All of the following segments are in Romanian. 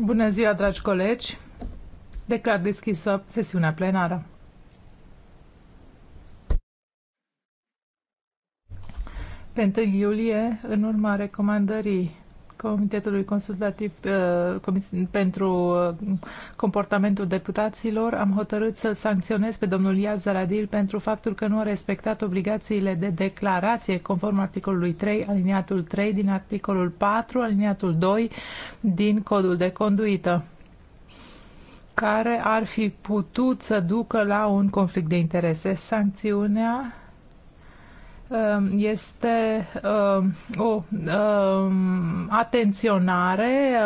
Bună ziua, dragi colegi. Declar deschisă sesiunea plenară. Pe 1 iulie, în urma recomandării Comitetului Consultativ uh, pentru uh, Comportamentul Deputaților, am hotărât să-l sancționez pe domnul Iaz Zaradil pentru faptul că nu a respectat obligațiile de declarație conform articolului 3, aliniatul 3 din articolul 4, aliniatul 2 din Codul de Conduită care ar fi putut să ducă la un conflict de interese. Sancțiunea Um, este um, o um, atenționare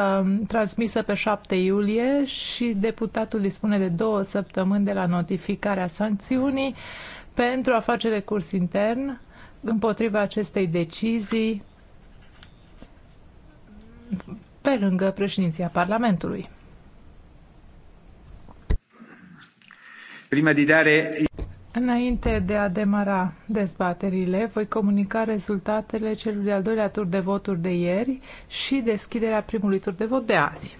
transmisă pe 7 iulie și deputatul dispune de două săptămâni de la notificarea sancțiunii pentru a face recurs intern împotriva acestei decizii pe lângă președinția Parlamentului. Prima de dare... Înainte de a demara dezbaterile, voi comunica rezultatele celui de-al doilea tur de voturi de ieri și deschiderea primului tur de vot de azi.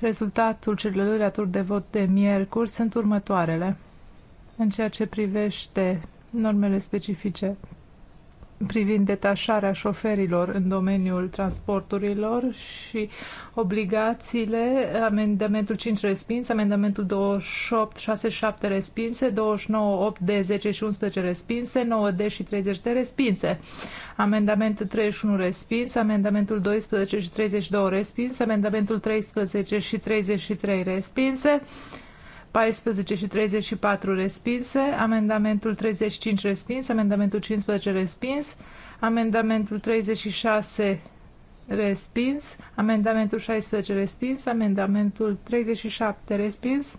Rezultatul celui de-al doilea tur de vot de miercuri sunt următoarele. În ceea ce privește normele specifice privind detașarea șoferilor în domeniul transporturilor și obligațiile, amendamentul 5 respins, amendamentul 28, 6, 7 respinse, 29, 8, D, 10 și 11 respinse, 9, D și 30 de respinse, amendamentul 31 respins, amendamentul 12 și 32 respins, amendamentul 13 și 33 respinse, 14 și 34 respinse, amendamentul 35 respins, amendamentul 15 respins, amendamentul 36 respins, amendamentul 16 respins, amendamentul 37 respins,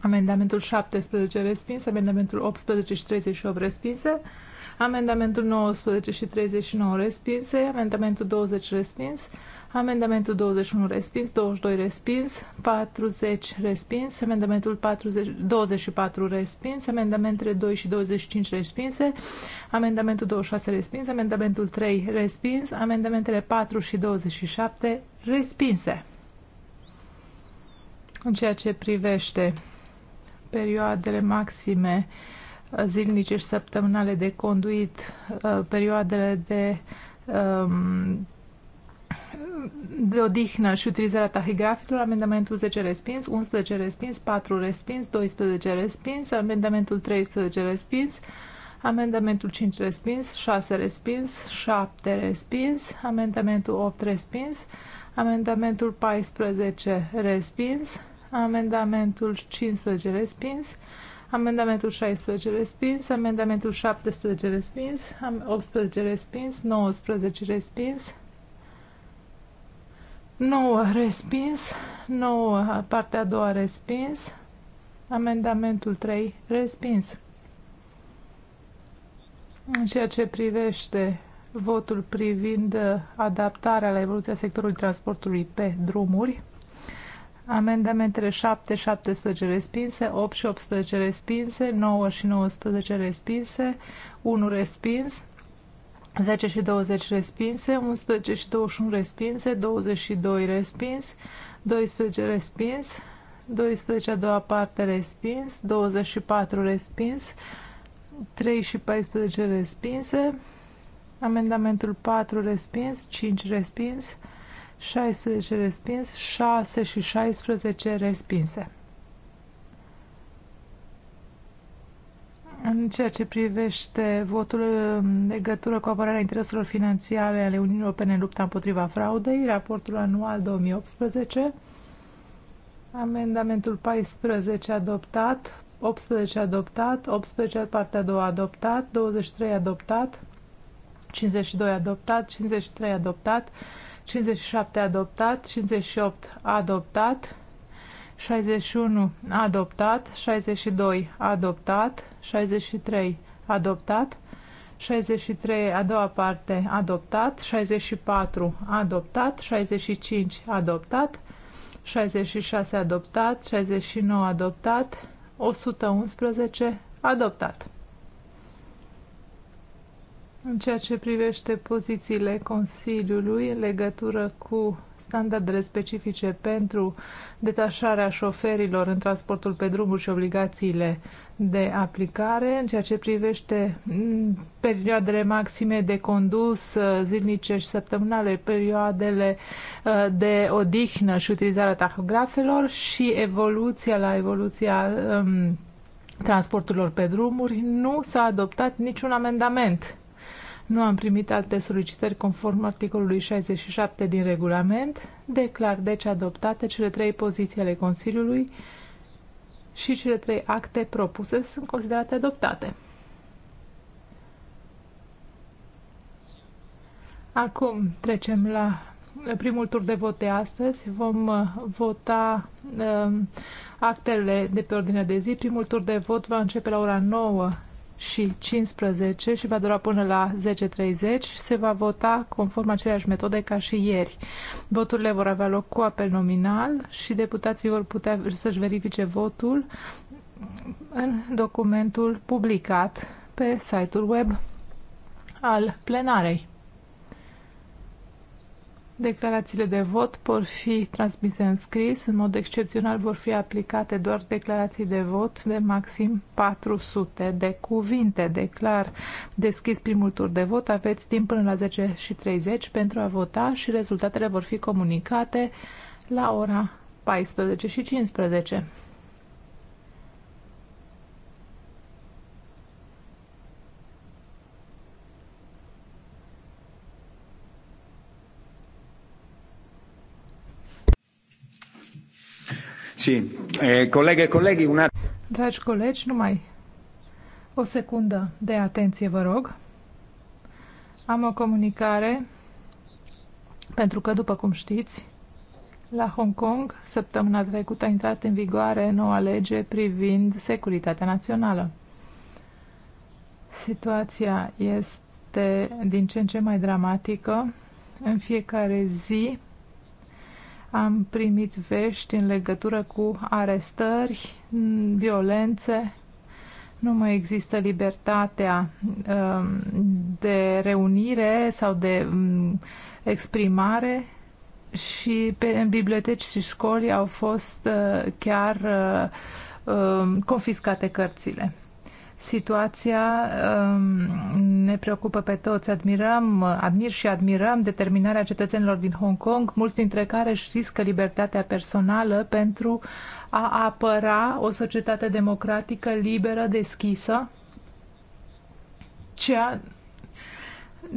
amendamentul 17 respins, amendamentul 18 și 38 respinse, amendamentul 19 și 39 respinse, amendamentul 20 respins, Amendamentul 21 respins, 22 respins, 40 respins, amendamentul 40, 24 respins, amendamentele 2 și 25 respinse, amendamentul 26 respins, amendamentul 3 respins, amendamentele 4 și 27 respinse. În ceea ce privește perioadele maxime uh, zilnice și săptămânale de conduit, uh, perioadele de um, de odihnă și utilizarea tahigrafitului, amendamentul 10 respins, 11 respins, 4 respins, 12 respins, amendamentul 13 respins, amendamentul 5 respins, 6 respins, 7 respins, amendamentul 8 respins, amendamentul 14 respins, amendamentul 15 respins, amendamentul 16 respins, amendamentul 17 respins, 18 respins, 19 respins, 9 respins, 9 partea a doua respins, amendamentul 3 respins. În ceea ce privește votul privind adaptarea la evoluția sectorului transportului pe drumuri, amendamentele 7, 17 respinse, 8 și 18 respinse, 9 și 19 respinse, 1 respins, 10 și 20 respinse, 11 și 21 respinse, 22 respins, 12 respins, 12 a doua parte respins, 24 respins, 3 și 14 respinse, amendamentul 4 respins, 5 respins, 16 respins, 6 și 16 respinse. În ceea ce privește votul în legătură cu apărarea intereselor financiare ale Uniunii Europene în lupta împotriva fraudei, raportul anual 2018, amendamentul 14 adoptat, 18 adoptat, 18 partea a doua adoptat, 23 adoptat, 52 adoptat, 53 adoptat, 57 adoptat, 58 adoptat, 61 adoptat, 62 adoptat, 63 adoptat, 63 a doua parte adoptat, 64 adoptat, 65 adoptat, 66 adoptat, 69 adoptat, 111 adoptat. În ceea ce privește pozițiile Consiliului în legătură cu standardele specifice pentru detașarea șoferilor în transportul pe drumuri și obligațiile de aplicare în ceea ce privește mm, perioadele maxime de condus uh, zilnice și săptămânale, perioadele uh, de odihnă și utilizarea tahografelor și evoluția la evoluția um, transporturilor pe drumuri, nu s-a adoptat niciun amendament nu am primit alte solicitări conform articolului 67 din regulament, declar deci adoptate cele trei poziții ale Consiliului și cele trei acte propuse sunt considerate adoptate. Acum trecem la primul tur de vot de astăzi. Vom uh, vota um, actele de pe ordinea de zi. Primul tur de vot va începe la ora 9 și 15 și va dura până la 10.30. Se va vota conform aceleași metode ca și ieri. Voturile vor avea loc cu apel nominal și deputații vor putea să-și verifice votul în documentul publicat pe site-ul web al plenarei. Declarațiile de vot vor fi transmise în scris. În mod excepțional vor fi aplicate doar declarații de vot de maxim 400 de cuvinte. Declar deschis primul tur de vot. Aveți timp până la 10 și 30 pentru a vota și rezultatele vor fi comunicate la ora 14 și 15. Sì, eh, colleghe e colleghi, una... Dragi colegi, numai o secundă de atenție, vă rog. Am o comunicare pentru că, după cum știți, la Hong Kong, săptămâna trecută a intrat în vigoare noua lege privind securitatea națională. Situația este din ce în ce mai dramatică. În fiecare zi am primit vești în legătură cu arestări, violențe. Nu mai există libertatea um, de reunire sau de um, exprimare și pe, în biblioteci și școli au fost uh, chiar uh, um, confiscate cărțile. Situația um, ne preocupă pe toți. Admirăm, admir și admirăm determinarea cetățenilor din Hong Kong, mulți dintre care își riscă libertatea personală pentru a apăra o societate democratică, liberă, deschisă, cea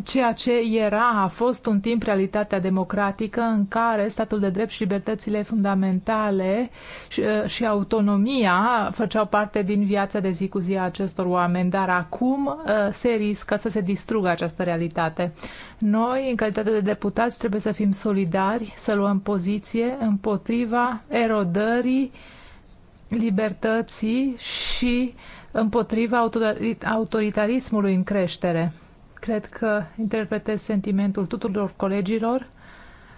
ceea ce era, a fost un timp realitatea democratică în care statul de drept și libertățile fundamentale și, uh, și autonomia făceau parte din viața de zi cu zi a acestor oameni, dar acum uh, se riscă să se distrugă această realitate. Noi, în calitate de deputați, trebuie să fim solidari, să luăm poziție împotriva erodării libertății și împotriva autoritarismului în creștere Cred că interpretez sentimentul tuturor colegilor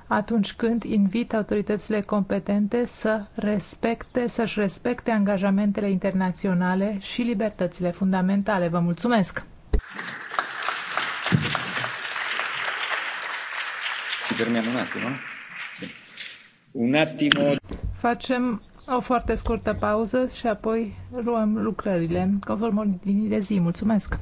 atunci când invit autoritățile competente să respecte, să-și respecte angajamentele internaționale și libertățile fundamentale. Vă mulțumesc! Ci fermiamo un attimo? Un Facem o foarte scurtă pauză și apoi luăm lucrările conform ordinii de zi. Mulțumesc!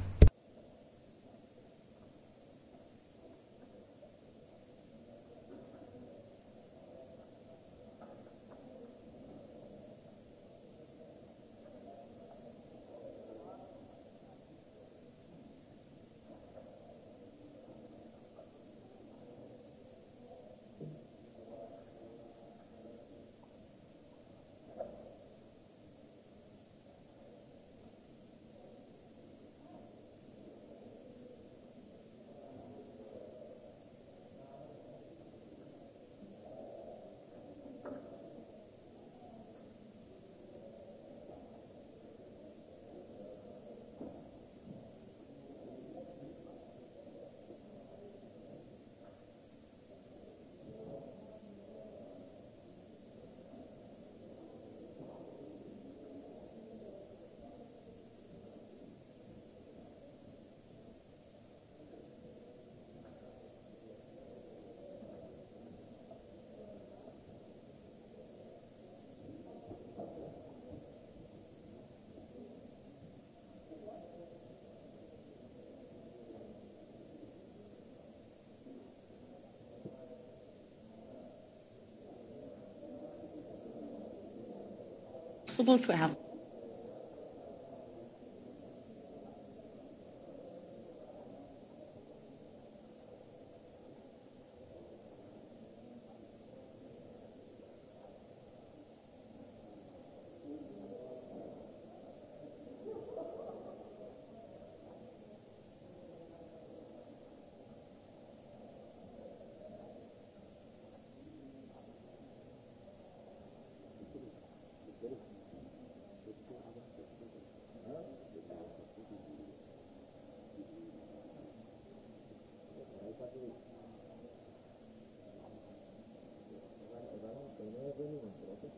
possible to have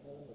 Gracias.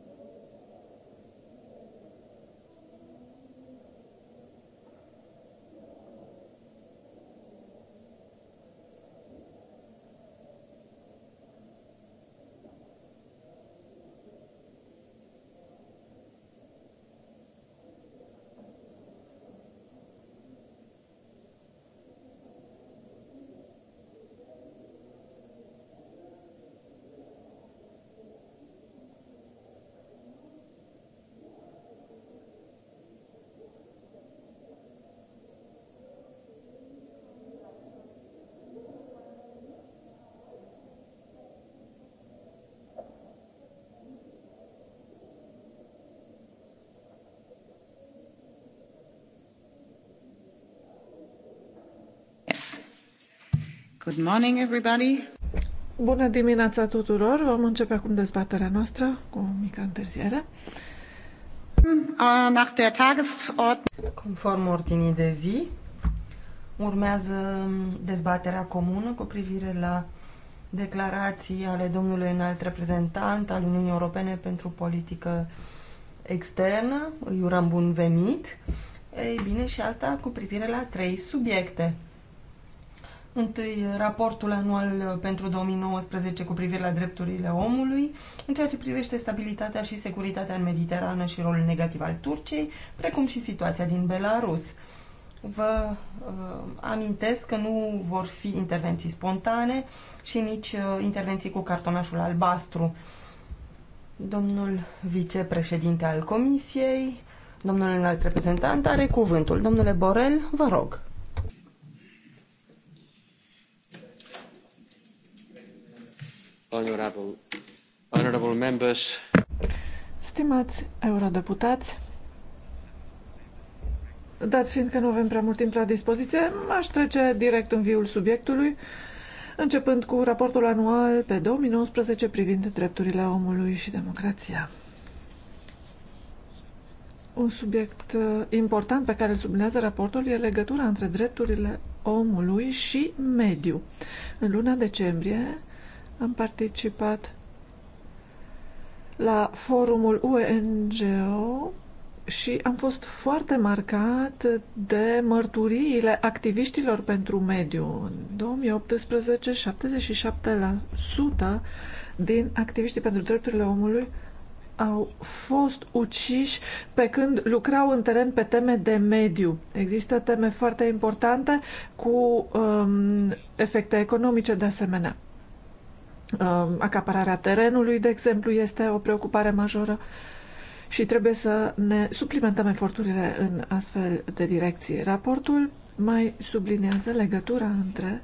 Good morning, everybody. Bună dimineața tuturor! Vom începe acum dezbaterea noastră cu o mică întârziere. Uh, nach der Conform ordinii de zi, urmează dezbaterea comună cu privire la declarații ale domnului înalt reprezentant al Uniunii Europene pentru politică externă. Iuram bun venit. Ei bine, și asta cu privire la trei subiecte – Întâi, raportul anual pentru 2019 cu privire la drepturile omului, în ceea ce privește stabilitatea și securitatea în Mediterană și rolul negativ al Turciei, precum și situația din Belarus. Vă uh, amintesc că nu vor fi intervenții spontane și nici uh, intervenții cu cartonașul albastru. Domnul vicepreședinte al Comisiei, domnul înalt reprezentant, are cuvântul. Domnule Borel, vă rog. Stimați eurodeputați, dat fiind că nu avem prea mult timp la dispoziție, aș trece direct în viul subiectului, începând cu raportul anual pe 2019 privind drepturile omului și democrația. Un subiect uh, important pe care îl sublinează raportul e legătura între drepturile omului și mediu. În luna decembrie, am participat la forumul UNGO și am fost foarte marcat de mărturiile activiștilor pentru mediu. În 2018, 77% din activiștii pentru drepturile omului au fost uciși pe când lucrau în teren pe teme de mediu. Există teme foarte importante cu um, efecte economice de asemenea. Um, acapararea terenului, de exemplu, este o preocupare majoră și trebuie să ne suplimentăm eforturile în astfel de direcții. Raportul mai sublinează legătura între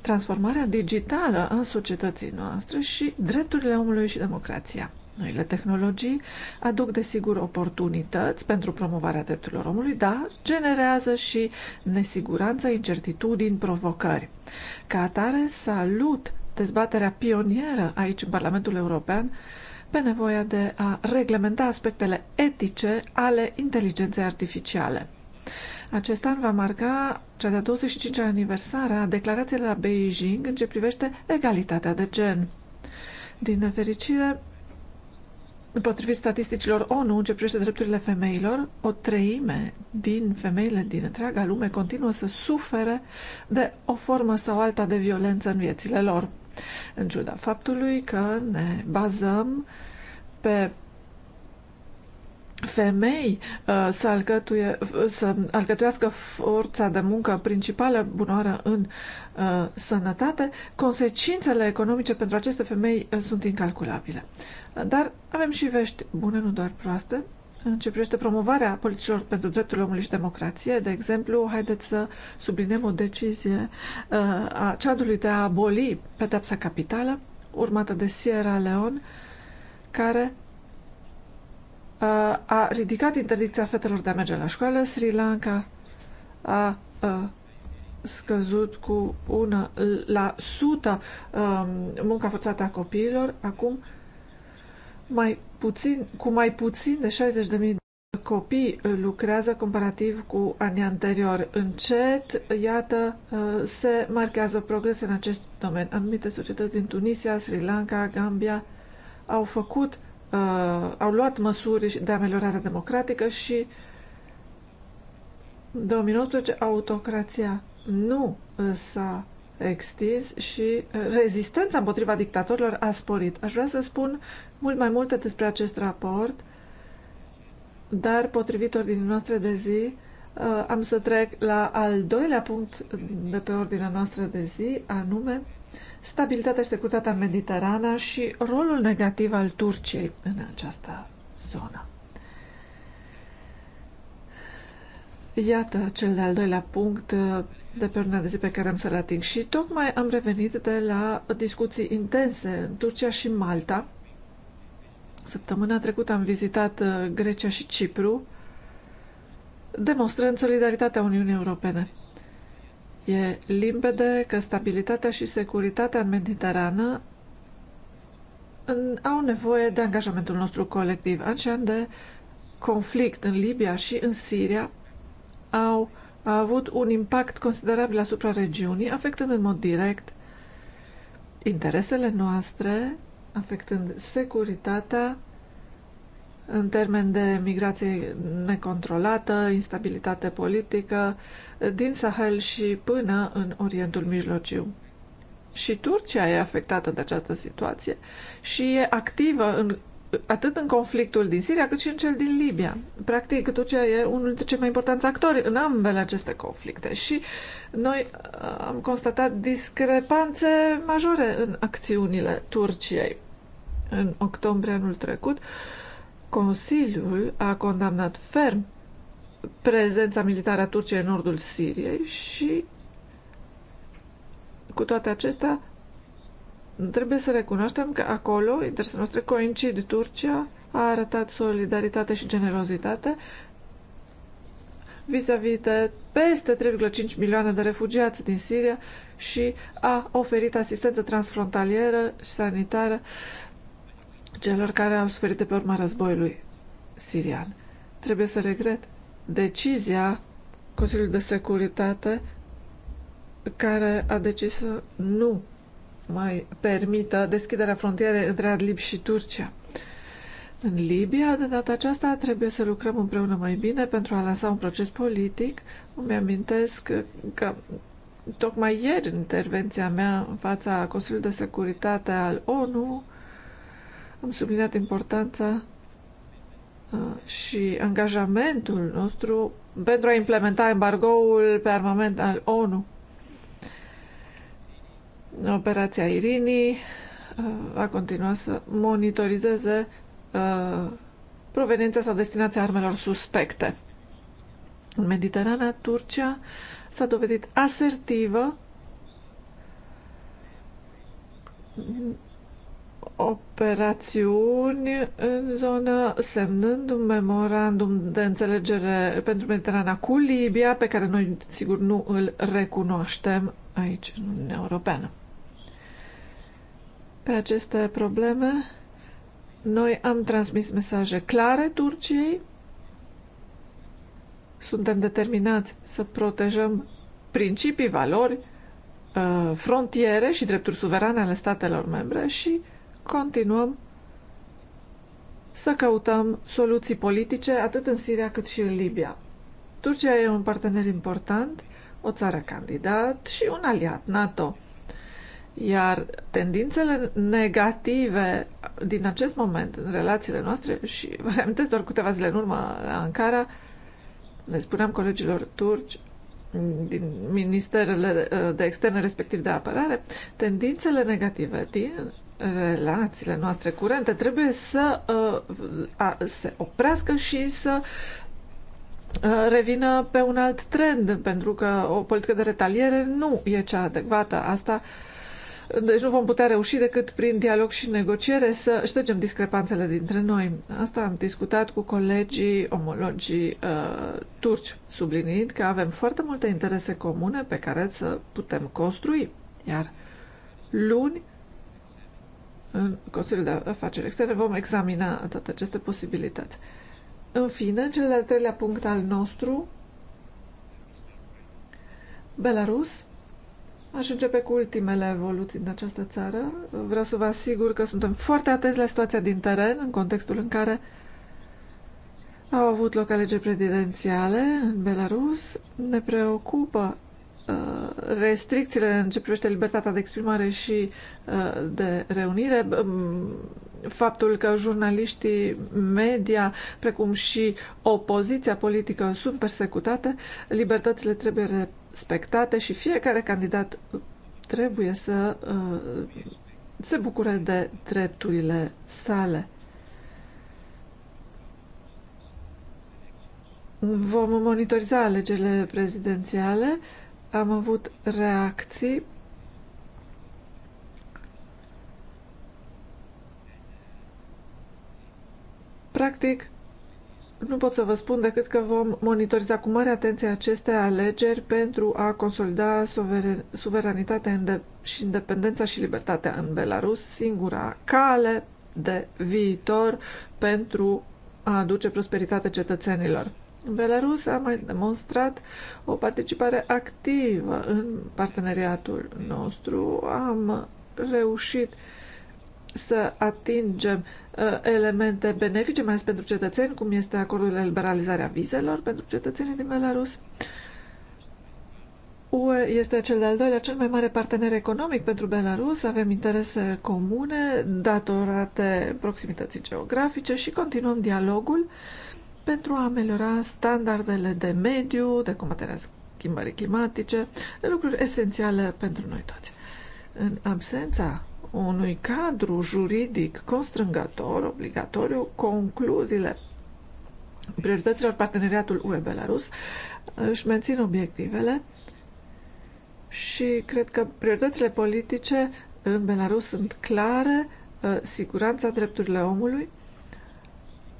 transformarea digitală a societății noastre și drepturile omului și democrația. Noile tehnologii aduc, desigur, oportunități pentru promovarea drepturilor omului, dar generează și nesiguranță, incertitudini, provocări. Ca atare, salut dezbaterea pionieră aici în Parlamentul European pe nevoia de a reglementa aspectele etice ale inteligenței artificiale. Acest an va marca cea de-a 25-a aniversare a declarației la Beijing în ce privește egalitatea de gen. Din nefericire, potrivit statisticilor ONU în ce privește drepturile femeilor, o treime din femeile din întreaga lume continuă să sufere de o formă sau alta de violență în viețile lor. În ciuda faptului că ne bazăm pe femei uh, să, alcătuie, să alcătuiască forța de muncă principală bunoară în uh, sănătate, consecințele economice pentru aceste femei uh, sunt incalculabile. Dar avem și vești bune, nu doar proaste. În ce privește promovarea politicilor pentru drepturile omului și democrație, de exemplu, haideți să subliniem o decizie uh, a Ceadului de a aboli pedepsa capitală, urmată de Sierra Leone, care uh, a ridicat interdicția fetelor de a merge la școală, Sri Lanka a uh, scăzut cu una la sută um, munca forțată a copiilor, acum mai puțin, cu mai puțin de 60.000 de copii uh, lucrează comparativ cu anii anteriori. Încet, iată, uh, se marchează progres în acest domeniu. Anumite societăți din Tunisia, Sri Lanka, Gambia au făcut, uh, au luat măsuri de ameliorare democratică și 2019 autocrația nu s-a extins și rezistența împotriva dictatorilor a sporit. Aș vrea să spun mult mai multe despre acest raport, dar potrivit ordinii noastre de zi, uh, am să trec la al doilea punct de pe ordinea noastră de zi, anume stabilitatea și securitatea în Mediterana și rolul negativ al Turciei în această zonă. Iată cel de-al doilea punct uh, de pe ordinea de zi pe care am să-l ating și tocmai am revenit de la discuții intense în Turcia și Malta Săptămâna trecută am vizitat uh, Grecia și Cipru, demonstrând solidaritatea Uniunii Europene. E limpede că stabilitatea și securitatea în Mediterană au nevoie de angajamentul nostru colectiv. An și an de conflict în Libia și în Siria au a avut un impact considerabil asupra regiunii, afectând în mod direct interesele noastre afectând securitatea în termen de migrație necontrolată, instabilitate politică, din Sahel și până în Orientul Mijlociu. Și Turcia e afectată de această situație și e activă în, atât în conflictul din Siria cât și în cel din Libia. Practic, Turcia e unul dintre cei mai importanți actori în ambele aceste conflicte și noi uh, am constatat discrepanțe majore în acțiunile Turciei în octombrie anul trecut, Consiliul a condamnat ferm prezența militară a Turciei în nordul Siriei și cu toate acestea trebuie să recunoaștem că acolo interesele noastre coincid. Turcia a arătat solidaritate și generozitate vis-a-vis -vis de peste 3,5 milioane de refugiați din Siria și a oferit asistență transfrontalieră și sanitară uh, celor care au suferit de pe urma războiului sirian. Trebuie să regret decizia Consiliului de Securitate care a decis să nu mai permită deschiderea frontierei între Adlib și Turcia. În Libia, de data aceasta, trebuie să lucrăm împreună mai bine pentru a lansa un proces politic. Îmi amintesc că tocmai ieri, în intervenția mea în fața Consiliului de Securitate al ONU, am subliniat importanța uh, și angajamentul nostru pentru a implementa embargoul pe armament al ONU. Operația Irini uh, va continua să monitorizeze uh, proveniența sau destinația armelor suspecte. În Mediterana, Turcia s-a dovedit asertivă operațiuni în zonă, semnând un memorandum de înțelegere pentru Mediterana cu Libia, pe care noi, sigur, nu îl recunoaștem aici, în Uniunea Europeană. Pe aceste probleme, noi am transmis mesaje clare Turciei, suntem determinați să protejăm principii, valori, uh, frontiere și drepturi suverane ale statelor membre și continuăm să căutăm soluții politice atât în Siria cât și în Libia. Turcia e un partener important, o țară candidat și un aliat NATO. Iar tendințele negative din acest moment în relațiile noastre, și vă reamintesc doar câteva zile în urmă la Ankara, le spuneam colegilor turci din ministerele uh, de externe, respectiv de apărare, tendințele negative din relațiile noastre curente trebuie să uh, a, se oprească și să uh, revină pe un alt trend, pentru că o politică de retaliere nu e cea adecvată. Asta deci nu vom putea reuși decât prin dialog și negociere să ștergem discrepanțele dintre noi. Asta am discutat cu colegii, omologii uh, turci, sublinind că avem foarte multe interese comune pe care să putem construi. Iar luni în Consiliul de Afaceri Externe vom examina toate aceste posibilități. În fine, cel de-al treilea punct al nostru, Belarus, aș începe cu ultimele evoluții din această țară. Vreau să vă asigur că suntem foarte atenți la situația din teren, în contextul în care au avut loc alegeri prezidențiale în Belarus. Ne preocupă Uh, restricțiile în ce privește libertatea de exprimare și uh, de reunire, um, faptul că jurnaliștii media, precum și opoziția politică sunt persecutate, libertățile trebuie respectate și fiecare candidat trebuie să uh, se bucure de drepturile sale. Vom monitoriza alegerile prezidențiale am avut reacții Practic, nu pot să vă spun decât că vom monitoriza cu mare atenție aceste alegeri pentru a consolida suveranitatea și independența și libertatea în Belarus, singura cale de viitor pentru a aduce prosperitate cetățenilor. Belarus a mai demonstrat o participare activă în parteneriatul nostru. Am reușit să atingem uh, elemente benefice, mai ales pentru cetățeni, cum este acordul de liberalizare a vizelor pentru cetățenii din Belarus. UE este cel de-al doilea cel mai mare partener economic pentru Belarus, avem interese comune datorate proximității geografice și continuăm dialogul uh, pentru a ameliora standardele de mediu, de combaterea schimbării climatice, lucruri esențiale pentru noi toți. În absența unui cadru juridic constrângător, obligatoriu, concluziile priorităților parteneriatul UE-Belarus își mențin obiectivele și cred că prioritățile politice în Belarus sunt clare, uh, siguranța drepturile omului,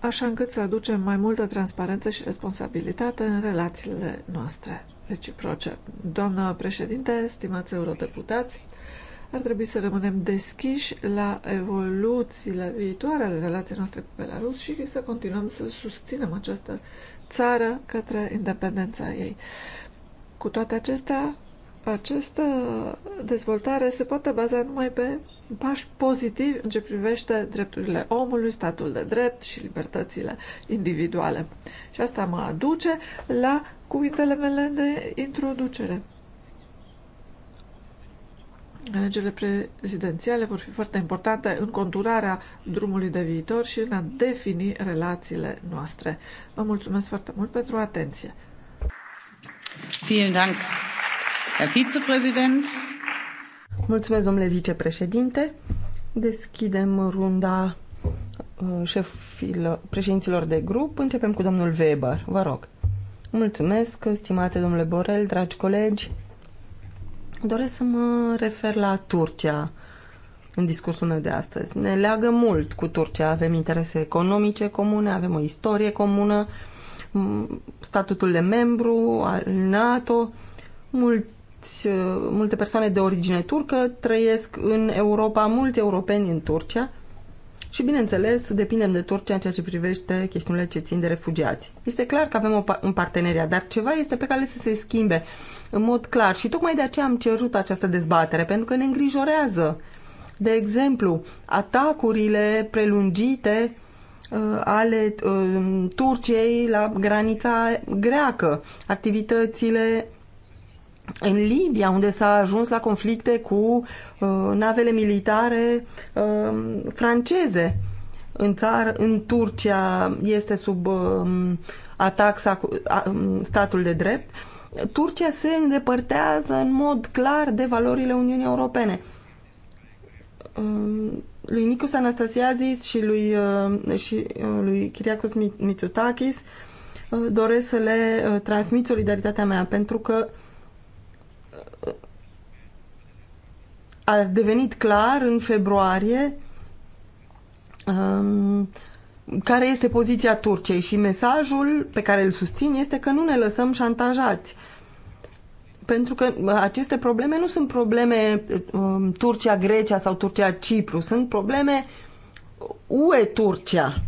așa încât să aducem mai multă transparență și responsabilitate în relațiile noastre reciproce. Doamna președinte, stimați eurodeputați, ar trebui să rămânem deschiși la evoluțiile viitoare ale relației noastre cu Belarus și să continuăm să susținem această țară către independența ei. Cu toate acestea, această dezvoltare se poate baza numai pe pași pozitivi în ce privește drepturile omului, statul de drept și libertățile individuale. Și asta mă aduce la cuvintele mele de introducere. Alegerile prezidențiale vor fi foarte importante în conturarea drumului de viitor și în a defini relațiile noastre. Vă mulțumesc foarte mult pentru atenție. Vielen Dank. Mulțumesc, domnule vicepreședinte. Deschidem runda uh, șefilor, președinților de grup. Începem cu domnul Weber. Vă rog. Mulțumesc, stimate domnule Borel, dragi colegi. Doresc să mă refer la Turcia în discursul meu de astăzi. Ne leagă mult cu Turcia. Avem interese economice comune, avem o istorie comună, statutul de membru al NATO, mult mulți, uh, multe persoane de origine turcă trăiesc în Europa, mulți europeni în Turcia și, bineînțeles, depindem de Turcia în ceea ce privește chestiunile ce țin de refugiați. Este clar că avem o, un parteneriat, dar ceva este pe care să se schimbe în mod clar și tocmai de aceea am cerut această dezbatere, pentru că ne îngrijorează. De exemplu, atacurile prelungite uh, ale uh, Turciei la granița greacă, activitățile în Libia, unde s-a ajuns la conflicte cu uh, navele militare uh, franceze. În țară, în Turcia este sub uh, atac uh, um, statul de drept. Turcia se îndepărtează în mod clar de valorile Uniunii Europene. Um, lui Nikos Anastasiazis și lui, uh, și uh, lui Chiriacus Mitsotakis doresc să le transmit solidaritatea mea pentru că a devenit clar în februarie um, care este poziția Turciei și mesajul pe care îl susțin este că nu ne lăsăm șantajați. Pentru că uh, aceste probleme nu sunt probleme um, Turcia-Grecia sau Turcia-Cipru, sunt probleme UE-Turcia.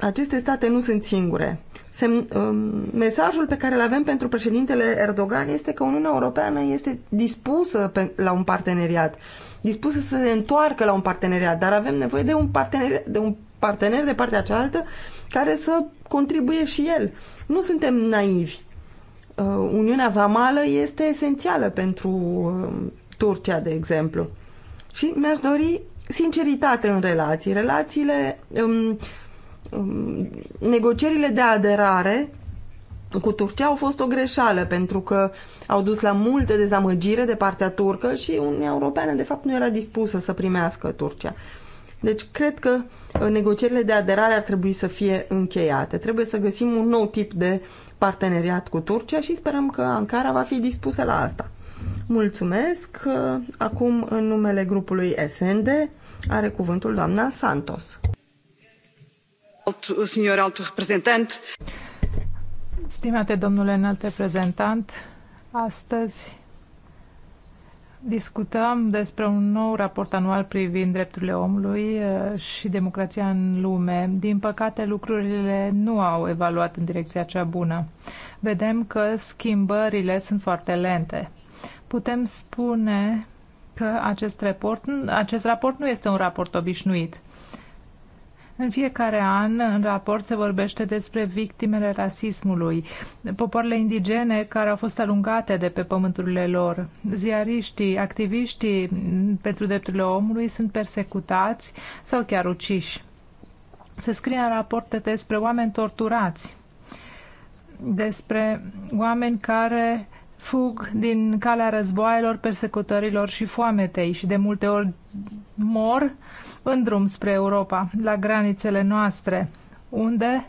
Aceste state nu sunt singure. Sem, um, mesajul pe care îl avem pentru președintele Erdogan este că Uniunea Europeană este dispusă pe, la un parteneriat, dispusă să se întoarcă la un parteneriat, dar avem nevoie de un partener de, un partener de partea cealaltă care să contribuie și el. Nu suntem naivi. Uh, Uniunea Vamală este esențială pentru uh, Turcia, de exemplu. Și mi-aș dori sinceritate în relații. Relațiile um, Um, negocierile de aderare cu Turcia au fost o greșeală pentru că au dus la multe dezamăgire de partea turcă și Uniunea Europeană de fapt nu era dispusă să primească Turcia. Deci cred că uh, negocierile de aderare ar trebui să fie încheiate. Trebuie să găsim un nou tip de parteneriat cu Turcia și sperăm că Ankara va fi dispusă la asta. Mulțumesc. Uh, acum, în numele grupului SND, are cuvântul doamna Santos. Domnule altul reprezentant. Stimate domnule înalt reprezentant, astăzi discutăm despre un nou raport anual privind drepturile omului eh, și democrația în lume. Din păcate, lucrurile nu au evaluat în direcția cea bună. Vedem că schimbările sunt foarte lente. Putem spune că acest raport, acest raport nu este un raport obișnuit în fiecare an, în raport se vorbește despre victimele rasismului, popoarele indigene care au fost alungate de pe pământurile lor. Ziariștii, activiștii pentru drepturile omului sunt persecutați sau chiar uciși. Se scrie în raporte despre oameni torturați, despre oameni care fug din calea războaielor, persecutărilor și foametei și de multe ori mor în drum spre Europa, la granițele noastre, unde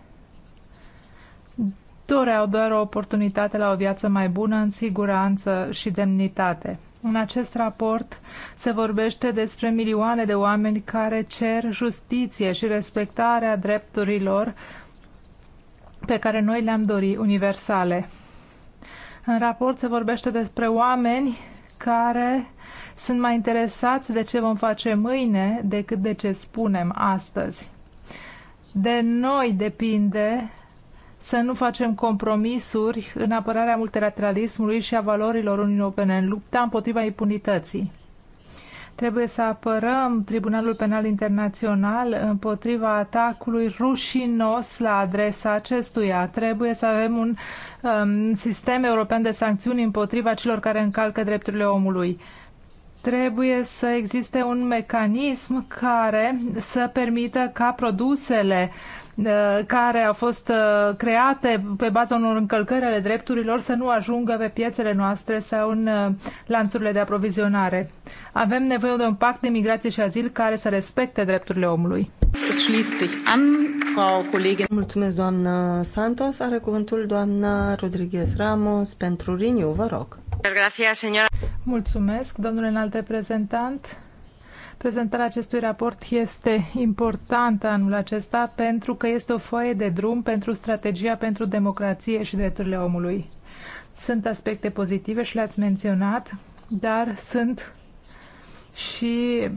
doreau doar o oportunitate la o viață mai bună, în siguranță și demnitate. În acest raport se vorbește despre milioane de oameni care cer justiție și respectarea drepturilor pe care noi le-am dorit universale. În raport se vorbește despre oameni care sunt mai interesați de ce vom face mâine decât de ce spunem astăzi. De noi depinde să nu facem compromisuri în apărarea multilateralismului și a valorilor Uniunii Europene, în lupta împotriva impunității. Trebuie să apărăm Tribunalul Penal Internațional împotriva atacului rușinos la adresa acestuia. Trebuie să avem un um, sistem european de sancțiuni împotriva celor care încalcă drepturile omului Trebuie să existe un mecanism care să permită ca produsele uh, care au fost uh, create pe baza unor încălcări ale drepturilor să nu ajungă pe piețele noastre sau în uh, lanțurile de aprovizionare. Avem nevoie de un pact de migrație și azil care să respecte drepturile omului. Mulțumesc, doamnă Santos. Are cuvântul doamna Rodriguez Ramos pentru Riniu, vă rog. Mulțumesc, domnule înalt reprezentant. Prezentarea acestui raport este importantă anul acesta pentru că este o foaie de drum pentru strategia pentru democrație și drepturile omului. Sunt aspecte pozitive și le-ați menționat, dar sunt și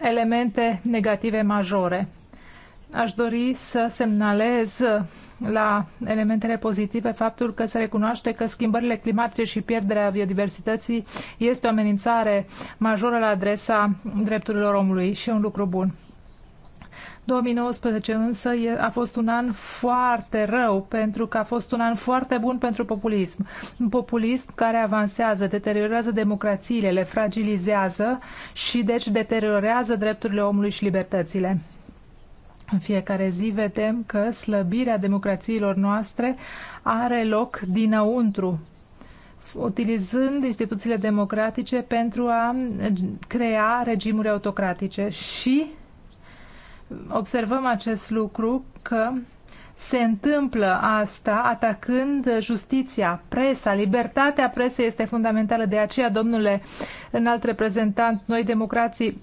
elemente negative majore. Aș dori să semnalez la elementele pozitive faptul că se recunoaște că schimbările climatice și pierderea biodiversității este o amenințare majoră la adresa drepturilor omului și un lucru bun. 2019 însă a fost un an foarte rău pentru că a fost un an foarte bun pentru populism. Un populism care avansează, deteriorează democrațiile, le fragilizează și deci deteriorează drepturile omului și libertățile. În fiecare zi vedem că slăbirea democrațiilor noastre are loc dinăuntru, utilizând instituțiile democratice pentru a crea regimuri autocratice și observăm acest lucru că se întâmplă asta atacând justiția, presa, libertatea presei este fundamentală. De aceea, domnule înalt reprezentant, noi democrații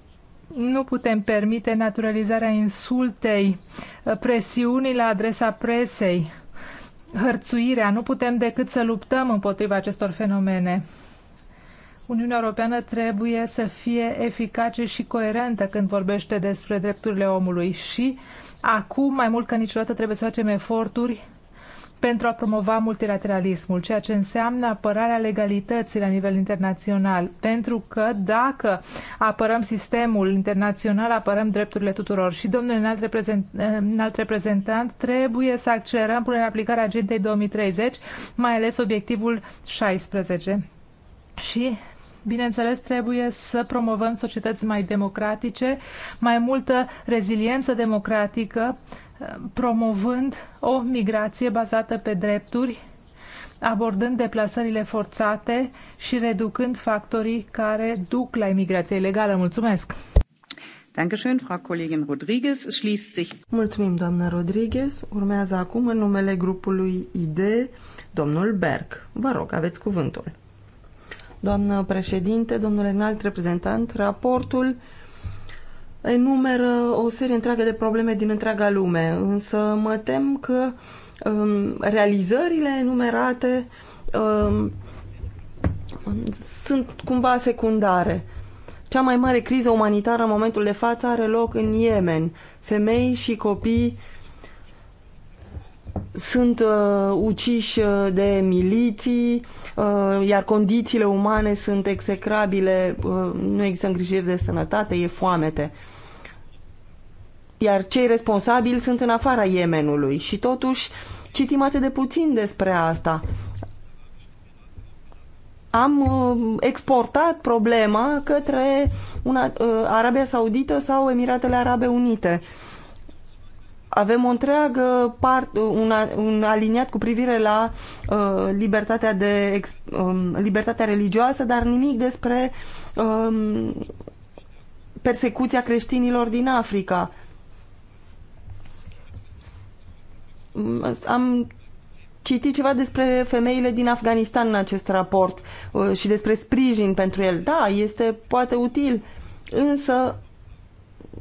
nu putem permite naturalizarea insultei, uh, presiunii la adresa presei, hărțuirea. Nu putem decât să luptăm împotriva acestor fenomene. Uniunea Europeană trebuie să fie eficace și coerentă când vorbește despre drepturile omului și acum, mai mult ca niciodată, trebuie să facem eforturi pentru a promova multilateralismul, ceea ce înseamnă apărarea legalității la nivel internațional, pentru că dacă apărăm sistemul internațional, apărăm drepturile tuturor. Și, domnul înalt reprezentant, înalt reprezentant trebuie să accelerăm până în aplicarea agendei 2030, mai ales obiectivul 16. Și Bineînțeles, trebuie să promovăm societăți mai democratice, mai multă reziliență democratică promovând o migrație bazată pe drepturi, abordând deplasările forțate și reducând factorii care duc la imigrație ilegală. Mulțumesc! Mulțumim, doamna Rodriguez. Urmează acum în numele grupului ID, domnul Berg. Vă rog, aveți cuvântul. Doamnă președinte, domnule înalt reprezentant, raportul enumeră o serie întreagă de probleme din întreaga lume, însă mă tem că um, realizările enumerate um, sunt cumva secundare. Cea mai mare criză umanitară în momentul de față are loc în Yemen. Femei și copii sunt uh, uciși uh, de miliții, uh, iar condițiile umane sunt execrabile, uh, nu există îngrijiri de sănătate, e foamete. Uh, iar cei responsabili sunt în afara Yemenului și totuși citim atât de puțin despre asta. Am uh, exportat problema către una, uh, Arabia Saudită sau Emiratele Arabe Unite. Avem o întreagă part, uh, un, un aliniat cu privire la uh, libertatea, de, uh, libertatea religioasă, dar nimic despre uh, persecuția creștinilor din Africa Am citit ceva despre femeile din Afganistan în acest raport uh, și despre sprijin pentru el. Da, este poate util, însă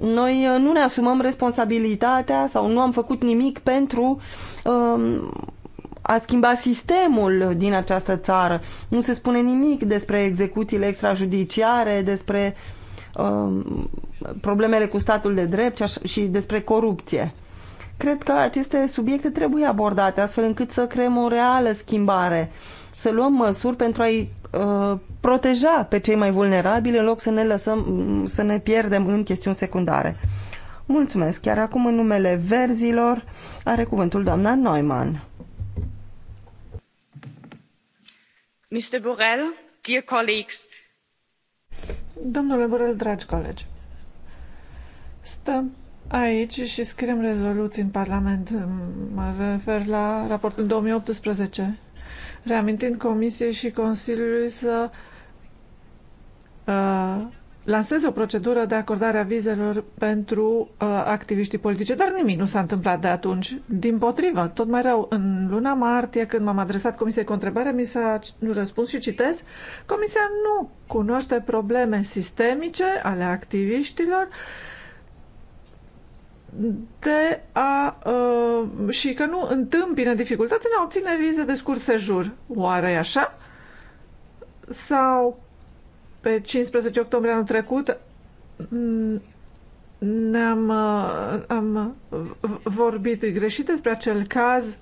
noi uh, nu ne asumăm responsabilitatea sau nu am făcut nimic pentru um, a schimba sistemul din această țară. Nu se spune nimic despre execuțiile extrajudiciare, despre um, problemele cu statul de drept și, și despre corupție. Cred că aceste subiecte trebuie abordate astfel încât să creăm o reală schimbare, să luăm măsuri pentru a-i uh, proteja pe cei mai vulnerabili în loc să ne lăsăm, să ne pierdem în chestiuni secundare. Mulțumesc! Chiar acum în numele verzilor are cuvântul doamna Neumann. Mr. Borrell, dear colleagues. Domnule Borrell, dragi colegi, stăm aici și scriem rezoluții în Parlament. Mă refer la raportul 2018, reamintind Comisiei și Consiliului să uh, lanseze o procedură de acordare a vizelor pentru uh, activiștii politice, dar nimic nu s-a întâmplat de atunci. Din potrivă, tot mai rău, în luna martie, când m-am adresat Comisiei cu întrebare, mi s-a răspuns și citez, Comisia nu cunoaște probleme sistemice ale activiștilor uh, de a, uh, și că nu întâmpină dificultăți în a obține vize de scurt sejur. Oare așa? Sau pe 15 octombrie anul trecut mm, ne-am uh, am vorbit greșit despre acel caz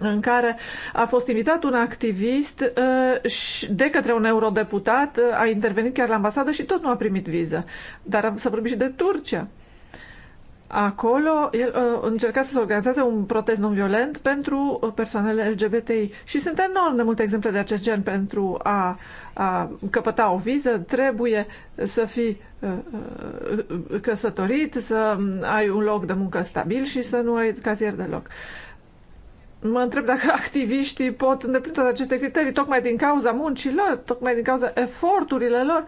în care a fost invitat un activist uh, de către un eurodeputat, uh, a intervenit chiar la ambasadă și tot nu a primit viză. Dar să vorbim și de Turcia. Uh, acolo el uh, încerca să se organizeze un protest non-violent pentru uh, persoanele LGBTI. Și sunt enorm de multe exemple de acest gen pentru a, a căpăta o viză. Trebuie să fii uh, căsătorit, să mm, ai un loc de muncă stabil și să nu ai cazier deloc. Mă întreb dacă activiștii pot îndeplini toate aceste criterii, tocmai din cauza muncilor, tocmai din cauza eforturile lor,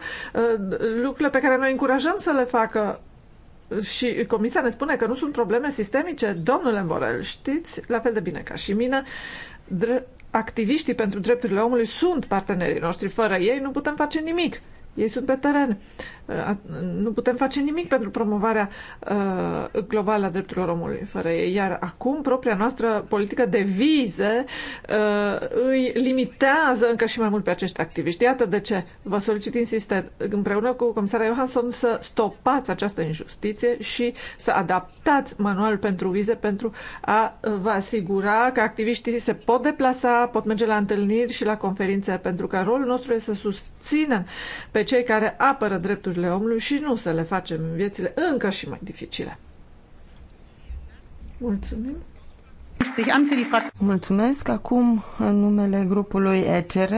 lucrurile pe care noi încurajăm să le facă și Comisia ne spune că nu sunt probleme sistemice. Domnule Morel, știți la fel de bine ca și mine, activiștii pentru drepturile omului sunt partenerii noștri. Fără ei nu putem face nimic. Ei sunt pe teren nu putem face nimic pentru promovarea uh, globală a drepturilor omului fără ei. Iar acum propria noastră politică de vize uh, îi limitează încă și mai mult pe acești activiști. Iată de ce vă solicit insistent împreună cu comisara Johansson să stopați această injustiție și să adaptați manualul pentru vize pentru a vă asigura că activiștii se pot deplasa, pot merge la întâlniri și la conferințe, pentru că rolul nostru este să susținem pe cei care apără drepturile drepturile omului și nu să le facem în viețile încă și mai dificile. Mulțumim! Mulțumesc! Acum, în numele grupului ECR,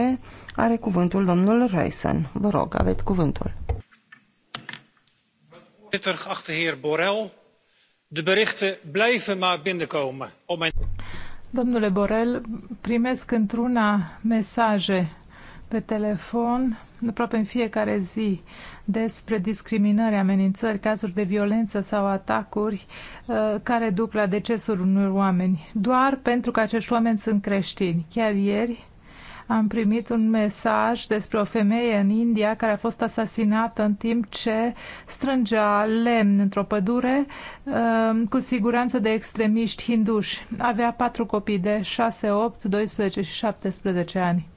are cuvântul domnul Reisen. Vă rog, aveți cuvântul. Domnule Borel, primesc într-una mesaje pe telefon aproape în fiecare zi despre discriminări, amenințări, cazuri de violență sau atacuri uh, care duc la decesul unor oameni, doar pentru că acești oameni sunt creștini. Chiar ieri am primit un mesaj despre o femeie în India care a fost asasinată în timp ce strângea lemn într-o pădure, uh, cu siguranță de extremiști hinduși. Avea patru copii de 6, 8, 12 și 17 ani.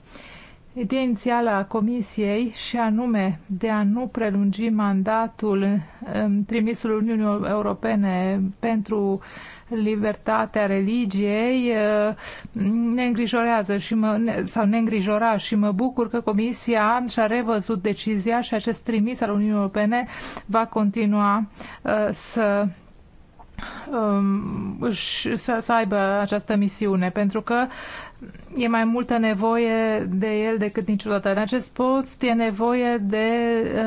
Ideea inițială a Comisiei și anume de a nu prelungi mandatul um, trimisul Uniunii Europene pentru libertatea religiei uh, ne îngrijorează și mă, sau ne îngrijora și mă bucur că Comisia și-a revăzut decizia și acest trimis al Uniunii Europene va continua uh, să um, să, să aibă această misiune, pentru că e mai multă nevoie de el decât niciodată. În acest post e nevoie de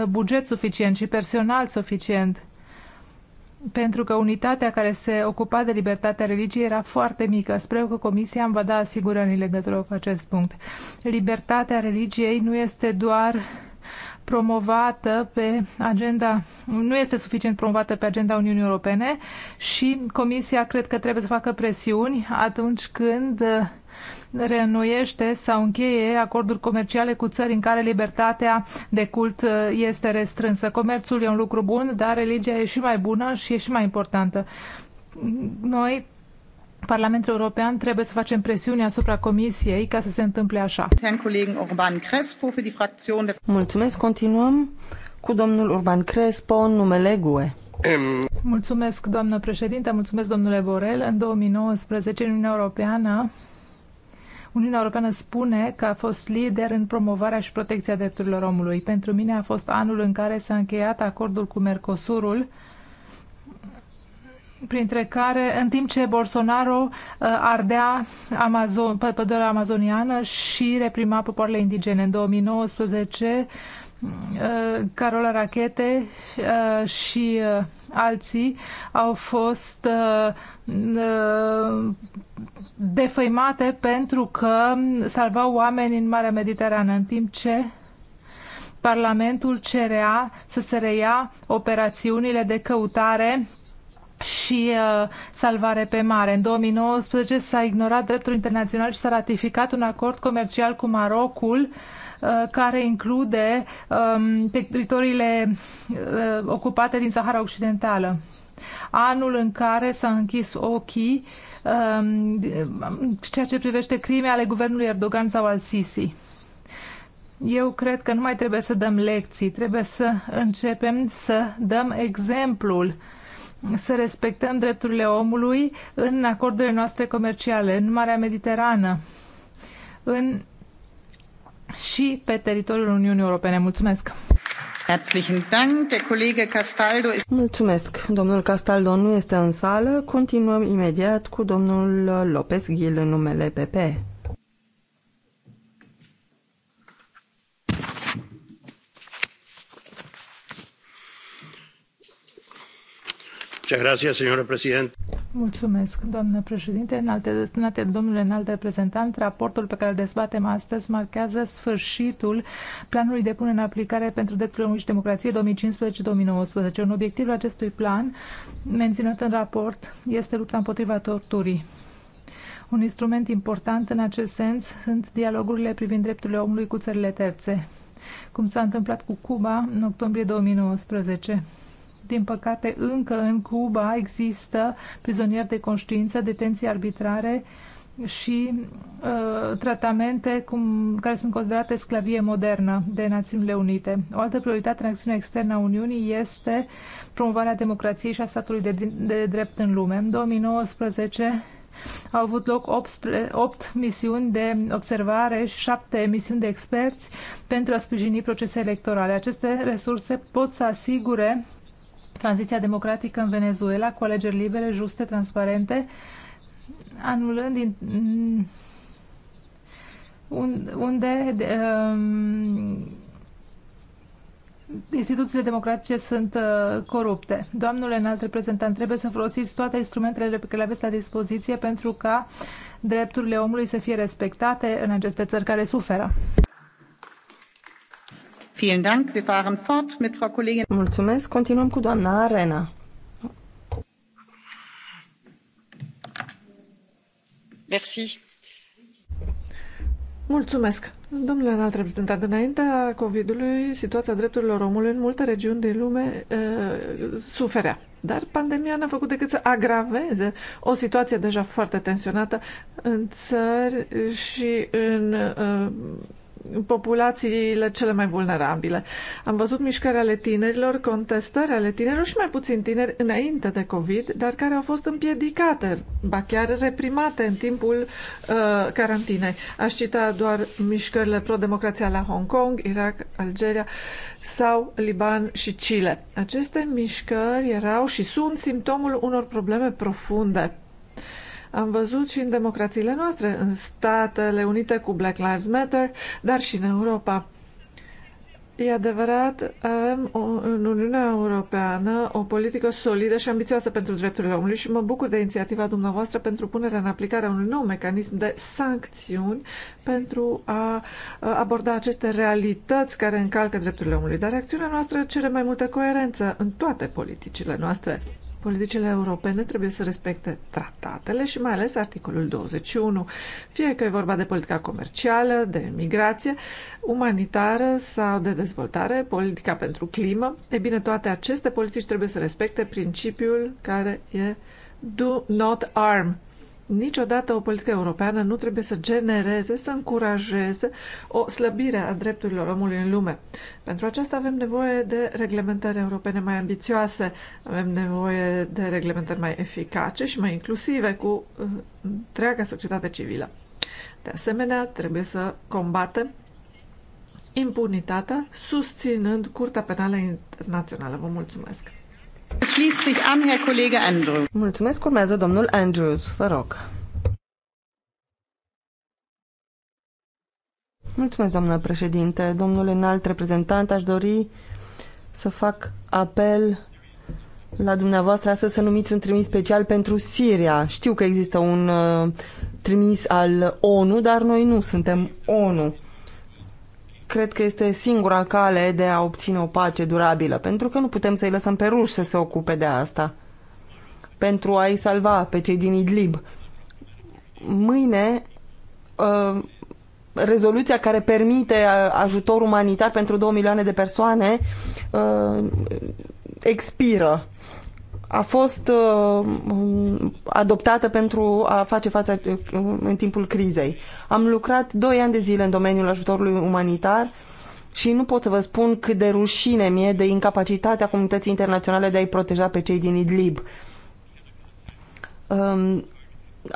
uh, buget suficient și personal suficient. Pentru că unitatea care se ocupa de libertatea religiei era foarte mică. Sper că Comisia îmi va da asigurări în legătură cu acest punct. Libertatea religiei nu este doar promovată pe agenda, nu este suficient promovată pe agenda Uniunii Europene și Comisia cred că trebuie să facă presiuni atunci când uh, reînnoiește sau încheie acorduri comerciale cu țări în care libertatea de cult uh, este restrânsă. Comerțul e un lucru bun, dar religia e și mai bună și e și mai importantă. Noi, Parlamentul European trebuie să facem presiune asupra Comisiei ca să se întâmple așa. Mulțumesc, continuăm cu domnul Urban Crespo numele GUE. Mulțumesc, doamnă președinte, mulțumesc, domnule Borel. În 2019, Uniunea Europeană Uniunea Europeană spune că a fost lider în promovarea și protecția drepturilor omului. Pentru mine a fost anul în care s-a încheiat acordul cu Mercosurul, printre care, în timp ce Bolsonaro uh, ardea Amazon, pădurea amazoniană și reprima popoarele indigene. În 2019, uh, Carola Rachete uh, și alții au fost uh, uh, defăimate pentru că salvau oameni în Marea Mediterană, în timp ce Parlamentul cerea să se reia operațiunile de căutare și uh, salvare pe mare. În 2019 s-a ignorat dreptul internațional și s-a ratificat un acord comercial cu Marocul uh, Uh, care include um, teritoriile uh, ocupate din Sahara Occidentală. Anul în care s-a închis ochii um, ceea ce privește crime ale guvernului Erdogan sau al Sisi. Eu cred că nu mai trebuie să dăm lecții, trebuie să începem să dăm exemplul să respectăm drepturile omului în acordurile noastre comerciale, în Marea Mediterană, în și pe teritoriul Uniunii Europene. Mulțumesc! Mulțumesc. Domnul Castaldo nu este în sală. Continuăm imediat cu domnul Lopez Ghil în numele PP. Mulțumesc, domnule președinte, înalte destinate, domnule înalt reprezentant. Raportul pe care îl dezbatem astăzi marchează sfârșitul planului de punere în aplicare pentru drepturile omului și democrație 2015-2019. Un obiectiv acestui plan, menținut în raport, este lupta împotriva torturii. Un instrument important în acest sens sunt dialogurile privind drepturile omului cu țările terțe, cum s-a întâmplat cu Cuba în octombrie 2019. Din păcate, încă în Cuba există prizonieri de conștiință, detenții arbitrare și uh, tratamente cum, care sunt considerate sclavie modernă de Națiunile Unite. O altă prioritate în acțiunea externă a Uniunii este promovarea democrației și a statului de, de drept în lume. În 2019 au avut loc 8, 8 misiuni de observare și 7 misiuni de experți pentru a sprijini procese electorale. Aceste resurse pot să asigure tranziția democratică în Venezuela cu alegeri libere, juste, transparente, anulând in, unde de, um, instituțiile democratice sunt uh, corupte. Doamnule înalt reprezentant, trebuie să folosiți toate instrumentele pe care le aveți la dispoziție pentru ca drepturile omului să fie respectate în aceste țări care suferă. Vielen Dank. Wir fahren fort mit Frau Kollegin. Mulțumesc. Continuăm cu doamna Arena. Merci. Mulțumesc. Domnule înalt reprezentant, înaintea COVID-ului, situația drepturilor omului în multe regiuni din lume uh, suferea. Dar pandemia n-a făcut decât să agraveze o situație deja foarte tensionată în țări și în populațiile cele mai vulnerabile. Am văzut mișcări ale tinerilor, contestări ale tinerilor și mai puțin tineri înainte de COVID, dar care au fost împiedicate, ba chiar reprimate în timpul uh, carantinei. Aș cita doar mișcările pro-democrația la Hong Kong, Irak, Algeria sau Liban și Chile. Aceste mișcări erau și sunt simptomul unor probleme profunde am văzut și în democrațiile noastre, în Statele Unite cu Black Lives Matter, dar și în Europa. E adevărat, avem o, în Uniunea Europeană o politică solidă și ambițioasă pentru drepturile omului și mă bucur de inițiativa dumneavoastră pentru punerea în aplicare a unui nou mecanism de sancțiuni pentru a aborda aceste realități care încalcă drepturile omului. Dar acțiunea noastră cere mai multă coerență în toate politicile noastre. Politicile europene trebuie să respecte tratatele și mai ales articolul 21, fie că e vorba de politica comercială, de migrație, umanitară sau de dezvoltare, politica pentru climă. E bine, toate aceste politici trebuie să respecte principiul care e do not arm, Niciodată o politică europeană nu trebuie să genereze, să încurajeze o slăbire a drepturilor omului în lume. Pentru aceasta avem nevoie de reglementări europene mai ambițioase, avem nevoie de reglementări mai eficace și mai inclusive cu uh, întreaga societate civilă. De asemenea, trebuie să combatem impunitatea susținând Curtea Penală Internațională. Vă mulțumesc! an, herr kollege Mulțumesc, urmează domnul Andrews, vă rog. Mulțumesc, doamnă președinte. Domnule înalt reprezentant, aș dori să fac apel la dumneavoastră astăzi să numiți un trimis special pentru Siria. Știu că există un uh, trimis al ONU, dar noi nu suntem ONU cred că este singura cale de a obține o pace durabilă, pentru că nu putem să-i lăsăm pe ruși să se ocupe de asta, pentru a-i salva pe cei din Idlib. Mâine, uh, rezoluția care permite uh, ajutor umanitar pentru 2 milioane de persoane uh, expiră a fost uh, adoptată pentru a face față uh, în timpul crizei. Am lucrat doi ani de zile în domeniul ajutorului umanitar și nu pot să vă spun cât de rușine mie, de incapacitatea comunității internaționale de a-i proteja pe cei din Idlib. Um,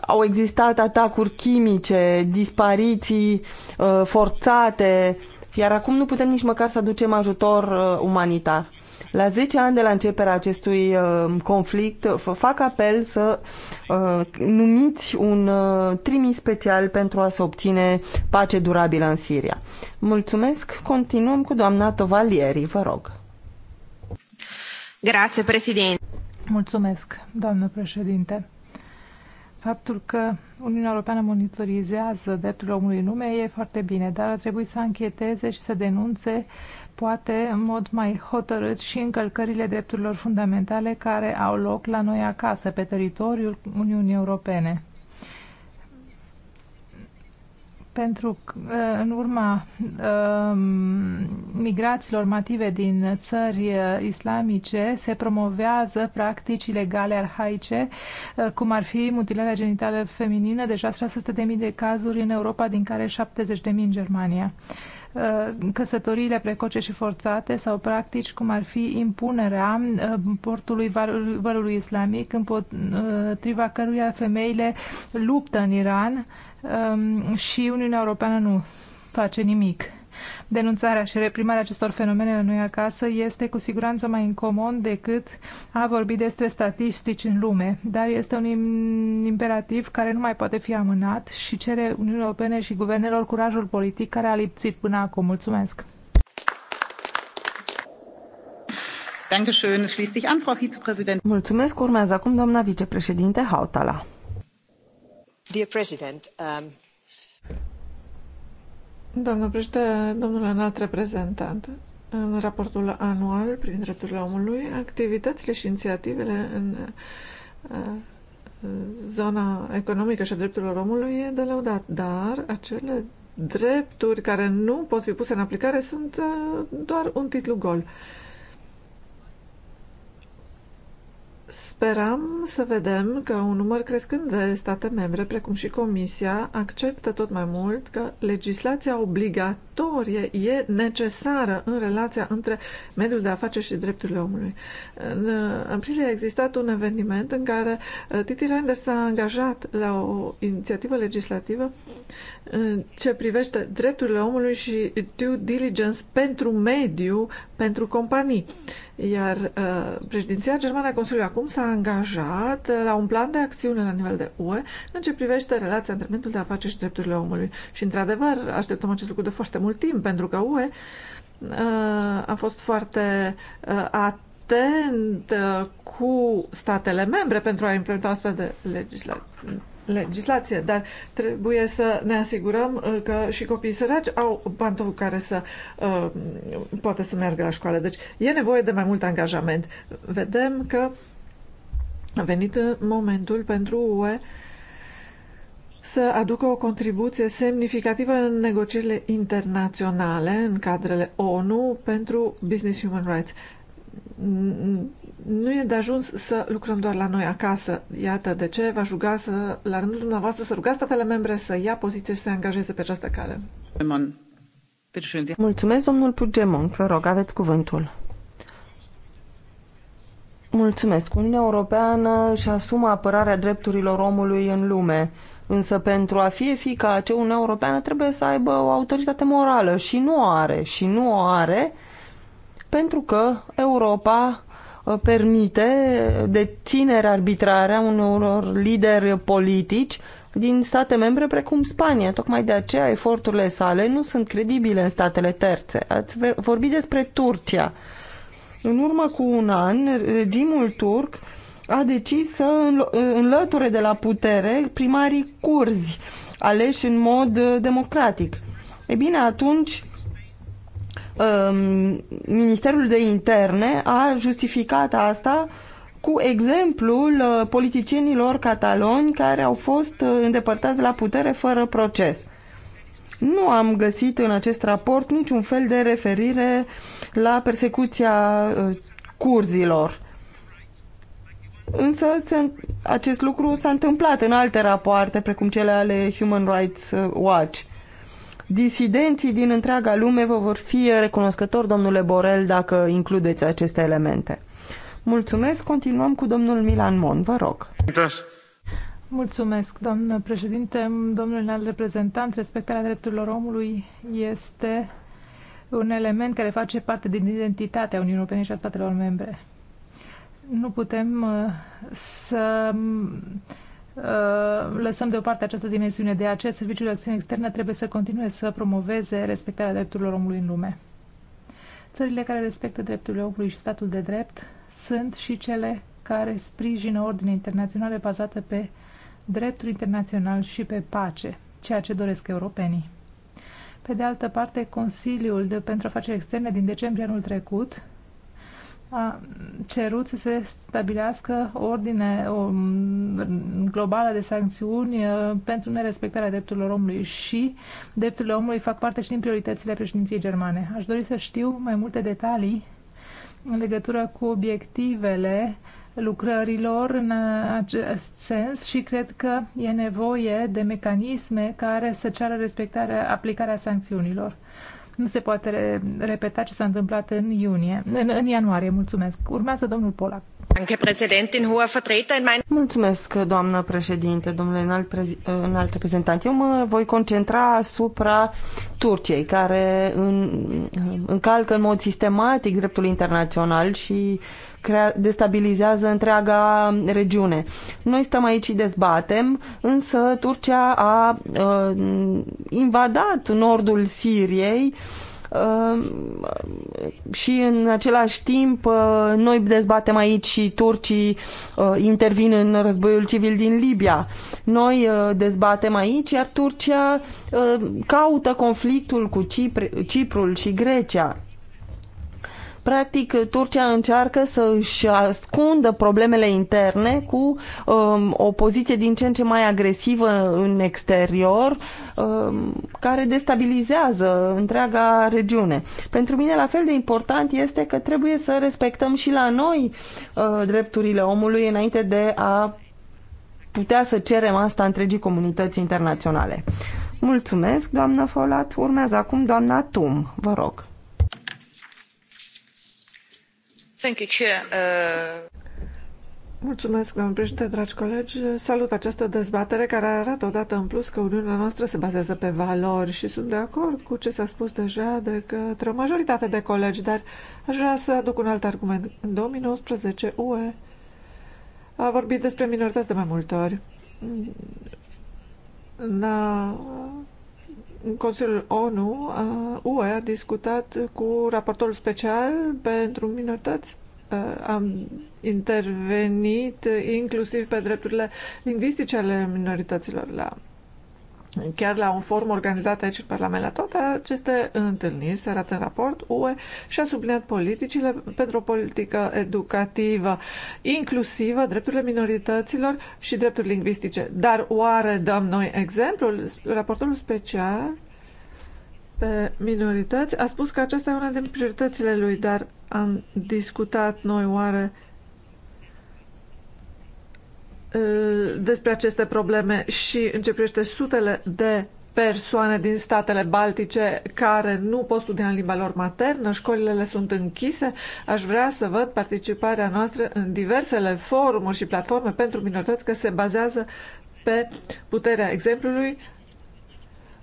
au existat atacuri chimice, dispariții uh, forțate, iar acum nu putem nici măcar să aducem ajutor uh, umanitar. La 10 ani de la începerea acestui uh, conflict, fac apel să uh, numiți un uh, trimis special pentru a se obține pace durabilă în Siria. Mulțumesc. Continuăm cu doamna Tovalieri, vă rog. Grazie, președinte. Mulțumesc, doamnă președinte. Faptul că Uniunea Europeană monitorizează drepturile omului în lume e foarte bine, dar ar trebui să ancheteze și să denunțe poate în mod mai hotărât și încălcările drepturilor fundamentale care au loc la noi acasă, pe teritoriul Uniunii Europene pentru că uh, în urma um, migrațiilor mative din țări uh, islamice se promovează practici ilegale arhaice, uh, cum ar fi mutilarea genitală feminină, deja deci 600.000 de cazuri în Europa, din care 70.000 în Germania. Uh, căsătoriile precoce și forțate sau practici cum ar fi impunerea uh, portului vărului islamic împotriva uh, căruia femeile luptă în Iran um, și Uniunea Europeană nu face nimic denunțarea și reprimarea acestor fenomene la noi acasă este cu siguranță mai incomod decât a vorbi despre statistici în lume, dar este un imperativ care nu mai poate fi amânat și cere Uniunii Europene și guvernelor curajul politic care a lipsit până acum. Mulțumesc! Mulțumesc. Urmează acum doamna vicepreședinte Hautala. Dear President, um... Doamnă președinte, domnule înalt reprezentant, în raportul anual prin drepturile omului, activitățile și inițiativele în uh, zona economică și a drepturilor omului e de lăudat, dar acele drepturi care nu pot fi puse în aplicare sunt uh, doar un titlu gol. Sperăm să vedem că un număr crescând de state membre, precum și Comisia, acceptă tot mai mult că legislația obligă obligatorie e necesară în relația între mediul de afaceri și drepturile omului. În aprilie a existat un eveniment în care uh, Titi Reinders s-a angajat la o inițiativă legislativă uh, ce privește drepturile omului și due diligence pentru mediu, pentru companii. Iar uh, președinția germană a Consiliului acum s-a angajat uh, la un plan de acțiune la nivel de UE în ce privește relația între mediul de afaceri și drepturile omului. Și, într-adevăr, așteptăm acest lucru de foarte mult timp, pentru că UE uh, a fost foarte uh, atent uh, cu statele membre pentru a implementa astfel de legislație legislație, dar trebuie să ne asigurăm că și copiii săraci au pantofi care să poate să meargă la școală. Deci e nevoie de mai mult angajament. Vedem că a venit momentul pentru UE să aducă o contribuție semnificativă în negocierile internaționale, în cadrele ONU, pentru Business Human Rights. Nu e de ajuns să lucrăm doar la noi acasă. Iată de ce v-aș ruga să, la rândul dumneavoastră să rugați statele membre să ia poziție și să se angajeze pe această cale. Mulțumesc, domnul Pugemon. Vă rog, aveți cuvântul. Mulțumesc. Uniunea Europeană și asumă apărarea drepturilor omului în lume Însă pentru a fi eficace, Uniunea Europeană trebuie să aibă o autoritate morală și nu o are. Și nu o are pentru că Europa uh, permite deținerea arbitrare a unor lideri politici din state membre precum Spania. Tocmai de aceea eforturile sale nu sunt credibile în statele terțe. Ați vorbit despre Turcia. În urmă cu un an, regimul turc a decis să înlăture de la putere primarii curzi aleși în mod uh, democratic. E bine, atunci um, Ministerul de Interne a justificat asta cu exemplul uh, politicienilor cataloni care au fost uh, îndepărtați la putere fără proces. Nu am găsit în acest raport niciun fel de referire la persecuția curzilor Însă se, acest lucru s-a întâmplat în alte rapoarte, precum cele ale Human Rights uh, Watch. Disidenții din întreaga lume vă vor fi recunoscători, domnule Borel, dacă includeți aceste elemente. Mulțumesc, continuăm cu domnul Milan Mon, vă rog. Mulțumesc, doamnă președinte, domnule înalt reprezentant. Respectarea drepturilor omului este un element care face parte din identitatea Uniunii Europene și a statelor membre nu putem uh, să uh, lăsăm deoparte această dimensiune. De aceea, Serviciul de Acțiune Externă trebuie să continue să promoveze respectarea drepturilor omului în lume. Țările care respectă drepturile omului și statul de drept sunt și cele care sprijină ordine internaționale bazată pe dreptul internațional și pe pace, ceea ce doresc europenii. Pe de altă parte, Consiliul de pentru Afaceri Externe din decembrie anul trecut a cerut să se stabilească ordine o, mm, globală de sancțiuni uh, pentru nerespectarea drepturilor omului și drepturile omului fac parte și din prioritățile președinției germane. Aș dori să știu mai multe detalii în legătură cu obiectivele lucrărilor în acest sens și cred că e nevoie de mecanisme care să ceară respectarea, aplicarea sancțiunilor. Nu se poate re repeta ce s-a întâmplat în iunie, în, în ianuarie. Mulțumesc. Urmează domnul Polac. Mulțumesc, doamnă președinte, domnule înalt, prezi, înalt reprezentant. Eu mă voi concentra asupra Turciei, care în... încalcă în mod sistematic dreptul internațional și uh, crea, destabilizează întreaga regiune. Noi stăm aici și dezbatem, însă Turcia a uh, invadat nordul Siriei uh, și în același timp uh, noi dezbatem aici și turcii uh, intervin în războiul civil din Libia. Noi uh, dezbatem aici, iar Turcia uh, caută conflictul cu Cipr Ciprul și Grecia. Practic, Turcia încearcă să își ascundă problemele interne cu um, o poziție din ce în ce mai agresivă în exterior, um, care destabilizează întreaga regiune. Pentru mine, la fel de important este că trebuie să respectăm și la noi uh, drepturile omului înainte de a putea să cerem asta întregii comunități internaționale. Mulțumesc, doamnă Folat. Urmează acum doamna Tum. Vă rog. Uh, Mulțumesc, domnul președinte, dragi colegi. Salut această dezbatere care arată odată în plus că Uniunea noastră se bazează pe valori și sunt de acord cu ce s-a spus deja de către o majoritate de colegi, dar aș vrea să aduc un alt argument. În 2019, UE a vorbit despre minorități de mai multe ori. N-a Consiliul ONU, UE uh, a discutat cu raportorul special pentru minorități. Uh, am intervenit inclusiv pe drepturile lingvistice ale minorităților la chiar la un forum organizat aici în Parlament, la toate aceste întâlniri, se arată în raport, UE și-a subliniat politicile pentru o politică educativă, inclusivă, drepturile minorităților și drepturi lingvistice. Dar oare dăm noi exemplul? Raportorul special pe minorități a spus că aceasta e una din prioritățile lui, dar am discutat noi oare Uh, despre aceste probleme și începește sutele de persoane din statele baltice care nu pot studia în limba lor maternă, școlile le sunt închise. Aș vrea să văd participarea noastră în diversele forumuri și platforme pentru minorități că se bazează pe puterea exemplului.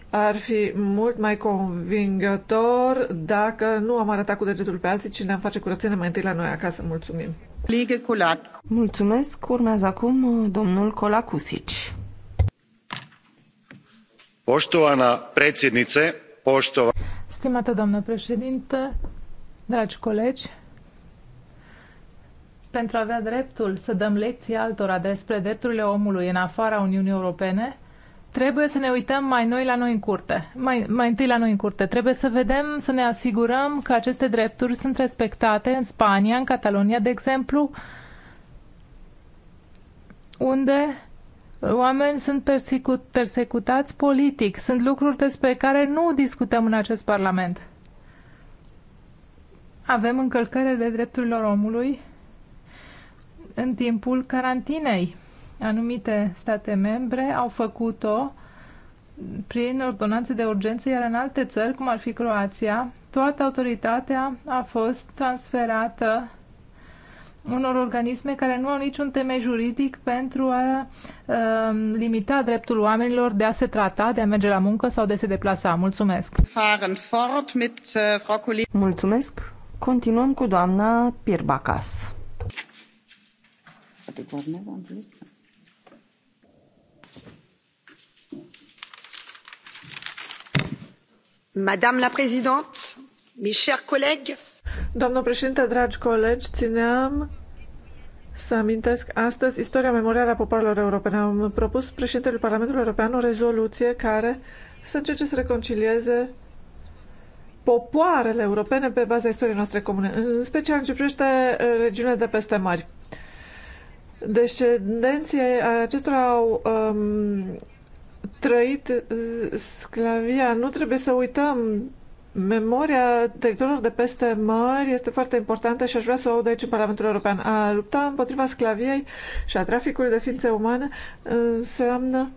Ar fi mult mai convingător dacă nu am arătat cu degetul pe alții, ci ne-am face curățenie mai întâi la noi acasă. Mulțumim! Mulțumesc. Urmează acum uh, domnul Colacusici. Poștovana prețednițe, poștova... Stimată doamnă președintă, dragi colegi, pentru a avea dreptul să dăm lecții altora despre drepturile omului în afara Uniunii Europene, Trebuie să ne uităm mai noi la noi în curte, mai, mai întâi la noi în curte. Trebuie să vedem, să ne asigurăm că aceste drepturi sunt respectate în Spania, în Catalonia, de exemplu, unde oameni sunt persecut, persecutați politic. Sunt lucruri despre care nu discutăm în acest Parlament. Avem încălcări de drepturilor omului în timpul carantinei. Anumite state membre au făcut-o prin ordonanțe de urgență, iar în alte țări, cum ar fi Croația, toată autoritatea a fost transferată unor organisme care nu au niciun temei juridic pentru a uh, limita dreptul oamenilor de a se trata, de a merge la muncă sau de a se deplasa. Mulțumesc! Uh, Mulțumesc! Continuăm cu doamna Pirbacas. Doamnă președinte, dragi colegi, țineam să amintesc astăzi istoria memorială a popoarelor europene. Am propus președintelui Parlamentului European o rezoluție care să încerce să reconcilieze popoarele europene pe baza istoriei noastre comune, în special în ce privește eh, regiunile de peste mari. Descendenții acestora au um, trăit uh, sclavia. Nu trebuie să uităm Memoria teritoriilor de peste mări este foarte importantă și aș vrea să o aud aici în Parlamentul European. A lupta împotriva sclaviei și a traficului de ființe umane înseamnă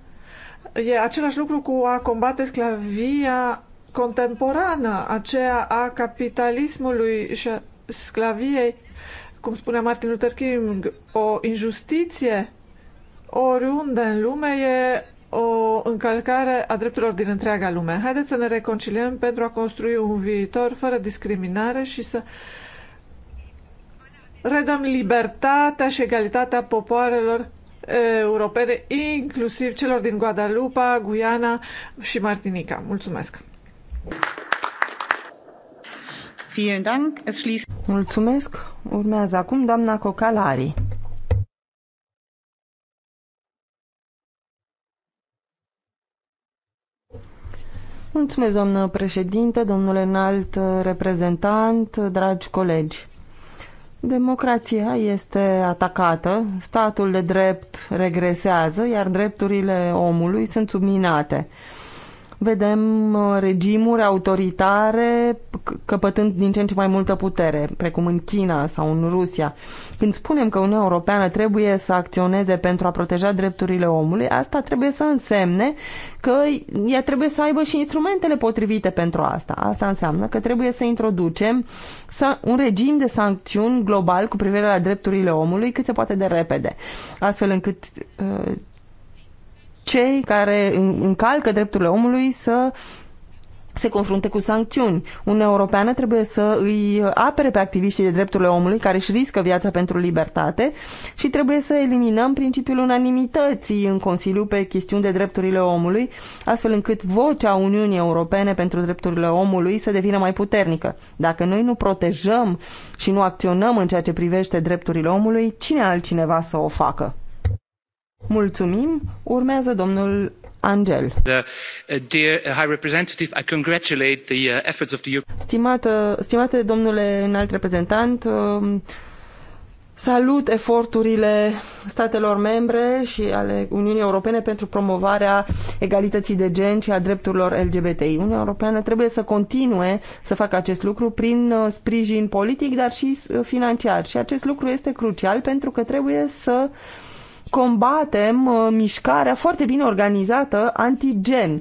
e același lucru cu a combate sclavia contemporană, aceea a capitalismului și a sclaviei, cum spunea Martin Luther King, o injustiție oriunde în lume e o încălcare a drepturilor din întreaga lume. Haideți să ne reconciliem pentru a construi un viitor fără discriminare și să redăm libertatea și egalitatea popoarelor europene, inclusiv celor din Guadalupe, Guyana și Martinica. Mulțumesc! Mulțumesc! Urmează acum doamna Cocalari. Mulțumesc, doamnă președinte, domnule înalt uh, reprezentant, uh, dragi colegi. Democrația este atacată, statul de drept regresează, iar drepturile omului sunt subminate vedem uh, regimuri autoritare căpătând din ce în ce mai multă putere, precum în China sau în Rusia. Când spunem că Uniunea Europeană trebuie să acționeze pentru a proteja drepturile omului, asta trebuie să însemne că ea trebuie să aibă și instrumentele potrivite pentru asta. Asta înseamnă că trebuie să introducem un regim de sancțiuni global cu privire la drepturile omului cât se poate de repede, astfel încât uh, cei care încalcă drepturile omului să se confrunte cu sancțiuni. Uniunea Europeană trebuie să îi apere pe activiștii de drepturile omului care își riscă viața pentru libertate și trebuie să eliminăm principiul unanimității în Consiliu pe chestiuni de drepturile omului, astfel încât vocea Uniunii Europene pentru drepturile omului să devină mai puternică. Dacă noi nu protejăm și nu acționăm în ceea ce privește drepturile omului, cine altcineva să o facă? Mulțumim. Urmează domnul Angel. The, uh, dear uh, High Representative, I congratulate the uh, efforts of the Stimată, stimate domnule înalt reprezentant, um, salut eforturile statelor membre și ale Uniunii Europene pentru promovarea egalității de gen și a drepturilor LGBTI. Uniunea Europeană trebuie să continue să facă acest lucru prin sprijin politic, dar și financiar. Și acest lucru este crucial pentru că trebuie să uh, combatem uh, mișcarea foarte bine organizată antigen.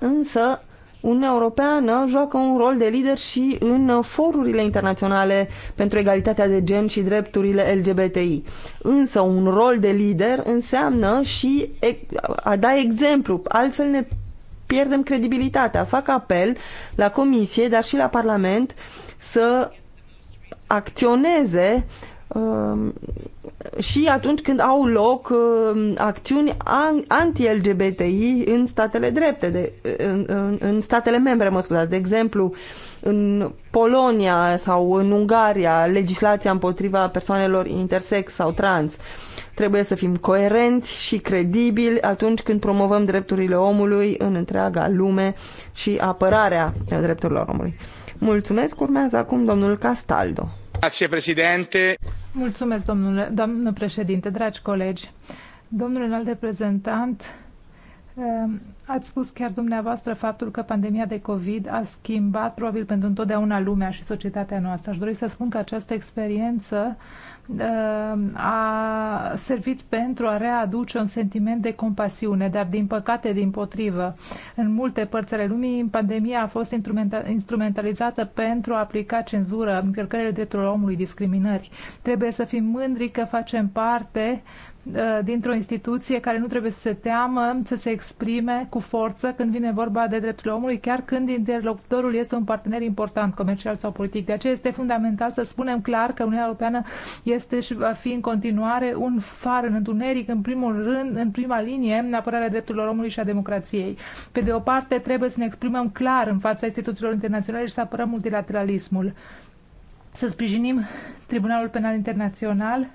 Însă, Uniunea Europeană joacă un rol de lider și în uh, forurile internaționale pentru egalitatea de gen și drepturile LGBTI. Însă un rol de lider înseamnă și a da exemplu, altfel ne pierdem credibilitatea. Fac apel la Comisie, dar și la Parlament să acționeze Um, și atunci când au loc um, acțiuni anti-LGBTI în statele drepte, de, în, în statele membre, mă scuzați, de exemplu, în Polonia sau în Ungaria, legislația împotriva persoanelor intersex sau trans. Trebuie să fim coerenți și credibili atunci când promovăm drepturile omului în întreaga lume și apărarea drepturilor omului. Mulțumesc, urmează acum domnul Castaldo. Grazie, președinte. Mulțumesc, domnule, doamnă președinte, dragi colegi. Domnule înalt reprezentant, eh, ați spus chiar dumneavoastră faptul că pandemia de COVID a schimbat probabil pentru întotdeauna lumea și societatea noastră. Aș dori să spun că această experiență a servit pentru a readuce un sentiment de compasiune, dar din păcate, din potrivă, în multe părți ale lumii, pandemia a fost instrumentalizată pentru a aplica cenzură, încălcările drepturilor omului, discriminări. Trebuie să fim mândri că facem parte Uh, dintr-o instituție care nu trebuie să se teamă, să se exprime cu forță când vine vorba de drepturile omului, chiar când interlocutorul este un partener important, comercial sau politic. De aceea este fundamental să spunem clar că Uniunea Europeană este și va fi în continuare un far în întuneric, în primul rând, în prima linie, în apărarea drepturilor omului și a democrației. Pe de o parte, trebuie să ne exprimăm clar în fața instituțiilor internaționale și să apărăm multilateralismul. Să sprijinim Tribunalul Penal Internațional,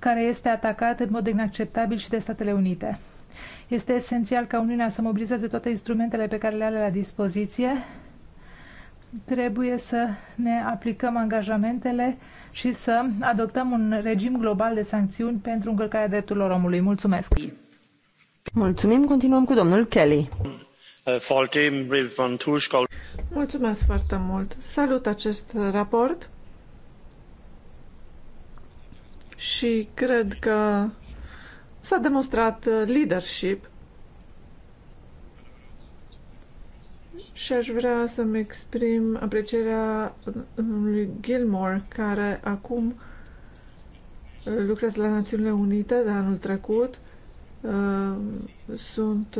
care este atacat în mod inacceptabil și de Statele Unite. Este esențial ca Uniunea să mobilizeze toate instrumentele pe care le are la dispoziție. Trebuie să ne aplicăm angajamentele și să adoptăm un regim global de sancțiuni pentru încălcarea drepturilor omului. Mulțumesc! Mulțumim, continuăm cu domnul Kelly. Mulțumesc foarte mult. Salut acest raport și cred că s-a demonstrat uh, leadership și aș vrea să-mi exprim aprecierea uh, lui Gilmore, care acum uh, lucrează la Națiunile Unite de anul trecut. Sunt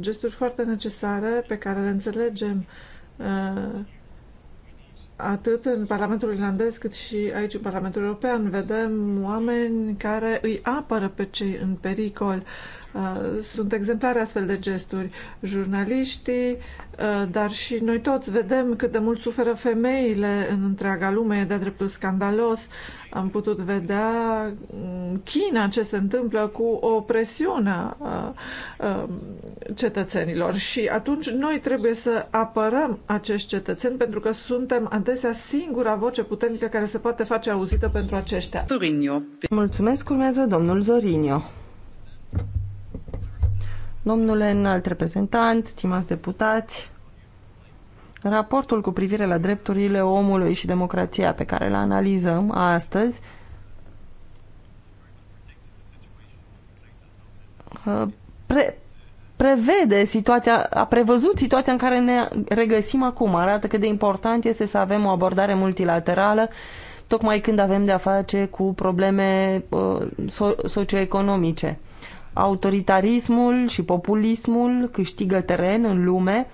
gesturi foarte necesare pe care le înțelegem atât în Parlamentul irlandez cât și aici în Parlamentul European vedem oameni care îi apără pe cei în pericol Uh, sunt exemplare astfel de gesturi. Jurnaliștii, uh, dar și noi toți vedem cât de mult suferă femeile în întreaga lume, e de dreptul scandalos. Am putut vedea mm, China ce se întâmplă cu opresiunea uh, cetățenilor și atunci noi trebuie să apărăm acești cetățeni pentru că suntem adesea singura voce puternică care se poate face auzită pentru aceștia. Zorinio. Mulțumesc, urmează domnul Zorinio. Domnule înalt reprezentant, stimați deputați, raportul cu privire la drepturile omului și democrația pe care îl analizăm astăzi uh, pre prevede situația, a prevăzut situația în care ne regăsim acum. Arată cât de important este să avem o abordare multilaterală tocmai când avem de-a face cu probleme uh, socioeconomice. Autoritarismul și populismul câștigă teren în lume,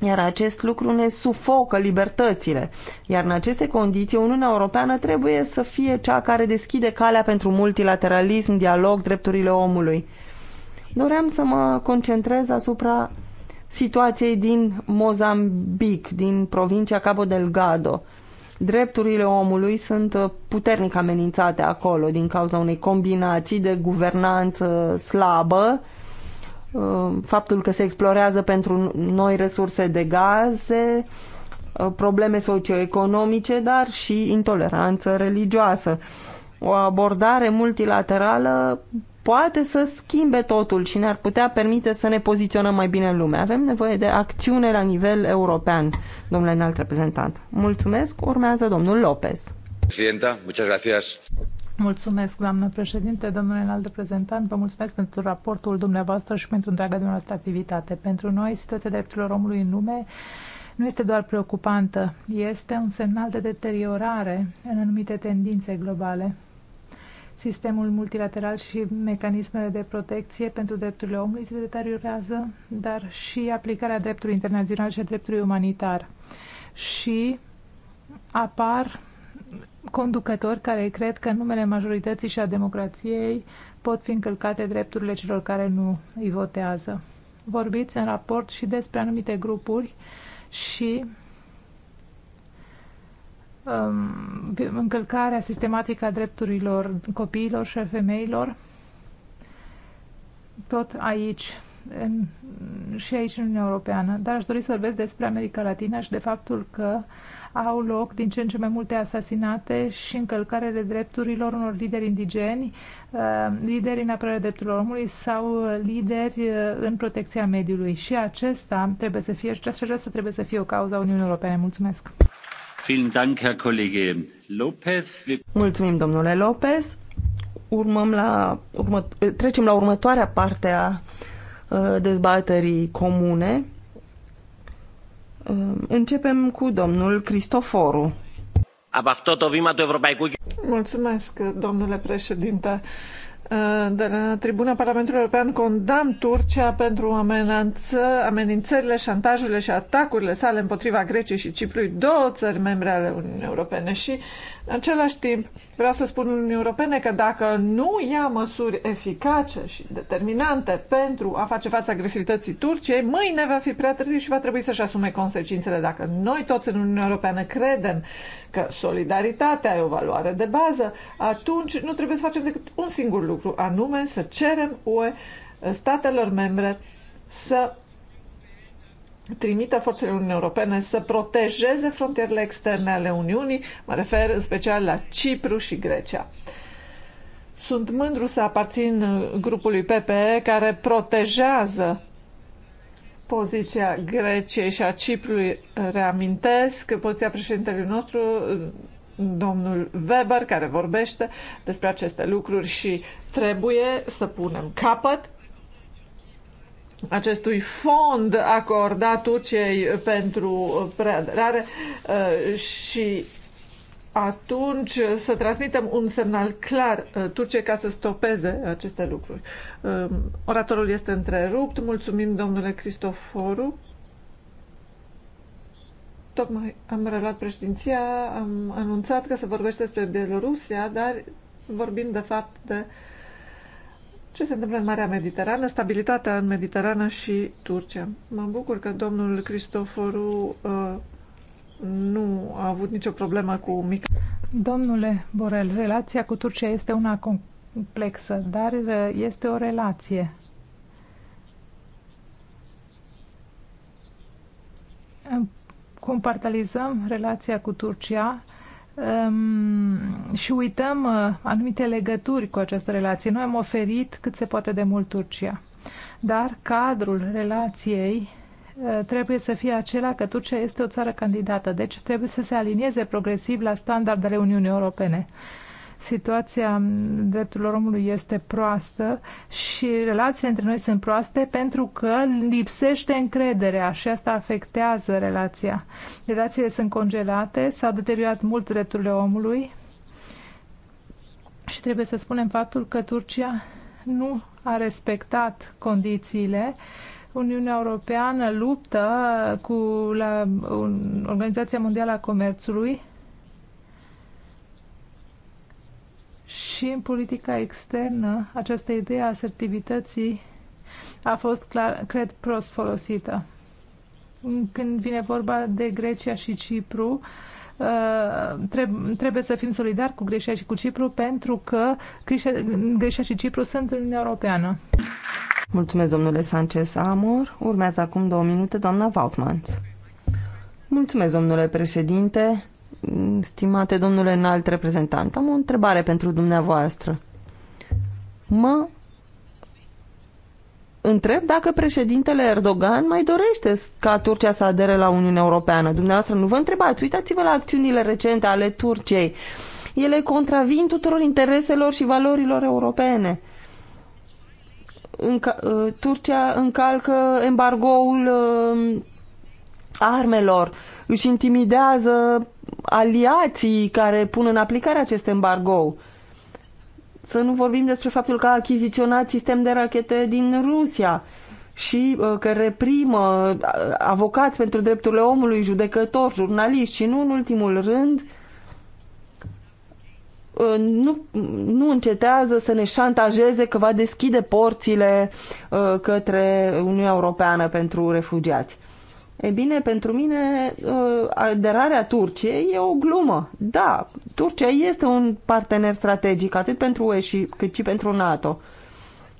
iar acest lucru ne sufocă libertățile. Iar în aceste condiții, Uniunea Europeană trebuie să fie cea care deschide calea pentru multilateralism, dialog, drepturile omului. Doream să mă concentrez asupra situației din Mozambic, din provincia Cabo Delgado drepturile omului sunt uh, puternic amenințate acolo din cauza unei combinații de guvernanță slabă, uh, faptul că se explorează pentru noi resurse de gaze, uh, probleme socioeconomice, dar și intoleranță religioasă. O abordare multilaterală poate să schimbe totul și ne-ar putea permite să ne poziționăm mai bine în lume. Avem nevoie de acțiune la nivel european, domnule înalt reprezentant. Mulțumesc, urmează domnul Lopez. Presidenta, muchas gracias. Mulțumesc, doamnă președinte, domnule înalt reprezentant, vă mulțumesc pentru raportul dumneavoastră și pentru întreaga dumneavoastră activitate. Pentru noi, situația drepturilor omului în lume nu este doar preocupantă, este un semnal de deteriorare în anumite tendințe globale Sistemul multilateral și mecanismele de protecție pentru drepturile omului se deteriorează, dar și aplicarea dreptului internațional și a dreptului umanitar. Și apar conducători care cred că în numele majorității și a democrației pot fi încălcate drepturile celor care nu îi votează. Vorbiți în raport și despre anumite grupuri și Um, încălcarea sistematică a drepturilor copiilor și a femeilor. Tot aici, în, și aici în Uniunea Europeană. Dar aș dori să vorbesc despre America Latina și de faptul că au loc din ce în ce mai multe asasinate și încălcare de drepturilor unor lideri indigeni, uh, lideri în apărarea drepturilor omului sau lideri uh, în protecția mediului. Și acesta trebuie să fie, și acesta trebuie să fie o cauza Uniunii Europene. Mulțumesc! Mulțumim, domnule Lopez. Urmăm la, urmă, trecem la următoarea parte a uh, dezbaterii comune. Uh, începem cu domnul Cristoforu. Mulțumesc, domnule președinte. Uh, de la Tribuna Parlamentului European condamn Turcia pentru amenințările, șantajurile și atacurile sale împotriva Greciei și Ciprului, două țări membre ale Uniunii Europene și în același timp Vreau să spun Uniunii Europene că dacă nu ia măsuri eficace și determinante pentru a face față agresivității Turciei, mâine va fi prea târziu și va trebui să-și asume consecințele. Dacă noi toți în Uniunea Europeană credem că solidaritatea e o valoare de bază, atunci nu trebuie să facem decât un singur lucru, anume să cerem UE statelor membre să trimite forțele Uniunii Europene să protejeze frontierele externe ale Uniunii, mă refer în special la Cipru și Grecia. Sunt mândru să aparțin grupului PPE care protejează poziția Greciei și a Ciprului. Reamintesc poziția președintelui nostru, domnul Weber, care vorbește despre aceste lucruri și trebuie să punem capăt acestui fond acordat Turciei pentru preaderare uh, și atunci să transmitem un semnal clar uh, Turciei ca să stopeze aceste lucruri. Uh, oratorul este întrerupt. Mulțumim, domnule Cristoforu. Tocmai am reluat președinția, am anunțat că se vorbește despre Bielorusia, dar vorbim de fapt de uh, ce se întâmplă în Marea Mediterană, stabilitatea în Mediterană și Turcia. Mă bucur că domnul Cristoforu uh, nu a avut nicio problemă cu mic. Domnule Borel, relația cu Turcia este una complexă, dar uh, este o relație. Compartalizăm relația cu Turcia um, și uităm uh, anumite legături cu această relație. Noi am oferit cât se poate de mult Turcia, dar cadrul relației uh, trebuie să fie acela că Turcia este o țară candidată, deci trebuie să se alinieze progresiv la standardele Uniunii Europene. Uh, situația drepturilor omului este proastă și relațiile între noi sunt proaste pentru că lipsește încrederea și asta afectează relația. Relațiile sunt congelate, s-au deteriorat mult drepturile omului și trebuie să spunem faptul că Turcia nu a respectat condițiile Uniunea Europeană luptă cu la Organizația Mondială a Comerțului și în politica externă această idee a asertivității a fost, clar, cred, prost folosită. Când vine vorba de Grecia și Cipru, uh, trebuie să fim solidari cu Grecia și cu Cipru pentru că Grecia și Cipru sunt în Uniunea Europeană. Mulțumesc, domnule Sanchez Amor. Urmează acum două minute doamna Vautmans. Mulțumesc, domnule președinte stimate domnule înalt reprezentant, am o întrebare pentru dumneavoastră. Mă întreb dacă președintele Erdogan mai dorește ca Turcia să adere la Uniunea Europeană. Dumneavoastră nu vă întrebați, uitați-vă la acțiunile recente ale Turciei. Ele contravin tuturor intereselor și valorilor europene. Înca uh, Turcia încalcă embargoul uh, armelor își intimidează aliații care pun în aplicare acest embargo. Să nu vorbim despre faptul că a achiziționat sistem de rachete din Rusia și uh, că reprimă uh, avocați pentru drepturile omului, judecători, jurnaliști și nu în ultimul rând uh, nu, nu încetează să ne șantajeze că va deschide porțile către Uniunea Europeană pentru refugiați. E bine, pentru mine ă, aderarea Turciei e o glumă. Da, Turcia este un partener strategic atât pentru UE și, cât și pentru NATO.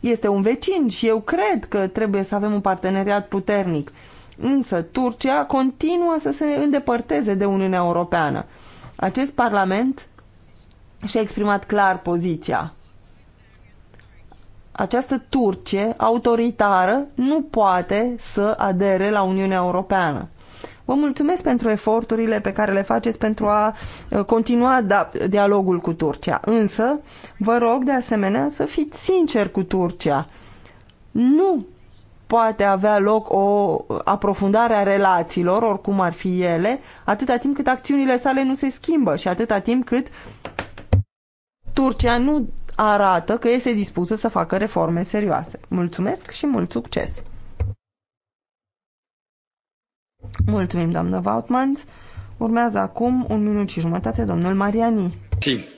Este un vecin și eu cred că trebuie să avem un parteneriat puternic. Însă Turcia continuă să se îndepărteze de Uniunea Europeană. Acest parlament și-a exprimat clar poziția această Turcie autoritară nu poate să adere la Uniunea Europeană. Vă mulțumesc pentru eforturile pe care le faceți pentru a uh, continua da, dialogul cu Turcia. Însă, vă rog de asemenea să fiți sinceri cu Turcia. Nu poate avea loc o uh, aprofundare a relațiilor, oricum ar fi ele, atâta timp cât acțiunile sale nu se schimbă și atâta timp cât Turcia nu arată că este dispusă să facă reforme serioase. Mulțumesc și mult succes! Mulțumim, doamnă Vautmans. Urmează acum un minut și jumătate, domnul Mariani. Sí.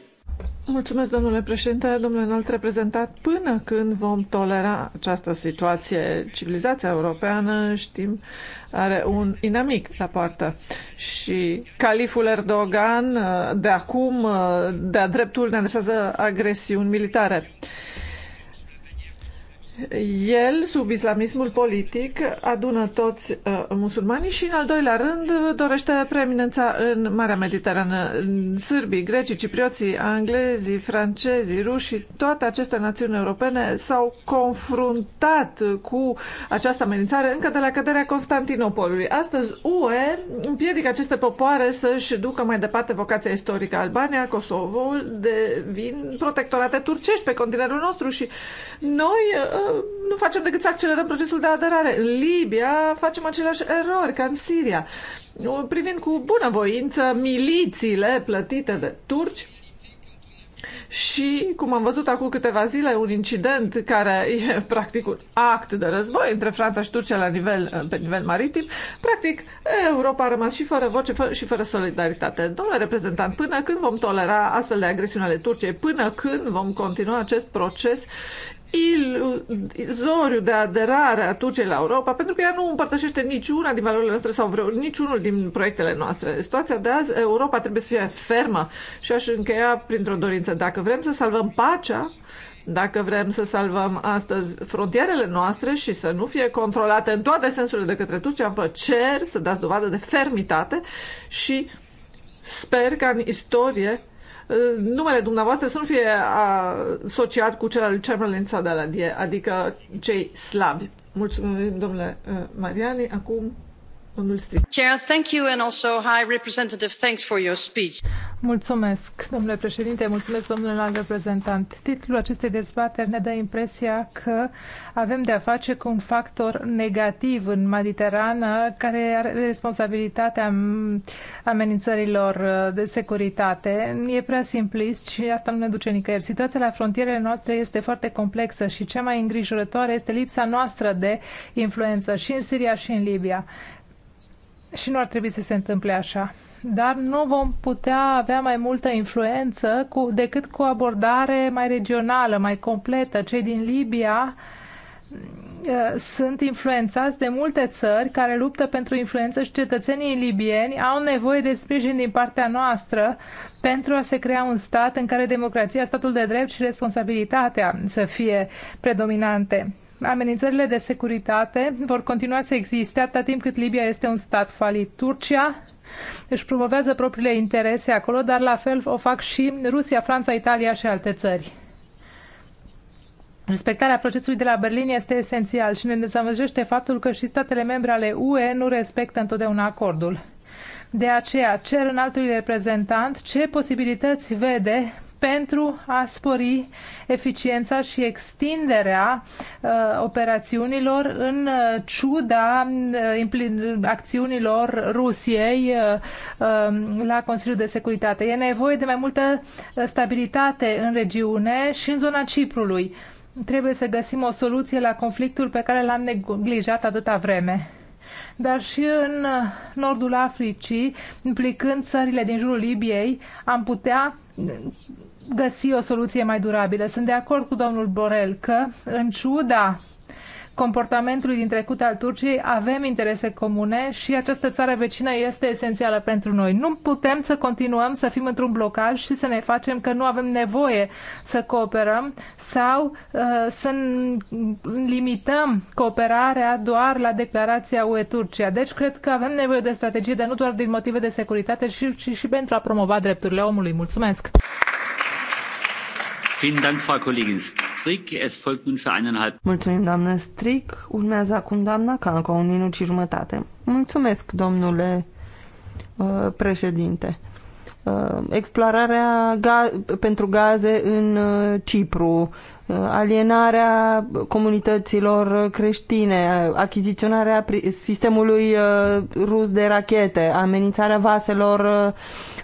Mulțumesc, domnule președinte, domnule înalt reprezentat. Până când vom tolera această situație, civilizația europeană, știm, are un inamic la poartă. Și califul Erdogan, de acum, de-a dreptul, ne adresează agresiuni militare. Uh, el, sub islamismul politic, adună toți uh, musulmanii și, în al doilea rând, dorește preeminența în Marea Mediterană. Sârbii, grecii, ciprioții, anglezii, francezii, rușii, toate aceste națiuni europene s-au confruntat cu această amenințare încă de la căderea Constantinopolului. Astăzi, UE împiedică aceste popoare să-și ducă mai departe vocația istorică. Albania, Kosovo devin protectorate turcești pe continentul nostru și noi uh, nu facem decât să accelerăm procesul de aderare. În Libia facem aceleași erori ca în Siria. Privind cu bună voință milițiile plătite de turci, și, cum am văzut acum câteva zile, un incident care e practic un act de război între Franța și Turcia la nivel, pe nivel maritim, practic Europa a rămas și fără voce fă, și fără solidaritate. Domnule reprezentant, până când vom tolera astfel de agresiuni ale Turciei, până când vom continua acest proces iluzoriu de aderare a Turciei la Europa, pentru că ea nu împărtășește niciuna din valorile noastre sau vreo, niciunul din proiectele noastre. Situația de azi, Europa trebuie să fie fermă și aș încheia printr-o dorință. Dacă vrem să salvăm pacea, dacă vrem să salvăm astăzi frontierele noastre și să nu fie controlate în toate sensurile de către Turcia, vă cer să dați dovadă de fermitate și sper ca în istorie Eh, numele dumneavoastră să nu fie asociat cu cel al Chamberlain Sadaladie, adică cei slabi. Mulțumim, domnule eh, Mariani. Acum Mulțumesc, domnule președinte, mulțumesc, domnule înalt reprezentant. Titlul acestei dezbateri ne dă impresia că avem de-a face cu un factor negativ în Mediterană care are responsabilitatea amenințărilor uh, de securitate. E prea simplist și asta nu ne duce nicăieri. Situația la frontierele noastre este foarte complexă și cea mai îngrijorătoare este lipsa noastră de influență și în Siria și în Libia și nu ar trebui să se întâmple așa. Dar nu vom putea avea mai multă influență cu, decât cu o abordare mai regională, mai completă. Cei din Libia eh, sunt influențați de multe țări care luptă pentru influență și cetățenii libieni au nevoie de sprijin din partea noastră pentru a se crea un stat în care democrația, statul de drept și responsabilitatea să fie predominante amenințările de securitate vor continua să existe atâta timp cât Libia este un stat falit. Turcia își promovează propriile interese acolo, dar la fel o fac și Rusia, Franța, Italia și alte țări. Respectarea procesului de la Berlin este esențial și ne dezamăgește faptul că și statele membre ale UE nu respectă întotdeauna acordul. De aceea cer în altului reprezentant ce posibilități vede pentru a spori eficiența și extinderea uh, operațiunilor în uh, ciuda uh, acțiunilor Rusiei uh, um, la Consiliul de Securitate. E nevoie de mai multă uh, stabilitate în regiune și în zona Ciprului. Trebuie să găsim o soluție la conflictul pe care l-am neglijat atâta vreme dar și în uh, nordul Africii, implicând țările din jurul Libiei, am putea uh, găsi o soluție mai durabilă. Sunt de acord cu domnul Borel că, în ciuda comportamentului din trecut al Turciei, avem interese comune și această țară vecină este esențială pentru noi. Nu putem să continuăm să fim într-un blocaj și să ne facem că nu avem nevoie să cooperăm sau uh, să limităm cooperarea doar la declarația UE-Turcia. Deci cred că avem nevoie de strategie, dar nu doar din motive de securitate, ci, ci și pentru a promova drepturile omului. Mulțumesc! Mulțumim, doamnă Stric. Urmează acum doamna Canca, un minut și jumătate. Mulțumesc, domnule uh, președinte. Uh, explorarea ga pentru gaze în uh, Cipru, alienarea comunităților creștine, achiziționarea sistemului rus de rachete, amenințarea vaselor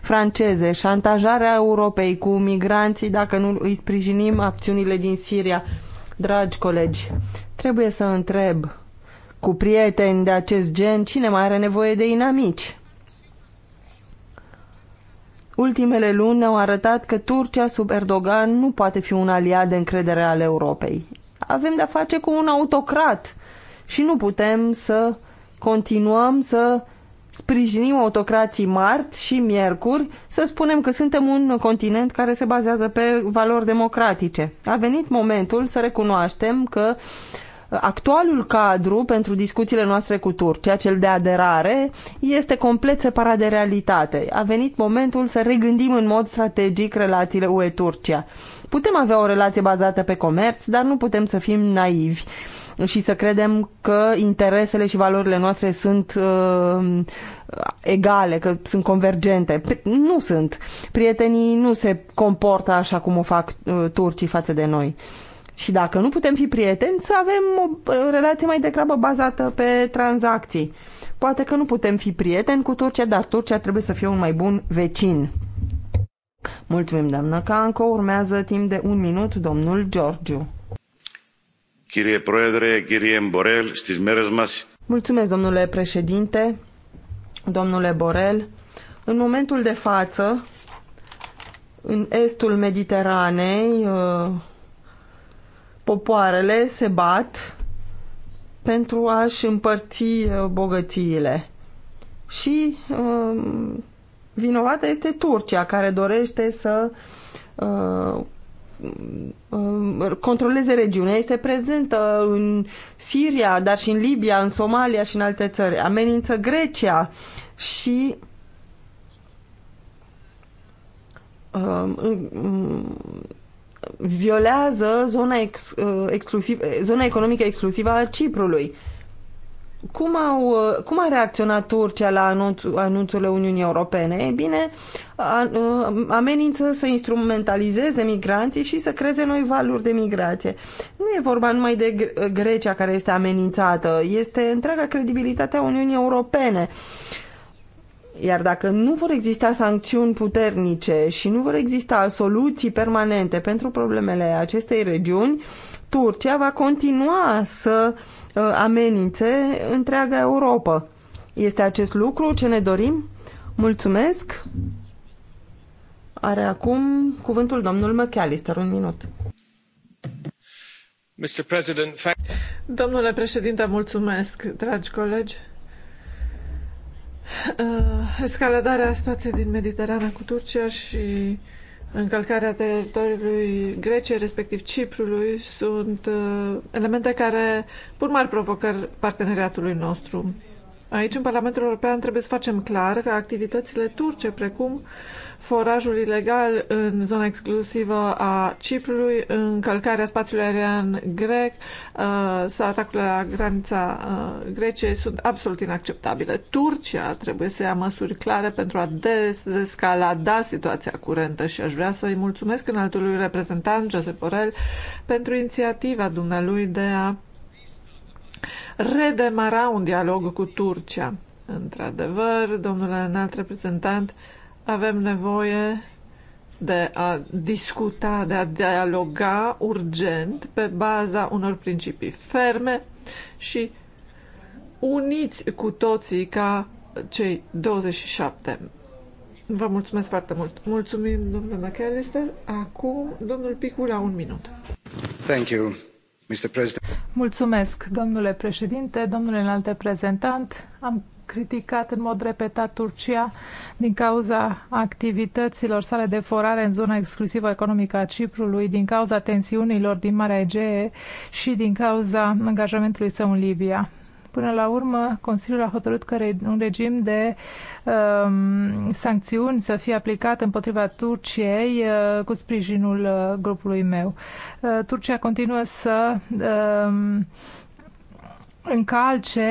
franceze, șantajarea Europei cu migranții dacă nu îi sprijinim acțiunile din Siria. Dragi colegi, trebuie să întreb cu prieteni de acest gen cine mai are nevoie de inamici. Ultimele luni ne-au arătat că Turcia sub Erdogan nu poate fi un aliat de încredere al Europei. Avem de-a face cu un autocrat și nu putem să continuăm să sprijinim autocrații mart și miercuri să spunem că suntem un continent care se bazează pe valori democratice. A venit momentul să recunoaștem că actualul cadru pentru discuțiile noastre cu Turcia, cel de aderare, este complet separat de realitate. A venit momentul să regândim în mod strategic relațiile UE-Turcia. Putem avea o relație bazată pe comerț, dar nu putem să fim naivi și să credem că interesele și valorile noastre sunt uh, egale, că sunt convergente. Nu sunt. Prietenii nu se comportă așa cum o fac uh, turcii față de noi. Și dacă nu putem fi prieteni, să avem o uh, relație mai degrabă bazată pe tranzacții. Poate că nu putem fi prieteni cu Turcia, dar Turcia trebuie să fie un mai bun vecin. Mulțumim, doamnă Canco. Urmează timp de un minut domnul Georgiu. Chirie Proedre, Chirie Borel, știți merez masi. Mulțumesc, domnule președinte, domnule Borel. În momentul de față, în estul Mediteranei, uh, popoarele se bat pentru a-și împărți uh, bogățiile. Și um, vinovată este Turcia, care dorește să uh, Um, controleze regiunea. Este prezentă în Siria, dar și în Libia, în Somalia și în alte țări. Amenință Grecia și um, um, violează zona, ex, uh, exclusiv, zona economică exclusivă a Ciprului cum, au, uh, cum a reacționat Turcia la anunț, anunțurile Uniunii Europene? E bine, uh, amenință să instrumentalizeze migranții și să creeze noi valuri de migrație. Nu e vorba numai de Grecia care este amenințată, este întreaga credibilitatea Uniunii Europene. Iar dacă nu vor exista sancțiuni puternice și nu vor exista soluții permanente pentru problemele acestei regiuni, Turcia va continua să uh, Uh, amenințe întreaga Europa. Este acest lucru ce ne dorim? Mulțumesc! Are acum cuvântul domnul McAllister, un minut. Mr. President, Domnule președinte, mulțumesc, dragi colegi. Uh, escaladarea situației din Mediterana cu Turcia și încălcarea teritoriului Greciei, respectiv Ciprului, sunt uh, elemente care pun mari provocări parteneriatului nostru. Aici, în Parlamentul European, trebuie să facem clar că activitățile turce, precum uh, forajul ilegal în zona exclusivă a Ciprului, încălcarea spațiului aerian grec uh, sau atacurile la granița uh, Greciei sunt absolut inacceptabile. Turcia trebuie să ia măsuri clare pentru a dezescalada situația curentă și aș vrea să-i mulțumesc înaltului reprezentant Josep Borel pentru inițiativa dumnealui de a redemara un dialog cu Turcia. Într-adevăr, domnule înalt reprezentant, uh, avem nevoie de a discuta, de a dialoga urgent pe baza unor principii ferme și uniți cu toții ca cei 27. Vă mulțumesc foarte mult. Mulțumim, domnule McAllister. Acum, domnul Picu, la un minut. Thank you, Mr. President. Mulțumesc, domnule președinte, domnule înalt reprezentant. Am criticat în mod repetat Turcia din cauza activităților sale de forare în zona exclusivă economică a Ciprului, din cauza tensiunilor din Marea Egee și din cauza angajamentului său în Libia. Până la urmă, Consiliul a hotărât că un regim de um, sancțiuni să fie aplicat împotriva Turciei uh, cu sprijinul uh, grupului meu. Uh, Turcia continuă să uh, încalce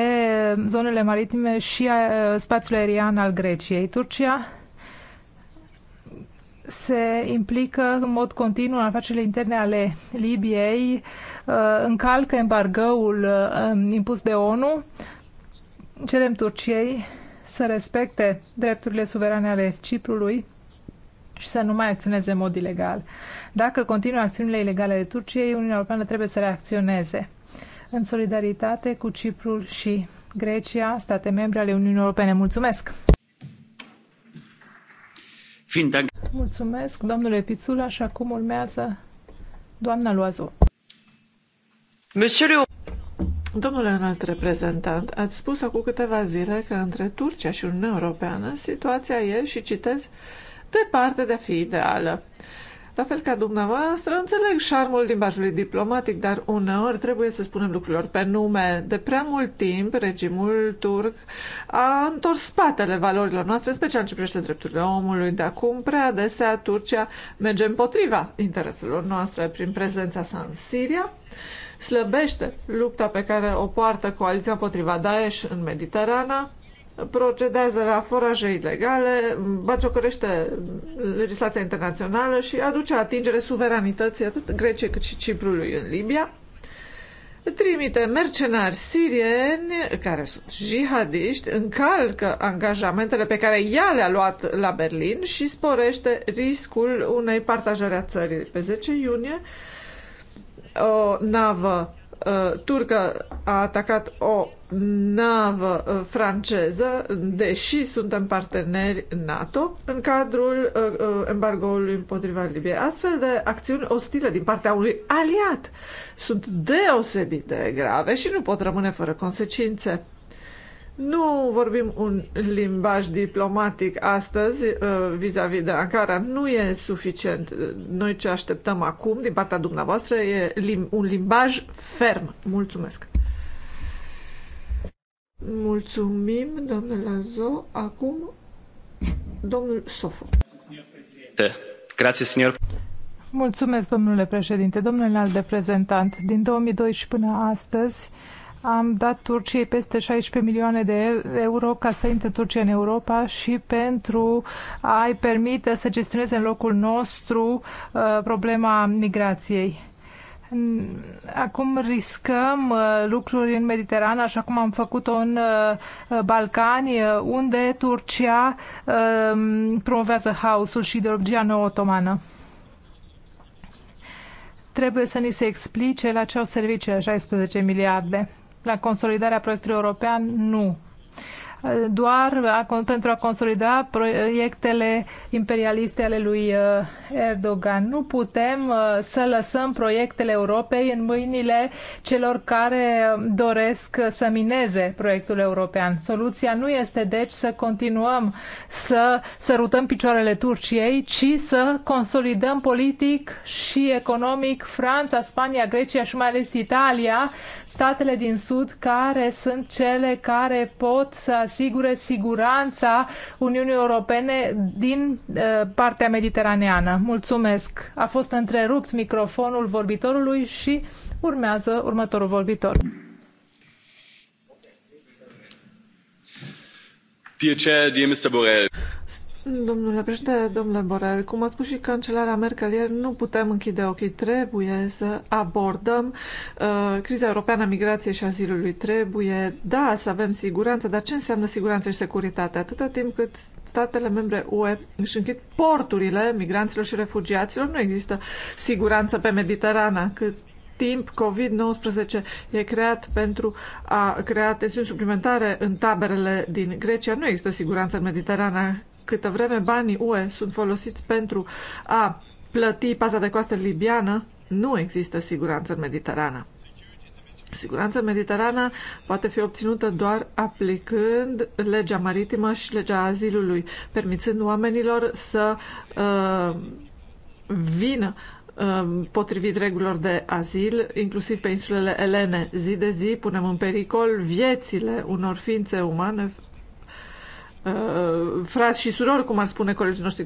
zonele maritime și uh, spațiul aerian al Greciei. Turcia se implică în mod continuu în afacerile interne ale Libiei, uh, încalcă embargoul uh, impus de ONU. Cerem Turciei să respecte drepturile suverane ale Ciprului și să nu mai acționeze în mod ilegal. Dacă continuă acțiunile ilegale ale Turciei, Uniunea Europeană trebuie să reacționeze în solidaritate cu Ciprul și Grecia, state membre ale Uniunii Europene. Mulțumesc! Mulțumesc, domnule Pițul, și acum urmează doamna Loazu. Domnule înalt reprezentant, ați spus acum câteva zile că între Turcia și Uniunea Europeană situația e, și citez, departe de a fi ideală. La fel ca dumneavoastră, înțeleg șarmul limbajului diplomatic, dar uneori trebuie să spunem lucrurilor pe nume. De prea mult timp, regimul turc a întors spatele valorilor noastre, în special ce privește drepturile omului. De acum, prea adesea, Turcia merge împotriva intereselor noastre prin prezența sa în Siria, slăbește lupta pe care o poartă coaliția împotriva Daesh în Mediterana, procedează la foraje ilegale, baciocorește legislația internațională și aduce atingere suveranității atât Greciei cât și Ciprului în Libia. Trimite mercenari sirieni care sunt jihadiști, încalcă angajamentele pe care ea le-a luat la Berlin și sporește riscul unei partajări a țării. Pe 10 iunie, o navă uh, turcă a atacat o navă uh, franceză, deși suntem parteneri NATO, în cadrul uh, uh, embargoului împotriva Libiei. Astfel de acțiuni ostile din partea unui aliat sunt deosebit de grave și nu pot rămâne fără consecințe. Nu vorbim un limbaj diplomatic astăzi vis-a-vis -vis de Ankara. Nu e suficient. Noi ce așteptăm acum din partea dumneavoastră e un limbaj ferm. Mulțumesc! Mulțumim, domnule Lazo. Acum, domnul Sofo. Grazie, signor. Mulțumesc, domnule președinte. Domnule înalt reprezentant, din 2002 până astăzi am dat Turciei peste 16 milioane de euro ca să intre Turcia în Europa și pentru a-i permite să gestioneze în locul nostru uh, problema migrației Acum riscăm uh, lucruri în Mediterană, așa cum am făcut-o în uh, uh, Balcani, unde Turcia promovează haosul și ideologia neotomană. trebuie să ni se explice la ce au servit cele 16 miliarde. La consolidarea proiectului european, nu doar a, pentru a consolida proiectele imperialiste ale lui uh, Erdogan. Nu putem uh, să lăsăm proiectele Europei în mâinile celor care doresc să mineze proiectul european. Soluția nu este deci să continuăm să sărutăm picioarele Turciei, ci să consolidăm politic și economic Franța, Spania, Grecia și mai ales Italia, statele din Sud care sunt cele care pot să asigure siguranța Uniunii Europene din eh, partea mediteraneană. Mulțumesc! A fost întrerupt microfonul vorbitorului și urmează următorul vorbitor. Dear Chair, dear Mr. Borrell. Domnule președinte, domnule Borel, cum a spus și cancelarea Merkel ieri, nu putem închide ochii. Trebuie să abordăm uh, criza europeană a migrației și azilului. Trebuie, da, să avem siguranță, dar ce înseamnă siguranță și securitate? Atâta timp cât statele membre UE își închid porturile migranților și refugiaților, nu există siguranță pe Mediterana. Cât timp COVID-19 e creat pentru a crea tensiuni suplimentare în taberele din Grecia. Nu există siguranță în Mediterana câtă vreme banii UE sunt folosiți pentru a plăti paza de coastă libiană, nu există siguranță în Mediterana. Siguranța mediterana poate fi obținută doar aplicând legea maritimă și legea azilului, permițând oamenilor să uh, vină uh, potrivit regulilor de azil, inclusiv pe insulele Elene. Zi de zi punem în pericol viețile unor ființe umane uh, frați și surori, cum ar spune colegii noștri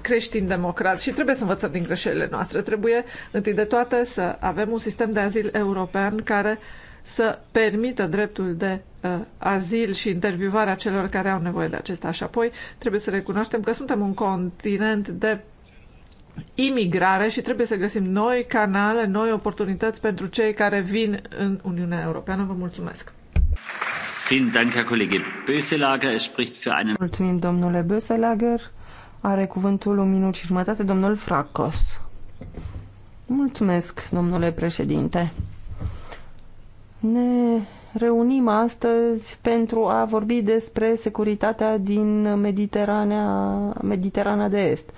creștini-democrați și trebuie să învățăm din greșelile noastre. Trebuie, întâi de toate, să avem un sistem de azil european care să permită dreptul de uh, azil și intervievarea celor care au nevoie de acesta. Și apoi trebuie să recunoaștem că suntem un continent de imigrare și trebuie să găsim noi canale, noi oportunități pentru cei care vin în Uniunea Europeană. Vă mulțumesc! Mulțumim, domnule Böselager. Are cuvântul un minut și jumătate domnul Fracos. Mulțumesc, domnule președinte. Ne reunim astăzi pentru a vorbi despre securitatea din Mediterana, Mediterana de Est.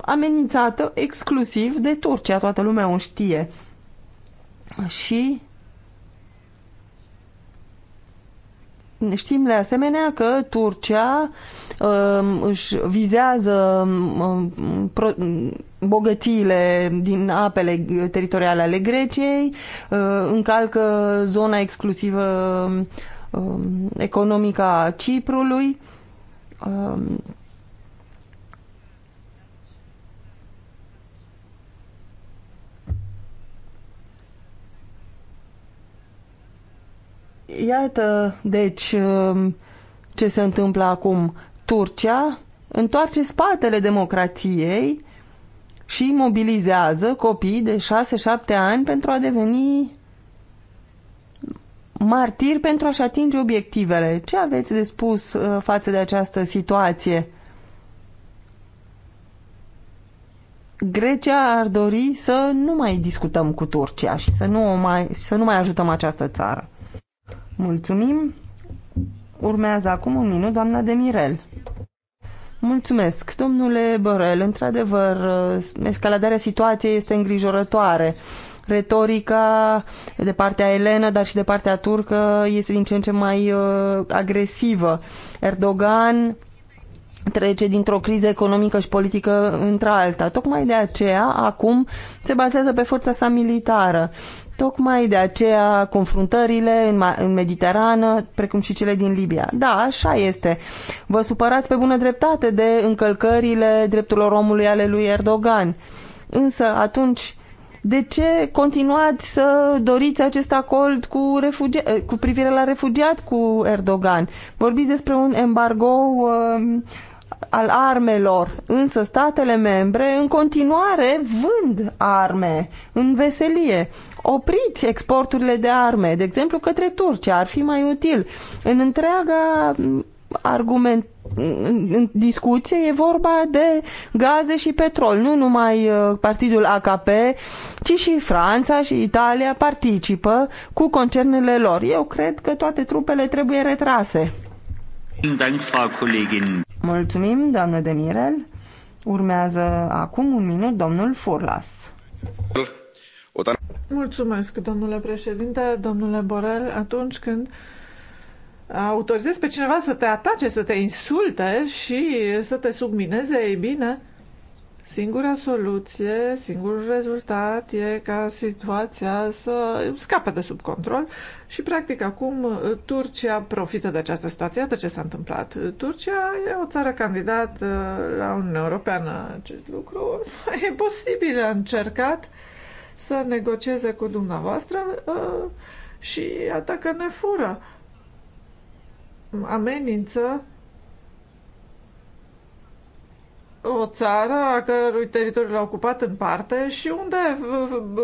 Amenințată exclusiv de Turcia, toată lumea o știe. Și Știm de asemenea că Turcia um, își vizează um, um, bogățiile din apele teritoriale ale Greciei, uh, încalcă zona exclusivă economică a Ciprului. Iată, deci, um, ce se întâmplă acum. Turcia întoarce spatele democrației și mobilizează copii de 6-7 ani pentru a deveni martiri pentru a-și atinge obiectivele. Ce aveți de spus uh, față de această situație? Grecia ar dori să nu mai discutăm cu Turcia și să nu, mai, să nu mai ajutăm această țară. Mulțumim. Urmează acum un minut doamna Demirel. Mulțumesc, domnule Borel. Într-adevăr, escaladarea situației este îngrijorătoare. Retorica de partea elenă, dar și de partea turcă este din ce în ce mai uh, agresivă. Erdogan trece dintr-o criză economică și politică într-alta. Tocmai de aceea, acum, se bazează pe forța sa militară. Tocmai de aceea confruntările în, în Mediterană, precum și cele din Libia. Da, așa este. Vă supărați pe bună dreptate de încălcările drepturilor omului ale lui Erdogan. Însă atunci de ce continuați să doriți acest acord cu, cu privire la refugiat cu Erdogan? Vorbiți despre un embargo uh, al armelor, însă statele membre în continuare vând arme în veselie opriți exporturile de arme, de exemplu către Turcia, ar fi mai util. În întreaga mm, argument în discuție e vorba de gaze și petrol, nu numai uh, partidul AKP, ci și Franța și Italia participă cu concernele lor. Eu cred că toate trupele trebuie retrase. Mulțumim, doamnă Demirel. Urmează acum un minut domnul Furlas. Mulțumesc, domnule președinte, domnule Borel. Atunci când autorizezi pe cineva să te atace, să te insulte și să te submineze, e bine, singura soluție, singurul rezultat e ca situația să scape de sub control și, practic, acum Turcia profită de această situație. Iată ce s-a întâmplat. Turcia e o țară candidat la Uniunea Europeană. Acest lucru e posibil. A încercat să negocieze cu dumneavoastră uh, și atacă ne fură, amenință o țară a cărui teritoriul a ocupat în parte și unde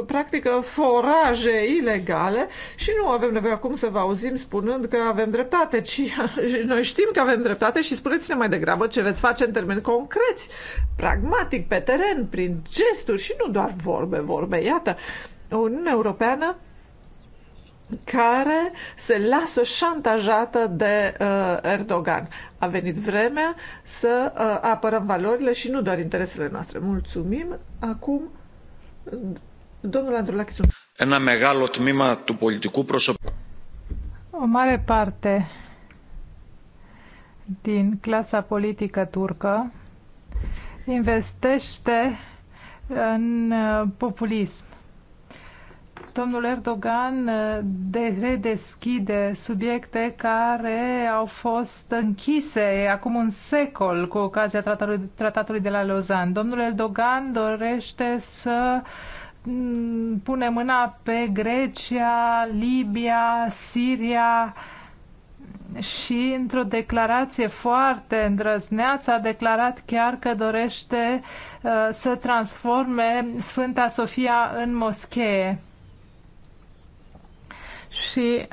practică foraje ilegale și nu avem nevoie acum să vă auzim spunând că avem dreptate, ci noi știm că avem dreptate și spuneți-ne mai degrabă ce veți face în termeni concreți, pragmatic, pe teren, prin gesturi și nu doar vorbe, vorbe. Iată, Uniunea Europeană care se lasă șantajată de uh, Erdogan. A venit vremea să uh, apărăm valorile și nu doar interesele noastre. Mulțumim. Acum, domnul Andrulachisun. Ένα μεγάλο τμήμα του O mare parte din clasa politică turcă investește în uh, populism domnul Erdogan eh, de redeschide subiecte care au fost închise acum un secol cu ocazia tratatului, tratatului de la Lausanne. Domnul Erdogan dorește să mm, pune mâna pe Grecia, Libia, Siria, și într-o declarație foarte îndrăzneață a declarat chiar că dorește uh, să transforme Sfânta Sofia în moschee și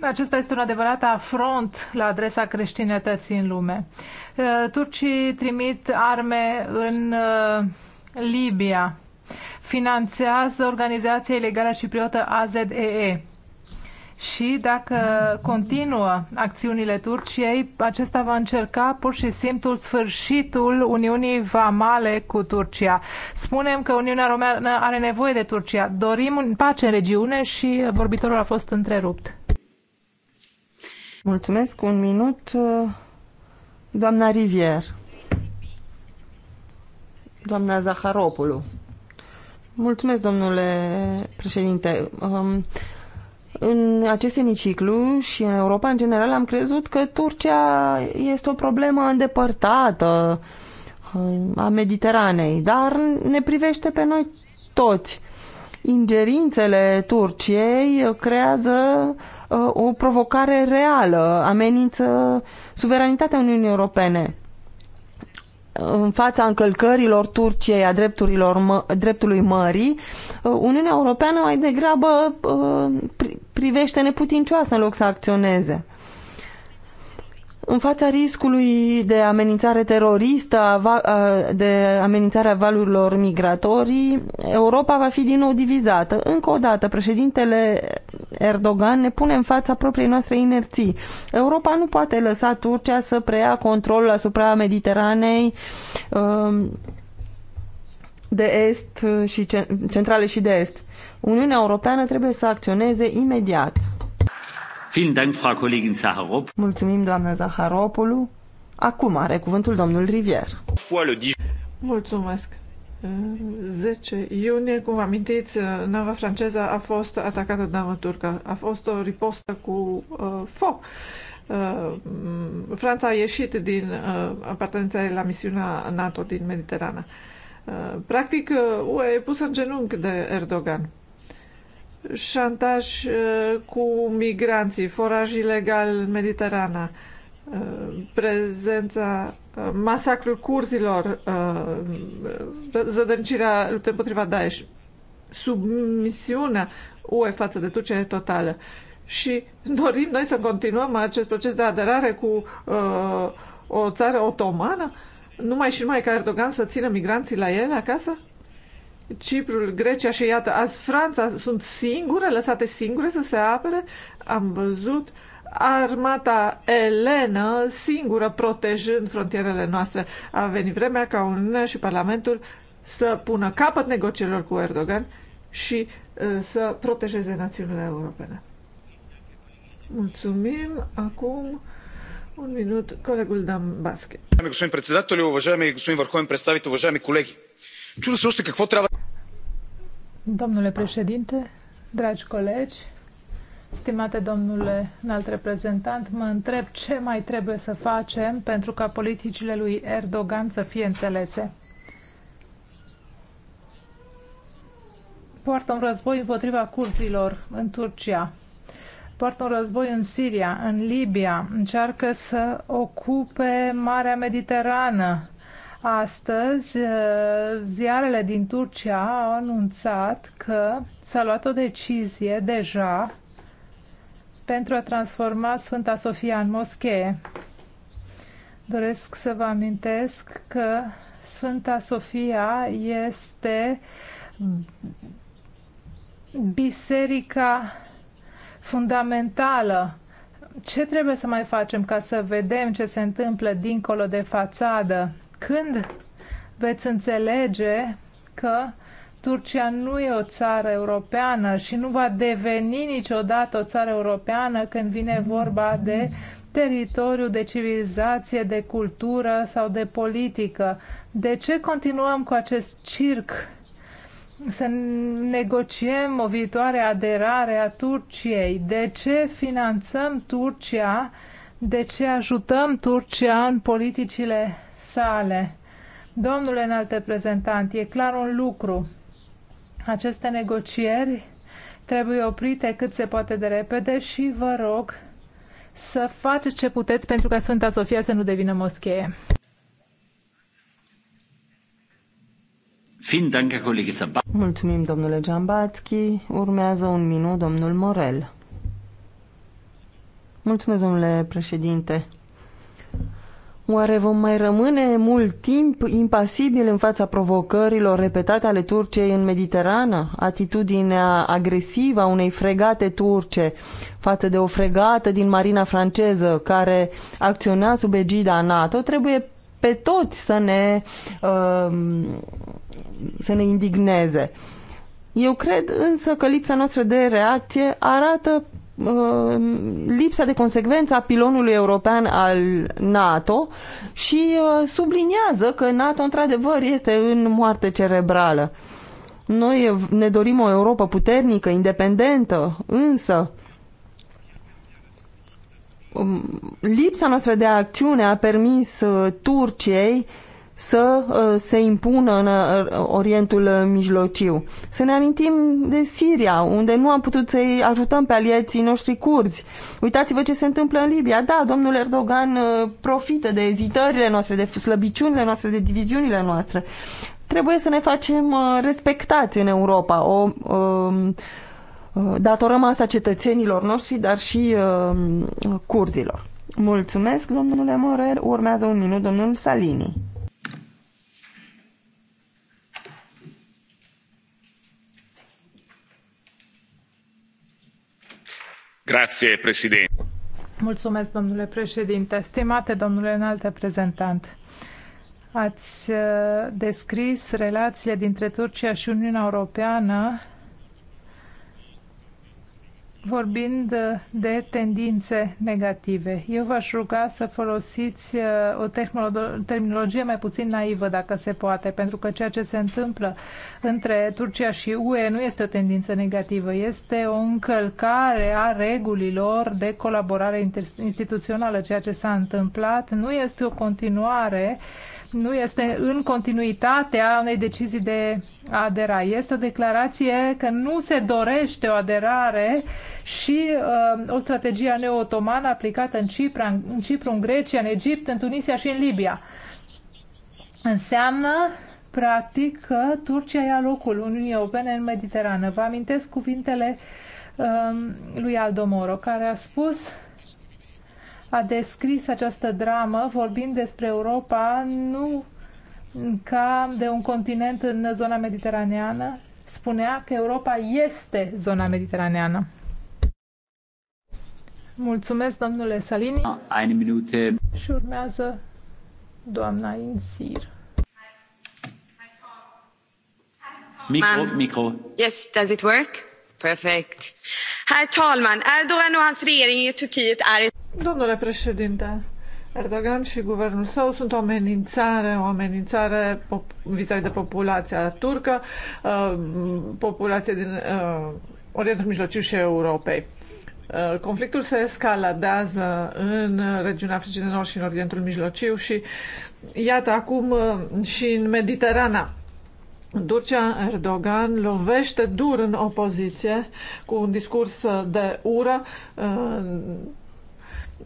acesta este un adevărat afront la adresa creștinătății în lume. Uh, turcii trimit arme în uh, Libia, finanțează organizația ilegală cipriotă AZEE și dacă continuă acțiunile Turciei, acesta va încerca pur și simplu sfârșitul Uniunii Vamale cu Turcia. Spunem că Uniunea Română are nevoie de Turcia. Dorim un pace în regiune și vorbitorul a fost întrerupt. Mulțumesc. Un minut. Doamna Rivier. Doamna Zaharopulu. Mulțumesc, domnule președinte. Um, în acest semiciclu și în Europa în general am crezut că Turcia este o problemă îndepărtată uh, a Mediteranei, dar ne privește pe noi toți. Ingerințele Turciei creează uh, o provocare reală, amenință suveranitatea Uniunii Europene în fața încălcărilor Turciei a drepturilor mă, dreptului mării, uh, Uniunea Europeană mai degrabă uh, privește neputincioasă în loc să acționeze. În fața riscului de amenințare teroristă, de amenințarea valurilor migratorii, Europa va fi din nou divizată. Încă o dată, președintele Erdogan ne pune în fața propriei noastre inerții. Europa nu poate lăsa Turcia să preia controlul asupra Mediteranei um, de est și centrale și de est. Uniunea Europeană trebuie să acționeze imediat. Mulțumim, doamnă Zaharopulu. Acum are cuvântul domnul Rivier. Mulțumesc. 10 iunie, cum vă amintiți, nava franceză a fost atacată de navă turcă. A fost o ripostă cu uh, foc. Uh, Franța a ieșit din uh, apartenența la misiunea NATO din Mediterana. Uh, practic, UE uh, e pusă în genunchi de Erdogan șantaj uh, cu migranții, foraj ilegal în Mediterana, uh, prezența, uh, masacrul curzilor, zădăncirea luptei împotriva Daesh, submisiunea UE față de Turcia e totală. Și dorim noi să continuăm acest proces de aderare cu uh, o țară otomană, numai și numai ca Erdogan să țină migranții la el acasă? Ciprul, Grecia și iată, azi Franța sunt singure, lăsate singure să se apere. Am văzut armata elenă singură protejând frontierele noastre. A venit vremea ca Uniunea și Parlamentul să pună capăt negocierilor cu Erdogan și să protejeze națiunile europene. Mulțumim. Acum un minut, colegul Dan Basche. Господин председател, уважаеми господин върховен представител, уважаеми колеги! Чудо се още какво трябва... Domnule președinte, dragi colegi, stimate domnule înalt reprezentant, mă întreb ce mai trebuie să facem pentru ca politicile lui Erdogan să fie înțelese. Poartă un război împotriva curzilor în Turcia, poartă un război în Siria, în Libia, încearcă să ocupe Marea Mediterană, Astăzi, uh, ziarele din Turcia au anunțat că s-a luat o decizie deja pentru a transforma Sfânta Sofia în moschee. Doresc să vă amintesc că Sfânta Sofia este biserica fundamentală. Ce trebuie să mai facem ca să vedem ce se întâmplă dincolo de fațadă? Când veți înțelege că Turcia nu e o țară europeană și nu va deveni niciodată o țară europeană când vine vorba de teritoriu, de civilizație, de cultură sau de politică. De ce continuăm cu acest circ să negociem o viitoare aderare a Turciei? De ce finanțăm Turcia? De ce ajutăm Turcia în politicile sale. Domnule înalt reprezentant, e clar un lucru. Aceste negocieri trebuie oprite cât se poate de repede și vă rog să faceți ce puteți pentru ca Sfânta Sofia să nu devină moschee. Mulțumim, domnule Giambatski. Urmează un minut, domnul Morel. Mulțumesc, domnule președinte. Oare vom mai rămâne mult timp impasibil în fața provocărilor repetate ale Turciei în Mediterana? Atitudinea agresivă a unei fregate turce față de o fregată din marina franceză care acționa sub egida NATO trebuie pe toți să ne, uh, să ne indigneze. Eu cred însă că lipsa noastră de reacție arată Uh, lipsa de consecvență a pilonului european al NATO și uh, subliniază că NATO într-adevăr este în moarte cerebrală. Noi ne dorim o Europa puternică, independentă, însă um, lipsa noastră de acțiune a permis uh, Turciei uh, să uh, se impună în uh, Orientul uh, Mijlociu. Să ne amintim de Siria, unde nu am putut să-i ajutăm pe alieții noștri curzi. Uitați-vă ce se întâmplă în Libia. Da, domnul Erdogan profită de ezitările noastre, de slăbiciunile noastre, de diviziunile noastre. Trebuie să ne facem respectați în Europa. O, o, um, datorăm asta cetățenilor noștri, dar și um, curzilor. Mulțumesc, domnule Morer. Urmează un minut, domnul Salini. Mulțumesc, domnule președinte. Stimate domnule înalt reprezentant, ați uh, descris relațiile dintre Turcia și Uniunea Europeană vorbind uh, de tendințe negative. Eu v-aș ruga să folosiți uh, o terminologie mai puțin naivă, dacă se poate, pentru că ceea ce se întâmplă între Turcia și UE nu este o tendință negativă, este o încălcare a regulilor de colaborare instituțională. Ceea ce s-a întâmplat nu este o continuare uh, nu este în continuitatea unei decizii de a adera. Este o declarație că nu se dorește o aderare și uh, o strategie neotomană aplicată în, Cipra, în Cipru, în Grecia, în Egipt, în Tunisia și în Libia. Înseamnă practic că Turcia ia locul Uniunii Europene în Mediterană. Vă amintesc cuvintele uh, lui Aldo Moro, care a spus a descris această dramă vorbind despre Europa nu ca de un continent în zona mediteraneană, spunea că Europa este zona mediteraneană. Mulțumesc, domnule Salini. Eine minute. Și urmează doamna Insir. Micro, micro. Yes, does it work? Perfect. Herr talman, Erdogan och hans regering i Turkiet är Domnule președinte, Erdogan și guvernul său sunt o amenințare, o amenințare vis-a-vis -vis de populația turcă, uh, populația din uh, Orientul Mijlociu și Europei. Uh, conflictul se escaladează în regiunea Africii de Nord și în Orientul Mijlociu și iată acum și în Mediterana. Turcia Erdogan lovește dur în opoziție cu un discurs de ură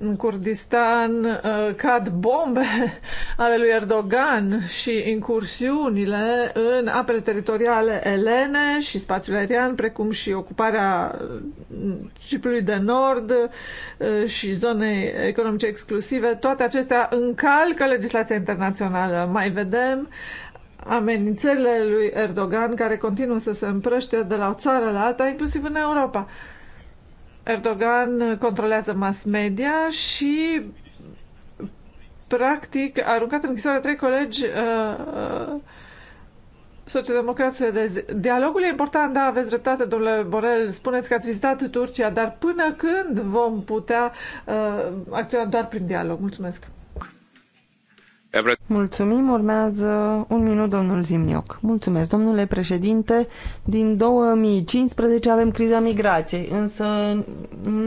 în Kurdistan uh, cad bombe ale lui Erdogan și incursiunile în apele teritoriale elene și spațiul aerian, precum și ocuparea uh, Ciprului de Nord uh, și zonei economice exclusive, toate acestea încalcă legislația internațională. Mai vedem amenințările lui Erdogan care continuă să se împrăște de la o țară la alta, inclusiv în Europa Erdogan controlează mass media și practic a aruncat în închisoare trei colegi uh, uh sociodemocrați suedezi. Dialogul e important, da, aveți dreptate, domnule Borel, spuneți că ați vizitat Turcia, dar până când vom putea uh, acționa doar prin dialog? Mulțumesc! Mulțumim, urmează un minut domnul Zimnioc. Mulțumesc, domnule președinte. Din 2015 avem criza migrației, însă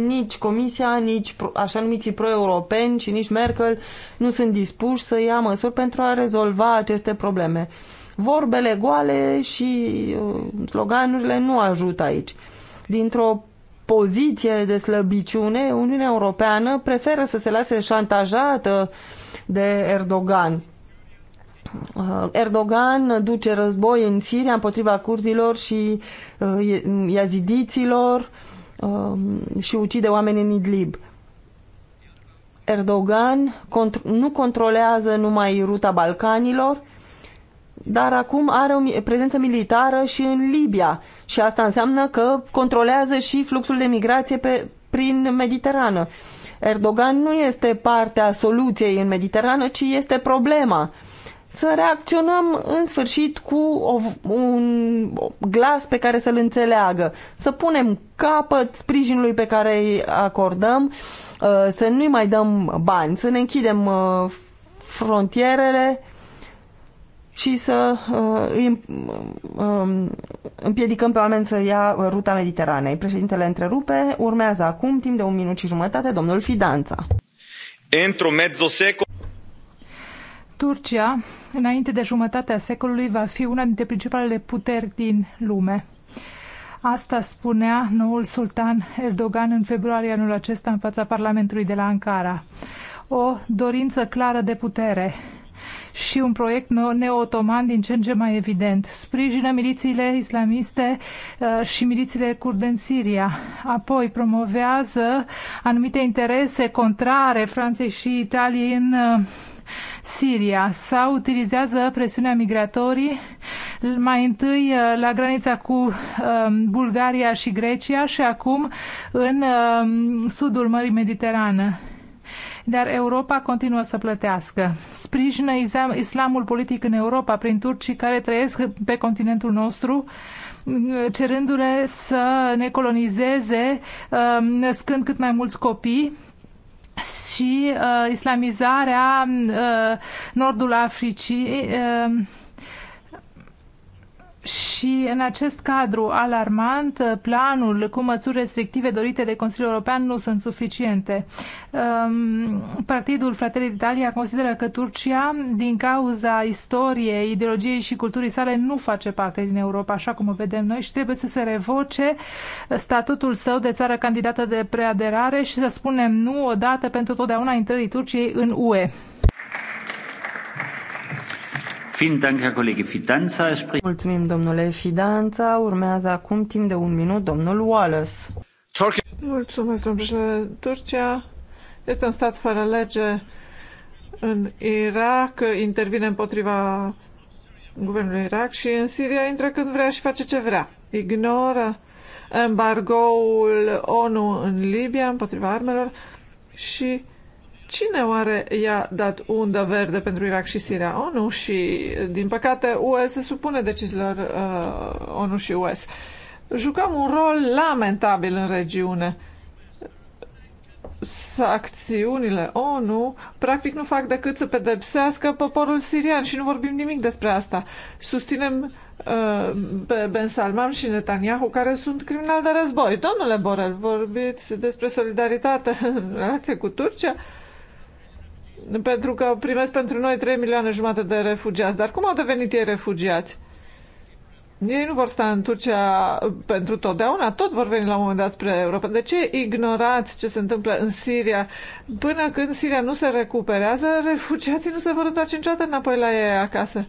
nici Comisia, nici așa numiții pro-europeni și nici Merkel nu sunt dispuși să ia măsuri pentru a rezolva aceste probleme. Vorbele goale și uh, sloganurile nu ajută aici. Dintr-o poziție de slăbiciune, Uniunea Europeană preferă să se lase șantajată uh, de Erdogan. Uh, Erdogan duce război în Siria împotriva curzilor și uh, iazidiților um, și ucide oameni în Idlib. Erdogan nu controlează numai ruta Balcanilor, dar acum are o prezență militară și în Libia și asta înseamnă că controlează și fluxul de migrație pe, prin Mediterană. Uh, Erdogan nu este partea soluției în Mediterană, ci este problema. Să reacționăm în sfârșit cu o, un glas pe care să-l înțeleagă, să punem capăt sprijinului pe care îi acordăm, uh, să nu-i mai dăm bani, să ne închidem uh, frontierele și să uh, îi um, împiedicăm pe oameni să ia ruta Mediteranei. Președintele întrerupe, urmează acum, timp de un minut și jumătate, domnul Fidanța. Într-o mezzo secol... Turcia, înainte de jumătatea secolului, va fi una dintre principalele puteri din lume. Asta spunea noul sultan Erdogan în februarie anul acesta în fața Parlamentului de la Ankara. O dorință clară de putere, și un proiect neotoman din ce în ce mai evident. Sprijină milițiile islamiste uh, și milițiile kurde în Siria. Apoi promovează anumite interese contrare Franței și Italiei în uh, Siria sau utilizează presiunea migratorii mai întâi uh, la granița cu um, Bulgaria și Grecia și acum în um, sudul Mării Mediterană dar Europa continuă să plătească. Sprijină islamul politic în Europa prin turcii care trăiesc pe continentul nostru cerându-le să ne colonizeze, um, născând cât mai mulți copii și uh, islamizarea uh, nordul Africii uh, și în acest cadru alarmant, planul cu măsuri restrictive dorite de Consiliul European nu sunt suficiente. Um, Partidul Fratelii d'Italia consideră că Turcia, din cauza istoriei, ideologiei și culturii sale, nu face parte din Europa, așa cum o vedem noi, și trebuie să se revoce statutul său de țară candidată de preaderare și să spunem nu odată pentru totdeauna intrării Turciei în UE. Mulțumim, domnule Fidanța. Urmează acum timp de un minut domnul Wallace. Turcia. Mulțumesc, domnule președinte. Turcia este un stat fără lege în Irak, intervine împotriva guvernului Irak și în Siria intră când vrea și face ce vrea. Ignoră embargoul ONU în Libia împotriva armelor și Cine oare i-a dat undă verde pentru Irak și Siria? ONU și, din păcate, UE se supune deciziilor uh, ONU și US. Jucăm un rol lamentabil în regiune. Acțiunile ONU practic nu fac decât să pedepsească poporul sirian și nu vorbim nimic despre asta. Susținem uh, pe Ben Salman și Netanyahu, care sunt criminali de război. Domnule Borel, vorbiți despre solidaritate în relație cu Turcia. Uh, pentru că primesc pentru noi 3 milioane jumate de refugiați. Dar cum au devenit ei refugiați? Ei nu vor sta în Turcia pentru totdeauna, tot vor veni la un moment dat spre Europa. De ce ignorați ce se întâmplă în Siria? Până când Siria nu se recuperează, refugiații nu se vor întoarce niciodată înapoi la ei acasă.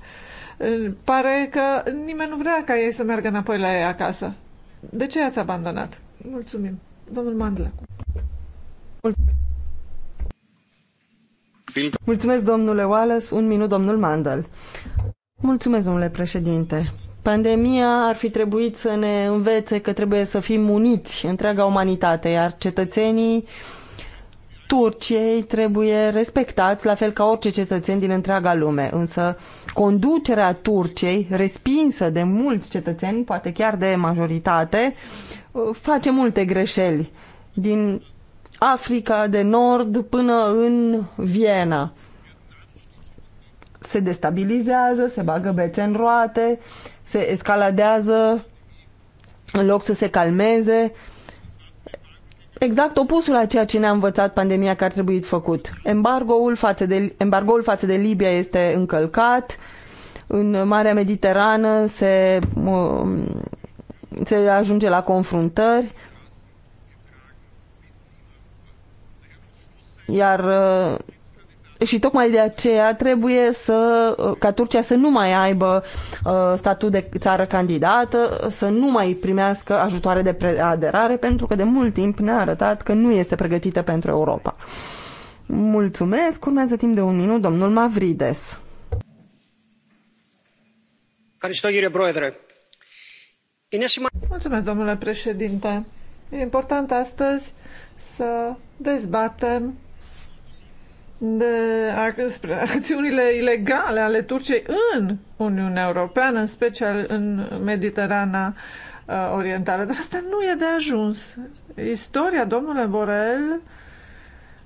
Pare că nimeni nu vrea ca ei să meargă înapoi la ei acasă. De ce ați abandonat? Mulțumim. Domnul Mandlă. Mulțumim. Mulțumesc, domnule Wallace. Un minut, domnul Mandel. Mulțumesc, domnule președinte. Pandemia ar fi trebuit să ne învețe că trebuie să fim uniți, întreaga umanitate, iar cetățenii Turciei trebuie respectați, la fel ca orice cetățeni din întreaga lume. Însă conducerea Turciei, respinsă de mulți cetățeni, poate chiar de majoritate, uh, face multe greșeli. Din Africa de Nord până în Viena. Se destabilizează, se bagă bețe în roate, se escaladează în loc să se calmeze. Exact opusul a ceea ce ne-a învățat pandemia că ar trebui făcut. Embargoul față de, embargoul față de Libia este încălcat, în Marea Mediterană se, se ajunge la confruntări Iar uh, și tocmai de aceea trebuie să, uh, ca Turcia să nu mai aibă uh, statut de țară candidată, să nu mai primească ajutoare de aderare, pentru că de mult timp ne-a arătat că nu este pregătită pentru Europa. Mulțumesc. Urmează timp de un minut domnul Mavrides. Mulțumesc, domnule președinte. E important astăzi să dezbatem de, spre acțiunile ilegale ale Turciei în Uniunea Europeană, în special în Mediterana uh, Orientală. Dar asta nu e de ajuns. Istoria, domnule Borel,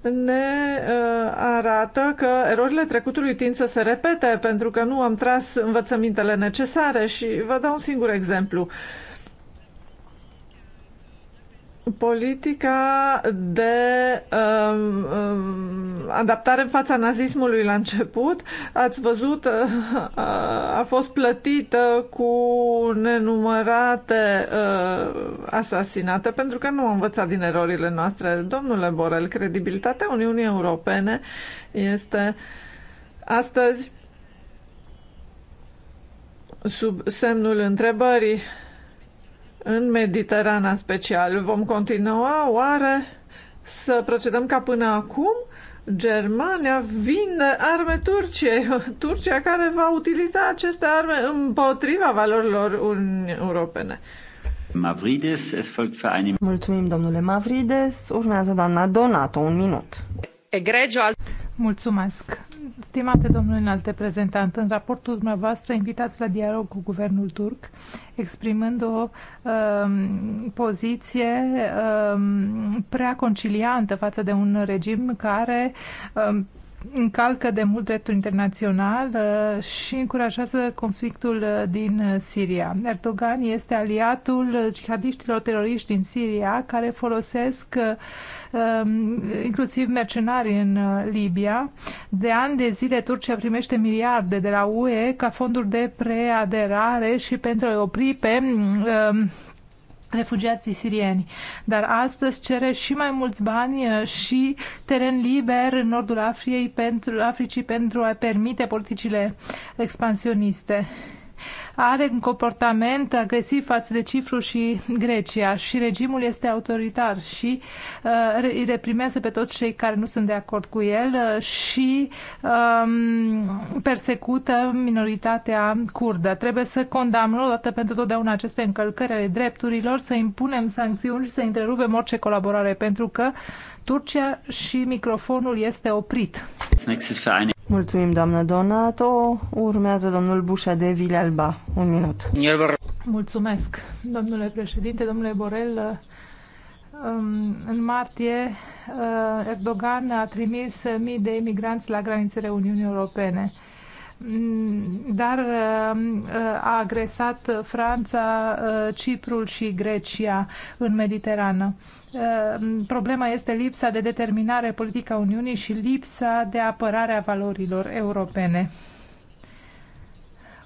ne uh, arată că erorile trecutului tind să se repete pentru că nu am tras învățămintele necesare și vă dau un singur exemplu. Uh, politica de um, um, adaptare în fața nazismului la început, ați văzut, uh, uh, a fost plătită cu nenumărate uh, asasinate pentru că nu am învățat din erorile noastre. Domnule Borel, credibilitatea Uniunii Europene este astăzi sub semnul întrebării în Mediterana special. Vom continua oare să procedăm ca până acum? Germania vinde arme Turciei, Turcia care va utiliza aceste arme împotriva valorilor Uniunii Europene. Mavrides, es folgt für eine... Mulțumim, domnule Mavrides. Urmează doamna Donato, un minut egregio Mulțumesc. Stimate domnule înalt reprezentant, în raportul dumneavoastră invitați la dialog cu guvernul turc, exprimând o um, poziție um, prea conciliantă față de un regim care um, încalcă de mult dreptul internațional uh, și încurajează conflictul uh, din uh, Siria. Erdogan este aliatul jihadiștilor teroriști din Siria care folosesc um, inclusiv mercenari în Libia. De ani de zile Turcia primește miliarde de la UE ca fonduri de preaderare și pentru a opri pe um, refugiații sirieni. Dar astăzi cere și mai mulți bani uh, și teren liber în nordul Afriei pentru, Africii pentru a permite politicile expansioniste are un comportament agresiv față de Cipru și Grecia și regimul este autoritar și uh, îi reprimează pe toți cei care nu sunt de acord cu el uh, și um, persecută minoritatea curdă. Trebuie să condamnăm dată pentru totdeauna aceste încălcări ale drepturilor, să impunem sancțiuni și să întrerupem orice colaborare, pentru că Turcia și microfonul este oprit. Mulțumim, doamnă Donato. Urmează domnul Bușa de Vilalba. Un minut. Mulțumesc, domnule președinte, domnule Borel. În martie, uh, Erdogan a trimis mii de imigranți la granițele Uniunii Europene mm, dar uh, uh, a agresat Franța, Ciprul și Grecia în Mediterană. Ehm, problema este lipsa de determinare politică a Uniunii și lipsa de apărare a valorilor europene.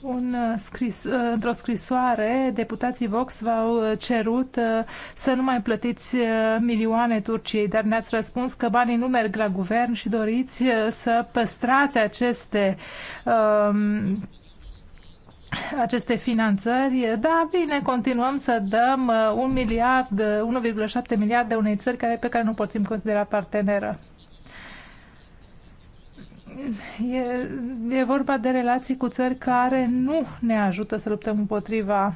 Un uh, scris, uh, într-o scrisoare, deputații Vox v-au uh, cerut să nu mai plătiți milioane Turciei, dar ne-ați răspuns că banii nu merg la guvern și doriți să păstrați aceste um, aceste finanțări. Da, bine, continuăm să dăm uh, un miliard, 1,7 uh, miliarde unei țări care, pe care nu putem considera parteneră. E, e vorba de relații cu țări care nu ne ajută să luptăm împotriva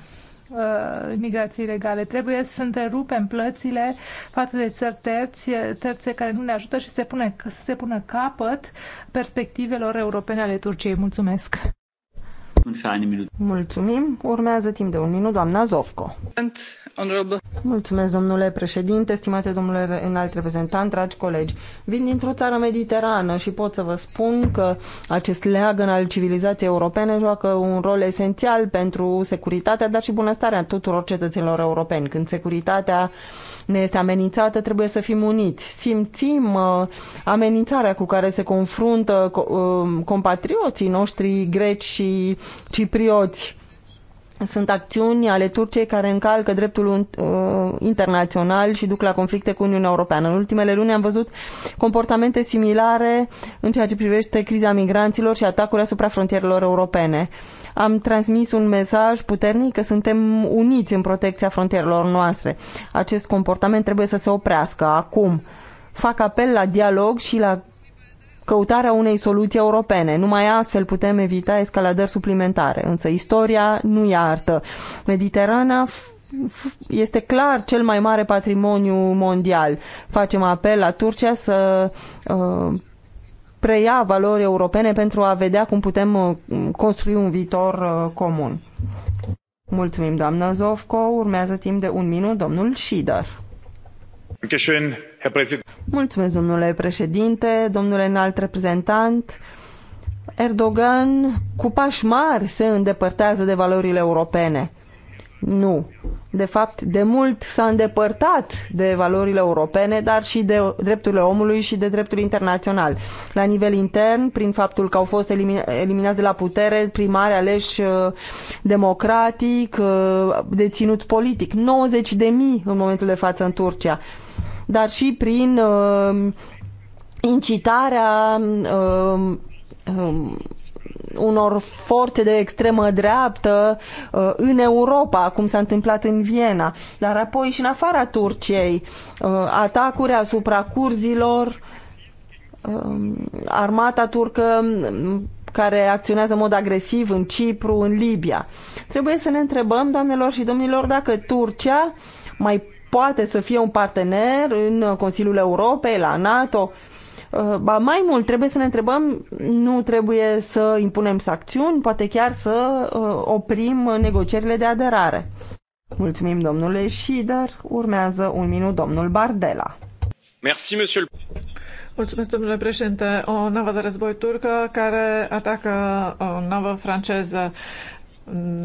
uh, imigrației ilegale. Trebuie să întrerupem plățile față de țări terți, terțe care nu ne ajută și se pune, să se pună capăt perspectivelor europene ale Turciei. Mulțumesc! Mulțumim. Urmează timp de un minut doamna Zovco. Mulțumesc, domnule președinte, stimate domnule înalt reprezentant, dragi colegi. Vin dintr-o țară mediterană și pot să vă spun că acest leagăn al civilizației europene joacă un rol esențial pentru securitatea, dar și bunăstarea tuturor cetățenilor europeni. Când securitatea ne este amenințată, trebuie să fim uniți. Simțim uh, amenințarea cu care se confruntă uh, compatrioții noștri greci și ciprioți. Sunt acțiuni ale Turciei care încalcă dreptul uh, internațional și duc la conflicte cu Uniunea Europeană. În ultimele luni am văzut comportamente similare în ceea ce privește criza migranților și atacurile asupra frontierelor europene. Uh, am transmis un mesaj puternic că suntem uniți în protecția frontierelor noastre. Acest comportament trebuie să se oprească acum. Fac apel la dialog și la căutarea unei soluții europene. Numai astfel putem evita escaladări suplimentare. Însă istoria nu iartă. Mediterana este clar cel mai mare patrimoniu mondial. Facem apel la Turcia să uh, preia valori europene pentru a vedea cum putem uh, construi un viitor uh, comun. Mulțumim, doamnă Zovco. Urmează timp de un minut domnul Schieder. Mulțumesc, domnule președinte, domnule înalt reprezentant. Erdogan, cu pași mari, se îndepărtează de valorile europene nu. De fapt, de mult s-a îndepărtat de valorile europene, dar și de drepturile omului și de dreptul internațional. La nivel intern, prin faptul că au fost eliminați de la putere primari aleși uh, democratic, uh, deținuți politic, 90 de mii în momentul de față în Turcia, dar și prin uh, incitarea um, um, unor forțe de extremă dreaptă uh, în Europa, cum s-a întâmplat în Viena, dar apoi și în afara Turciei, uh, atacuri asupra curzilor, uh, armata turcă um, care acționează în mod agresiv în Cipru, în Libia. Trebuie să ne întrebăm, doamnelor și domnilor, dacă Turcia mai poate să fie un partener în Consiliul Europei, la NATO, Uh, ba mai mult, trebuie să ne întrebăm, nu trebuie să impunem sancțiuni, poate chiar să uh, oprim negocierile de aderare. Mulțumim, domnule Șider. Urmează un minut domnul Bardela. Merci, monsieur. Mulțumesc, domnule președinte. O navă de război turcă care atacă o navă franceză.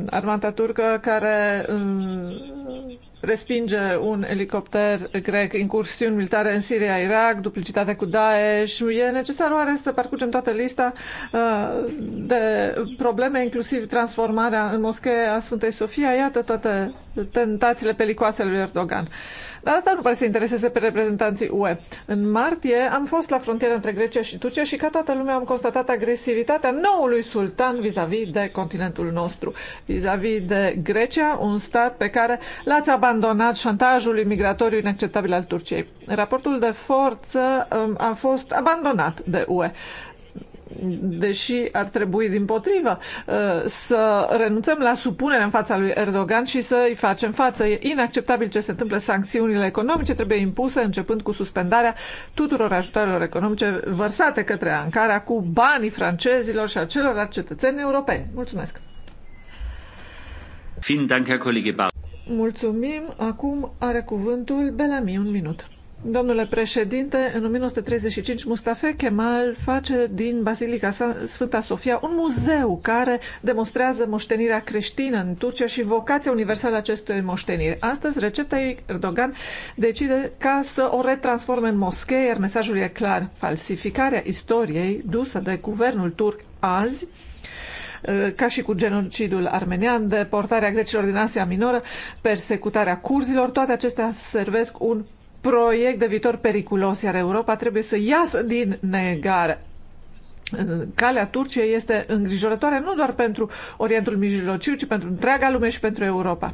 Armata turcă care uh, respinge un elicopter grec incursiuni militare în Siria, Irak, duplicitate cu Daesh. E necesar oare să parcurgem toată lista uh, de probleme, inclusiv transformarea în moschee a Sfântei Sofia? Iată toate tentațiile pelicoase lui Erdogan. Dar asta nu pare să intereseze pe reprezentanții UE. În martie am fost la frontiera între Grecia și Turcia și ca toată lumea am constatat agresivitatea noului sultan vis-a-vis -vis de continentul nostru, vis-a-vis -vis de Grecia, un stat pe care l-ați abandonat șantajului migratoriu inacceptabil al Turciei. Raportul de forță um, a fost abandonat de UE deși ar trebui din potrivă uh, să renunțăm la supunere în fața lui Erdogan și să îi facem față. E inacceptabil ce se întâmplă. Sancțiunile economice trebuie impuse începând cu suspendarea tuturor ajutoarelor economice vărsate către Ankara cu banii francezilor și a celorlalți cetățeni europeni. Mulțumesc! Mulțumim. Acum are cuvântul Belami, un minut. Domnule președinte, în 1935 Mustafa Kemal face din Basilica Sfânta Sofia un muzeu care demonstrează moștenirea creștină în Turcia și vocația universală a acestei moșteniri. Astăzi, recepta Erdogan decide ca să o retransforme în moschee, iar mesajul e clar. Falsificarea istoriei dusă de guvernul turc azi ca și cu genocidul armenian, deportarea grecilor din Asia Minoră, persecutarea curzilor, toate acestea servesc un proiect de viitor periculos, iar Europa trebuie să iasă din negare calea Turciei este îngrijorătoare nu doar pentru Orientul Mijlociu, ci pentru întreaga lume și pentru Europa.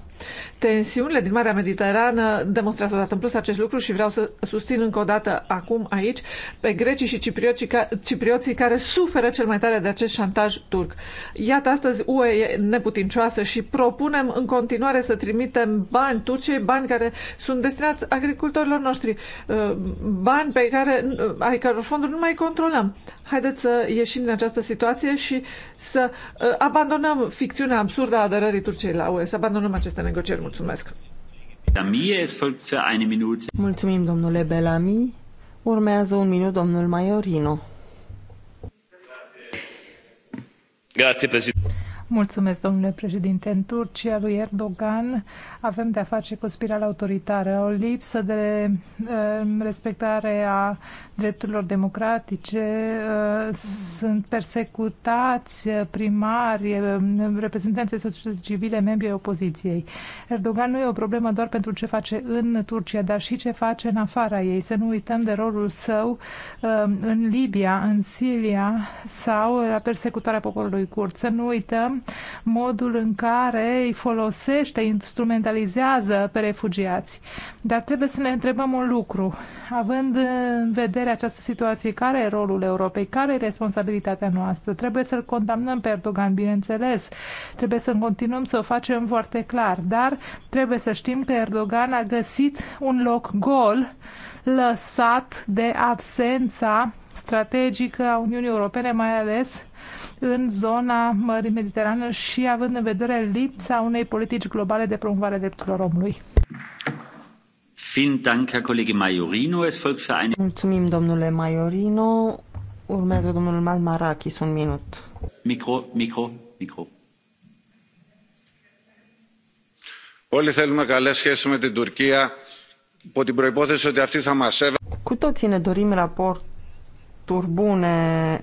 Tensiunile din Marea Mediterană demonstrează odată în plus acest lucru și vreau să susțin încă o dată acum aici pe grecii și ciprioții, ca, ciprioții care suferă cel mai tare de acest șantaj turc. Iată, astăzi UE e neputincioasă și propunem în continuare să trimitem bani turcei, bani care sunt destinați agricultorilor noștri, uh, bani pe care, uh, ai căror fonduri nu mai controlăm. Haideți să ieșim din această situație și să uh, abandonăm ficțiunea absurdă a aderării Turciei la UE, să abandonăm aceste negocieri. Mulțumesc! Mulțumim, domnule Bellamy. Urmează un minut domnul Maiorino. Grazie, președinte. Mulțumesc, domnule președinte. În Turcia lui Erdogan avem de-a face cu spirala autoritară, o lipsă de uh, respectare a drepturilor democratice, uh, sunt persecutați uh, primari, uh, reprezentanții societății civile, membrii opoziției. Erdogan nu e o problemă doar pentru ce face în Turcia, dar și ce face în afara ei. Să nu uităm de rolul său în Libia, în Siria sau la persecutarea poporului curd. Să nu uităm modul în care îi folosește, instrumentalizează pe refugiați. Dar trebuie să ne întrebăm un lucru. Având în vedere această situație, care e rolul Europei? Care e responsabilitatea noastră? Trebuie să-l condamnăm pe Erdogan, bineînțeles. Trebuie să continuăm să o facem foarte clar. Dar trebuie să știm că Erdogan a găsit un loc gol lăsat de absența strategică a Uniunii Europene, mai ales în zona Mării Mediterane și având în vedere lipsa unei politici globale de promovare a drepturilor omului. Mulțumim, domnule Maiorino. Urmează domnul Malmarachis, un minut. Micro, micro, micro. Όλοι θέλουμε καλές σχέσεις με την Τουρκία υπό την προϋπόθεση ότι αυτή θα μας σέβεται. Cu toții ne dorim raporturi bune,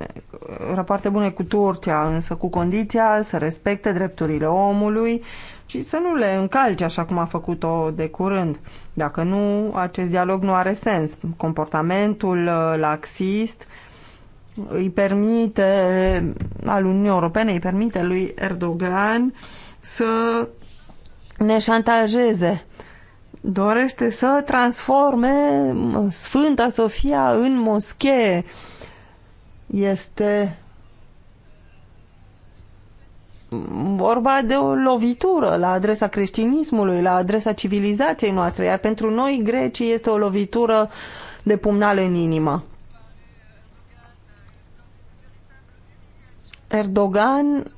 rapoarte bune cu Turcia, însă cu condiția să respecte drepturile omului, ci să nu le încalci așa cum a făcut-o de curând. Dacă nu, acest dialog nu are sens. Comportamentul uh, laxist îi permite, uh, al Uniunii Europene, îi permite lui Erdogan să ne șantajeze. Dorește să transforme uh, Sfânta Sofia în moschee. Este vorba de o lovitură la adresa creștinismului, la adresa civilizației noastre, iar pentru noi grecii este o lovitură de pumnal în inimă. Erdogan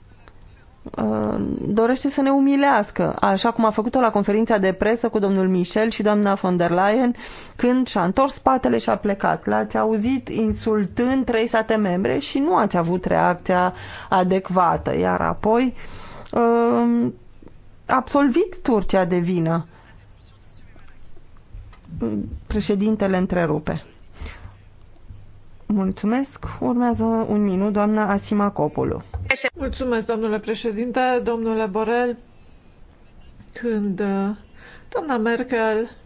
Uh, dorește să ne umilească, așa cum a făcut-o la conferința de presă cu domnul Michel și doamna von der Leyen, când și-a întors spatele și a plecat. L-ați auzit insultând trei state membre și nu ați avut reacția adecvată, iar apoi uh, absolvit Turcia de vină. Președintele întrerupe. Mulțumesc. Urmează un minut, doamna Asima Copulu. Mulțumesc, domnule președinte, domnule Borel. Când uh, doamna Merkel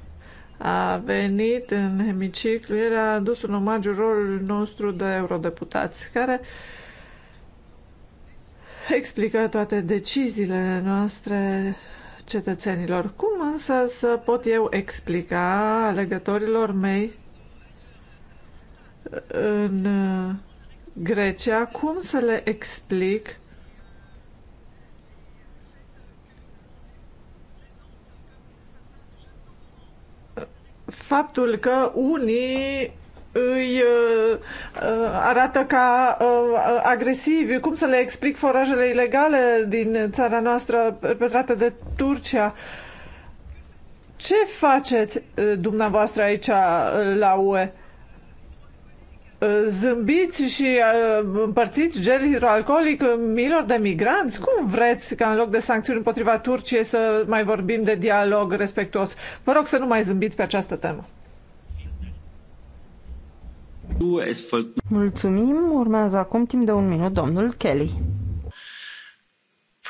a venit în hemiciclu, el a adus un omagiu rolului nostru de eurodeputați, care explică toate deciziile noastre cetățenilor. Cum însă să pot eu explica alegătorilor mei în uh, Grecia, cum să le explic faptul că unii îi uh, uh arată ca uh, uh, agresivi. Cum să le explic forajele ilegale din țara noastră perpetrate de Turcia? Ce faceți uh, dumneavoastră aici uh, la UE? zâmbiți și uh, împărțiți gel hidroalcoolic milor de migranți? Cum vreți ca în loc de sancțiuni împotriva Turciei să mai vorbim de dialog respectuos? Vă rog să nu mai zâmbiți pe această temă. Mulțumim. Urmează acum timp de un minut domnul Kelly.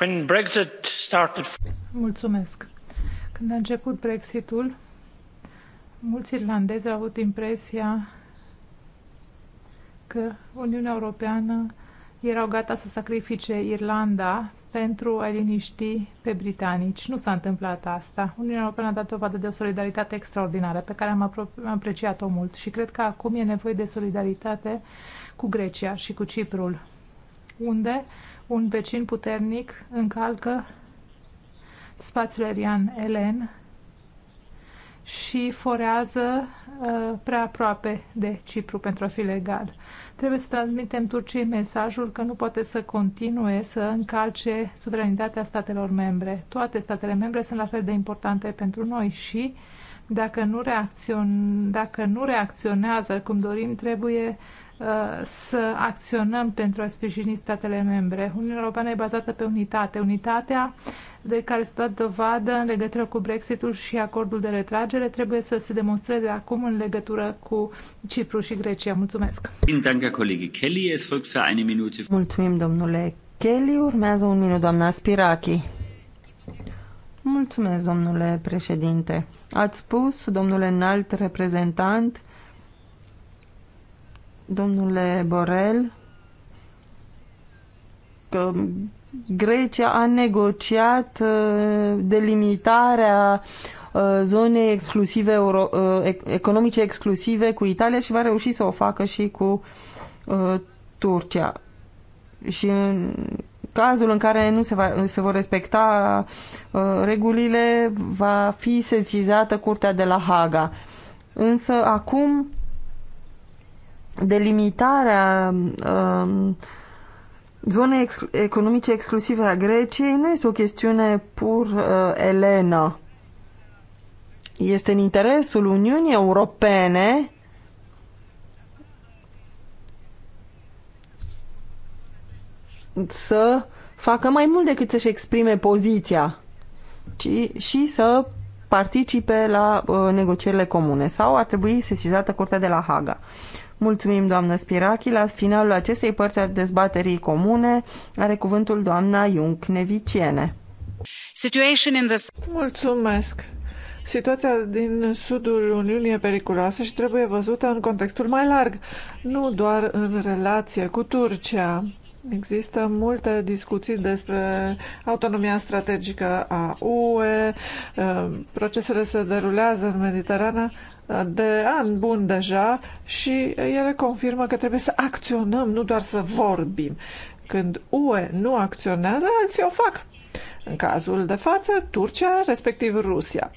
When Brexit started... Mulțumesc. Când a început Brexitul, mulți irlandezi au avut impresia că Uniunea Europeană erau gata să sacrifice Irlanda pentru a liniști pe britanici. Nu s-a întâmplat asta. Uniunea Europeană a dat o vadă de o solidaritate extraordinară pe care am apreciat-o mult și cred că acum e nevoie de solidaritate cu Grecia și cu Ciprul, unde un vecin puternic încalcă spațiul aerian elen și forează uh, prea aproape de Cipru pentru a fi legal. Trebuie să transmitem Turciei mesajul că nu poate să continue să încalce suveranitatea statelor membre. Toate statele membre sunt la fel de importante pentru noi și dacă nu, reacțion, dacă nu reacționează cum dorim, trebuie uh, să acționăm pentru a sprijini statele membre. Uniunea Europeană e bazată pe unitate. Unitatea uh, de care s-a dat dovadă în legătură cu Brexitul și acordul de retragere trebuie să se demonstreze acum în legătură cu Cipru și Grecia. Mulțumesc! Mulțumim, domnule Kelly. Urmează un minut, doamna Spirachi. Mulțumesc, domnule președinte. Ați spus, domnule înalt reprezentant, domnule Borel, că Grecia a negociat uh, delimitarea uh, zonei exclusive euro, uh, economice exclusive cu Italia și va reuși să o facă și cu Turcia. Și în cazul în care nu se, va, se vor respecta regulile, va fi sesizată Curtea de la Haga. Însă acum delimitarea uh, Zona ex economice exclusive a Greciei nu este o chestiune pur uh, elenă. Este în interesul Uniunii Europene să facă mai mult decât să-și exprime poziția, ci și să participe la uh, negocierile comune sau ar trebui sesizată Curtea de la Haga. Uh, Mulțumim, doamnă Spirachi. La finalul acestei părți a dezbaterii comune are cuvântul doamna Iunc Neviciene. Mulțumesc. Situația din sudul Uniunii e periculoasă și trebuie văzută în contextul mai larg, nu doar în relație cu Turcia. Există multe discuții despre autonomia strategică a UE, um, procesele se derulează în Mediterana, de ani bun deja și ele confirmă că trebuie să acționăm, nu doar să vorbim. Când UE nu acționează, alții o fac. În cazul de față, Turcia, respectiv Rusia.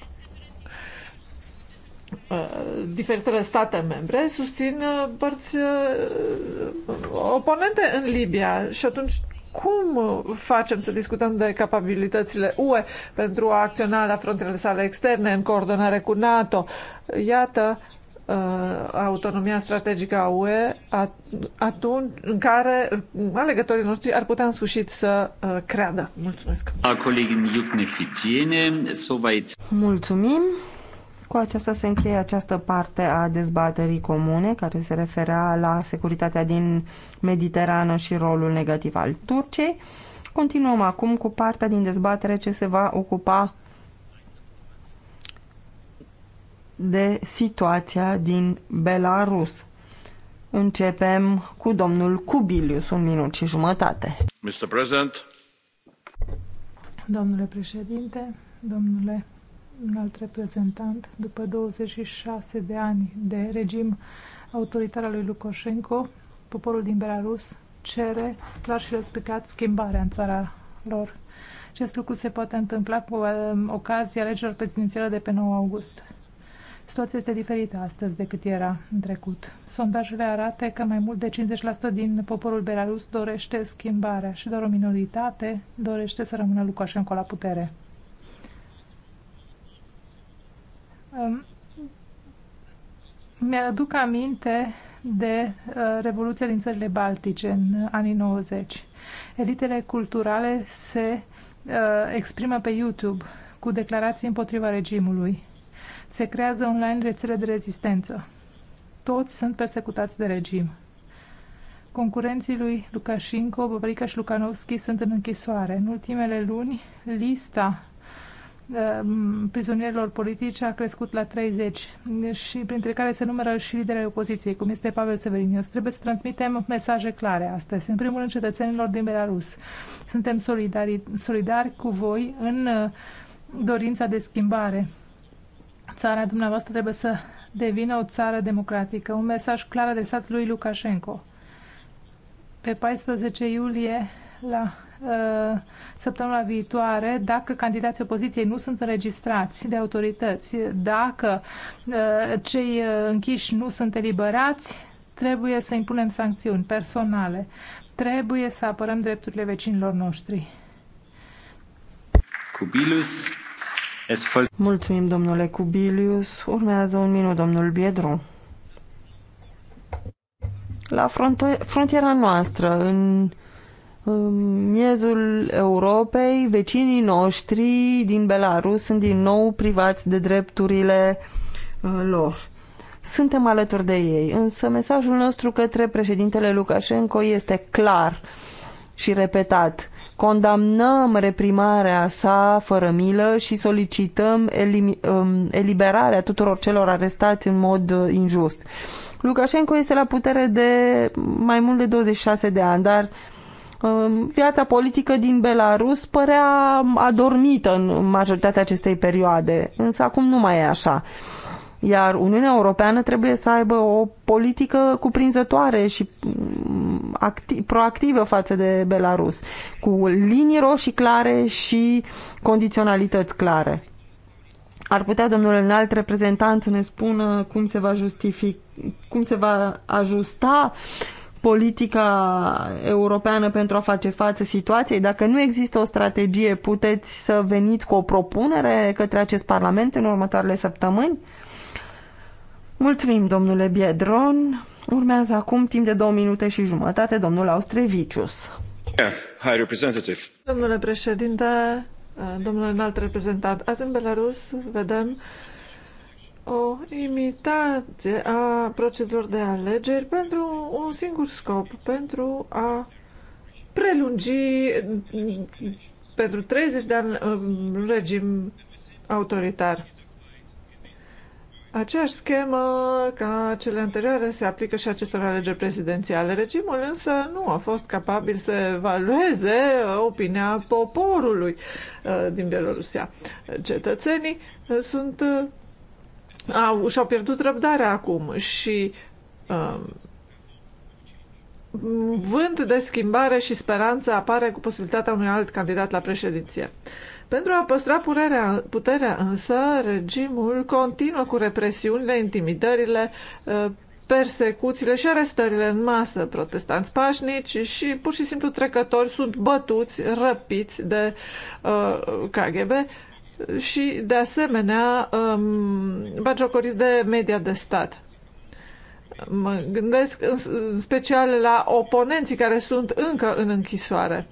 Uh, diferitele state membre susțin uh, părți uh, oponente în Libia și atunci cum uh, facem să discutăm de capabilitățile UE pentru a acționa la frontele sale externe în coordonare cu NATO? Iată, uh, autonomia strategică a UE atunci în care uh, alegătorii noștri ar putea în sfârșit să creadă. Mulțumesc! Mulțumim! Cu aceasta se încheie această parte a dezbaterii comune care se referea la securitatea din Mediterană și rolul negativ al Turciei. Continuăm acum cu partea din dezbatere ce se va ocupa de situația din Belarus. Începem cu domnul Cubilius, un minut și jumătate. Mr. President. Domnule președinte, domnule un alt reprezentant, după 26 de ani de regim autoritar al lui Lukashenko, poporul din Belarus cere clar și răspicat schimbarea în țara lor. Acest lucru se poate întâmpla cu um, ocazia alegerilor prezidențiale de pe 9 august. Situația este diferită astăzi decât era în trecut. Sondajele arată că mai mult de 50% din poporul belarus dorește schimbarea și doar o minoritate dorește să rămână Lukashenko la putere. Mi-aduc aminte de uh, Revoluția din țările Baltice în uh, anii 90. Elitele culturale se uh, exprimă pe YouTube cu declarații împotriva regimului. Se creează online rețele de rezistență. Toți sunt persecutați de regim. Concurenții lui Lukashenko, Bobrica și Lukanovski sunt în închisoare. În ultimele luni, lista Um, prizonierilor politici a crescut la 30 și printre care se numără și liderii opoziției, cum este Pavel Severinius. Trebuie să transmitem mesaje clare astăzi. În primul rând, cetățenilor din Belarus. Suntem solidari, solidari cu voi în uh, dorința de schimbare. Țara dumneavoastră trebuie să devină o țară democratică. Un mesaj clar adresat lui Lukashenko. Pe 14 iulie la Uh, săptămâna viitoare dacă candidații opoziției nu sunt înregistrați de autorități, dacă uh, cei uh, închiși nu sunt eliberați, trebuie să impunem sancțiuni personale. Trebuie să apărăm drepturile vecinilor noștri. Cubilus. Mulțumim, domnule Cubilius. Urmează un minut, domnul Biedru. La frontiera noastră, în miezul Europei, vecinii noștri din Belarus sunt din nou privați de drepturile uh, lor. Suntem alături de ei, însă mesajul nostru către președintele Lukashenko este clar și repetat. Condamnăm reprimarea sa fără milă și solicităm um, eliberarea tuturor celor arestați în mod uh, injust. Lukashenko este la putere de mai mult de 26 de ani, dar uh, Um, viața politică din Belarus părea adormită în majoritatea acestei perioade, însă acum nu mai e așa. Iar Uniunea Europeană trebuie să aibă o politică cuprinzătoare și mm, proactivă față de Belarus, cu linii roșii clare și condiționalități clare. Ar putea domnul înalt reprezentant ne spună cum se va justifica, cum se va ajusta uh, politica europeană pentru a face față situației. Dacă nu există o strategie, puteți să veniți cu o propunere către acest Parlament în următoarele săptămâni? Mulțumim, domnule Biedron. Urmează acum timp de două minute și jumătate domnul Austrevicius. High representative. Domnule președinte, domnule înalt reprezentant, azi în Belarus vedem uh, o imitație a procedurilor de alegeri pentru un singur scop, pentru a prelungi pentru 30 de ani un uh, regim autoritar. Aceeași schemă ca cele anterioare se aplică și acestor alegeri prezidențiale. Regimul însă nu a fost capabil să evalueze opinia poporului uh, din Bielorusia. Cetățenii sunt uh, au, și-au pierdut răbdarea acum și uh, vânt de schimbare și speranță apare cu posibilitatea unui alt candidat la președinție. Pentru a păstra puterea, puterea însă, regimul continuă cu represiunile, intimidările, uh, persecuțiile și arestările în masă. Protestanți pașnici și pur și simplu trecători sunt bătuți, răpiți de uh, KGB și, de asemenea, um, bagiocoriți de media de stat. Mă gândesc în special la oponenții care sunt încă în închisoare.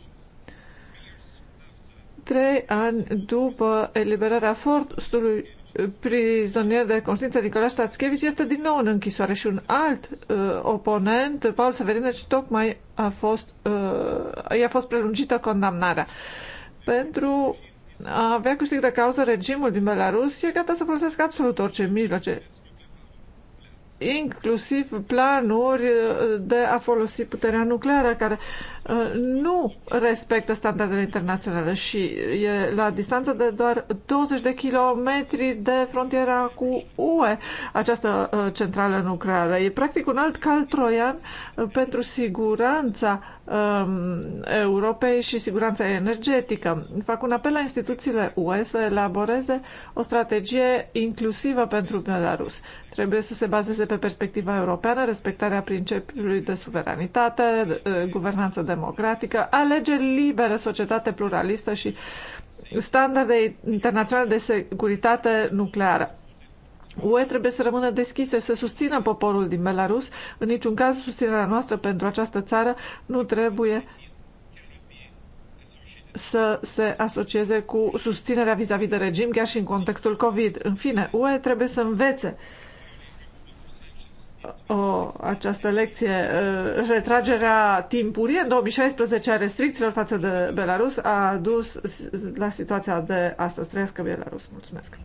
Trei ani după eliberarea fortului prizonier de conștiință Nicolae Stațchevici este din nou în închisoare și un alt uh, oponent, Paul Severineci, tocmai a fost, uh, i-a fost prelungită condamnarea pentru avea câștig de cauză regimul din Belarus e gata să folosească absolut orice mijloace, inclusiv planuri de a folosi puterea nucleară, care Uh, nu respectă standardele internaționale și e la distanță de doar 20 de kilometri de frontiera cu UE această uh, centrală nucleară. E practic un alt cal troian uh, pentru siguranța um, Europei și siguranța energetică. Fac un apel la instituțiile UE să elaboreze o strategie inclusivă pentru Belarus. Trebuie să se bazeze pe perspectiva europeană, respectarea principiului de suveranitate, guvernanță de democratică, alegeri libere, societate pluralistă și standarde internaționale de securitate nucleară. UE trebuie să rămână deschisă și să susțină poporul din Belarus. În niciun caz, susținerea noastră pentru această țară nu trebuie să se asocieze cu susținerea vis-a-vis -vis de regim, chiar și în contextul COVID. În fine, UE trebuie să învețe uh, o, această lecție, retragerea timpurie în 2016 a restricțiilor față de Belarus a dus la situația de astăzi. Trăiască Belarus. Mulțumesc!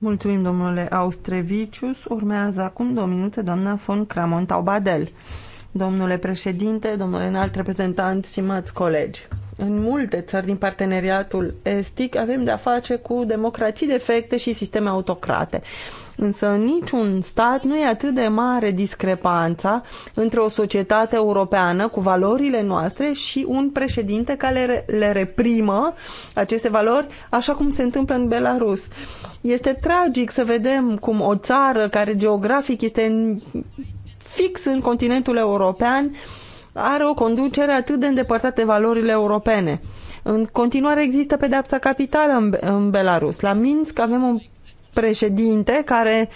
Mulțumim, domnule Austrevicius. Urmează acum două minute doamna von Cramon Taubadel. Domnule președinte, domnule înalt reprezentant, simați colegi, în multe țări din parteneriatul estic avem de-a face cu democrații defecte și sisteme autocrate. Însă în niciun stat nu e atât de mare discrepanța între o societate europeană cu valorile noastre și un președinte care le reprimă aceste valori, așa cum se întâmplă în Belarus. Este tragic să vedem cum o țară care geografic este în, fix în continentul european are o conducere atât de îndepărtată de valorile europene. În continuare există pedepsa capitală în, în Belarus. La Minsk avem un președinte care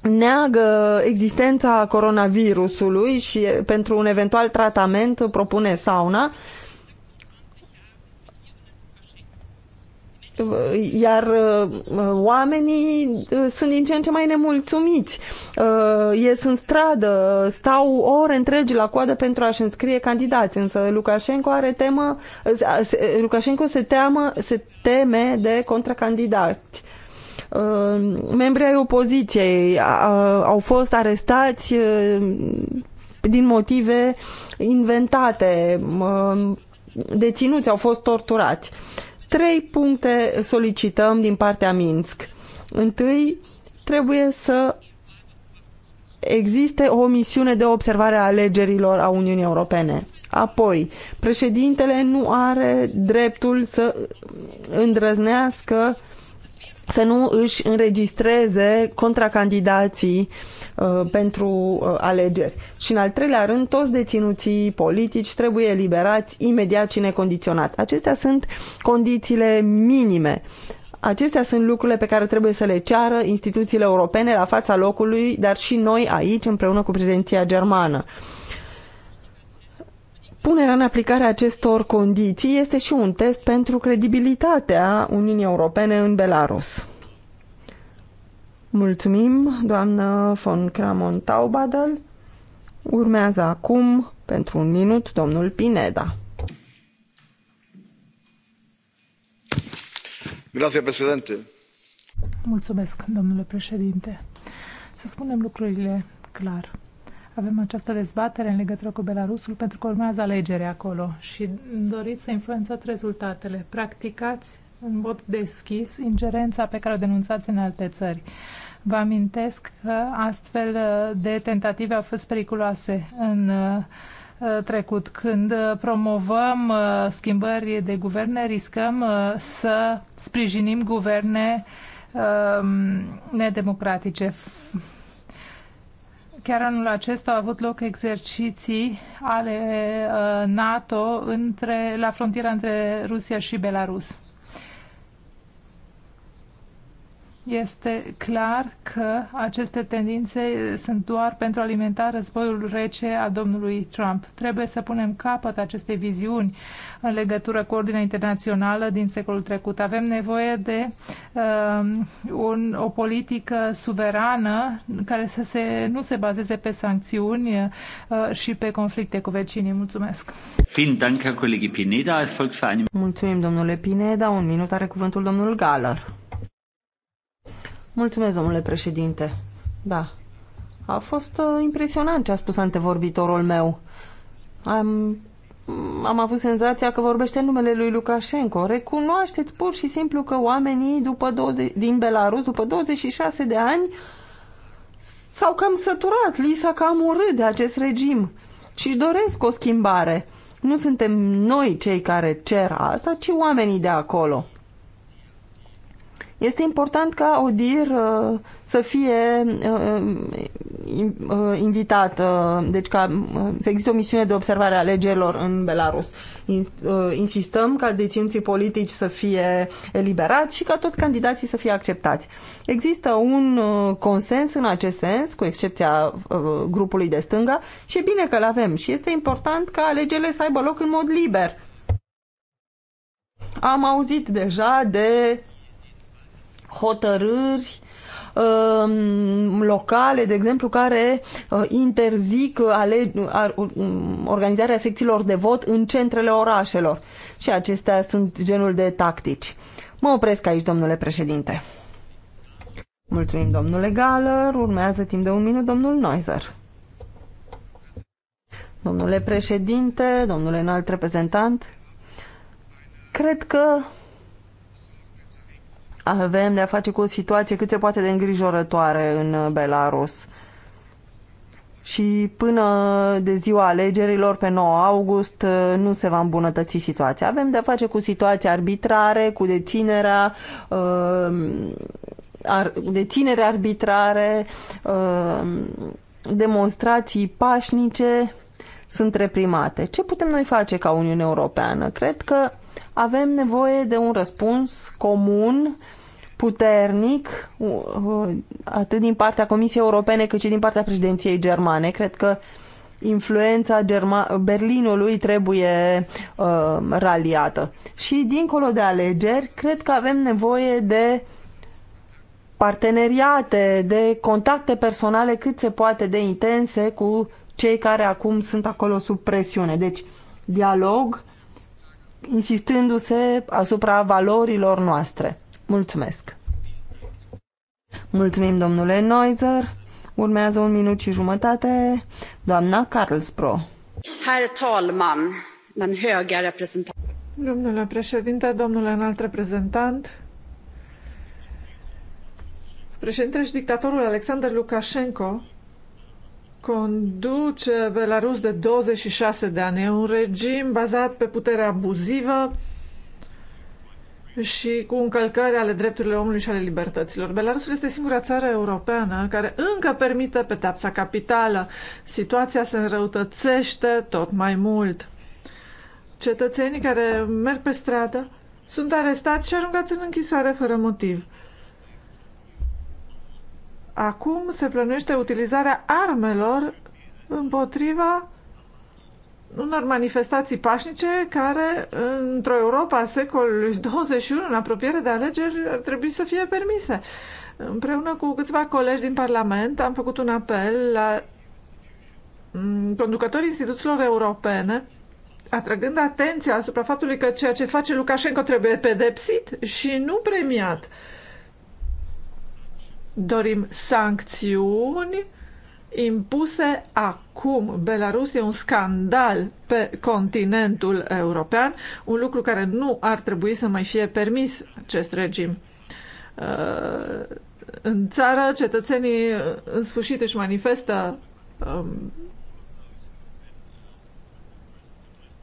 neagă existența coronavirusului și pentru un eventual tratament propune sauna. iar uh, oamenii uh, sunt din ce în ce mai nemulțumiți. Uh, ies în stradă, stau ore întregi la coadă pentru a-și înscrie candidați, însă Lukashenko are temă, Lukashenko se, teamă, se teme de contracandidați. Uh, membri ai opoziției uh, au fost arestați uh, din motive inventate, deținuți au fost torturați. Trei puncte solicităm din partea Minsk. Întâi, trebuie să existe o misiune de observare a alegerilor a Uniunii Europene. Apoi, președintele nu are dreptul să îndrăznească să nu își înregistreze contracandidații uh, pentru uh, alegeri. Și în al treilea rând, toți deținuții politici trebuie eliberați imediat și necondiționat. Acestea sunt condițiile minime. Acestea sunt lucrurile pe care trebuie să le ceară instituțiile europene la fața locului, dar și noi aici, împreună cu prezenția germană. Uh, punerea în aplicare a acestor condiții este și un test pentru credibilitatea Uniunii Europene în Belarus. Mulțumim, doamnă von Cramon Taubadel. Urmează acum, pentru un minut, domnul Pineda. Grazie, președinte. Mulțumesc, domnule președinte. Să spunem lucrurile clar avem această dezbatere în legătură cu Belarusul pentru că urmează alegere acolo și doriți să influențați rezultatele. Practicați în mod deschis ingerența pe care o denunțați în alte țări. Vă amintesc că astfel de tentative au fost periculoase în uh, trecut. Când promovăm uh, schimbări de guverne, riscăm uh, să sprijinim guverne nedemocratice. Chiar anul acesta au avut loc exerciții ale uh, NATO între, la frontiera între Rusia și Belarus. este clar că aceste tendințe sunt doar pentru a alimenta războiul rece a domnului Trump. Trebuie să punem capăt acestei viziuni în legătură cu ordinea internațională din secolul trecut. Avem nevoie de um, un, o politică suverană care să se, nu se bazeze pe sancțiuni uh, și pe conflicte cu vecinii. Mulțumesc! Mulțumim, domnule Pineda. Un minut are cuvântul domnul Galar. Mulțumesc, domnule președinte. Da. A fost uh, impresionant ce a spus antevorbitorul meu. Am, am avut senzația că vorbește în numele lui Lukashenko. Recunoașteți pur și simplu că oamenii după 20, din Belarus, după 26 de ani, s-au cam săturat, li s-a cam urât de acest regim și își doresc o schimbare. Nu suntem noi cei care cer asta, ci oamenii de acolo. Este important ca Odir uh, să fie uh, uh, invitată, deci ca să există o misiune de observare a alegerilor în Belarus. Insistăm ca deținții politici să fie eliberați și ca toți candidații să fie acceptați. Există un consens în acest sens, cu excepția grupului de stânga, și e bine că-l avem și este important ca alegerile să aibă loc în mod liber. Am auzit deja de hotărâri um, locale, de exemplu, care uh, interzic uh, ale, um, organizarea secțiilor de vot în centrele orașelor. Și acestea sunt genul de tactici. Mă opresc aici, domnule președinte. Mulțumim, domnule Galer. Urmează timp de un minut domnul Noizer. Domnule președinte, domnule înalt reprezentant, cred că avem de-a face cu o situație cât se poate de îngrijorătoare în uh, Belarus. Și până de ziua alegerilor, pe 9 august, uh, nu se va îmbunătăți situația. Avem de-a face cu situații arbitrare, cu deținerea uh, deținere arbitrare, uh, demonstrații pașnice sunt reprimate. Ce putem noi face ca Uniune Europeană? Cred că avem nevoie de un răspuns comun puternic, atât din partea Comisiei Europene cât și din partea președinției germane. Cred că influența Germa- Berlinului trebuie uh, raliată. Și dincolo de alegeri, cred că avem nevoie de parteneriate, de contacte personale cât se poate de intense cu cei care acum sunt acolo sub presiune. Deci, dialog, insistându-se asupra valorilor noastre. Mulțumesc! Mulțumim, domnule Noizer. Urmează un minut și jumătate, doamna Carlsbro. Herr talman, den höga reprezentant. Domnule președinte, domnule înalt reprezentant, președintele și dictatorul Alexander Lukashenko conduce Belarus de 26 de ani. E un regim bazat pe putere abuzivă, și cu încălcări ale drepturilor omului și ale libertăților. Belarusul este singura țară europeană care încă permite pedepsa capitală. Situația se înrăutățește tot mai mult. Cetățenii care merg pe stradă sunt arestați și aruncați în închisoare fără motiv. Acum se plănuiește utilizarea armelor împotriva unor manifestații pașnice care, într-o Europa a secolului 21, în apropiere de alegeri, ar trebui să fie permise. Împreună cu câțiva colegi din Parlament am făcut un apel la mm, conducătorii instituțiilor europene atrăgând atenția asupra faptului că ceea ce face Lukashenko trebuie pedepsit și nu premiat. Dorim sancțiuni impuse acum. Belarus e un scandal pe continentul european, un lucru care nu ar trebui să mai fie permis acest regim. Uh, în țară, cetățenii în sfârșit își manifestă um,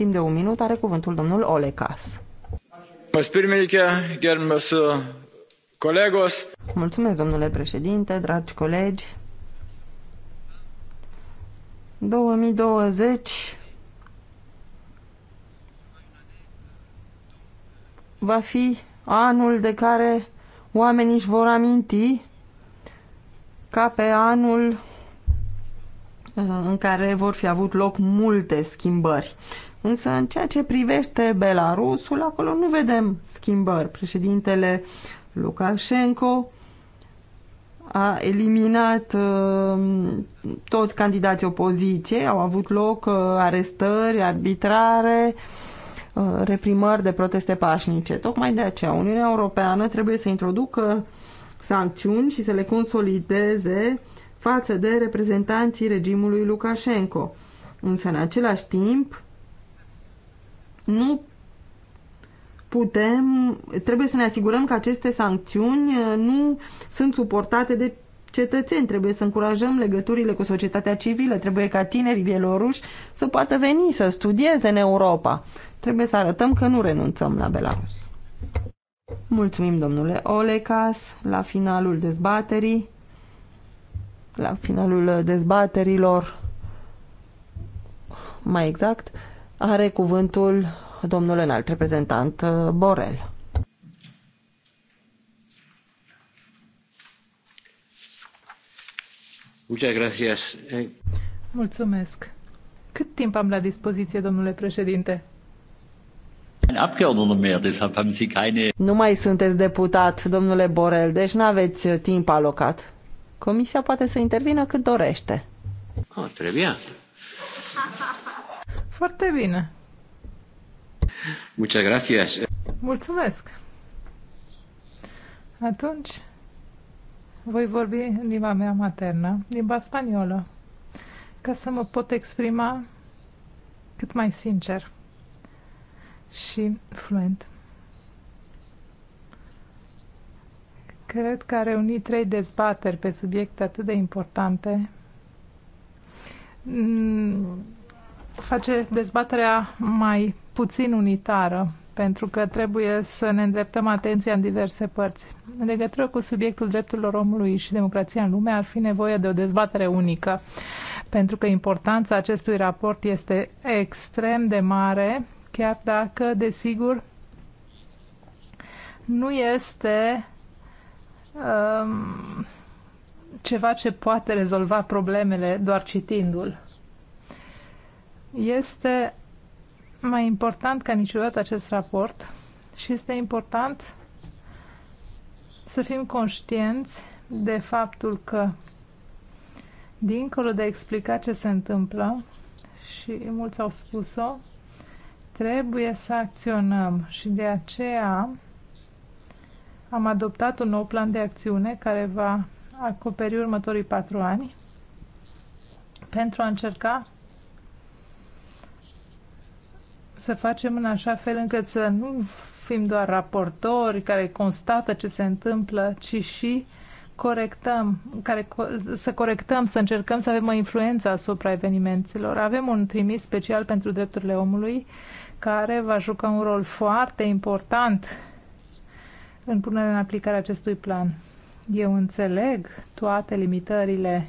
Timp de un minut are cuvântul domnul Olecas. Mulțumesc, domnule președinte, dragi colegi. 2020 va fi anul de care oamenii își vor aminti ca pe anul uh, în care vor fi avut loc multe schimbări. Însă în ceea ce privește Belarusul, acolo nu vedem schimbări. Președintele Lukashenko a eliminat uh, toți candidații opoziției, au avut loc uh, arestări, arbitrare, uh, reprimări de proteste pașnice. Tocmai de aceea Uniunea Europeană trebuie să introducă sancțiuni și să le consolideze față de reprezentanții regimului Lukashenko. Însă, în același timp, nu putem, trebuie să ne asigurăm că aceste sancțiuni uh, nu sunt suportate de cetățeni, trebuie să încurajăm legăturile cu societatea civilă, trebuie ca tinerii bieloruși să poată veni să studieze în Europa. Trebuie să arătăm că nu renunțăm la Belarus. Mulțumim, domnule Olecas, la finalul dezbaterii, la finalul dezbaterilor, mai exact, are cuvântul domnul înalt reprezentant uh, Borel. Eh, Mulțumesc. Cât timp am la dispoziție, domnule președinte? Nu mai sunteți deputat, domnule Borel, deci nu aveți uh, timp alocat. Comisia poate să intervină cât dorește. Oh, trebuie. Foarte bine. Muchas gracias. Mulțumesc. Atunci, voi vorbi în limba mea maternă, limba spaniolă, ca să mă pot exprima cât mai sincer și fluent. Cred că a reunit trei dezbateri pe subiecte atât de importante face dezbaterea mai puțin unitară, pentru că trebuie să ne îndreptăm atenția în diverse părți. În legătură cu subiectul drepturilor omului și democrația în lume, ar fi nevoie de o dezbatere unică, pentru că importanța acestui raport este extrem de mare, chiar dacă, desigur, nu este um, ceva ce poate rezolva problemele doar citindu-l. Este mai important ca niciodată acest raport și este important să fim conștienți de faptul că, dincolo de a explica ce se întâmplă, și mulți au spus-o, trebuie să acționăm și de aceea am adoptat un nou plan de acțiune care va acoperi următorii patru ani pentru a încerca să facem în așa fel încât să nu fim doar raportori care constată ce se întâmplă, ci și corectăm, care, să corectăm, să încercăm să avem o influență asupra evenimentelor. Avem un trimis special pentru drepturile omului care va juca un rol foarte important în punerea în aplicare acestui plan. Eu înțeleg toate limitările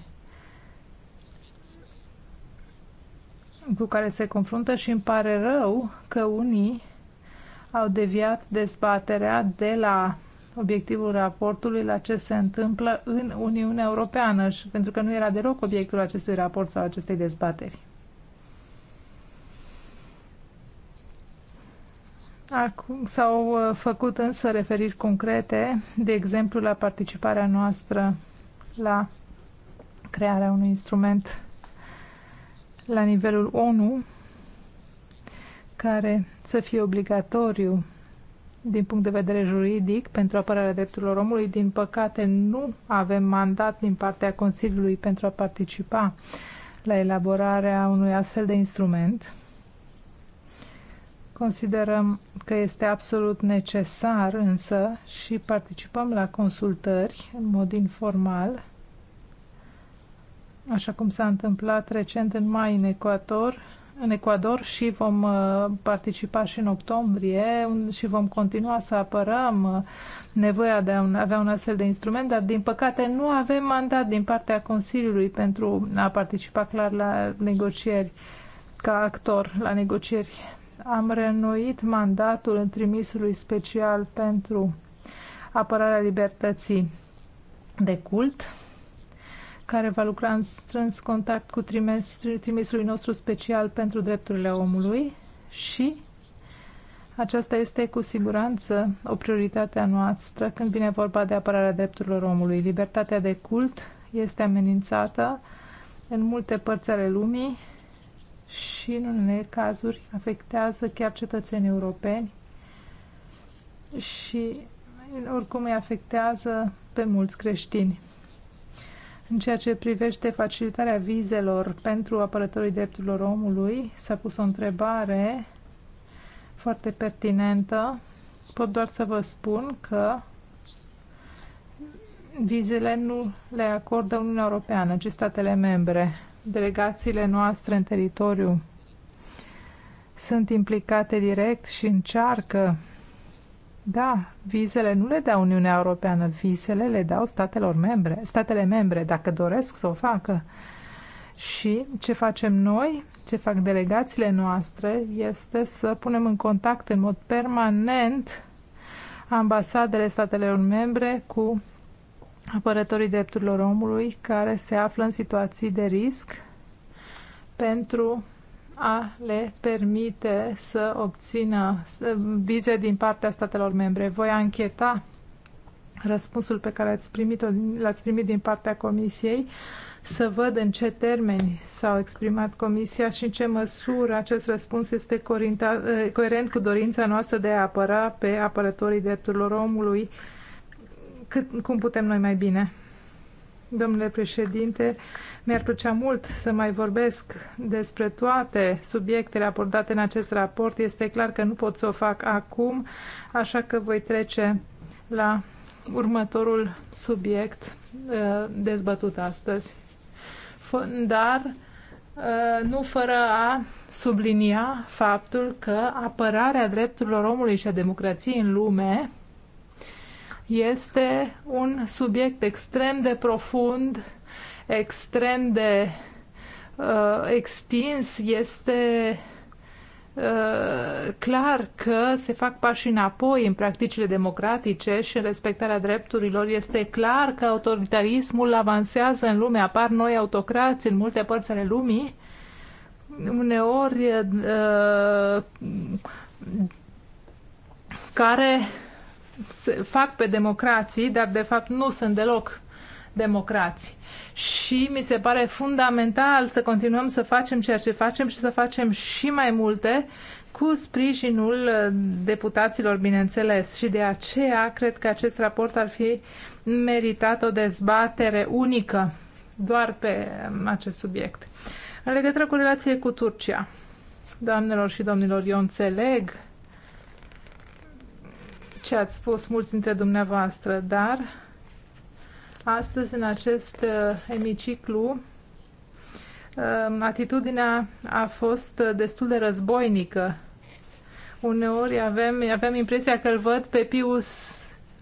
cu care se confruntă și îmi pare rău că unii au deviat dezbaterea de la obiectivul raportului la ce se întâmplă în Uniunea Europeană și pentru că nu era deloc obiectul acestui raport sau acestei dezbateri. S-au uh, făcut însă referiri concrete, de exemplu la participarea noastră la crearea unui instrument la nivelul ONU care să fie obligatoriu din punct de vedere juridic pentru apărarea drepturilor omului. Din păcate, nu avem mandat din partea Consiliului pentru a participa la elaborarea unui astfel de instrument. Considerăm că este absolut necesar însă și participăm la consultări în mod informal așa cum s-a întâmplat recent în mai în Ecuador, în Ecuador și vom uh, participa și în octombrie și vom continua să apărăm uh, nevoia de a avea un astfel de instrument, dar din păcate nu avem mandat din partea Consiliului pentru a participa clar la negocieri ca actor la negocieri. Am renuit mandatul trimisului special pentru apărarea libertății de cult care va lucra în strâns contact cu trimisului nostru special pentru drepturile omului și aceasta este cu siguranță o prioritate a noastră când vine vorba de apărarea drepturilor omului. Libertatea de cult este amenințată în multe părți ale lumii și în unele cazuri afectează chiar cetățenii europeni și oricum îi afectează pe mulți creștini. În ceea ce privește facilitarea vizelor pentru apărătorii drepturilor omului, s-a pus o întrebare foarte pertinentă. Pot doar să vă spun că vizele nu le acordă Uniunea Europeană, ci statele membre. Delegațiile noastre în teritoriu sunt implicate direct și încearcă da, vizele nu le dau Uniunea Europeană, vizele le dau statelor membre, statele membre, dacă doresc să o facă. Și ce facem noi, ce fac delegațiile noastre, este să punem în contact în mod permanent ambasadele statelor membre cu apărătorii drepturilor omului care se află în situații de risc pentru a le permite să obțină vize din partea statelor membre. Voi ancheta răspunsul pe care l-ați primit, l primit din partea Comisiei să văd în ce termeni s-au exprimat Comisia și în ce măsură acest răspuns este eh, coerent cu dorința noastră de a apăra pe apărătorii drepturilor omului cât, cum putem noi mai bine. Domnule președinte, mi-ar plăcea mult să mai vorbesc despre toate subiectele abordate în acest raport. Este clar că nu pot să o fac acum, așa că voi trece la următorul subiect uh, dezbătut astăzi. Dar uh, nu fără a sublinia faptul că apărarea drepturilor omului și a democrației în lume este un subiect extrem de profund, extrem de uh, extins, este uh, clar că se fac pași înapoi în practicile democratice și în respectarea drepturilor. Este clar că autoritarismul avansează în lume, apar noi autocrați în multe părți ale lumii. Uneori uh, care se fac pe democrații, dar de fapt nu sunt deloc democrații. Și mi se pare fundamental să continuăm să facem ceea ce facem și să facem și mai multe cu sprijinul uh, deputaților, bineînțeles. Și de aceea cred că acest raport ar fi meritat o dezbatere unică doar pe um, acest subiect. În legătură cu relație cu Turcia, doamnelor și domnilor, eu înțeleg ce ați spus mulți dintre dumneavoastră, dar astăzi în acest uh, emiciclu um, atitudinea a fost uh, destul de războinică. Uneori avem, avem impresia că îl văd pe Pius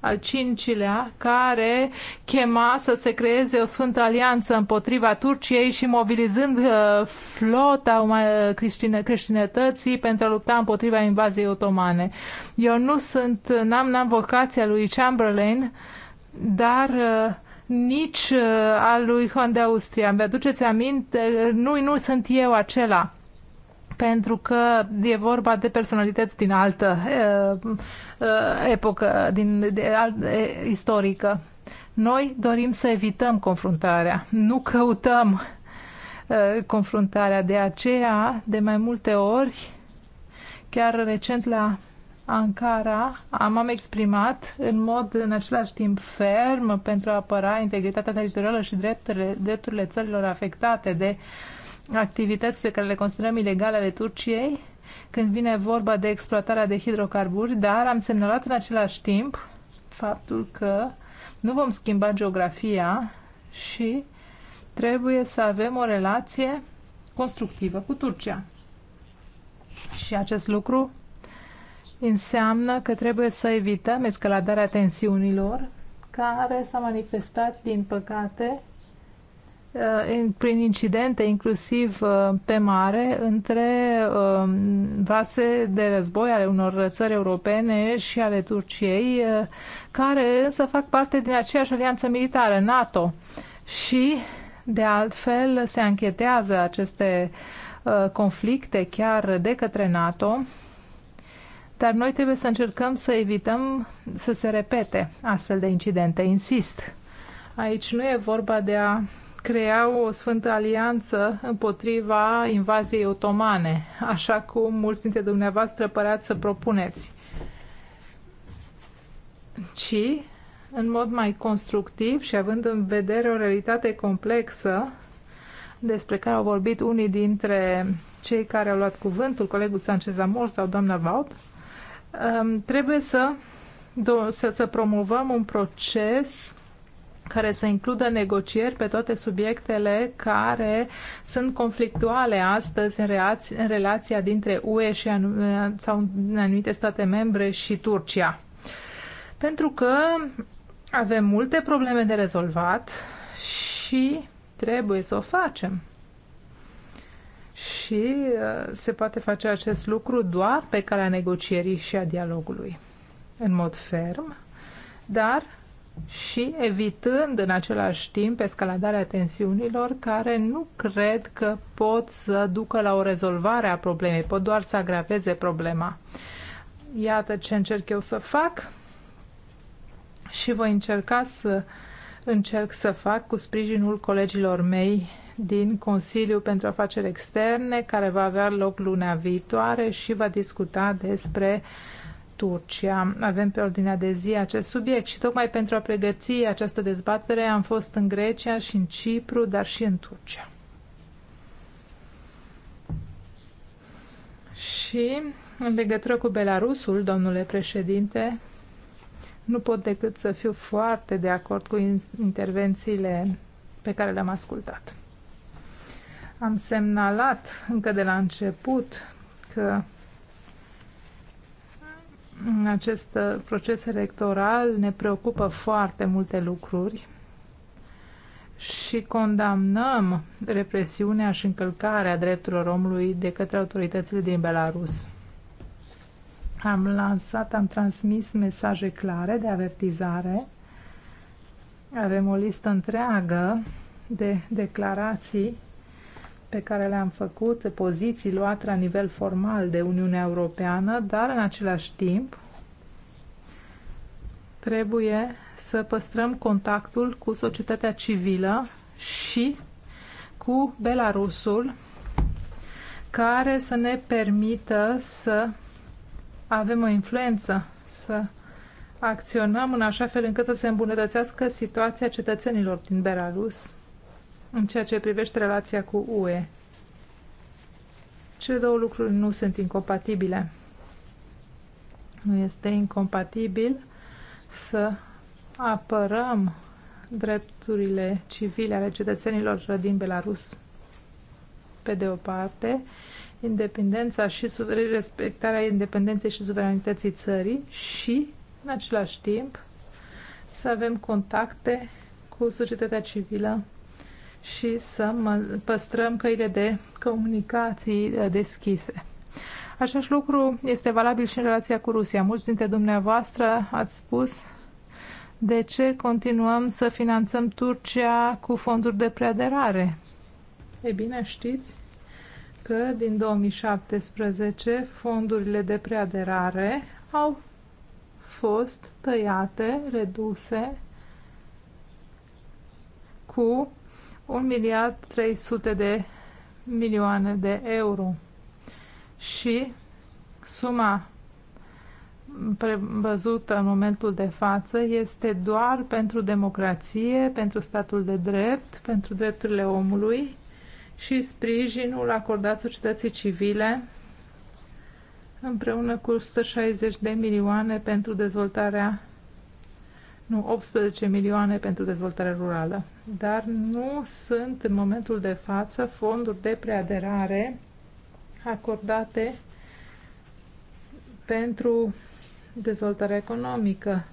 al cincilea, care chema să se creeze o sfântă alianță împotriva Turciei și mobilizând uh, flota um, creștine, creștinătății pentru a lupta împotriva invaziei otomane. Eu nu sunt, n-am, n-am vocația lui Chamberlain, dar uh, nici uh, al lui Juan de Austria. Îmi aduceți aminte, uh, nu, nu sunt eu acela pentru că e vorba de personalități din altă uh, uh, epocă, din de, alt, uh, istorică. Noi dorim să evităm confruntarea, nu căutăm uh, confruntarea. De aceea, de mai multe ori, chiar recent la Ankara am, am exprimat în mod în același timp ferm pentru a apăra integritatea teritorială și drepturile, drepturile țărilor afectate de uh, activități pe care le considerăm ilegale ale Turciei când vine vorba de exploatarea de hidrocarburi, dar am semnalat în același timp faptul că nu vom schimba geografia și trebuie să avem o relație constructivă cu Turcia. Și acest lucru înseamnă că trebuie să evităm escaladarea tensiunilor care s-a manifestat, din păcate, Uh, prin incidente, inclusiv uh, pe mare, între um, vase de război ale unor țări europene și ale Turciei, uh, care însă fac parte din aceeași alianță militară, NATO. Și, de altfel, se anchetează aceste conflicte chiar de către NATO, dar noi trebuie să încercăm să evităm să se repete astfel de incidente. Insist, aici nu e vorba de a creau o sfântă alianță împotriva invaziei otomane, așa cum mulți dintre dumneavoastră păreați să propuneți, ci în mod mai constructiv și având în vedere o realitate complexă despre care au vorbit unii dintre cei care au luat cuvântul, colegul Sanchez Amor sau doamna Vaut, um, trebuie să, să, să promovăm un proces care să includă negocieri pe toate subiectele care sunt conflictuale astăzi în, relația dintre UE și sau anumite state membre și Turcia. Pentru că avem multe probleme de rezolvat și trebuie să o facem. Și uh, se poate face acest lucru doar pe calea negocierii și a dialogului, în mod ferm, dar și evitând în același timp escaladarea tensiunilor care nu cred că pot să ducă la o rezolvare a problemei, pot doar să agraveze problema. Iată ce încerc eu să fac și voi încerca să încerc să fac cu sprijinul colegilor mei din Consiliul pentru Afaceri Externe, care va avea loc luna viitoare și va discuta despre uh, Turcia. Avem pe ordinea de zi acest subiect și tocmai pentru a pregăti această dezbatere am fost în Grecia și în Cipru, dar și în Turcia. Și în legătură cu Belarusul, domnule președinte, nu pot decât să fiu foarte de acord cu intervențiile pe care le-am ascultat. Am semnalat încă de la început că în acest uh, proces electoral ne preocupă foarte multe lucruri și condamnăm represiunea și încălcarea drepturilor omului de către autoritățile din Belarus. Am lansat, am transmis mesaje clare de avertizare. Avem o listă întreagă de declarații pe care le-am făcut, poziții luate la nivel formal de Uniunea Europeană, dar în același timp trebuie să păstrăm contactul cu societatea civilă și cu Belarusul, care să ne permită să avem o influență, să acționăm în așa fel încât să se îmbunătățească situația cetățenilor din Belarus în ceea ce privește relația cu UE. Cele două lucruri nu sunt incompatibile. Nu este incompatibil să apărăm drepturile civile ale cetățenilor din Belarus, pe de o parte, independența și respectarea independenței și suveranității țării și, în același timp, să avem contacte cu societatea civilă și să păstrăm căile de comunicații uh, deschise. Așași lucru este valabil și în relația cu Rusia. Mulți dintre dumneavoastră ați spus de ce continuăm să finanțăm Turcia cu fonduri de preaderare. E bine, știți că din 2017 fondurile de preaderare au fost tăiate, reduse cu 1 miliard 300 de milioane de euro și suma prevăzută în momentul de față este doar pentru democrație, pentru statul de drept, pentru drepturile omului și sprijinul acordat societății civile împreună cu 160 de milioane pentru dezvoltarea nu, 18 milioane pentru dezvoltare rurală. Dar nu sunt în momentul de față fonduri de preaderare acordate pentru dezvoltare economică.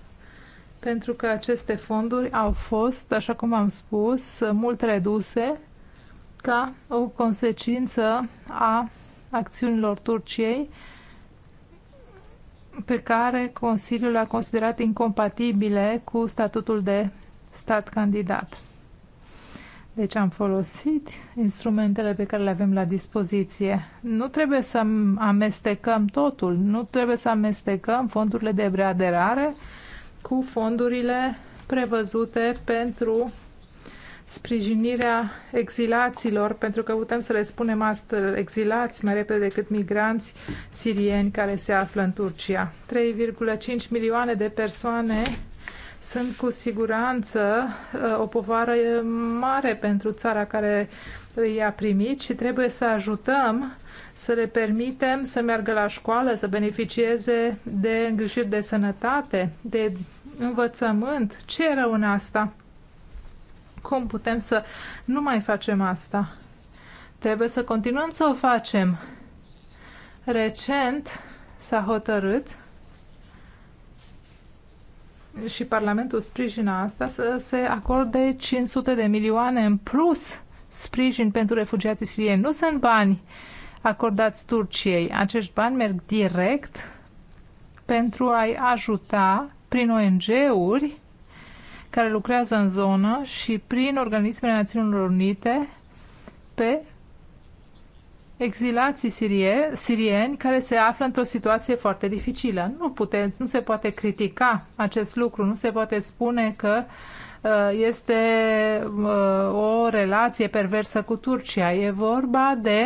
Pentru că aceste fonduri au fost, așa cum am spus, mult reduse ca o consecință a acțiunilor Turciei pe care Consiliul le-a considerat incompatibile cu statutul de stat candidat. Deci am folosit instrumentele pe care le avem la dispoziție. Nu trebuie să amestecăm totul, nu trebuie să amestecăm fondurile de readerare cu fondurile prevăzute pentru sprijinirea exilaților, pentru că putem să le spunem astfel exilați mai repede decât migranți sirieni care se află în Turcia. 3,5 milioane de persoane sunt cu siguranță uh, o povară uh, mare pentru țara care i-a primit și trebuie să ajutăm să le permitem să meargă la școală, să beneficieze de îngrijiri de sănătate, de învățământ. Ce rău în asta? Cum putem să nu mai facem asta? Trebuie să continuăm să o facem. Recent s-a hotărât și Parlamentul sprijină asta să se acorde 500 de milioane în plus sprijin pentru refugiații sirieni. Nu sunt bani acordați Turciei. Acești bani merg direct pentru a-i ajuta prin ONG-uri care lucrează în zonă și prin organismele Națiunilor Unite pe exilații sirie, sirieni care se află într-o situație foarte dificilă. Nu, pute, nu se poate critica acest lucru, nu se poate spune că uh, este uh, o relație perversă cu Turcia. E vorba de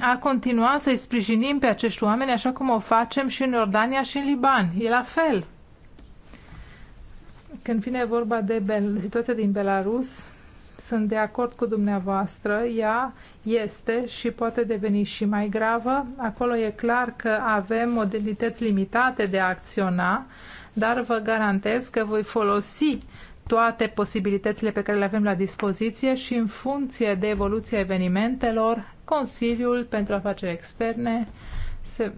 a continua să-i sprijinim pe acești oameni așa cum o facem și în Iordania și în Liban. E la fel. Când vine vorba de Bel- situația din Belarus, sunt de acord cu dumneavoastră, ea este și poate deveni și mai gravă. Acolo e clar că avem modalități limitate de a acționa, dar vă garantez că voi folosi toate posibilitățile pe care le avem la dispoziție și în funcție de evoluția evenimentelor Consiliul pentru Afaceri Externe se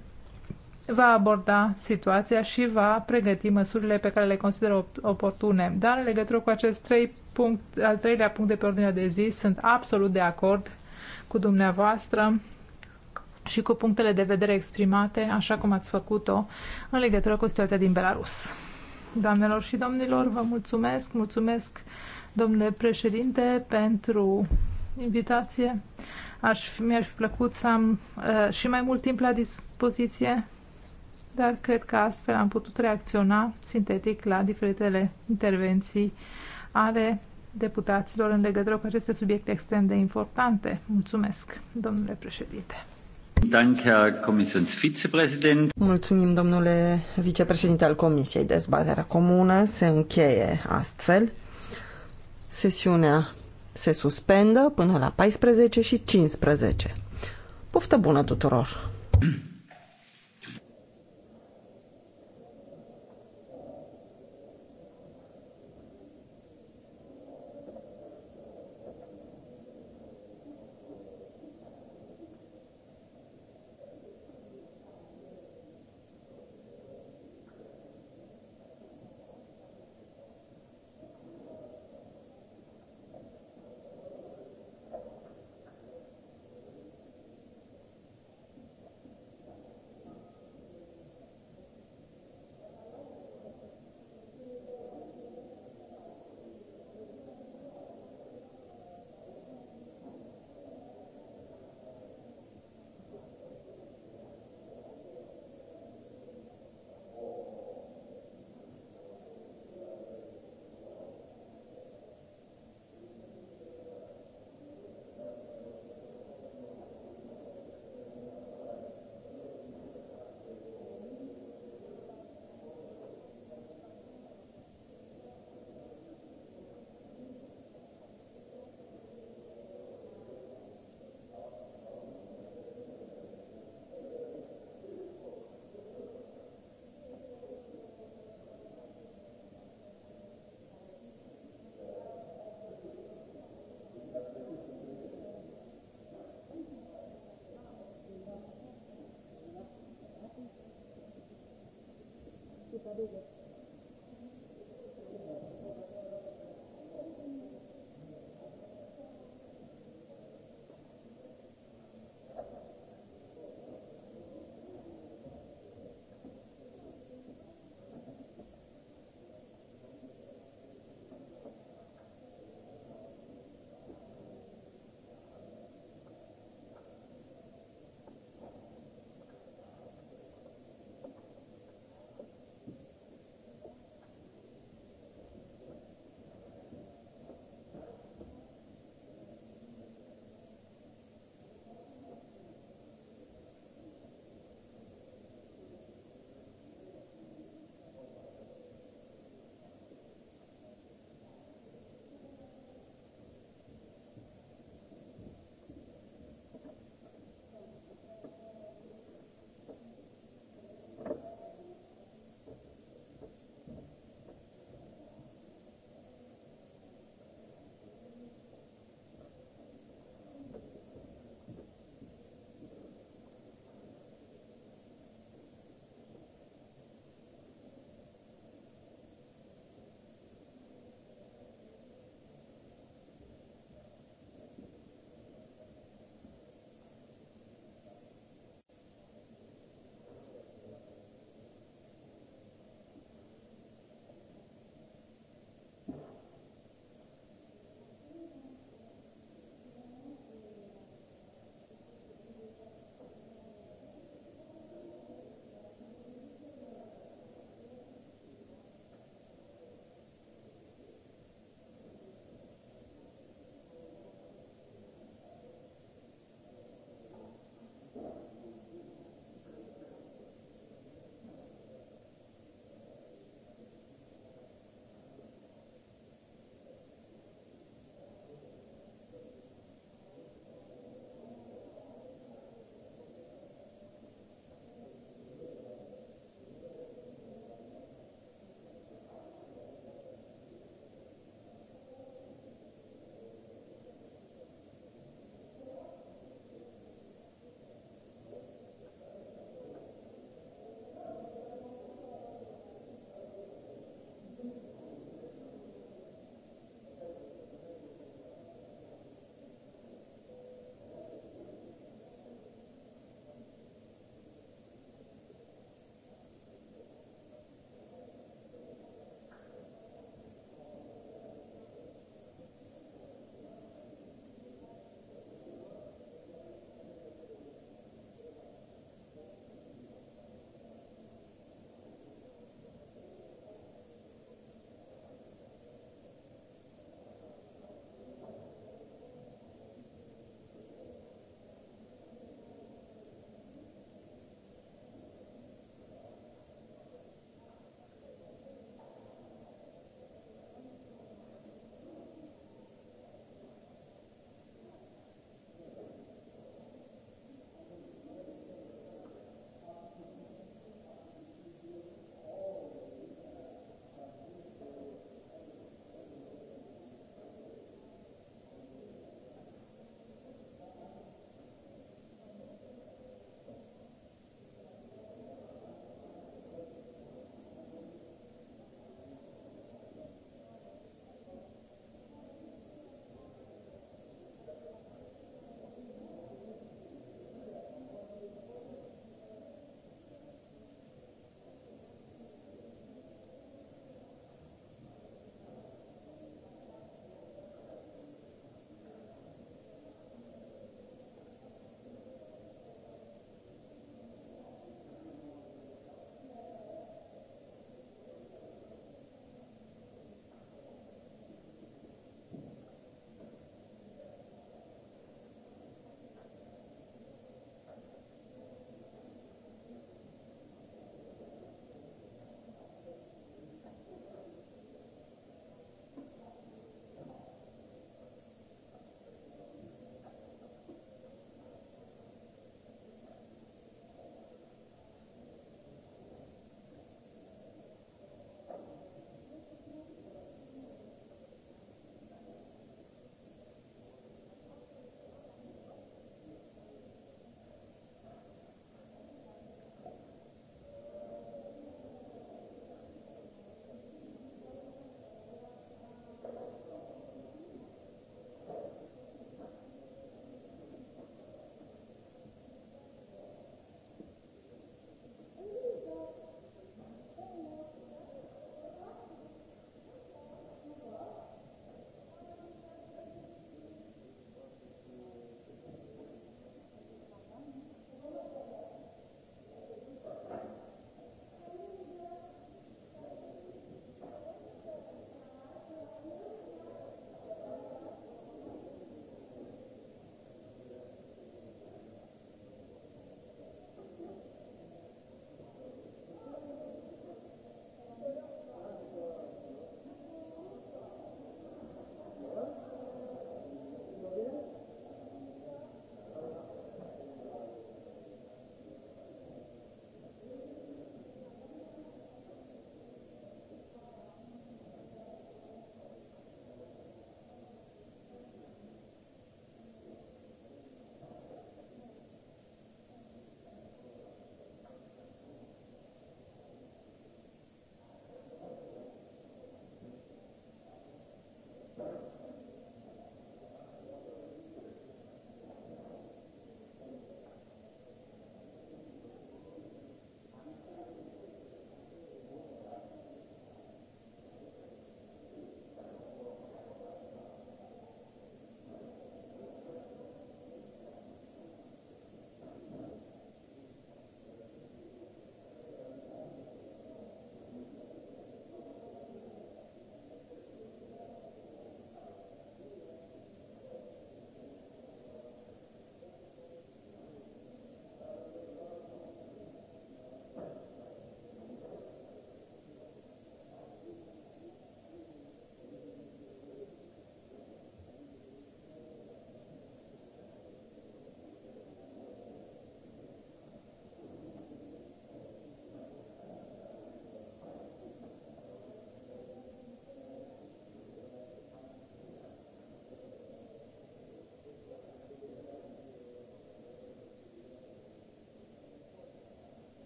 va aborda situația și va pregăti măsurile pe care le consideră oportune. Dar în legătură cu acest trei punct, al treilea punct de pe ordinea de zi, sunt absolut de acord cu dumneavoastră și cu punctele de vedere exprimate, așa cum ați făcut-o, în legătură cu situația din Belarus. Doamnelor și domnilor, vă mulțumesc, mulțumesc domnule președinte pentru invitație. Aș, mi-ar fi plăcut să am uh, și mai mult timp la dispoziție, dar cred că astfel am putut reacționa sintetic la diferitele intervenții ale deputaților în legătură cu aceste subiecte extrem de importante. Mulțumesc, domnule președinte. Mulțumim, domnule vicepreședinte al Comisiei. Dezbaterea comună se încheie astfel. Sesiunea se suspendă până la 14 și 15. Poftă bună tuturor! de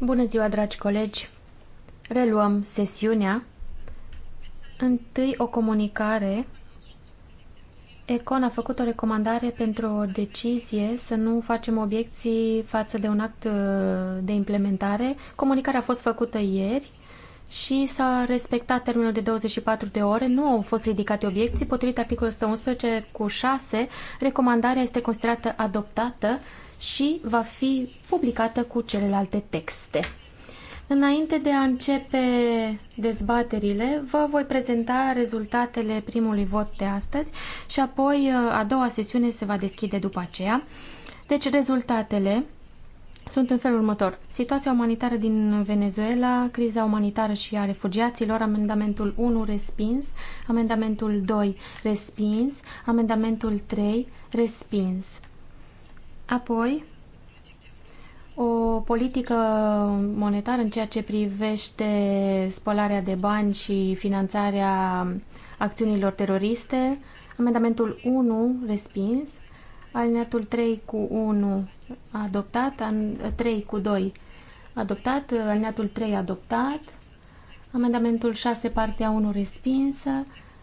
Bună ziua, dragi colegi! Reluăm sesiunea. Întâi o comunicare. Econ a făcut o recomandare pentru o decizie să nu facem obiecții față de un act uh, de implementare. Comunicarea a fost făcută ieri și s-a respectat termenul de 24 de ore, nu au fost ridicate obiecții. Potrivit articolul 111 cu 6, recomandarea este considerată adoptată și va fi publicată cu celelalte texte. Înainte de a începe dezbaterile, vă voi prezenta rezultatele primului vot de astăzi și apoi a doua sesiune se va deschide după aceea. Deci rezultatele sunt în felul următor. Situația umanitară din Venezuela, criza umanitară și a refugiaților, amendamentul 1 respins, amendamentul 2 respins, amendamentul 3 respins. Apoi, o politică monetară în ceea ce privește spălarea de bani și finanțarea acțiunilor teroriste, amendamentul 1 respins, alineatul 3 cu 1 adoptat, an, 3 cu 2 adoptat, alineatul 3 adoptat, amendamentul 6 partea 1 respinsă,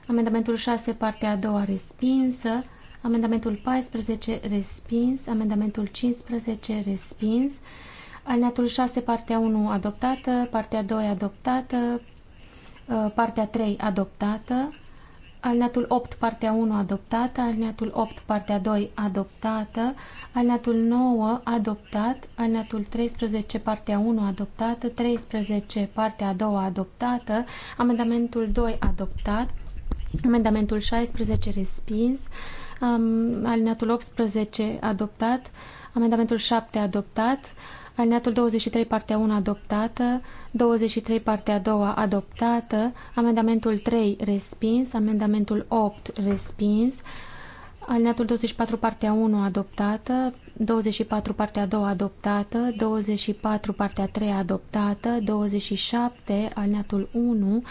amendamentul 6 partea 2 respinsă, amendamentul 14 respins, amendamentul 15 respins, alineatul 6 partea 1 adoptată, partea 2 adoptată, partea 3 adoptată, alineatul 8, partea 1 adoptată, alineatul 8, partea 2 adoptată, alineatul 9 adoptat, alineatul 13, partea 1 adoptată, 13, partea 2 adoptată, amendamentul 2 adoptat, amendamentul 16 respins, alineatul 18 adoptat, amendamentul 7 adoptat, alineatul 23, partea 1 adoptată, 23, partea 2 adoptată, amendamentul 3 respins, amendamentul 8 respins, alineatul 24, partea 1 adoptată, 24, partea 2 adoptată, 24, partea 3 adoptată, 27, alineatul 1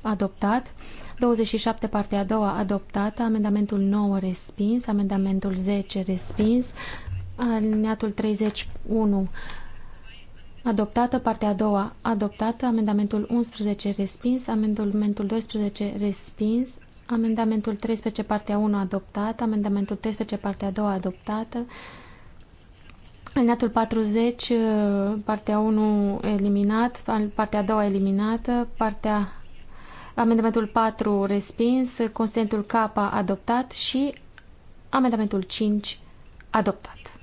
adoptat, 27, partea a doua, adoptată, amendamentul 9 respins, amendamentul 10 respins, alineatul 31 adoptată, partea a doua adoptată, amendamentul 11 respins, amendamentul 12 respins, amendamentul 13 partea 1 adoptată, amendamentul 13 partea doua adoptată, alineatul 40 partea 1 eliminat, partea doua eliminată, partea amendamentul 4 respins, consentul K adoptat și amendamentul 5 adoptat.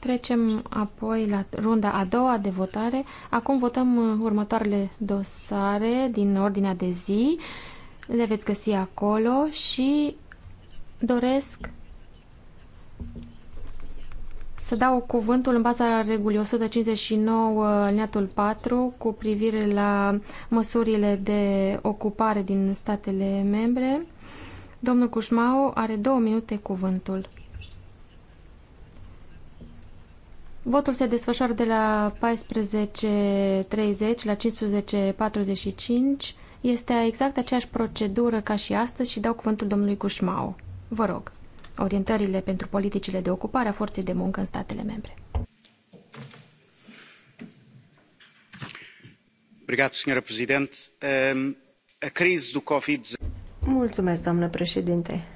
Trecem apoi la runda a doua de votare. Acum votăm uh, următoarele dosare din ordinea de zi. Le veți găsi acolo și doresc să dau cuvântul în baza regulii 159 neatul 4 cu privire la măsurile de ocupare din statele membre. Domnul Cușmau are două minute cuvântul. Votul se desfășoară de la 14.30 la 15.45. Este exact aceeași procedură ca și astăzi și dau cuvântul domnului Cușmau. Vă rog, orientările pentru politicile de ocupare a forței de muncă în statele membre. Ehm, Mulțumesc, doamnă președinte.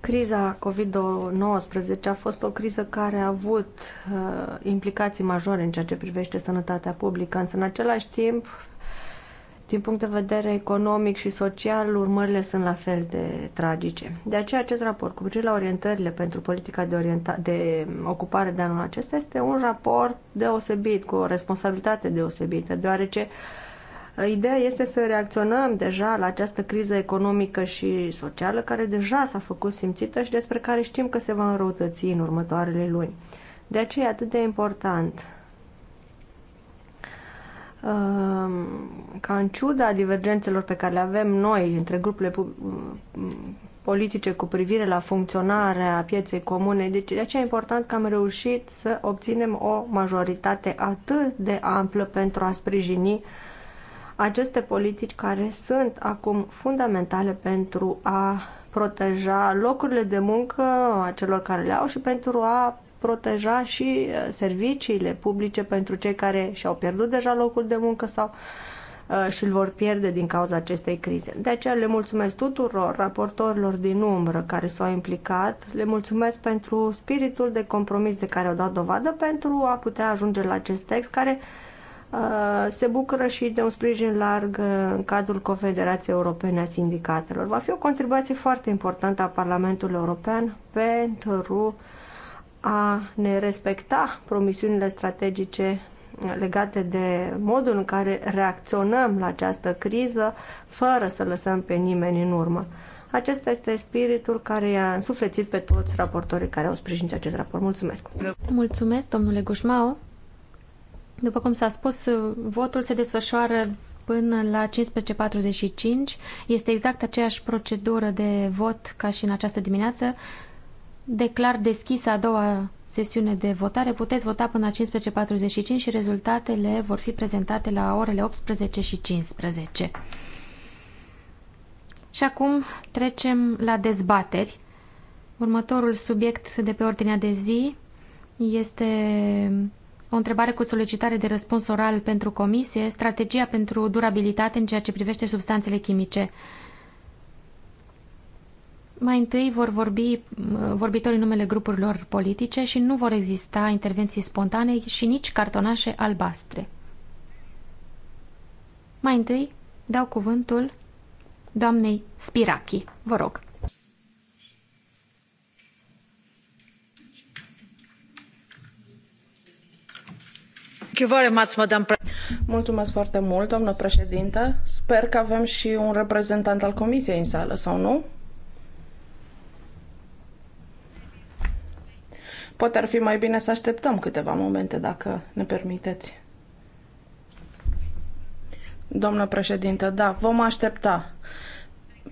Criza COVID-19 a fost o criză care a avut uh, implicații majore în ceea ce privește sănătatea publică, însă în același timp, din punct de vedere economic și social, urmările sunt la fel de tragice. De aceea acest raport cu privire la orientările pentru politica de, orienta- de ocupare de anul acesta este un raport deosebit, cu o responsabilitate deosebită, deoarece uh, Ideea este să reacționăm deja la această criză economică și socială care deja s-a făcut simțită și despre care știm că se va înrăutăți în următoarele luni. De aceea e atât de important um, ca în ciuda divergențelor pe care le avem noi între grupurile politice cu privire la funcționarea pieței comune, deci de aceea e important că am reușit să obținem o majoritate atât de amplă pentru a sprijini uh, aceste politici care sunt acum fundamentale pentru a proteja locurile de muncă a celor care le au și pentru a proteja și uh, serviciile publice pentru cei care și-au pierdut deja locul de muncă sau uh, și îl vor pierde din cauza acestei crize. De aceea le mulțumesc tuturor raportorilor din umbră care s-au implicat, le mulțumesc pentru spiritul de compromis de care au dat dovadă pentru a putea ajunge la acest text care uh, Uh, se bucură și de un sprijin larg uh, în cadrul Confederației Europene a Sindicatelor. Va fi o contribuție foarte importantă a Parlamentului European pentru a ne respecta promisiunile strategice legate de modul în care reacționăm la această criză fără să lăsăm pe nimeni în urmă. Acesta este spiritul care i-a însuflețit pe toți raportorii care au sprijinit acest raport. Mulțumesc! Mulțumesc, domnule Gușmau! După cum s-a spus, votul se desfășoară până la 15.45. Este exact aceeași procedură de vot ca și în această dimineață. Declar deschisă a doua sesiune de votare. Puteți vota până la 15.45 și rezultatele vor fi prezentate la orele 18 și 15. Și acum trecem la dezbateri. Următorul subiect de pe ordinea de zi este o întrebare cu solicitare de răspuns oral pentru comisie, strategia pentru durabilitate în ceea ce privește substanțele chimice. Mai întâi vor vorbi vorbitorii numele grupurilor politice și nu vor exista intervenții spontane și nici cartonașe albastre. Mai întâi dau cuvântul doamnei Spirachi. Vă rog. Mulțumesc foarte mult, doamnă președintă. Sper că avem și un reprezentant al Comisiei în sală, sau nu? Poate ar fi mai bine să așteptăm câteva momente, dacă ne permiteți. Doamnă președintă. da, vom aștepta,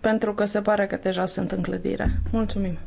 pentru că se pare că deja sunt în clădire. Mulțumim!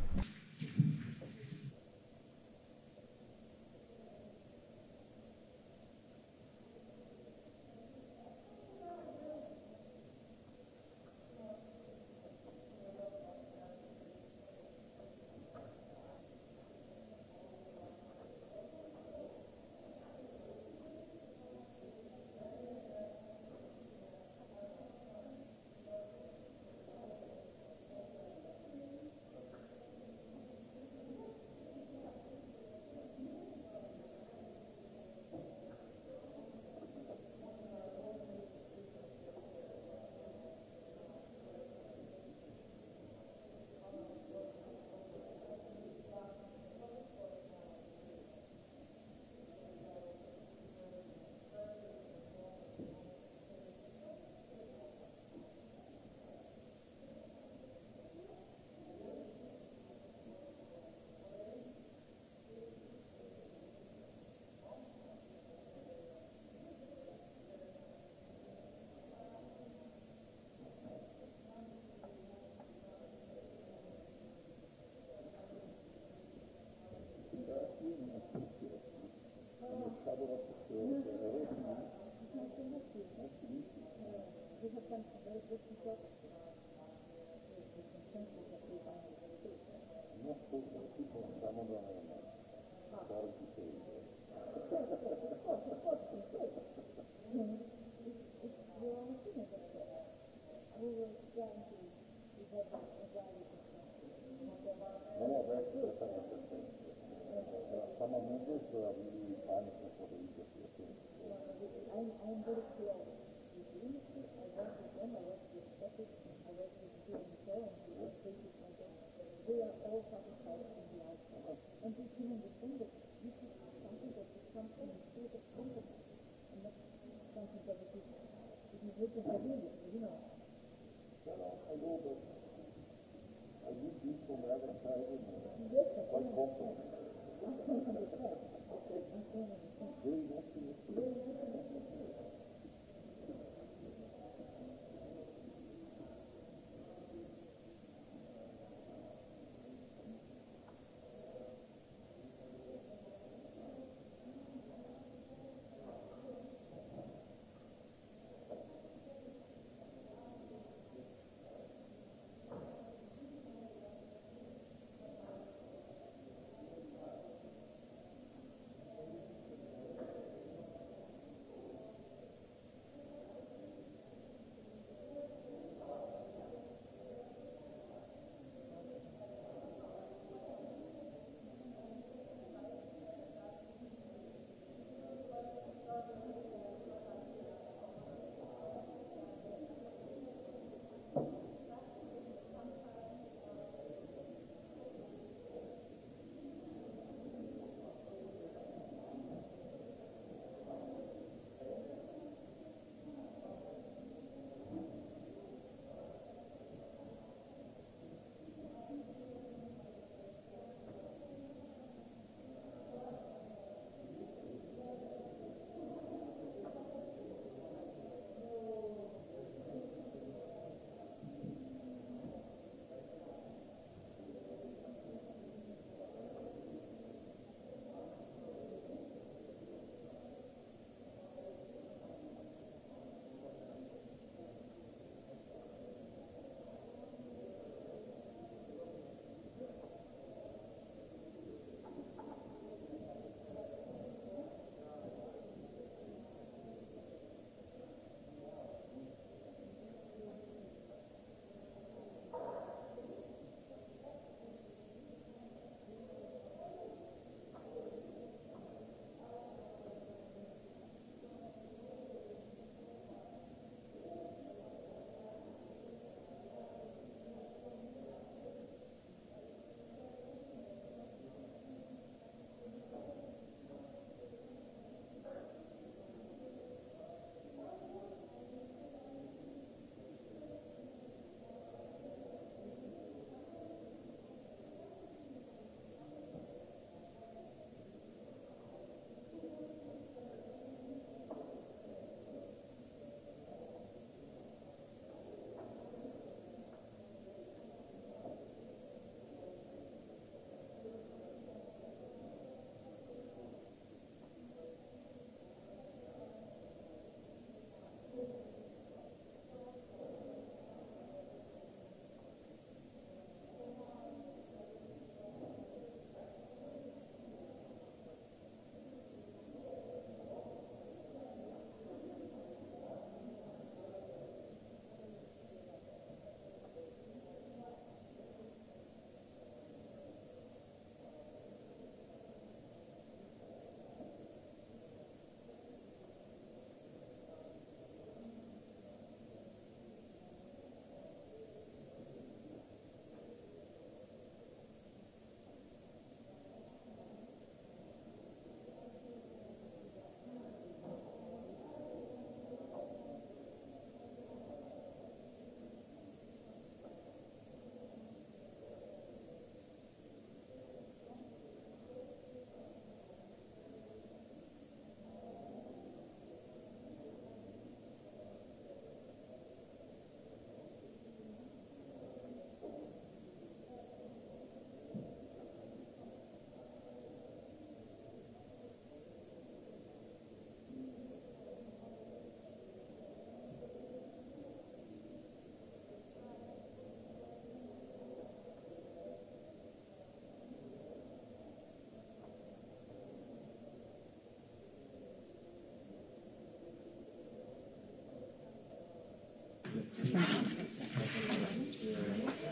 Thank you.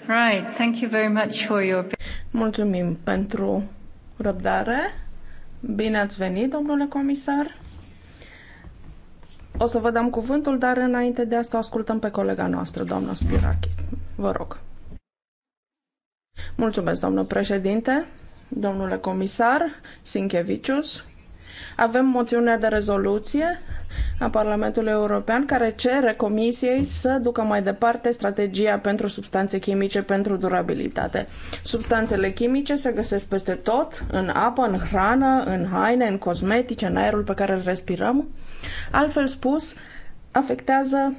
Right, thank you very much for your... Mulțumim pentru răbdare. Bine ați venit, domnule comisar. O să vă dăm cuvântul, dar înainte de asta o ascultăm pe colega noastră, doamna Spirachis. Vă rog. Mulțumesc, doamnă președinte, domnule comisar Sinchevicius. Avem moțiunea de rezoluție a Parlamentului European care cere Comisiei să ducă mai departe strategia pentru substanțe chimice pentru durabilitate. Substanțele chimice se găsesc peste tot, în apă, în hrană, în haine, în cosmetice, în aerul pe care îl respirăm. Altfel spus, afectează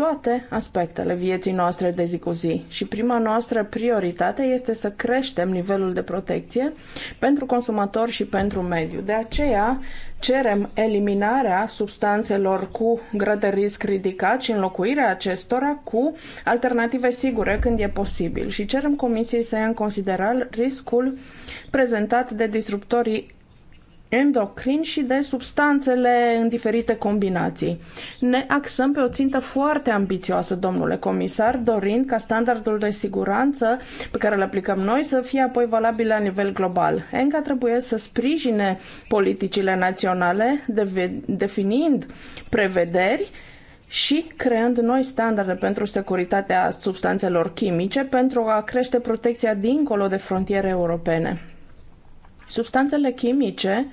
toate aspectele vieții noastre de zi cu zi și prima noastră prioritate este să creștem nivelul de protecție pentru consumator și pentru mediu. De aceea cerem eliminarea substanțelor cu grad de risc ridicat și înlocuirea acestora cu alternative sigure când e posibil și cerem Comisiei să ia în considerare riscul prezentat de disruptorii endocrini și de substanțele în diferite combinații. Ne axăm pe o țintă foarte ambițioasă, domnule comisar, dorind ca standardul de siguranță pe care îl aplicăm noi să fie apoi valabil la nivel global. ENCA trebuie să sprijine politicile naționale, definind prevederi și creând noi standarde pentru securitatea substanțelor chimice pentru a crește protecția dincolo de frontiere europene. Substanțele chimice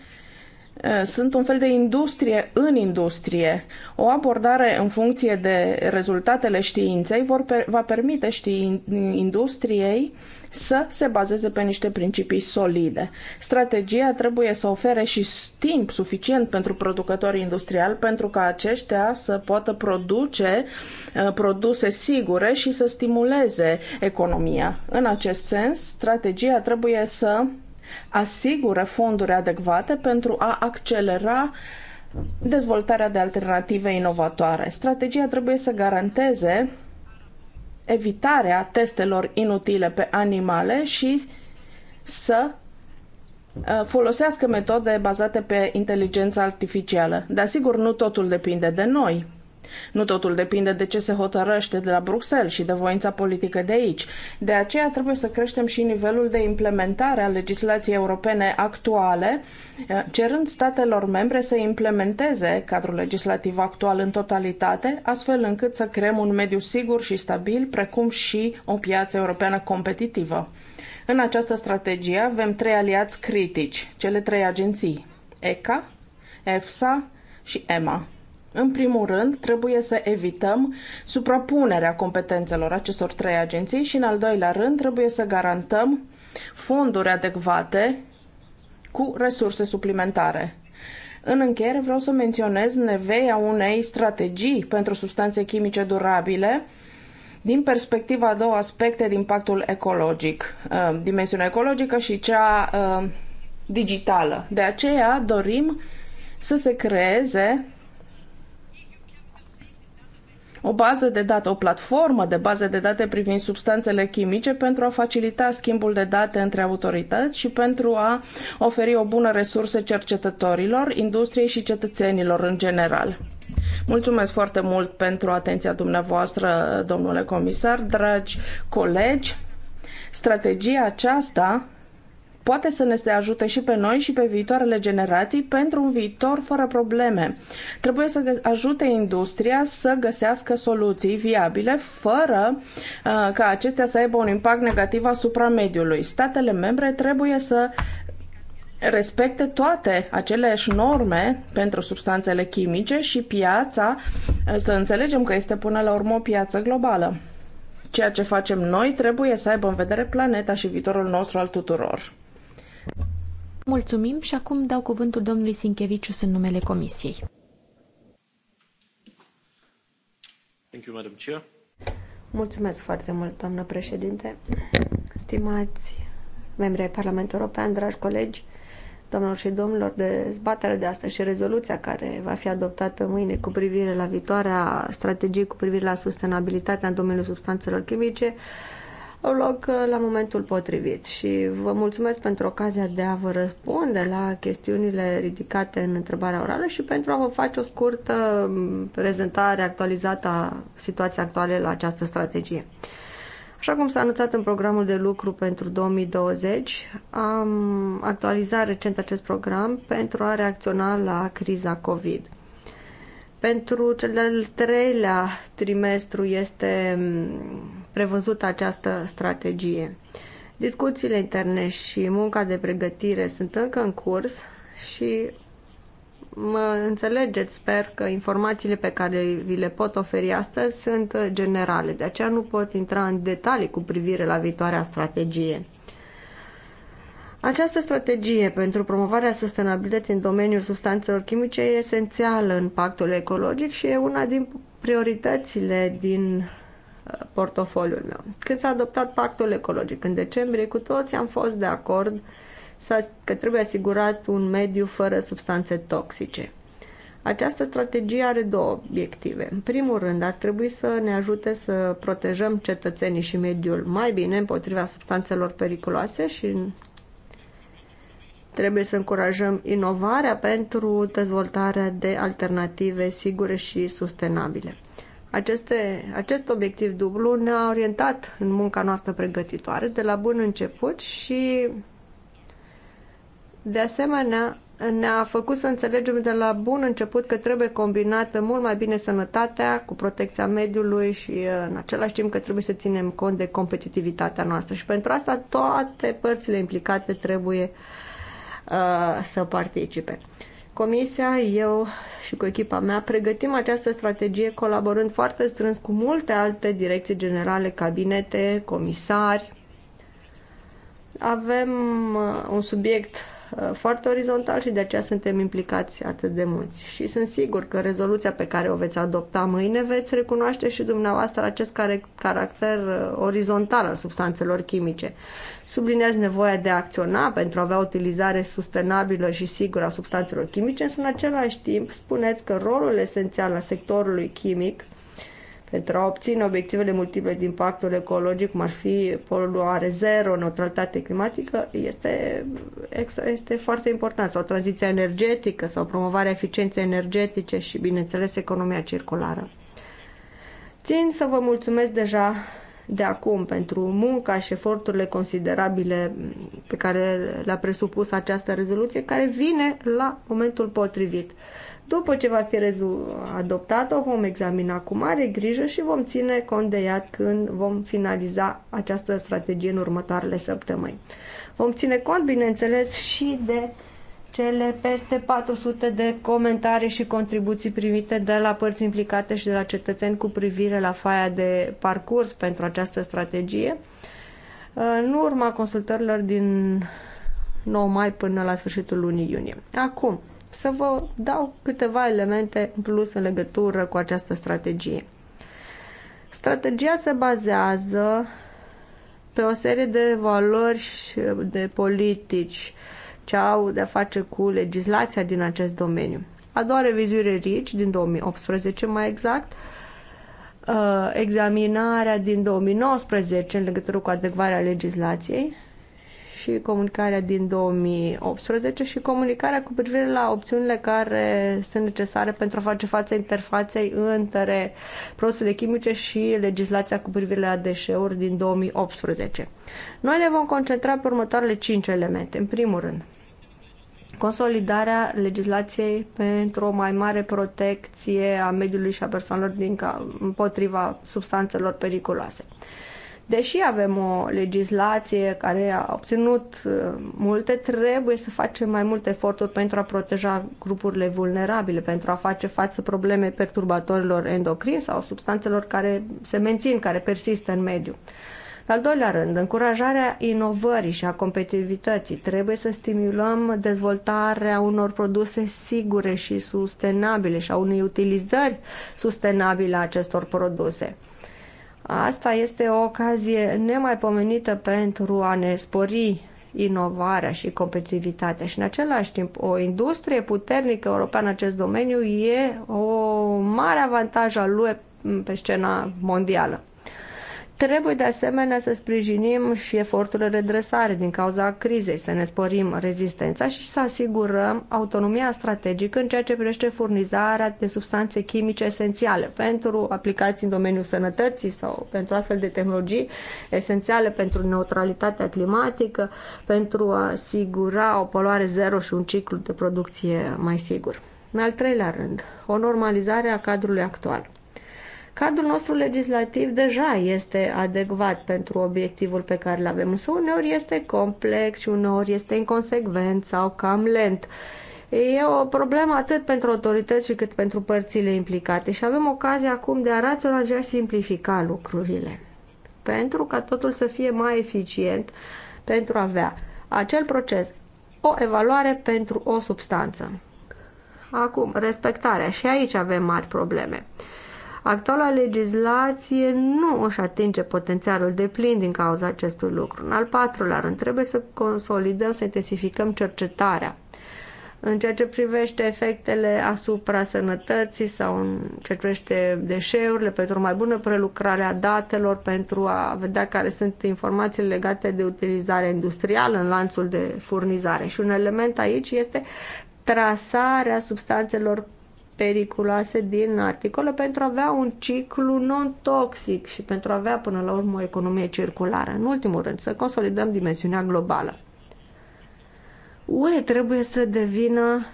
uh, sunt un fel de industrie în industrie. O abordare în funcție de rezultatele științei vor, va permite știin, industriei să se bazeze pe niște principii solide. Strategia trebuie să ofere și timp suficient pentru producătorii industriali pentru ca aceștia să poată produce uh, produse sigure și să stimuleze economia. În acest sens, strategia trebuie să asigură fonduri adecvate pentru a accelera dezvoltarea de alternative inovatoare. Strategia trebuie să garanteze evitarea testelor inutile pe animale și să uh, folosească metode bazate pe inteligența artificială. Dar sigur, nu totul depinde de noi. Nu totul depinde de ce se hotărăște de la Bruxelles și de voința politică de aici. De aceea trebuie să creștem și nivelul de implementare a legislației europene actuale, cerând statelor membre să implementeze cadrul legislativ actual în totalitate, astfel încât să creăm un mediu sigur și stabil, precum și o piață europeană competitivă. În această strategie avem trei aliați critici, cele trei agenții, ECA, EFSA și EMA. În primul rând, trebuie să evităm suprapunerea competențelor acestor trei agenții și, în al doilea rând, trebuie să garantăm fonduri adecvate cu resurse suplimentare. În încheiere vreau să menționez nevoia unei strategii pentru substanțe chimice durabile din perspectiva a două aspecte din pactul ecologic, uh, dimensiunea ecologică și cea uh, digitală. De aceea dorim să se creeze o bază de date, o platformă de baze de date privind substanțele chimice pentru a facilita schimbul de date între autorități și pentru a oferi o bună resursă cercetătorilor, industriei și cetățenilor în general. Mulțumesc foarte mult pentru atenția dumneavoastră, domnule comisar, dragi colegi. Strategia aceasta poate să ne ajute și pe noi și pe viitoarele generații pentru un viitor fără probleme. Trebuie să ajute industria să găsească soluții viabile fără uh, ca acestea să aibă un impact negativ asupra mediului. Statele membre trebuie să respecte toate aceleași norme pentru substanțele chimice și piața, uh, să înțelegem că este până la urmă o piață globală. Ceea ce facem noi trebuie să aibă în vedere planeta și viitorul nostru al tuturor. Mulțumim și acum dau cuvântul domnului Sinchevicius în numele Comisiei. Thank you, Madam Chair. Mulțumesc foarte mult, doamnă președinte. Stimați membri ai Parlamentului European, dragi colegi, doamnelor și domnilor, dezbaterea de astăzi și rezoluția care va fi adoptată mâine cu privire la viitoarea strategie cu privire la sustenabilitatea în domeniul substanțelor chimice au loc uh, la momentul potrivit și vă mulțumesc pentru ocazia de a vă răspunde la chestiunile ridicate în întrebarea orală și pentru a vă face o scurtă mm, prezentare actualizată a situației actuale la această strategie. Așa cum s-a anunțat în programul de lucru pentru 2020, am actualizat recent acest program pentru a reacționa la criza COVID. Pentru cel de-al treilea trimestru este mm, prevăzut această strategie. Discuțiile interne și munca de pregătire sunt încă în curs și mă înțelegeți, sper că informațiile pe care vi le pot oferi astăzi sunt generale, de aceea nu pot intra în detalii cu privire la viitoarea strategie. Această strategie pentru promovarea sustenabilității în domeniul substanțelor chimice e esențială în pactul ecologic și e una din prioritățile din portofoliul meu. Când s-a adoptat pactul ecologic în decembrie, cu toți am fost de acord că trebuie asigurat un mediu fără substanțe toxice. Această strategie are două obiective. În primul rând, ar trebui să ne ajute să protejăm cetățenii și mediul mai bine împotriva substanțelor periculoase și trebuie să încurajăm inovarea pentru dezvoltarea de alternative sigure și sustenabile. Aceste, acest obiectiv dublu ne-a orientat în munca noastră pregătitoare de la bun început și de asemenea ne-a făcut să înțelegem de la bun început că trebuie combinată mult mai bine sănătatea cu protecția mediului și în același timp că trebuie să ținem cont de competitivitatea noastră și pentru asta toate părțile implicate trebuie uh, să participe. Uh, Comisia, eu și cu echipa mea pregătim această strategie colaborând foarte strâns cu multe alte direcții generale, cabinete, comisari. Avem uh, un subiect Uh, foarte orizontal și de aceea suntem implicați atât de mulți. Și sunt sigur că rezoluția pe care o veți adopta mâine veți recunoaște și dumneavoastră acest care, caracter uh, orizontal al substanțelor chimice. Subliniați nevoia de a acționa pentru a avea utilizare sustenabilă și sigură a substanțelor chimice, însă în același timp spuneți că rolul esențial al sectorului chimic pentru a obține obiectivele multiple de impactul ecologic, cum ar fi poluare zero, neutralitate climatică, este, este foarte important. Sau tranziția energetică, sau promovarea eficienței energetice și, bineînțeles, economia circulară. Țin să vă mulțumesc deja de acum pentru munca și eforturile considerabile pe care le-a presupus această rezoluție, care vine la momentul potrivit. După ce va fi adoptată, o vom examina cu mare grijă și vom ține cont de ea când vom finaliza această strategie în următoarele săptămâni. Vom ține cont, bineînțeles, și de cele peste 400 de comentarii și contribuții primite de la părți implicate și de la cetățeni cu privire la faia de parcurs pentru această strategie. În urma consultărilor din 9 mai până la sfârșitul lunii iunie. Acum, să vă dau câteva elemente în plus în legătură cu această strategie. Strategia se bazează pe o serie de valori și de politici ce au de-a face cu legislația din acest domeniu. A doua revizuire RICI din 2018 mai exact, uh, examinarea din 2019 în legătură cu adecvarea legislației și comunicarea din 2018 și comunicarea cu privire la opțiunile care sunt necesare pentru a face față interfaței între produsele chimice și legislația cu privire la deșeuri din 2018. Noi ne vom concentra pe următoarele 5 elemente. În primul rând, consolidarea legislației pentru o mai mare protecție a mediului și a persoanelor din ca, împotriva substanțelor periculoase. Deși avem o legislație care a obținut uh, multe, trebuie să facem mai multe eforturi pentru a proteja grupurile vulnerabile, pentru a face față probleme perturbatorilor endocrini sau substanțelor care se mențin, care persistă în mediu. Al doilea rând, încurajarea inovării și a competitivității. Trebuie să stimulăm dezvoltarea unor produse sigure și sustenabile și a unei utilizări sustenabile a acestor produse. Asta este o ocazie nemaipomenită pentru a ne spori inovarea și competitivitatea și în același timp o industrie puternică europeană în acest domeniu e o mare avantaj al lui pe scena mondială. Trebuie de asemenea să sprijinim și eforturile redresare din cauza crizei, să ne sporim rezistența și să asigurăm autonomia strategică în ceea ce privește furnizarea de substanțe chimice esențiale pentru aplicații în domeniul sănătății sau pentru astfel de tehnologii esențiale pentru neutralitatea climatică, pentru a asigura o poluare zero și un ciclu de producție mai sigur. În al treilea rând, o normalizare a cadrului actual. Cadrul nostru legislativ deja este adecvat pentru obiectivul pe care îl avem, însă uneori este complex și uneori este inconsecvent sau cam lent. E o problemă atât pentru autorități cât pentru părțile implicate și avem ocazia acum de a raționalizea și simplifica lucrurile. Pentru ca totul să fie mai eficient, pentru a avea acel proces, o evaluare pentru o substanță. Acum, respectarea. Și aici avem mari probleme. Uh, Actuala legislație nu își atinge potențialul de plin din cauza acestui lucru. În al patrulea rând, trebuie să consolidăm, să intensificăm cercetarea în ceea ce privește efectele asupra sănătății sau în ceea ce privește deșeurile, pentru o mai bună prelucrare a datelor, pentru a vedea care sunt informațiile legate de utilizare industrială în lanțul de furnizare. Și un element aici este trasarea substanțelor periculoase din articole pentru a avea un ciclu non-toxic și pentru a avea până la urmă o economie circulară. În ultimul rând, să consolidăm dimensiunea globală. UE trebuie să devină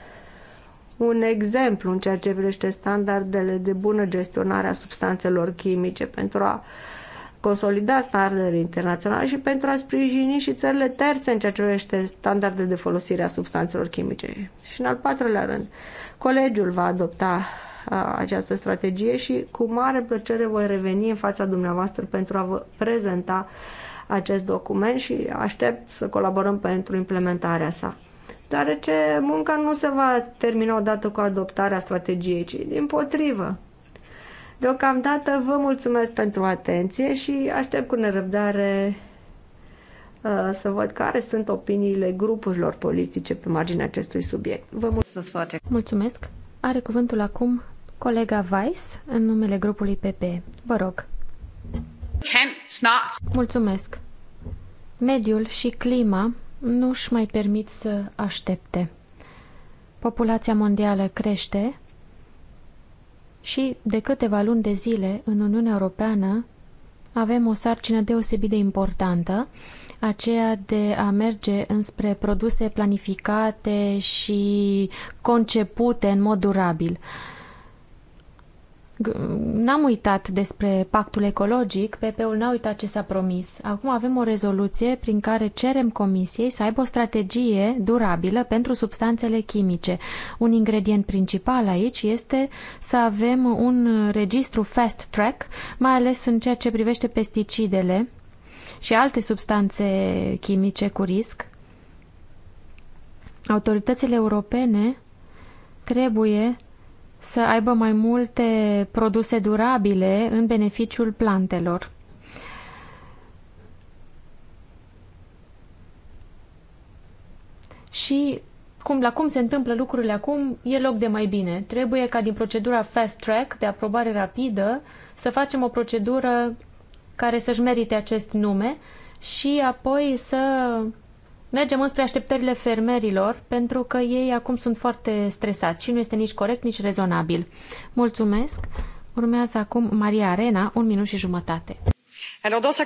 un exemplu în ceea ce privește standardele de bună gestionare a substanțelor chimice pentru a consolida standardele internaționale și pentru a sprijini și țările terțe în ceea ce privește standarde de folosire a substanțelor chimice. Și în al patrulea rând, Colegiul va adopta această strategie și cu mare plăcere voi reveni în fața dumneavoastră pentru a vă prezenta acest document și aștept să colaborăm pentru implementarea sa. Deoarece munca nu se va termina odată cu adoptarea strategiei, ci din potrivă. Deocamdată vă mulțumesc pentru atenție și aștept cu nerăbdare Uh, să văd care sunt opiniile grupurilor politice pe marginea acestui subiect. Vă mulțumesc! Mulțumesc! Are cuvântul acum colega Weiss în numele grupului PP. Vă rog! Mulțumesc! Mediul și clima nu își mai permit să aștepte. Populația mondială crește și de câteva luni de zile în Uniunea Europeană avem o sarcină deosebit de importantă, aceea de a merge înspre produse planificate și concepute în mod durabil. N-am uitat despre pactul ecologic, PP-ul n-a uitat ce s-a promis. Acum avem o rezoluție prin care cerem Comisiei să aibă o strategie durabilă pentru substanțele chimice. Un ingredient principal aici este să avem un registru fast track, mai ales în ceea ce privește pesticidele și alte substanțe chimice cu risc. Autoritățile europene trebuie să aibă mai multe produse durabile în beneficiul plantelor. Și cum, la cum se întâmplă lucrurile acum, e loc de mai bine. Trebuie ca din procedura fast track, de aprobare rapidă, să facem o procedură care să-și merite acest nume și apoi să Mergem înspre așteptările fermerilor, pentru că ei acum sunt foarte stresați și nu este nici corect, nici rezonabil. Mulțumesc! Urmează acum Maria Arena, un minut și jumătate. Alors, dans sa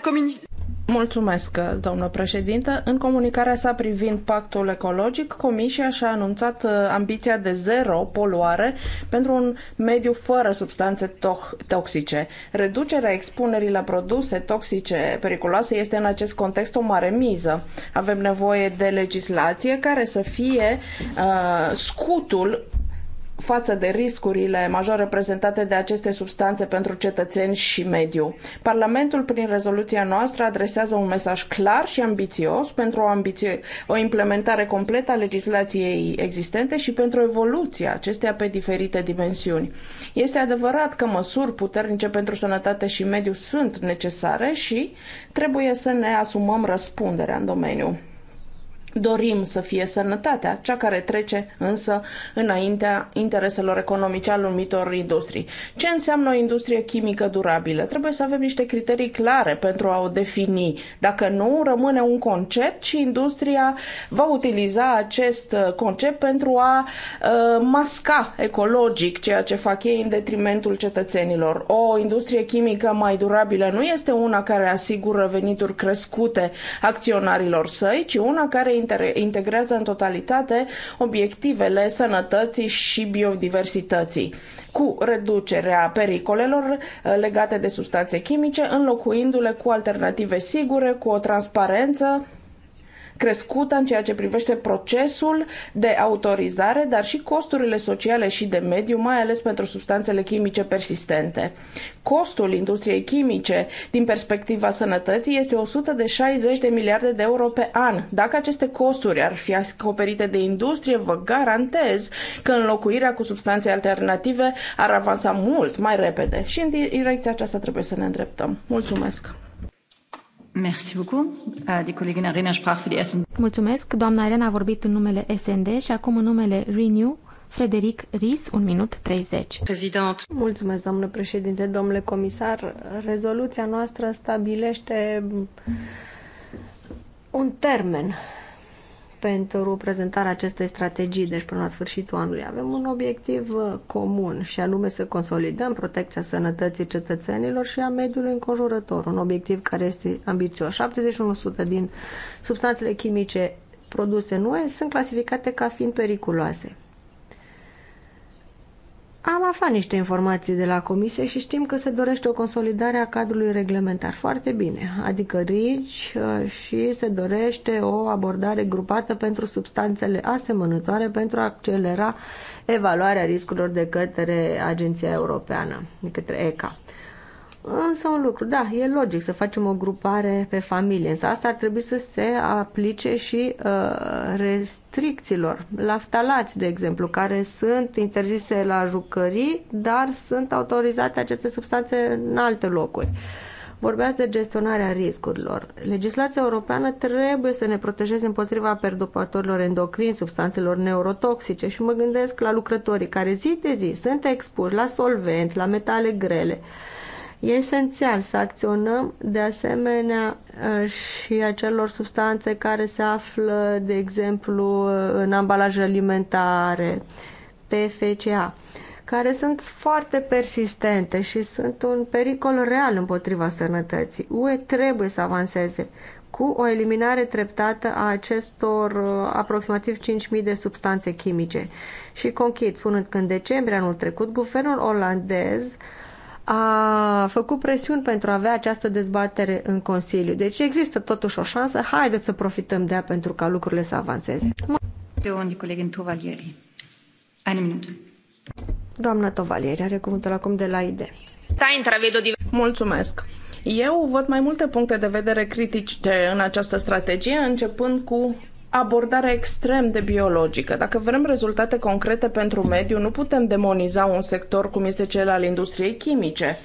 Mulțumesc, domnul președinte. În comunicarea sa privind pactul ecologic, Comisia și-a anunțat uh, ambiția de zero poluare pentru un mediu fără substanțe toxice. Reducerea expunerii la produse toxice periculoase este în acest context o mare miză. Avem nevoie de legislație care să fie uh, scutul față de riscurile majore reprezentate de aceste substanțe pentru cetățeni și mediu. Parlamentul, prin rezoluția noastră, adresează un mesaj clar și ambițios pentru o, ambiție, o implementare completă a legislației existente și pentru evoluția acesteia pe diferite dimensiuni. Este adevărat că măsuri puternice pentru sănătate și mediu sunt necesare și trebuie să ne asumăm răspunderea în domeniu dorim să fie sănătatea, cea care trece însă înaintea intereselor economice al anumitor industrii. Ce înseamnă o industrie chimică durabilă? Trebuie să avem niște criterii clare pentru a o defini. Dacă nu, rămâne un concept și industria va utiliza acest concept pentru a uh, masca ecologic ceea ce fac ei în detrimentul cetățenilor. O industrie chimică mai durabilă nu este una care asigură venituri crescute acționarilor săi, ci una care integrează în totalitate obiectivele sănătății și biodiversității, cu reducerea pericolelor uh, legate de substanțe chimice, înlocuindu-le cu alternative sigure, cu o transparență crescută în ceea ce privește procesul de autorizare, dar și costurile sociale și de mediu, mai ales pentru substanțele chimice persistente. Costul industriei chimice din perspectiva sănătății este 160 de miliarde de euro pe an. Dacă aceste costuri ar fi acoperite de industrie, vă garantez că înlocuirea cu substanțe alternative ar avansa mult mai repede și în direcția aceasta trebuie să ne îndreptăm. Mulțumesc! Merci beaucoup. Ah, die Kollegin Arena sprach für die SND. Mulțumesc. Doamna Arena a vorbit în numele SND și acum în numele Renew, Frederic Ris, 1 minut 30. Prezident. Mulțumesc, doamnă președinte, domnule comisar. Rezoluția noastră stabilește un termen pentru prezentarea acestei strategii, deci până la sfârșitul anului. Avem un obiectiv uh, comun și anume să consolidăm protecția sănătății cetățenilor și a mediului înconjurător, un obiectiv care este ambițios. 71% din substanțele chimice produse în UE sunt clasificate ca fiind periculoase. Am aflat niște informații de la comisie și știm că se dorește o consolidare a cadrului reglementar. Foarte bine. Adică RICI uh, și se dorește o abordare grupată pentru substanțele asemănătoare pentru a accelera evaluarea riscurilor de către Agenția Europeană, de către ECA. Însă un lucru, da, e logic să facem o grupare pe familie, însă asta ar trebui să se aplice și uh, restricțiilor. Laftalați, de exemplu, care sunt interzise la jucării, dar sunt autorizate aceste substanțe în alte locuri. Vorbeați de gestionarea riscurilor. Legislația europeană trebuie să ne protejeze împotriva perturbatorilor endocrini, substanțelor neurotoxice și mă gândesc la lucrătorii care zi de zi sunt expuși la solvenți, la metale grele, E esențial să acționăm de asemenea uh, și a celor substanțe care se află, de exemplu, uh, în ambalaje alimentare, PFCA, care sunt foarte persistente și sunt un pericol real împotriva sănătății. UE trebuie să avanseze cu o eliminare treptată a acestor uh, aproximativ 5.000 de substanțe chimice. Și conchid spunând că în decembrie anul trecut, guvernul olandez a făcut presiuni pentru a avea această dezbatere în Consiliu. Deci există totuși o șansă. Haideți să profităm de ea pentru ca lucrurile să avanseze. Pe unde colegin Tovalieri? Un minut. Doamna Tovalieri are cuvântul acum de la ID. Mulțumesc. Eu văd mai multe puncte de vedere critice în această strategie, începând cu abordare extrem de biologică. Dacă vrem rezultate concrete pentru mediu, nu putem demoniza un sector cum este cel al industriei chimice.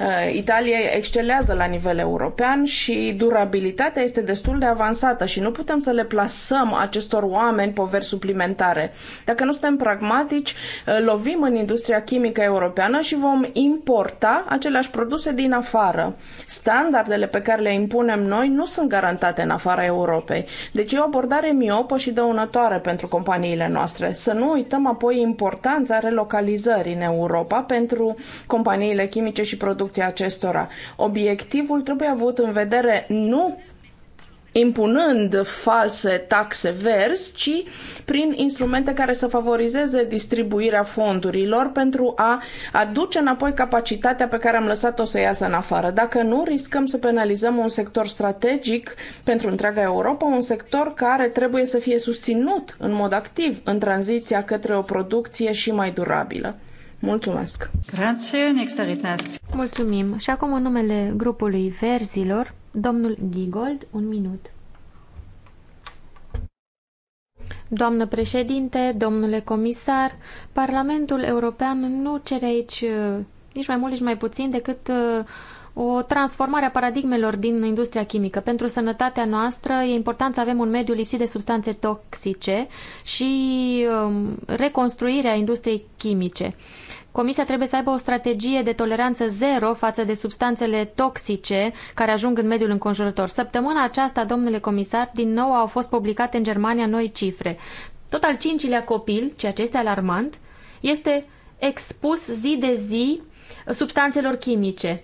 Uh, Italia excelează la nivel european și durabilitatea este destul de avansată și nu putem să le plasăm acestor oameni poveri suplimentare. Dacă nu suntem pragmatici, uh, lovim în industria chimică europeană și vom importa aceleași produse din afară. Standardele pe care le impunem noi nu sunt garantate în afara Europei. Deci e o abordare miopă și dăunătoare pentru companiile noastre. Să nu uităm apoi importanța relocalizării în Europa pentru companiile chimice și producția acestora. Obiectivul trebuie avut în vedere nu impunând false taxe verzi, ci prin instrumente care să favorizeze distribuirea fondurilor pentru a aduce înapoi capacitatea pe care am lăsat-o să iasă în afară. Dacă nu, riscăm să penalizăm un sector strategic pentru întreaga Europa, un sector care trebuie să fie susținut în mod activ în tranziția către o producție și mai durabilă. Mulțumesc! Mulțumim! Și acum în numele grupului Verzilor, domnul Gigold, un minut. Doamnă președinte, domnule comisar, Parlamentul European nu cere aici eh, nici mai mult, nici mai puțin decât uh, o transformare a paradigmelor din industria chimică. Pentru sănătatea noastră e important să avem un mediu lipsit de substanțe toxice și um, reconstruirea industriei chimice. Comisia trebuie să aibă o strategie de toleranță zero față de substanțele toxice care ajung în mediul înconjurător. Săptămâna aceasta, domnule comisar, din nou au fost publicate în Germania noi cifre. Tot al cincilea copil, ceea ce este alarmant, este expus zi de zi substanțelor chimice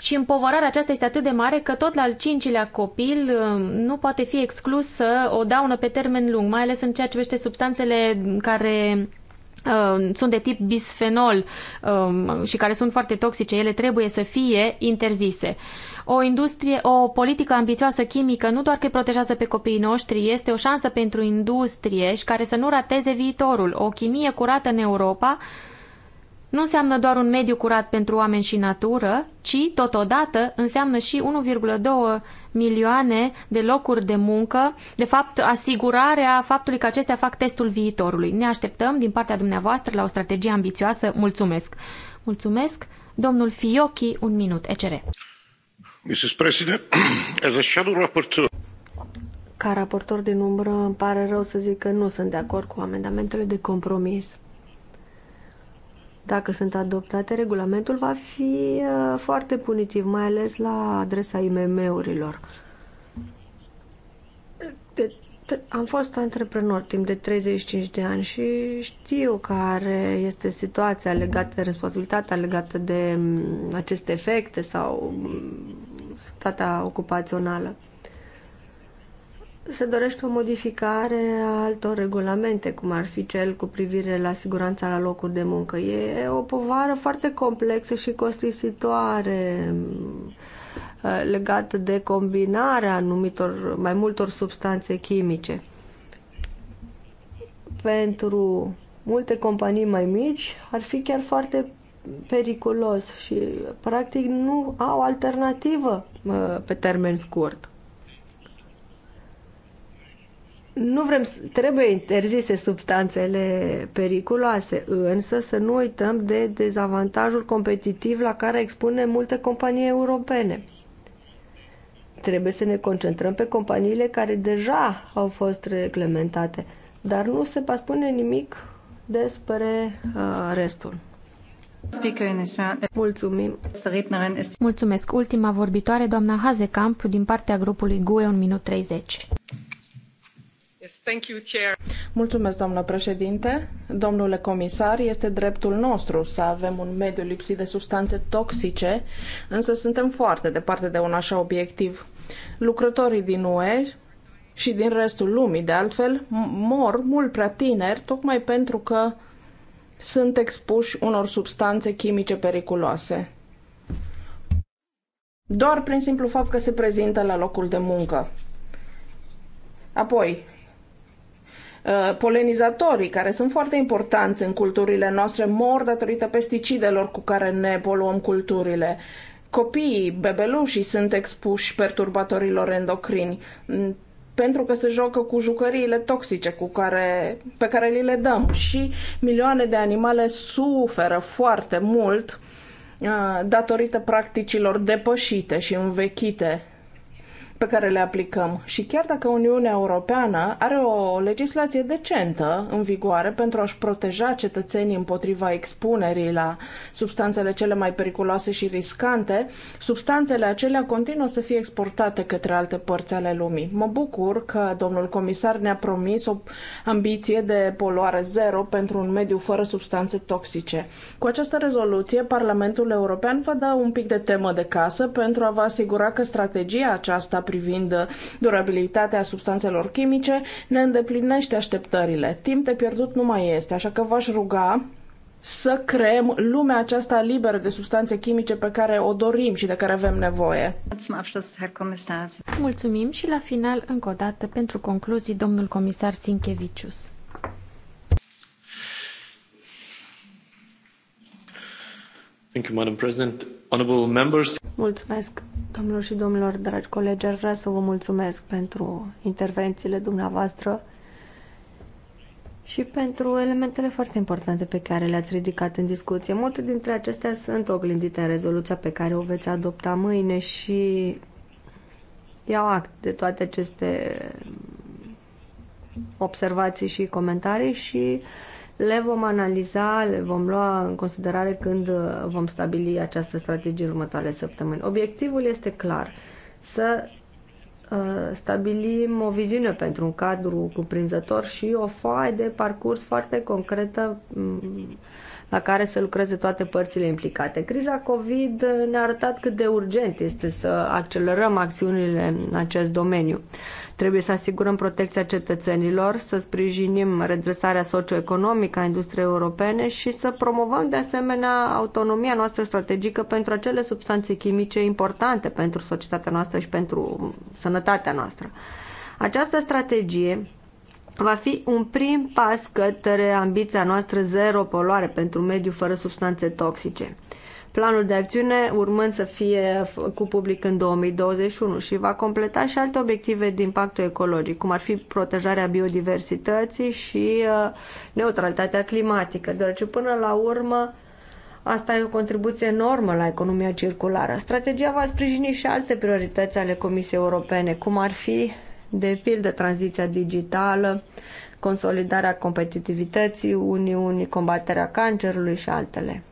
și împovărarea aceasta este atât de mare că tot la al cincilea copil um, nu poate fi exclusă o daună pe termen lung, mai ales în ceea ce vește substanțele care um, sunt de tip bisfenol um, și care sunt foarte toxice, ele trebuie să fie interzise. O industrie, o politică ambițioasă chimică nu doar că îi protejează pe copiii noștri, este o șansă pentru industrie și care să nu rateze viitorul. O chimie curată în Europa nu înseamnă doar un mediu curat pentru oameni și natură, ci, totodată, înseamnă și 1,2 milioane de locuri de muncă, de fapt, asigurarea faptului că acestea fac testul viitorului. Ne așteptăm, din partea dumneavoastră, la o strategie ambițioasă. Mulțumesc! Mulțumesc! Domnul Fiochi, un minut, ECR. Mrs. President, as a shadow rapporteur... Ca raportor din umbră, îmi pare rău să zic că nu sunt de acord cu amendamentele de compromis dacă sunt adoptate, regulamentul va fi uh, foarte punitiv, mai ales la adresa IMM-urilor. am fost antreprenor timp de 35 de ani și știu care este situația legată, responsabilitatea legată de mm, aceste efecte sau mm, statea ocupațională se dorește o modificare a altor regulamente, cum ar fi cel cu privire la siguranța la locuri de muncă. E o povară foarte complexă și costisitoare eh, legată de combinarea anumitor, mai multor substanțe chimice. Pentru multe companii mai mici ar fi chiar foarte periculos și practic nu au alternativă eh, pe termen scurt. nu vrem, trebuie interzise substanțele periculoase, însă să nu uităm de dezavantajul competitiv la care expune multe companii europene. Trebuie să ne concentrăm pe companiile care deja au fost reglementate, dar nu se va spune nimic despre uh, restul. Mulțumim. Mulțumesc. Ultima vorbitoare, doamna Hazekamp, din partea grupului GUE 1 minut 30. Mulțumesc, doamnă președinte. Domnule comisar, este dreptul nostru să avem un mediu lipsit de substanțe toxice, însă suntem foarte departe de un așa obiectiv. Lucrătorii din UE și din restul lumii, de altfel, mor mult prea tineri, tocmai pentru că sunt expuși unor substanțe chimice periculoase. Doar prin simplu fapt că se prezintă la locul de muncă. Apoi, Uh, polenizatorii, care sunt foarte importanți în culturile noastre, mor datorită pesticidelor cu care ne poluăm culturile. Copiii, bebelușii sunt expuși perturbatorilor endocrini mm, pentru că se joacă cu jucăriile toxice cu care, pe care li le dăm și milioane de animale suferă foarte mult uh, datorită practicilor depășite și învechite pe care le aplicăm. Și chiar dacă Uniunea Europeană are o legislație decentă în vigoare pentru a-și proteja cetățenii împotriva expunerii la substanțele cele mai periculoase și riscante, substanțele acelea continuă să fie exportate către alte părți ale lumii. Mă bucur că domnul comisar ne-a promis o ambiție de poluare zero pentru un mediu fără substanțe toxice. Cu această rezoluție, Parlamentul European vă dă da un pic de temă de casă pentru a vă asigura că strategia aceasta privind durabilitatea substanțelor chimice ne îndeplinește așteptările. Timp de pierdut nu mai este, așa că v-aș ruga să creăm lumea aceasta liberă de substanțe chimice pe care o dorim și de care avem nevoie. Mulțumim și la final, încă o dată, pentru concluzii, domnul comisar Sinchevicius. Madam President. Honorable members. Mulțumesc, domnilor și domnilor, dragi colegi. Ar vrea să vă mulțumesc pentru intervențiile dumneavoastră și pentru elementele foarte importante pe care le-ați ridicat în discuție. Multe dintre acestea sunt oglindite în rezoluția pe care o veți adopta mâine și iau act de toate aceste observații și comentarii și uh, le vom analiza, le vom lua în considerare când uh, vom stabili această strategie în următoarele săptămâni. Obiectivul este clar, să uh, stabilim o viziune pentru un cadru cuprinzător și o foaie de parcurs foarte concretă la care să lucreze toate părțile implicate. Criza COVID ne-a arătat cât de urgent este să accelerăm acțiunile în acest domeniu. Trebuie să asigurăm protecția cetățenilor, să sprijinim redresarea socioeconomică a industriei europene și să promovăm de asemenea autonomia noastră strategică pentru acele substanțe chimice importante pentru societatea noastră și pentru sănătatea noastră. Această strategie va fi un prim pas către ambiția noastră zero poluare pentru mediu fără substanțe toxice. Planul de acțiune urmând să fie cu public în 2021 și va completa și alte obiective de impact ecologic, cum ar fi protejarea biodiversității și uh, neutralitatea climatică, deoarece până la urmă Asta e o contribuție enormă la economia circulară. Strategia va sprijini și alte priorități ale Comisiei Europene, cum ar fi de pildă tranziția digitală, consolidarea competitivității Uniunii, combaterea cancerului și altele.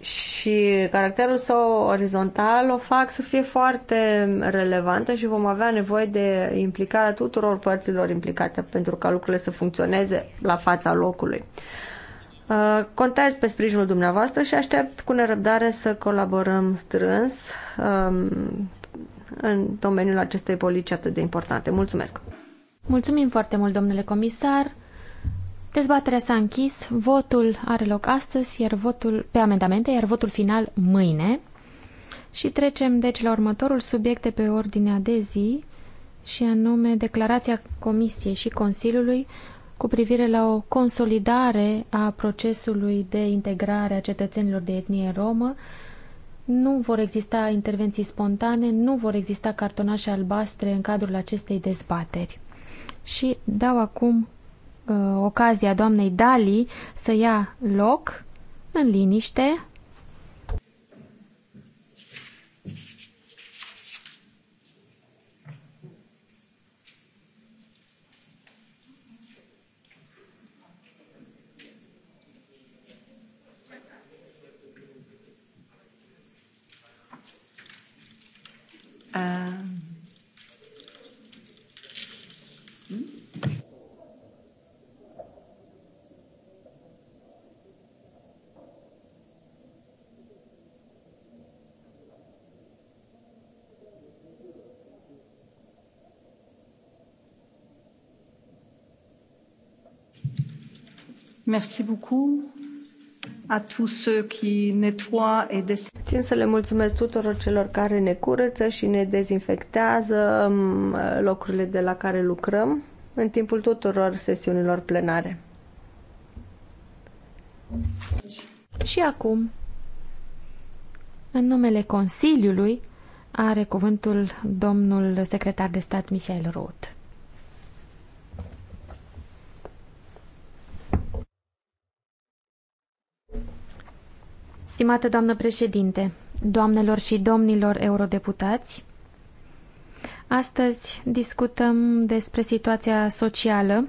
și caracterul său orizontal o fac să fie foarte relevantă și vom avea nevoie de implicarea tuturor părților implicate pentru ca lucrurile să funcționeze la fața locului. Uh, Contez pe sprijinul dumneavoastră și aștept cu nerăbdare să colaborăm strâns um, în domeniul acestei politici atât de importante. Mulțumesc! Mulțumim foarte mult, domnule comisar! Dezbaterea s-a închis, votul are loc astăzi, iar votul pe amendamente, iar votul final mâine. Și trecem deci la următorul subiect de pe ordinea de zi, și anume declarația Comisiei și Consiliului cu privire la o consolidare a procesului de integrare a cetățenilor de etnie romă. Nu vor exista intervenții spontane, nu vor exista cartonașe albastre în cadrul acestei dezbateri. Și dau acum uh, ocazia doamnei Dali să ia loc în liniște Mulțumesc. Merci beaucoup à tous ceux qui nettoient et Țin să le mulțumesc tuturor celor care ne curăță și ne dezinfectează mm, locurile de la care lucrăm în timpul tuturor sesiunilor plenare. Și acum, în numele Consiliului, are cuvântul domnul secretar de stat Michel Roth. Stimată doamnă președinte, doamnelor și domnilor eurodeputați, astăzi discutăm despre situația socială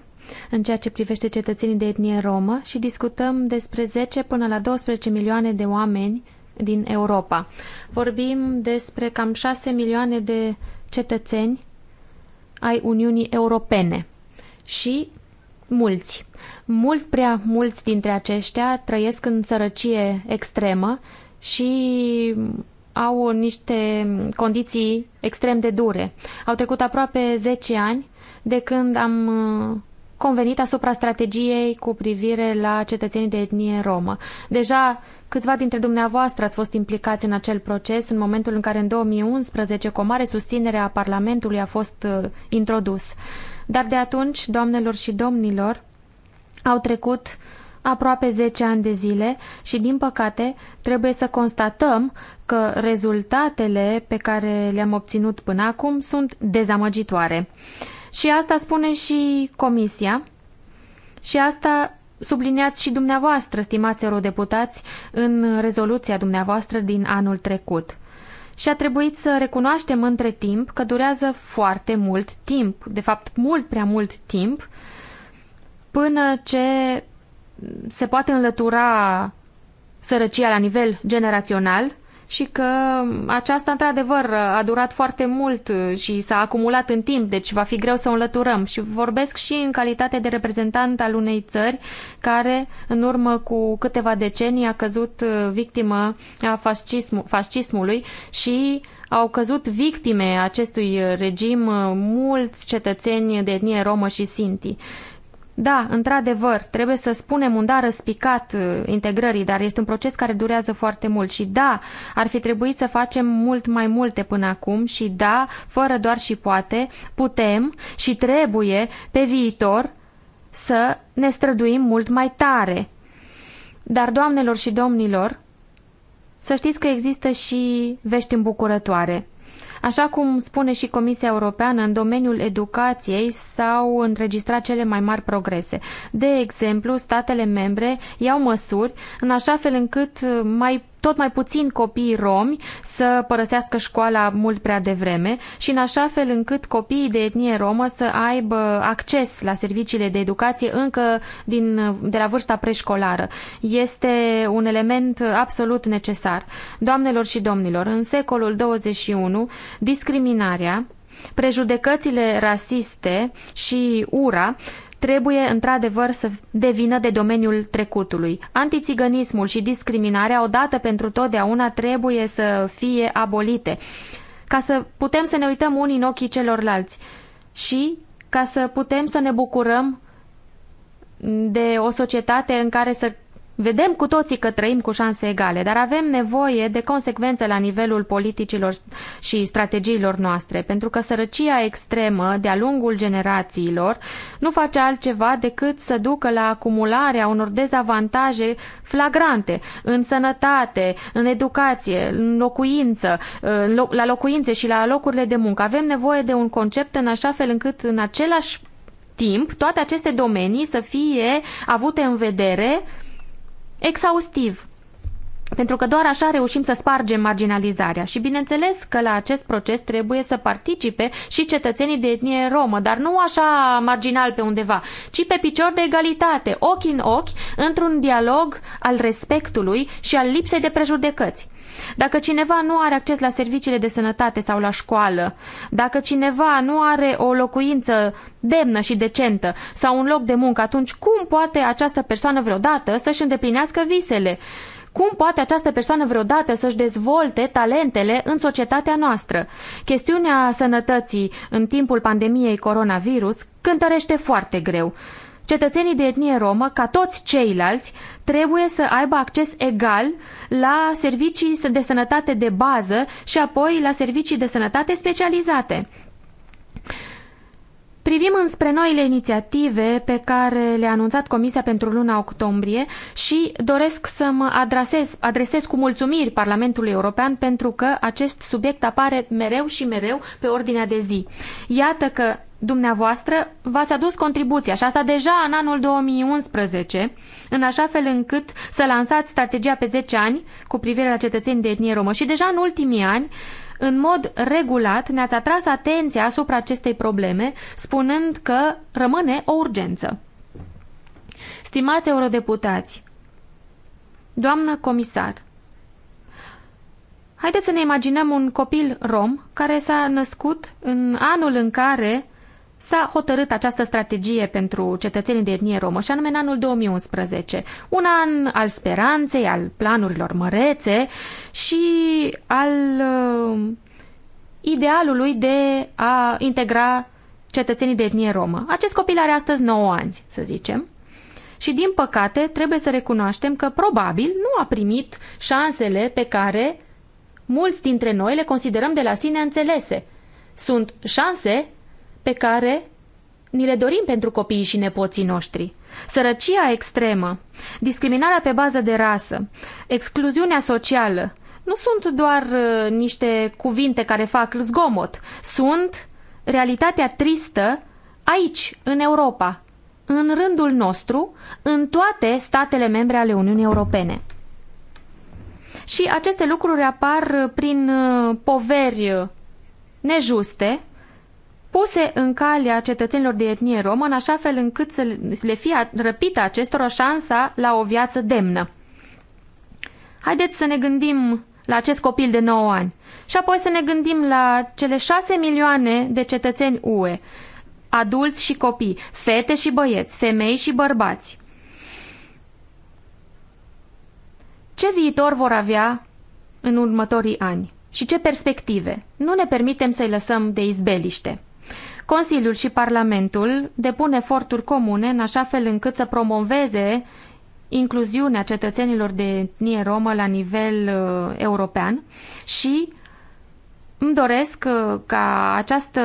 în ceea ce privește cetățenii de etnie romă și discutăm despre 10 până la 12 milioane de oameni din Europa. Vorbim despre cam 6 milioane de cetățeni ai Uniunii Europene și mulți. Mult prea mulți dintre aceștia trăiesc în sărăcie extremă și au niște condiții extrem de dure. Au trecut aproape 10 ani de când am uh, convenit asupra strategiei cu privire la cetățenii de etnie romă. Deja câțiva dintre dumneavoastră ați fost implicați în acel proces în momentul în care în 2011 cu o mare susținere a Parlamentului a fost uh, introdus. Uh, dar de atunci, doamnelor și domnilor, au trecut aproape 10 ani de zile și, din păcate, trebuie să constatăm că rezultatele pe care le-am obținut până acum sunt dezamăgitoare. Și asta spune și Comisia și asta subliniați și dumneavoastră, stimați eurodeputați, în rezoluția dumneavoastră din anul trecut și a trebuit să recunoaștem între timp că durează foarte mult timp, de fapt mult prea mult timp, până ce se poate înlătura sărăcia la nivel generațional și că aceasta, într-adevăr, a durat foarte mult și s-a acumulat în timp, deci va fi greu să o înlăturăm. Și vorbesc și în calitate de reprezentant al unei țări care, în urmă cu câteva decenii, a căzut uh, victimă a fascism, fascismului și au căzut victime acestui regim uh, mulți cetățeni de etnie romă și sinti. Da, într-adevăr, trebuie să spunem un da răspicat uh, integrării, dar este un proces care durează foarte mult și da, ar fi trebuit să facem mult mai multe până acum și da, fără doar și poate, putem și trebuie pe viitor să ne străduim mult mai tare. Dar, doamnelor și domnilor, să știți că există și vești îmbucurătoare. Așa cum spune și Comisia Europeană, în domeniul educației s-au înregistrat cele mai mari progrese. De exemplu, statele membre iau măsuri în așa fel încât mai tot mai puțin copii romi să părăsească școala mult prea devreme și în așa fel încât copiii de etnie romă să aibă acces la serviciile de educație încă din, de la vârsta preșcolară. Este un element absolut necesar. Doamnelor și domnilor, în secolul 21, discriminarea prejudecățile rasiste și ura trebuie într-adevăr să devină de domeniul trecutului. Antițiganismul și discriminarea odată pentru totdeauna trebuie să fie abolite ca să putem să ne uităm unii în ochii celorlalți și ca să putem să ne bucurăm de o societate în care să Vedem cu toții că trăim cu șanse egale, dar avem nevoie de consecvențe la nivelul politicilor și strategiilor noastre, pentru că sărăcia extremă de-a lungul generațiilor nu face altceva decât să ducă la acumularea unor dezavantaje flagrante în sănătate, în educație, în locuință, la locuințe și la locurile de muncă. Avem nevoie de un concept în așa fel încât în același timp toate aceste domenii să fie avute în vedere exhaustiv pentru că doar așa reușim să spargem marginalizarea. Și bineînțeles că la acest proces trebuie să participe și cetățenii de etnie romă, dar nu așa marginal pe undeva, ci pe picior de egalitate, ochi în ochi, într-un dialog al respectului și al lipsei de prejudecăți. Dacă cineva nu are acces la serviciile de sănătate sau la școală, dacă cineva nu are o locuință demnă și decentă sau un loc de muncă, atunci cum poate această persoană vreodată să-și îndeplinească visele? Cum poate această persoană vreodată să-și dezvolte talentele în societatea noastră? Chestiunea sănătății în timpul pandemiei coronavirus cântărește foarte greu. Cetățenii de etnie romă, ca toți ceilalți, trebuie să aibă acces egal la servicii de sănătate de bază și apoi la servicii de sănătate specializate. Privim înspre noile inițiative pe care le-a anunțat Comisia pentru luna octombrie și doresc să mă adresez, adresez cu mulțumiri Parlamentului European pentru că acest subiect apare mereu și mereu pe ordinea de zi. Iată că dumneavoastră v-ați adus contribuția și asta deja în anul 2011, în așa fel încât să lansați strategia pe 10 ani cu privire la cetățenii de etnie romă și deja în ultimii ani în mod regulat ne-ați atras atenția asupra acestei probleme, spunând că rămâne o urgență. Stimați eurodeputați, doamnă comisar, haideți să ne imaginăm un copil rom care s-a născut în anul în care s-a hotărât această strategie pentru cetățenii de etnie romă, și anume în anul 2011. Un an al speranței, al planurilor mărețe și al uh, idealului de a integra cetățenii de etnie romă. Acest copil are astăzi 9 ani, să zicem, și din păcate trebuie să recunoaștem că probabil nu a primit șansele pe care mulți dintre noi le considerăm de la sine înțelese. Sunt șanse pe care ni le dorim pentru copiii și nepoții noștri. Sărăcia extremă, discriminarea pe bază de rasă, excluziunea socială, nu sunt doar uh, niște cuvinte care fac zgomot, sunt realitatea tristă aici, în Europa, în rândul nostru, în toate statele membre ale Uniunii Europene. Și aceste lucruri apar prin uh, poveri uh, nejuste, puse în calea cetățenilor de etnie romă, în așa fel încât să le fie răpită acestora șansa la o viață demnă. Haideți să ne gândim la acest copil de 9 ani și apoi să ne gândim la cele 6 milioane de cetățeni UE, adulți și copii, fete și băieți, femei și bărbați. Ce viitor vor avea în următorii ani? Și ce perspective? Nu ne permitem să-i lăsăm de izbeliște. Consiliul și Parlamentul depun eforturi comune în așa fel încât să promoveze incluziunea cetățenilor de etnie romă la nivel uh, european și îmi doresc uh, ca această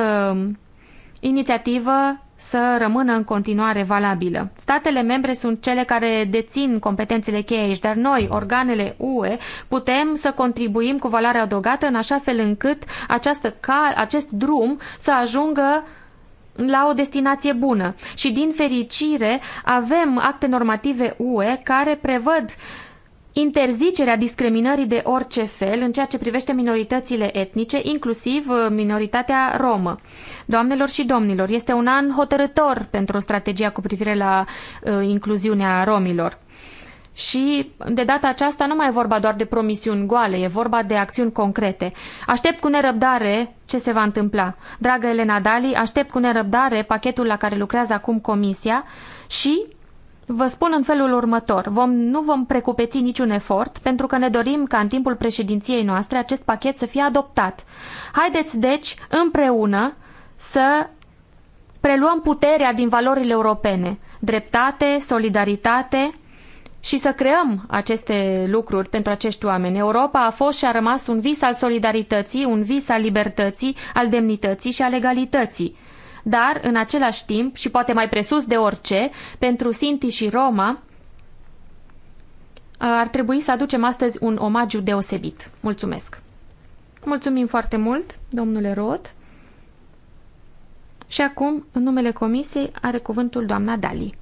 inițiativă să rămână în continuare valabilă. Statele membre sunt cele care dețin competențele cheie aici, dar noi, organele UE, putem să contribuim cu valoare adăugată în așa fel încât această cal, acest drum să ajungă la o destinație bună. Și din fericire avem acte normative UE care prevăd interzicerea discriminării de orice fel în ceea ce privește minoritățile etnice, inclusiv uh, minoritatea romă. Doamnelor și domnilor, este un an hotărător pentru strategia cu privire la uh, incluziunea romilor. Și de data aceasta nu mai e vorba doar de promisiuni goale, e vorba de acțiuni concrete. Aștept cu nerăbdare ce se va întâmpla. Dragă Elena Dali, aștept cu nerăbdare pachetul la care lucrează acum Comisia și Vă spun în felul următor, vom, nu vom precupeți niciun efort, pentru că ne dorim ca în timpul președinției noastre acest pachet să fie adoptat. Haideți, deci, împreună să preluăm puterea din valorile europene, dreptate, solidaritate și să creăm aceste lucruri pentru acești oameni. Europa a fost și a rămas un vis al solidarității, un vis al libertății, al demnității și al egalității dar în același timp și poate mai presus de orice, pentru Sinti și Roma, uh, ar trebui să aducem astăzi un omagiu deosebit. Mulțumesc! Mulțumim foarte mult, domnule Rod. Și acum, în numele comisiei, are cuvântul doamna Dali.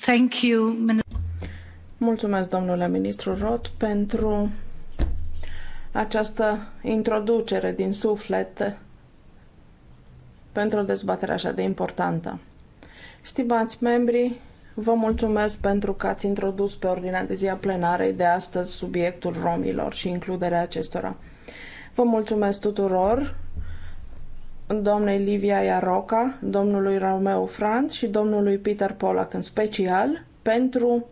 Thank you. Mulțumesc, domnule ministru Rod, pentru această introducere din suflet pentru o dezbatere așa de importantă. Stimați membri, vă mulțumesc pentru că ați introdus pe ordinea de zi a plenarei de astăzi subiectul romilor și includerea acestora. Vă mulțumesc tuturor, doamnei Livia Iaroca, domnului Romeo Franz și domnului Peter Polak în special, pentru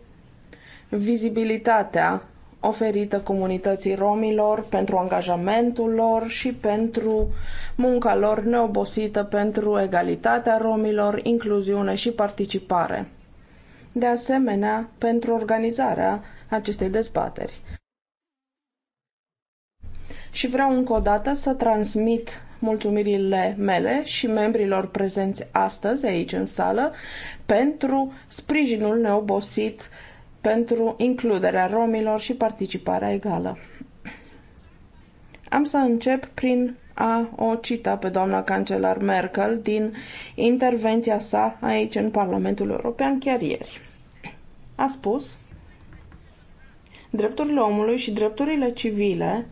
vizibilitatea oferită comunității romilor pentru angajamentul lor și pentru munca lor neobosită pentru egalitatea romilor, incluziune și participare. De asemenea, pentru organizarea acestei dezbateri. Și vreau încă o dată să transmit mulțumirile mele și membrilor prezenți astăzi aici în sală pentru sprijinul neobosit uh, pentru includerea romilor și participarea egală. Am să încep prin a o cita pe doamna cancelar Merkel din intervenția sa aici în Parlamentul European chiar ieri. A spus Drepturile omului și drepturile civile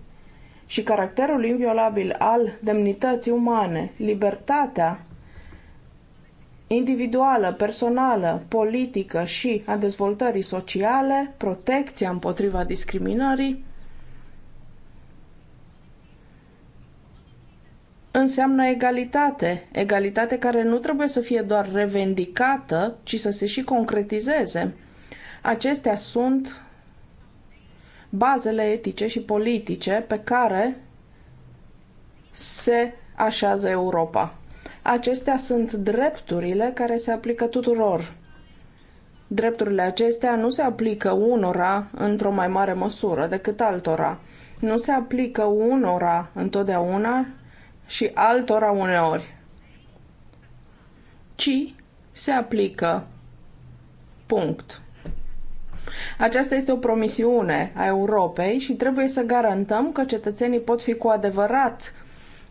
și caracterul inviolabil al demnității umane, libertatea individuală, personală, politică și a dezvoltării sociale, protecția împotriva discriminării, înseamnă egalitate, egalitate care nu trebuie să fie doar revendicată, ci să se și concretizeze. Acestea sunt bazele etice și politice pe care se așează Europa. Acestea sunt drepturile care se aplică tuturor. Drepturile acestea nu se aplică unora într-o mai mare măsură decât altora. Nu se aplică unora întotdeauna și altora uneori, ci se aplică. Punct. Aceasta este o promisiune a Europei și trebuie să garantăm că cetățenii pot fi cu adevărat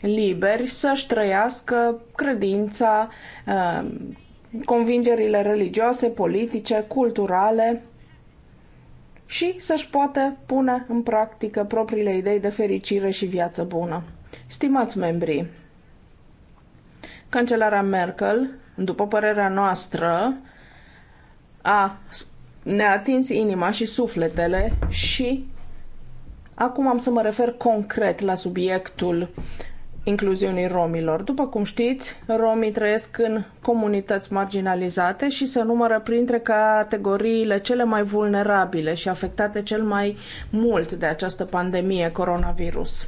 liberi să-și trăiască credința, uh, convingerile religioase, politice, culturale și să-și poată pune în practică propriile idei de fericire și viață bună. Stimați membrii, Cancelarea Merkel, după părerea noastră, a, ne-a atins inima și sufletele și acum am să mă refer concret la subiectul incluziunii romilor. După cum știți, romii trăiesc în comunități marginalizate și se numără printre categoriile cele mai vulnerabile și afectate cel mai mult de această pandemie coronavirus.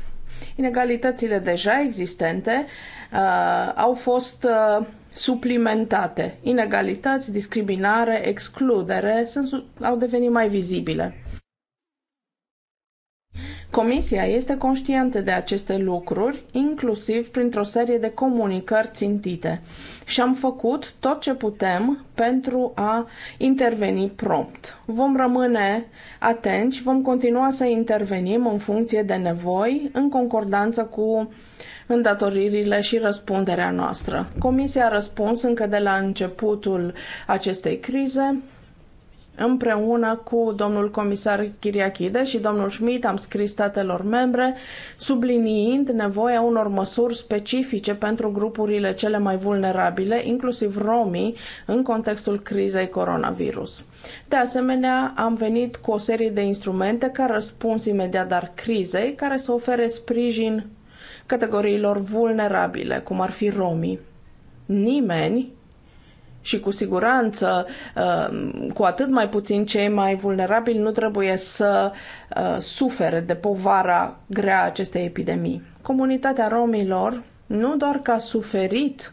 Inegalitățile deja existente uh, au fost uh, suplimentate. Inegalități, discriminare, excludere sunt, au devenit mai vizibile. Comisia este conștientă de aceste lucruri, inclusiv printr-o serie de comunicări țintite și am făcut tot ce putem pentru a interveni prompt. Vom rămâne atenți, vom continua să intervenim în funcție de nevoi, în concordanță cu îndatoririle și răspunderea noastră. Comisia a răspuns încă de la începutul acestei crize Împreună cu domnul comisar Chiriachide și domnul Schmidt am scris statelor membre, subliniind nevoia unor măsuri specifice pentru grupurile cele mai vulnerabile, inclusiv romii, în contextul crizei coronavirus. De asemenea, am venit cu o serie de instrumente ca răspuns imediat dar crizei, care să ofere sprijin categoriilor vulnerabile, cum ar fi romii. Nimeni și cu siguranță, uh, cu atât mai puțin cei mai vulnerabili nu trebuie să uh, sufere de povara grea acestei epidemii. Comunitatea romilor nu doar că a suferit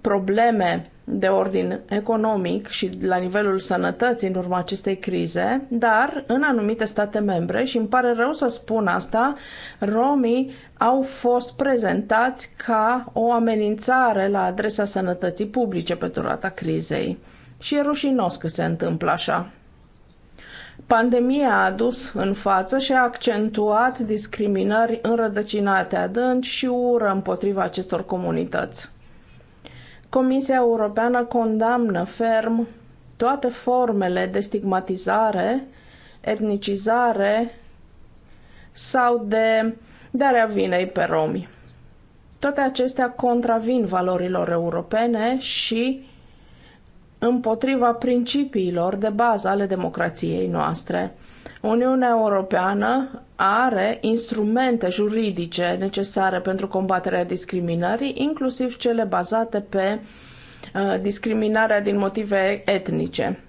probleme de ordin economic și la nivelul sănătății în urma acestei crize, dar în anumite state membre, și îmi pare rău să spun asta, romii au fost prezentați ca o amenințare la adresa sănătății publice pe durata crizei. Și e rușinos că se întâmplă așa. Pandemia a adus în față și a accentuat discriminări înrădăcinate adânci și ură împotriva acestor comunități. Comisia Europeană condamnă ferm toate formele de stigmatizare, etnicizare sau de darea vinei pe romi. Toate acestea contravin valorilor europene și împotriva principiilor de bază ale democrației noastre. Uniunea Europeană are instrumente juridice necesare pentru combaterea discriminării, inclusiv cele bazate pe uh, discriminarea din motive etnice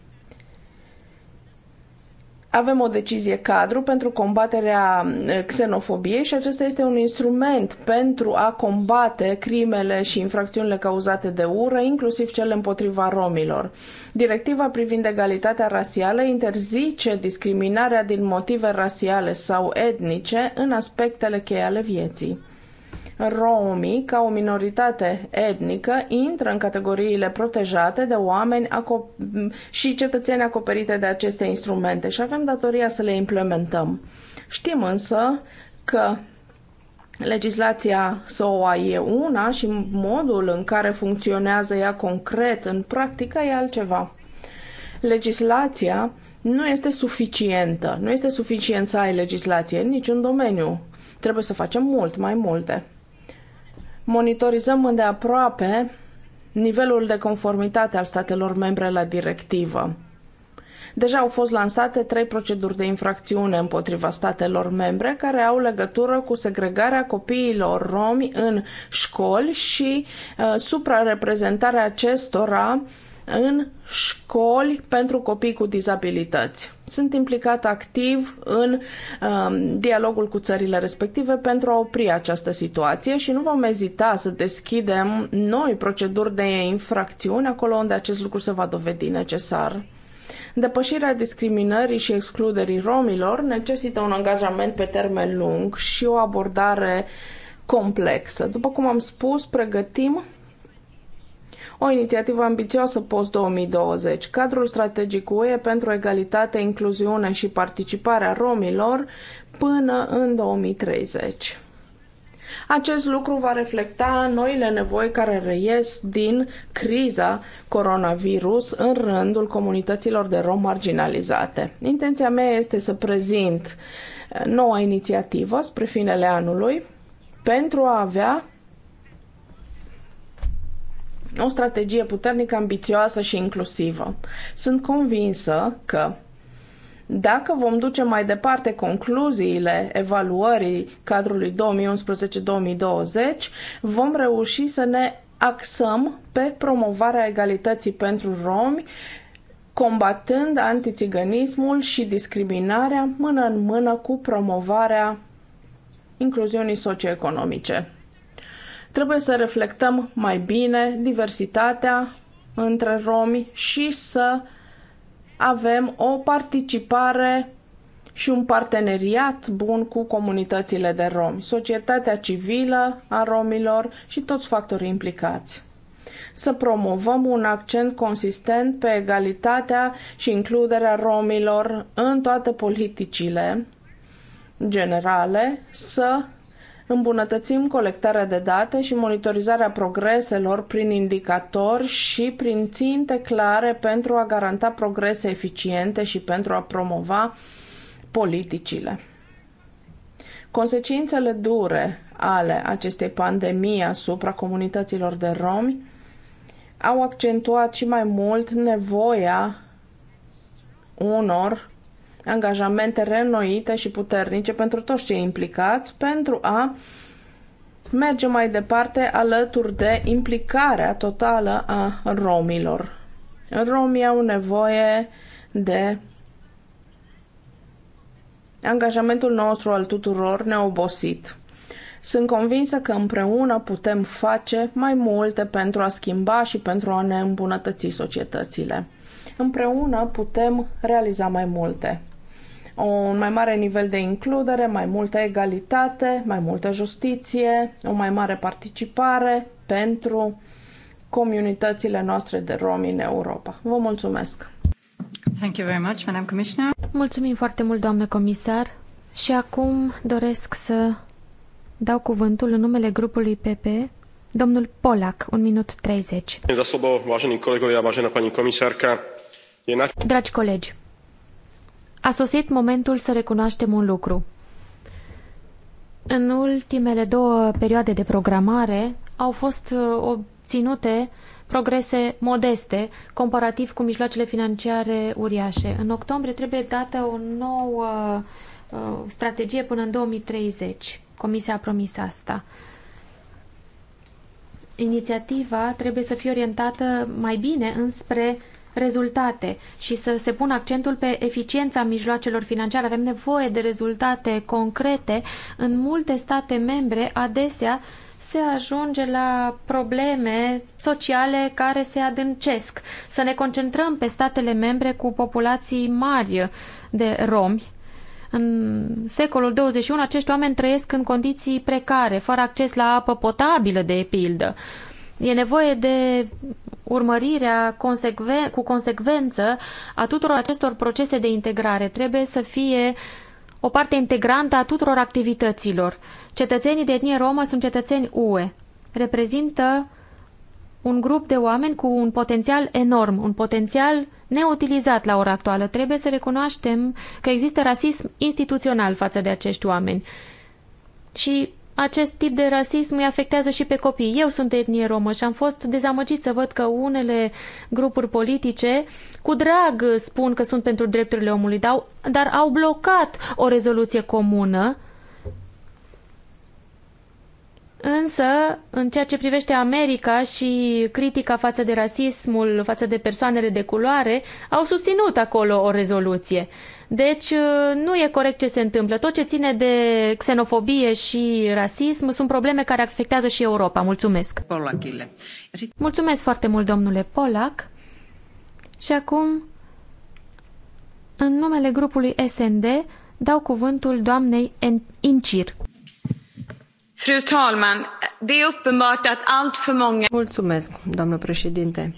avem o decizie cadru pentru combaterea mm, xenofobiei și acesta este un instrument pentru a combate crimele și infracțiunile cauzate de ură, inclusiv cele împotriva romilor. Directiva privind egalitatea rasială interzice discriminarea din motive rasiale sau etnice în aspectele cheie ale vieții romii, ca o minoritate etnică, intră în categoriile protejate de oameni și cetățeni acoperite de aceste instrumente și avem datoria să le implementăm. Știm însă că legislația SOA e una și modul în care funcționează ea concret în practică e altceva. Legislația nu este suficientă. Nu este suficient să ai legislație în niciun domeniu. Trebuie să facem mult mai multe. Monitorizăm îndeaproape nivelul de conformitate al statelor membre la directivă. Deja au fost lansate trei proceduri de infracțiune împotriva statelor membre care au legătură cu segregarea copiilor romi în școli și uh, suprareprezentarea acestora uh, în școli pentru copii cu dizabilități. Sunt implicat activ în um, dialogul cu țările respective pentru a opri această situație și nu vom ezita să deschidem noi proceduri de infracțiuni acolo unde acest lucru se va dovedi necesar. Depășirea discriminării și excluderii romilor necesită un angajament pe termen lung și o abordare complexă. După cum am spus, pregătim o inițiativă ambițioasă post-2020, cadrul strategic UE pentru egalitate, incluziune și participarea romilor până în 2030. Acest lucru va reflecta noile nevoi care reies din criza coronavirus în rândul comunităților de rom marginalizate. Intenția mea este să prezint noua inițiativă spre finele anului pentru a avea o strategie puternică, ambițioasă și inclusivă. Sunt convinsă că dacă vom duce mai departe concluziile evaluării cadrului 2011-2020, vom reuși să ne axăm pe promovarea egalității pentru romi, combatând antițiganismul și discriminarea mână în mână cu promovarea incluziunii socioeconomice. Trebuie să reflectăm mai bine diversitatea între romi și să avem o participare și un parteneriat bun cu comunitățile de romi, societatea civilă a romilor și toți factorii implicați. Să promovăm un accent consistent pe egalitatea și includerea romilor în toate politicile generale, să Îmbunătățim colectarea de date și monitorizarea progreselor prin indicatori și prin ținte clare pentru a garanta progrese eficiente și pentru a promova politicile. Consecințele dure ale acestei pandemii asupra comunităților de romi au accentuat și mai mult nevoia unor angajamente reînnoite și puternice pentru toți cei implicați pentru a merge mai departe alături de implicarea totală a romilor. Romii au nevoie de angajamentul nostru al tuturor neobosit. Sunt convinsă că împreună putem face mai multe pentru a schimba și pentru a ne îmbunătăți societățile. Împreună putem realiza mai multe un mai mare nivel de includere, mai multă egalitate, mai multă justiție, o mai mare participare pentru comunitățile noastre de romi în Europa. Vă mulțumesc! Thank you very much, Madam Commissioner. Mulțumim foarte mult, doamnă comisar. Și acum doresc să dau cuvântul în numele grupului PP, domnul Polak, un minut 30. Dragi colegi, a sosit momentul să recunoaștem un lucru. În ultimele două perioade de programare au fost uh, obținute progrese modeste comparativ cu mijloacele financiare uriașe. În octombrie trebuie dată o nouă uh, strategie până în 2030. Comisia a promis asta. Inițiativa trebuie să fie orientată mai bine înspre rezultate și să se pună accentul pe eficiența mijloacelor financiare. Avem nevoie de rezultate concrete. În multe state membre, adesea, se ajunge la probleme sociale care se adâncesc. Să ne concentrăm pe statele membre cu populații mari de romi. În secolul 21 acești oameni trăiesc în condiții precare, fără acces la apă potabilă, de pildă. E nevoie de urmărirea consecven cu consecvență a tuturor acestor procese de integrare. Trebuie să fie o parte integrantă a tuturor activităților. Cetățenii de etnie romă sunt cetățeni UE. Reprezintă un grup de oameni cu un potențial enorm, un potențial neutilizat la ora actuală. Trebuie să recunoaștem că există rasism instituțional față de acești oameni. Și acest tip de rasism îi afectează și pe copii. Eu sunt etnie romă și am fost dezamăgit să văd că unele grupuri politice cu drag spun că sunt pentru drepturile omului, dar au blocat o rezoluție comună. Însă, în ceea ce privește America și critica față de rasismul, față de persoanele de culoare, au susținut acolo o rezoluție. Deci uh, nu e corect ce se întâmplă. Tot ce ține de xenofobie și rasism sunt probleme care afectează și Europa. Mulțumesc! Mulțumesc foarte mult, domnule Polac. Și acum, în numele grupului SND, dau cuvântul doamnei Incir. Fru talman, det uppenbart för många... Mulțumesc, doamnă președinte.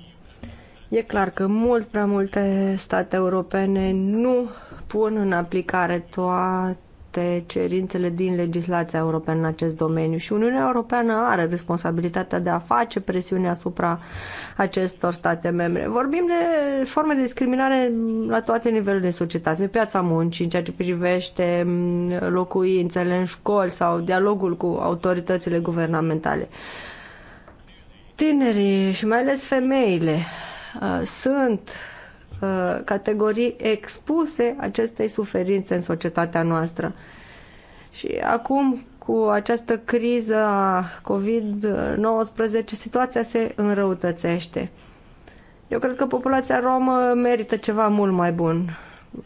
E clar că mult prea multe state europene nu pun în aplicare toate cerințele din legislația europeană în acest domeniu și Uniunea Europeană are responsabilitatea de a face presiune asupra acestor state membre. Vorbim de forme de discriminare la toate nivelurile de societate, pe piața muncii, în ceea ce privește mm, locuințele în școli sau dialogul cu autoritățile guvernamentale. Tinerii și mai ales femeile uh, sunt Uh, categorii expuse acestei suferințe în societatea noastră. Și acum, cu această criză a COVID-19, situația se înrăutățește. Eu cred că populația romă merită ceva mult mai bun.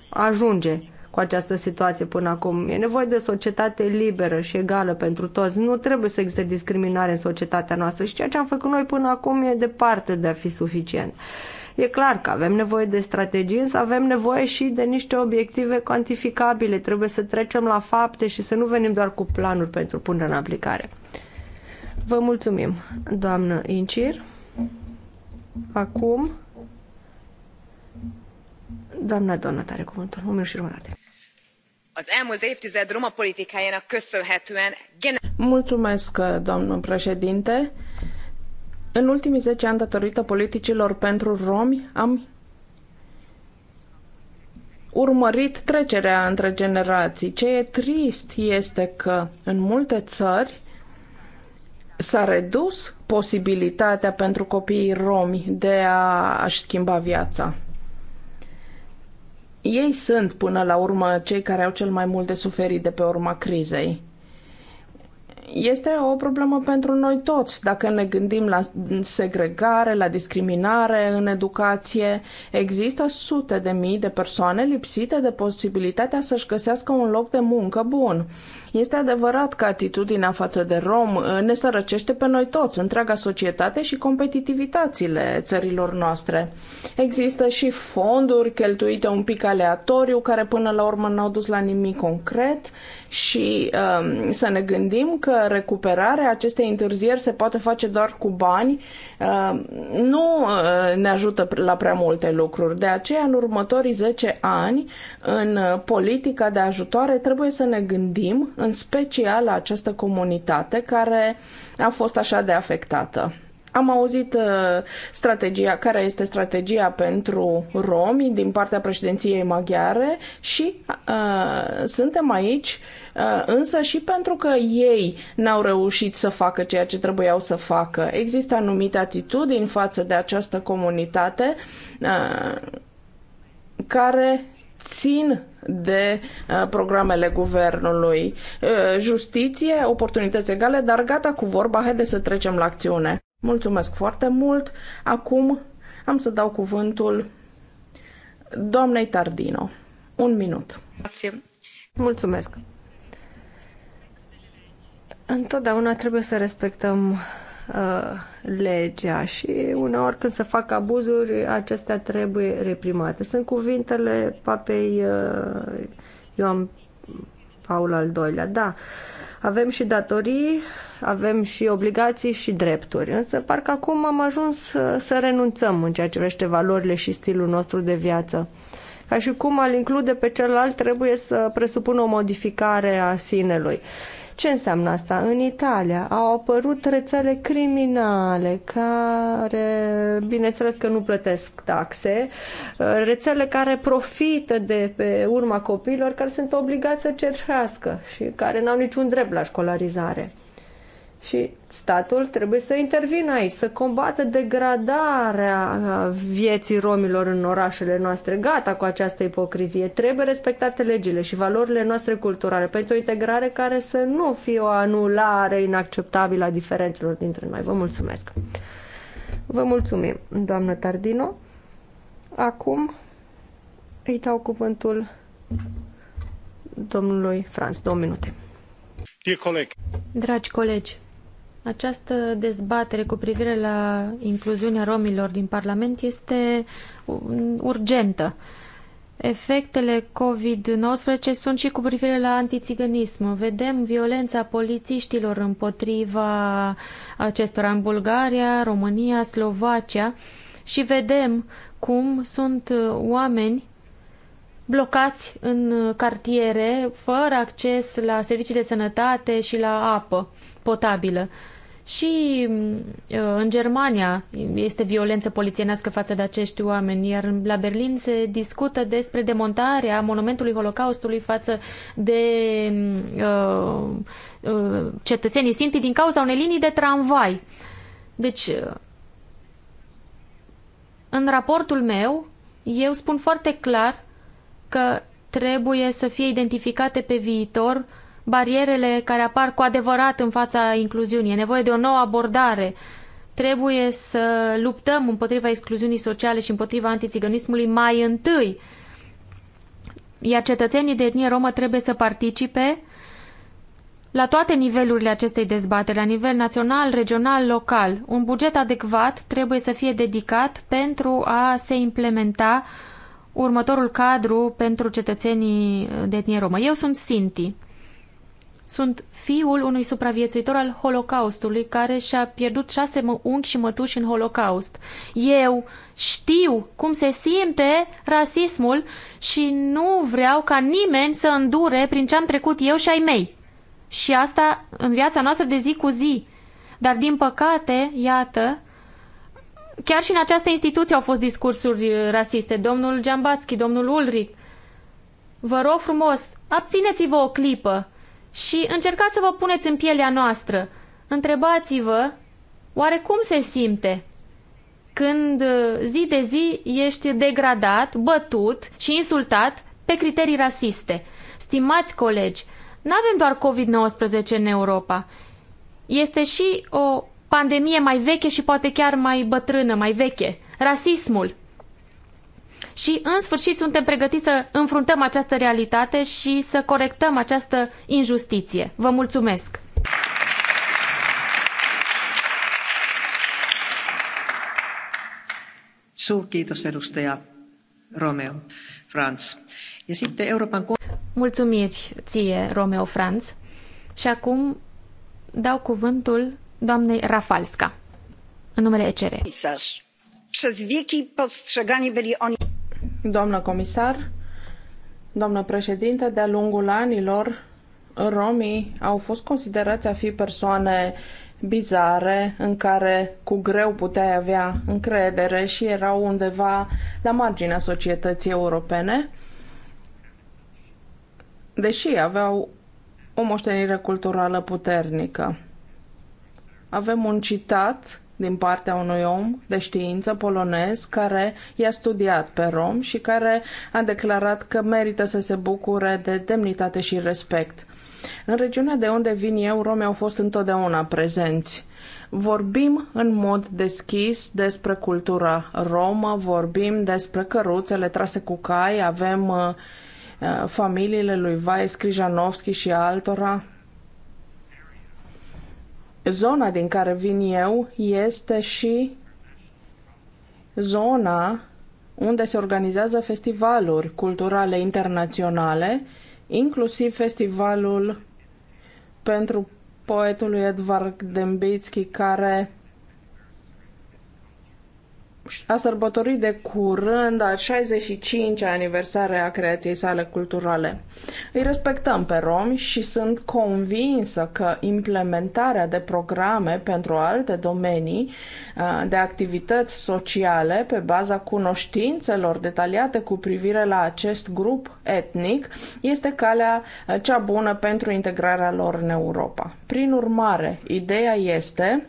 Ajunge cu această situație până acum. E nevoie de societate liberă și egală pentru toți. Nu trebuie să existe discriminare în societatea noastră și ceea ce am făcut noi până acum e departe de a fi suficient. Uh, E clar că avem nevoie de strategii, însă avem nevoie și de niște obiective cuantificabile. Trebuie să trecem la fapte și să nu venim doar cu planuri pentru punerea în aplicare. Vă mulțumim, doamnă Incir. Acum, doamna Donat are cuvântul. Un minut și jumătate. Az elmúlt évtized roma politikájának köszönhetően... Mulțumesc, doamnă președinte în ultimii 10 ani, datorită politicilor pentru romi, am urmărit trecerea între generații. Ce e trist este că în multe țări s-a redus posibilitatea pentru copiii romi de a-și schimba viața. Ei sunt, până la urmă, cei care au cel mai mult de suferit de pe urma crizei este o problemă pentru noi toți. Dacă ne gândim la segregare, la discriminare în educație, există sute de mii de persoane lipsite de posibilitatea să-și găsească un loc de muncă bun. Este adevărat că atitudinea față de rom uh, ne sărăcește pe noi toți, întreaga societate și competitivitățile țărilor noastre. Există și fonduri cheltuite un pic aleatoriu, care până la urmă n-au dus la nimic concret și um, să ne gândim că recuperarea acestei întârzieri se poate face doar cu bani, um, nu uh, ne ajută la prea multe lucruri. De aceea, în următorii 10 ani, în uh, politica de ajutoare, trebuie să ne gândim în special această comunitate care a fost așa de afectată. Am auzit uh, strategia, care este strategia pentru romi din partea președinției maghiare și uh, suntem aici uh, însă și pentru că ei n-au reușit să facă ceea ce trebuiau să facă. Există anumite atitudini față de această comunitate uh, care țin de uh, programele guvernului. Uh, justiție, oportunități egale, dar gata cu vorba, haide să trecem la acțiune. Mulțumesc foarte mult. Acum am să dau cuvântul doamnei Tardino. Un minut. Mulțumesc. Întotdeauna trebuie să respectăm uh, legea și uneori când se fac abuzuri, acestea trebuie reprimate. Sunt cuvintele papei uh, Ioan Paul al II-lea. Da, avem și datorii, avem și obligații și drepturi, însă parcă acum am ajuns să, uh, să renunțăm în ceea ce vrește valorile și stilul nostru de viață. Ca și cum al include pe celălalt trebuie să presupună o modificare a sinelui. Uh, ce înseamnă asta? În Italia au apărut rețele criminale care, bineînțeles că nu plătesc taxe, rețele care profită de pe urma copiilor care sunt obligați să cerșească și care n-au niciun drept la școlarizare. Și statul trebuie să intervină aici, să combată degradarea vieții romilor în orașele noastre. Gata cu această ipocrizie. Trebuie respectate legile și valorile noastre culturale pentru o integrare care să nu fie o anulare inacceptabilă a diferențelor dintre noi. Vă mulțumesc! Vă mulțumim, doamnă Tardino. Acum îi dau cuvântul domnului Franz. Două minute. Dragi colegi, această dezbatere cu privire la incluziunea romilor din Parlament este urgentă. Efectele COVID-19 sunt și cu privire la antițiganism. Vedem violența polițiștilor împotriva acestora în Bulgaria, România, Slovacia și vedem cum sunt oameni blocați în cartiere, fără acces la servicii de sănătate și la apă potabilă. Și mm, uh, în Germania este violență polițienească față de acești oameni, iar la Berlin se discută despre demontarea monumentului Holocaustului față de mm, uh, uh, cetățenii Sinti din cauza unei linii de tramvai. Deci, uh, în raportul meu, eu spun foarte clar că trebuie să fie identificate pe viitor uh, barierele care apar cu adevărat în fața incluziunii. E nevoie de o nouă abordare. Trebuie să luptăm împotriva excluziunii sociale și împotriva antiziganismului mai întâi. Iar cetățenii de etnie romă trebuie să participe la toate nivelurile acestei dezbateri, la nivel național, regional, local, un buget adecvat trebuie să fie dedicat pentru a se implementa următorul cadru pentru cetățenii de etnie romă. Eu sunt Sinti sunt fiul unui supraviețuitor al Holocaustului care și-a pierdut șase unchi și mătuși în Holocaust. Eu știu cum se simte rasismul și nu vreau ca nimeni să îndure prin ce am trecut eu și ai mei. Și asta în viața noastră de zi cu zi. Dar din păcate, iată, chiar și în această instituție au fost discursuri uh, rasiste. Domnul Giambatski, domnul Ulrich, vă rog frumos, abțineți-vă o clipă și încercați să vă puneți în pielea noastră. Întrebați-vă oare cum se simte când uh, zi de zi ești degradat, bătut și insultat pe criterii rasiste. Stimați colegi, nu avem doar COVID-19 în Europa. Este și o pandemie mai veche și poate chiar mai bătrână, mai veche. Rasismul și în sfârșit suntem pregătiți să înfruntăm această realitate și să corectăm această injustiție. Vă mulțumesc! Suur kiitos edustaja Romeo Franz. Ja sitten Euroopan... Mulțumiri ție, Romeo Franz. Și acum dau cuvântul doamnei Rafalska, în numele ECR. Przez wieki postrzegani byli oni... Doamnă comisar, doamnă președinte, de-a lungul anilor, romii au fost considerați a fi persoane bizare în care cu greu puteai avea încredere și erau undeva la marginea societății europene, deși aveau o moștenire culturală puternică. Avem un citat din partea unui om de știință polonez care i-a studiat pe rom și care a declarat că merită să se bucure de demnitate și respect. În regiunea de unde vin eu, romii au fost întotdeauna prezenți. Vorbim în mod deschis despre cultura romă, vorbim despre căruțele trase cu cai, avem uh, uh, familiile lui Vais, Krijanovski și altora, Zona din care vin eu este și zona unde se organizează festivaluri culturale internaționale, inclusiv festivalul pentru poetul Edvard Dembitski, care a sărbătorit de curând a 65-a aniversare a creației sale culturale. Îi respectăm pe romi și sunt convinsă că implementarea de programe pentru alte domenii de activități sociale pe baza cunoștințelor detaliate cu privire la acest grup etnic este calea cea bună pentru integrarea lor în Europa. Prin urmare, ideea este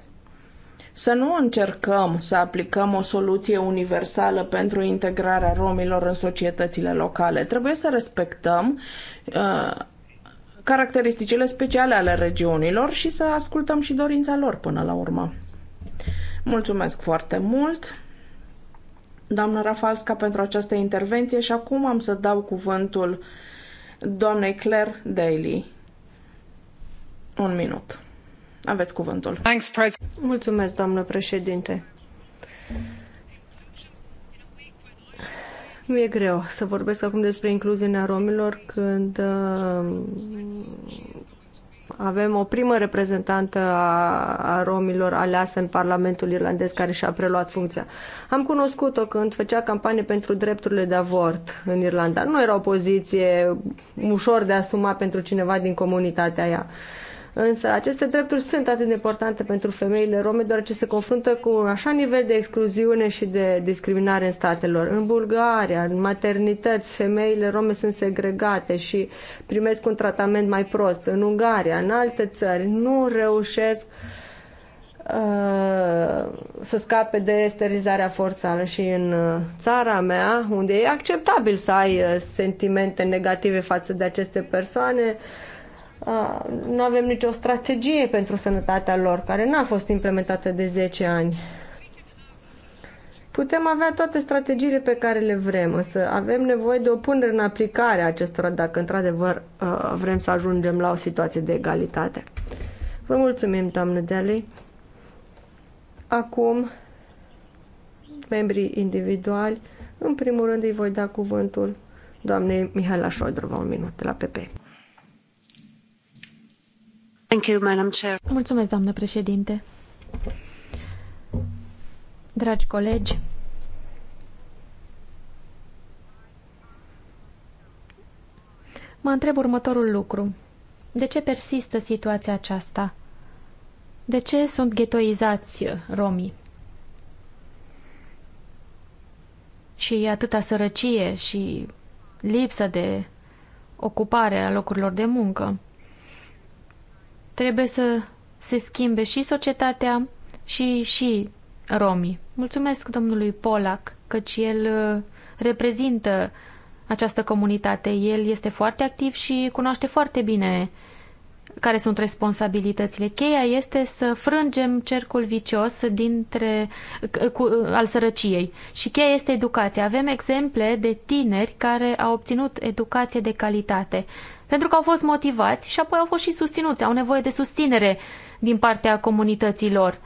să nu încercăm să aplicăm o soluție universală pentru integrarea romilor în societățile locale. Trebuie să respectăm uh, caracteristicile speciale ale regiunilor și să ascultăm și dorința lor până la urmă. Mulțumesc foarte mult, doamna Rafalska, pentru această intervenție și acum am să dau cuvântul doamnei Claire Daly. Un minut. Aveți cuvântul. Mulțumesc, doamnă președinte. Mi-e greu să vorbesc acum despre incluziunea romilor când uh, avem o primă reprezentantă a, a romilor aleasă în Parlamentul irlandez care și-a preluat funcția. Am cunoscut-o când făcea campanie pentru drepturile de avort în Irlanda. Nu era o poziție ușor de asumat pentru cineva din comunitatea ea. Uh, Însă aceste drepturi sunt atât de importante pentru femeile rome, deoarece se confruntă cu un așa nivel de excluziune și de discriminare în statelor. În Bulgaria, în maternități, femeile rome sunt segregate și primesc un tratament mai prost. În Ungaria, în alte țări, nu reușesc uh, să scape de sterilizarea forțată și în uh, țara mea, unde e acceptabil să ai uh, sentimente negative față de aceste persoane, uh, nu avem nicio strategie pentru sănătatea lor, care n-a fost implementată de 10 ani. Putem avea toate strategiile pe care le vrem, însă avem nevoie de o punere în aplicare a acestora dacă într-adevăr vrem să ajungem la o situație de egalitate. Vă mulțumim, doamnă Dealei. Acum, membrii individuali, în primul rând îi voi da cuvântul doamnei Mihaela Șoidrova, un minut, de la PP. Thank you, Madam Chair. Mulțumesc, doamnă președinte. Dragi colegi, mă întreb următorul lucru. De ce persistă situația aceasta? De ce sunt ghetoizați romii? Și atâta sărăcie și lipsă de ocupare a locurilor de muncă trebuie să se schimbe și societatea și, și romii. Mulțumesc domnului Polac, căci el uh, reprezintă această comunitate. El este foarte activ și cunoaște foarte bine care sunt responsabilitățile. Cheia este să frângem cercul vicios dintre, cu, al sărăciei și cheia este educația. Avem exemple de tineri care au obținut educație de calitate pentru că au fost motivați și apoi au fost și susținuți, au nevoie de susținere din partea comunităților.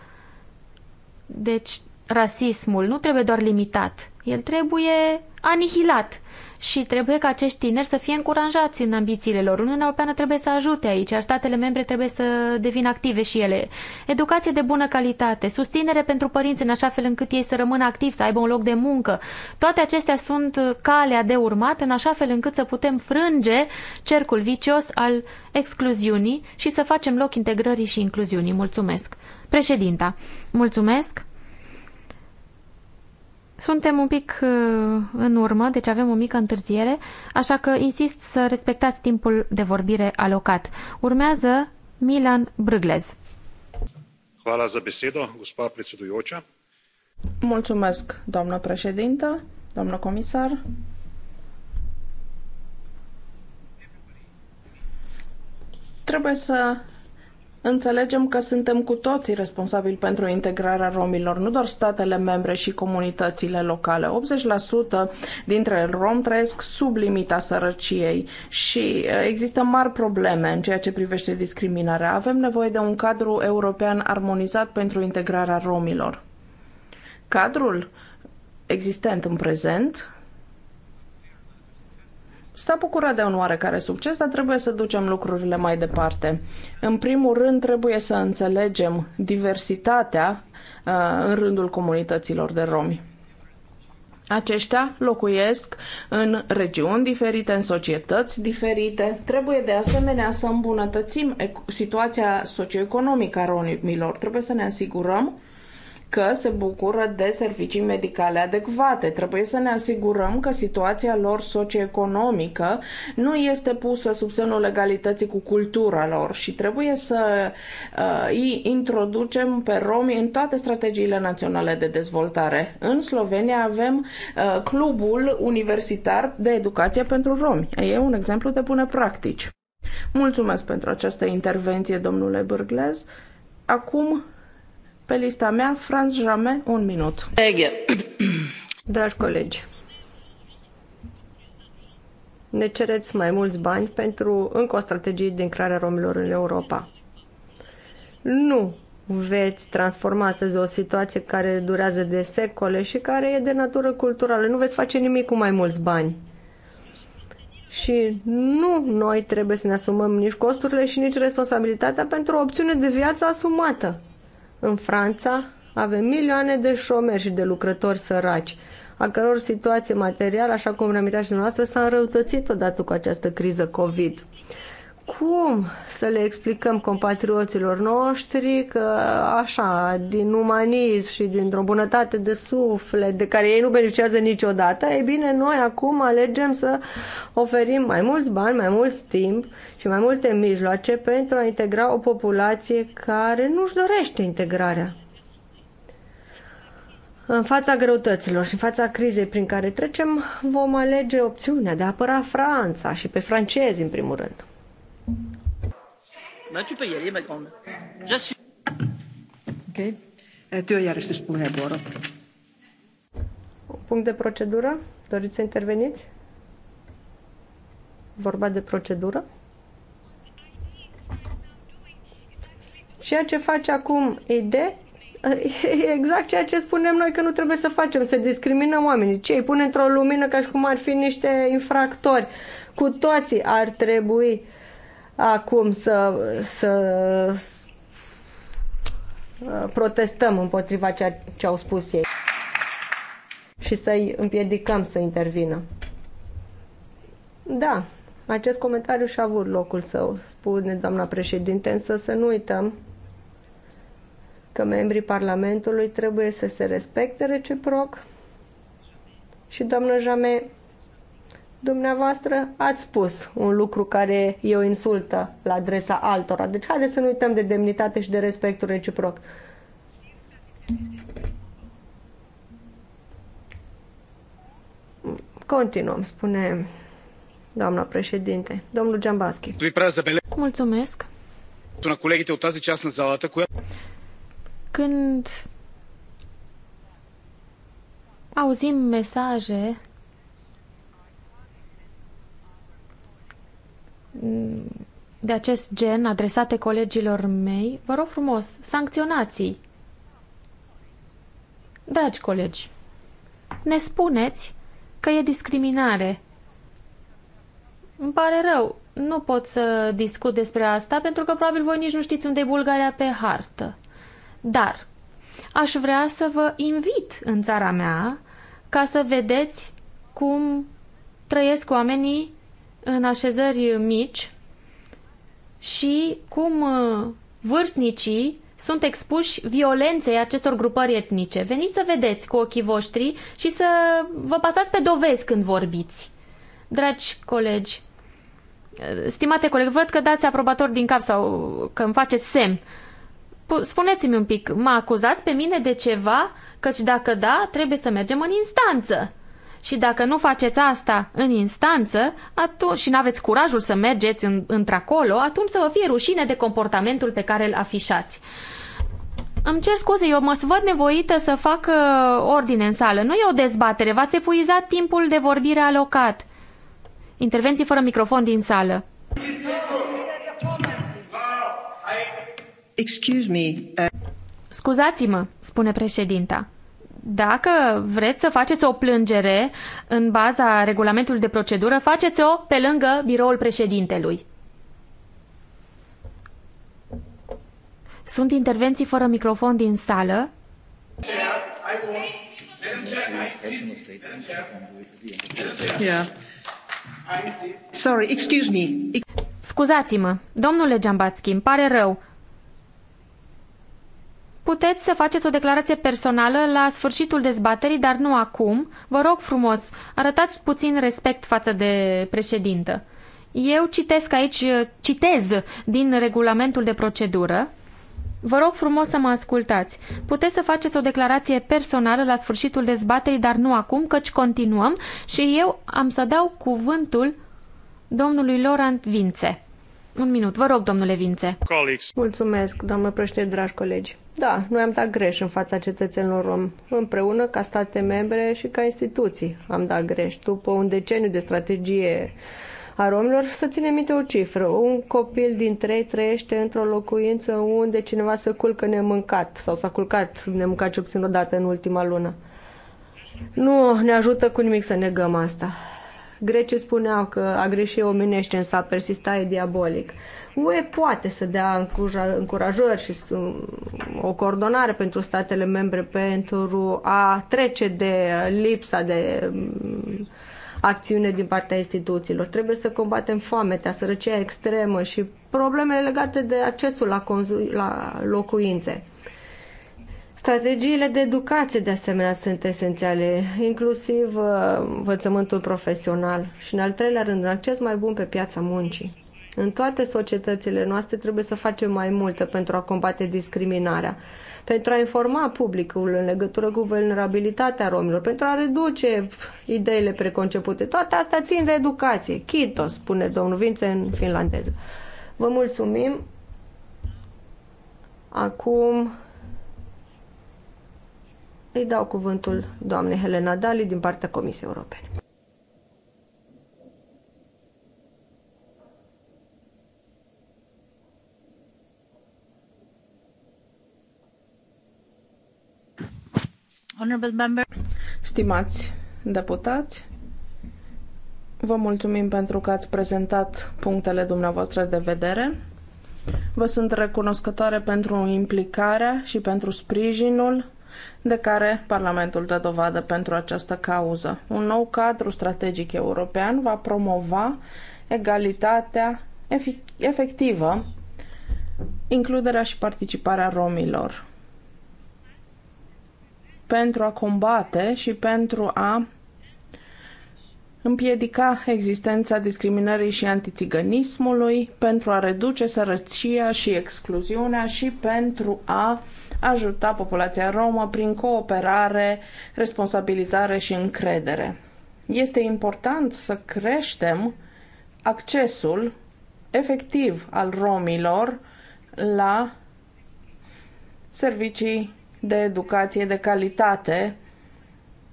Deci, rasismul nu trebuie doar limitat, el trebuie anihilat și trebuie ca acești tineri să fie încurajați în ambițiile lor. Uniunea Europeană trebuie să ajute aici, iar statele membre trebuie să devină active și ele. Educație de bună calitate, susținere pentru părinți în așa fel încât ei să rămână activi, să aibă un loc de muncă. Toate acestea sunt calea de urmat în așa fel încât să putem frânge cercul vicios al excluziunii și să facem loc integrării și incluziunii. Mulțumesc! Președinta, mulțumesc! Suntem un pic uh, în urmă, deci avem o mică întârziere, așa că insist să respectați timpul de vorbire alocat. Urmează Milan Brâglez. Hvala za besedo, gospa predsedujoča. Mulțumesc, doamnă președintă, doamnă comisar. Trebuie să Înțelegem că suntem cu toții responsabili pentru integrarea romilor, nu doar statele membre și comunitățile locale. 80% dintre romi trăiesc sub limita sărăciei și există mari probleme în ceea ce privește discriminarea. Avem nevoie de un cadru european armonizat pentru integrarea romilor. Cadrul existent în prezent s-a bucurat de un oarecare succes, dar trebuie să ducem lucrurile mai departe. În primul rând, trebuie să înțelegem diversitatea uh, în rândul comunităților de romi. Aceștia locuiesc în regiuni diferite, în societăți diferite. Trebuie de asemenea să îmbunătățim situația socioeconomică a romilor. Trebuie să ne asigurăm că se bucură de servicii medicale adecvate. Trebuie să ne asigurăm că situația lor socioeconomică nu este pusă sub semnul legalității cu cultura lor și trebuie să uh, îi introducem pe romi în toate strategiile naționale de dezvoltare. În Slovenia avem uh, Clubul Universitar de Educație pentru Romi. E un exemplu de bune practici. Mulțumesc pentru această intervenție, domnule Bârglez. Acum pe lista mea, Franz Jame, un minut. Dragi colegi, ne cereți mai mulți bani pentru încă o strategie de încrare a romilor în Europa. Nu veți transforma astăzi o situație care durează de secole și care e de natură culturală. Nu veți face nimic cu mai mulți bani. Și nu noi trebuie să ne asumăm nici costurile și nici responsabilitatea pentru o opțiune de viață asumată. În Franța avem milioane de șomeri și de lucrători săraci, a căror situație materială, așa cum și dumneavoastră, s-a înrăutățit odată cu această criză COVID cum să le explicăm compatrioților noștri că așa, din umanism și dintr-o bunătate de suflet de care ei nu beneficiază niciodată, e bine, noi acum alegem să oferim mai mulți bani, mai mult timp și mai multe mijloace pentru a integra o populație care nu-și dorește integrarea. În fața greutăților și în fața crizei prin care trecem, vom alege opțiunea de a apăra Franța și pe francezi, în primul rând. No, tu peux y aller, ma grande. J'assume. Ok. Eh, Työjärjestyspuheenvuoro. Punct de procedură? Doriți să interveniți? Vorba de procedură? Ceea ce face acum ID e exact ceea ce spunem noi că nu trebuie să facem, să discriminăm oamenii. Ce îi pune într-o lumină ca și cum ar fi niște infractori. Cu toții ar trebui uh, acum să, să, să uh, protestăm împotriva ceea ce au spus ei și să-i împiedicăm să intervină. Da, acest comentariu și-a avut locul său, spune doamna președinte, însă să nu uităm că membrii Parlamentului trebuie să se respecte reciproc și doamna Jame, Dumneavoastră ați spus un lucru care e o insultă la adresa altora. Deci haideți să nu uităm de demnitate și de respectul reciproc. Continuăm, spune doamna președinte. Domnul Giambaschi. Mulțumesc. Sună colegii от тази част на залата, която... Când auzim mesaje de acest gen adresate colegilor mei, vă rog frumos, sancționați-i. Dragi colegi, ne spuneți că e discriminare. Îmi pare rău, nu pot să discut despre asta pentru că probabil voi nici nu știți unde e Bulgaria pe hartă. Dar aș vrea să vă invit în țara mea ca să vedeți cum trăiesc oamenii în așezări mici și cum uh, vârstnicii sunt expuși violenței acestor grupări etnice. Veniți să vedeți cu ochii voștri și să vă pasați pe dovezi când vorbiți. Dragi colegi, uh, stimate colegi văd că dați aprobator din cap sau că îmi faceți semn. Spuneți-mi un pic, mă acuzați pe mine de ceva? Căci dacă da, trebuie să mergem în instanță. Și dacă nu faceți asta în instanță atunci, și nu aveți curajul să mergeți în, într-acolo, atunci să vă fie rușine de comportamentul pe care îl afișați. Îmi cer scuze, eu mă văd nevoită să fac uh, ordine în sală. Nu e o dezbatere, v-ați epuizat timpul de vorbire alocat. Intervenții fără microfon din sală. Excuse me. Uh, Scuzați-mă, spune președinta dacă vreți să faceți o plângere în baza regulamentului de procedură, faceți-o pe lângă biroul președintelui. Sunt intervenții fără microfon din sală. Sorry, excuse me. Scuzați-mă, domnule Giambatski, îmi pare rău. Puteți să faceți o declarație personală la sfârșitul dezbaterii, dar nu acum. Vă rog frumos, arătați puțin respect față de președintă. Eu citesc aici, citez din regulamentul de procedură. Vă rog frumos să mă ascultați. Puteți să faceți o declarație personală la sfârșitul dezbaterii, dar nu acum, căci continuăm și eu am să dau cuvântul domnului Laurent Vințe. Un minut, vă rog, domnule Vințe. Colegi. Mulțumesc, doamnă președinte, dragi colegi. Da, noi am dat greș în fața cetățenilor rom, împreună ca state membre și ca instituții am dat greș. După un deceniu de strategie a romilor, să ținem minte o cifră. Un copil din trei trăiește într-o locuință unde cineva se culcă nemâncat sau s-a culcat nemâncat cel puțin o dată în ultima lună. Nu ne ajută cu nimic să negăm asta. Grecii spuneau că a greșit omenește, însă a persista e diabolic. UE poate să dea încurajări și o coordonare pentru statele membre pentru a trece de lipsa de mm, acțiune din partea instituțiilor. Trebuie să combatem foametea, sărăcia extremă și problemele legate de accesul la, conzu- la locuințe. Strategiile de educație, de asemenea, sunt esențiale, inclusiv uh, învățământul profesional și, în al treilea rând, acces mai bun pe piața muncii. În toate societățile noastre trebuie să facem mai multe pentru a combate discriminarea, pentru a informa publicul în legătură cu vulnerabilitatea romilor, pentru a reduce ideile preconcepute. Toate astea țin de educație. Kitos, spune domnul Vințe în finlandeză. Vă mulțumim. Acum îi dau cuvântul doamnei Helena Dali din partea Comisiei Europene. Honorable member. Stimați deputați, vă mulțumim pentru că ați prezentat punctele dumneavoastră de vedere. Vă sunt recunoscătoare pentru implicarea și pentru sprijinul de care Parlamentul dă dovadă pentru această cauză. Un nou cadru strategic european va promova egalitatea efectivă, includerea și participarea romilor pentru a combate și pentru a împiedica existența discriminării și antițiganismului, pentru a reduce sărăcia și excluziunea și pentru a ajuta populația romă prin cooperare, responsabilizare și încredere. Este important să creștem accesul efectiv al romilor la servicii de educație de calitate,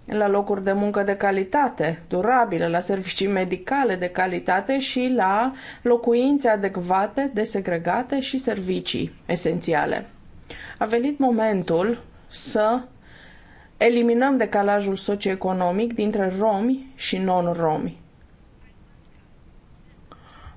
la locuri de muncă de calitate, durabile, la servicii medicale de calitate și la locuințe adecvate, desegregate și servicii esențiale. A venit momentul să eliminăm decalajul socioeconomic dintre romi și non-romi.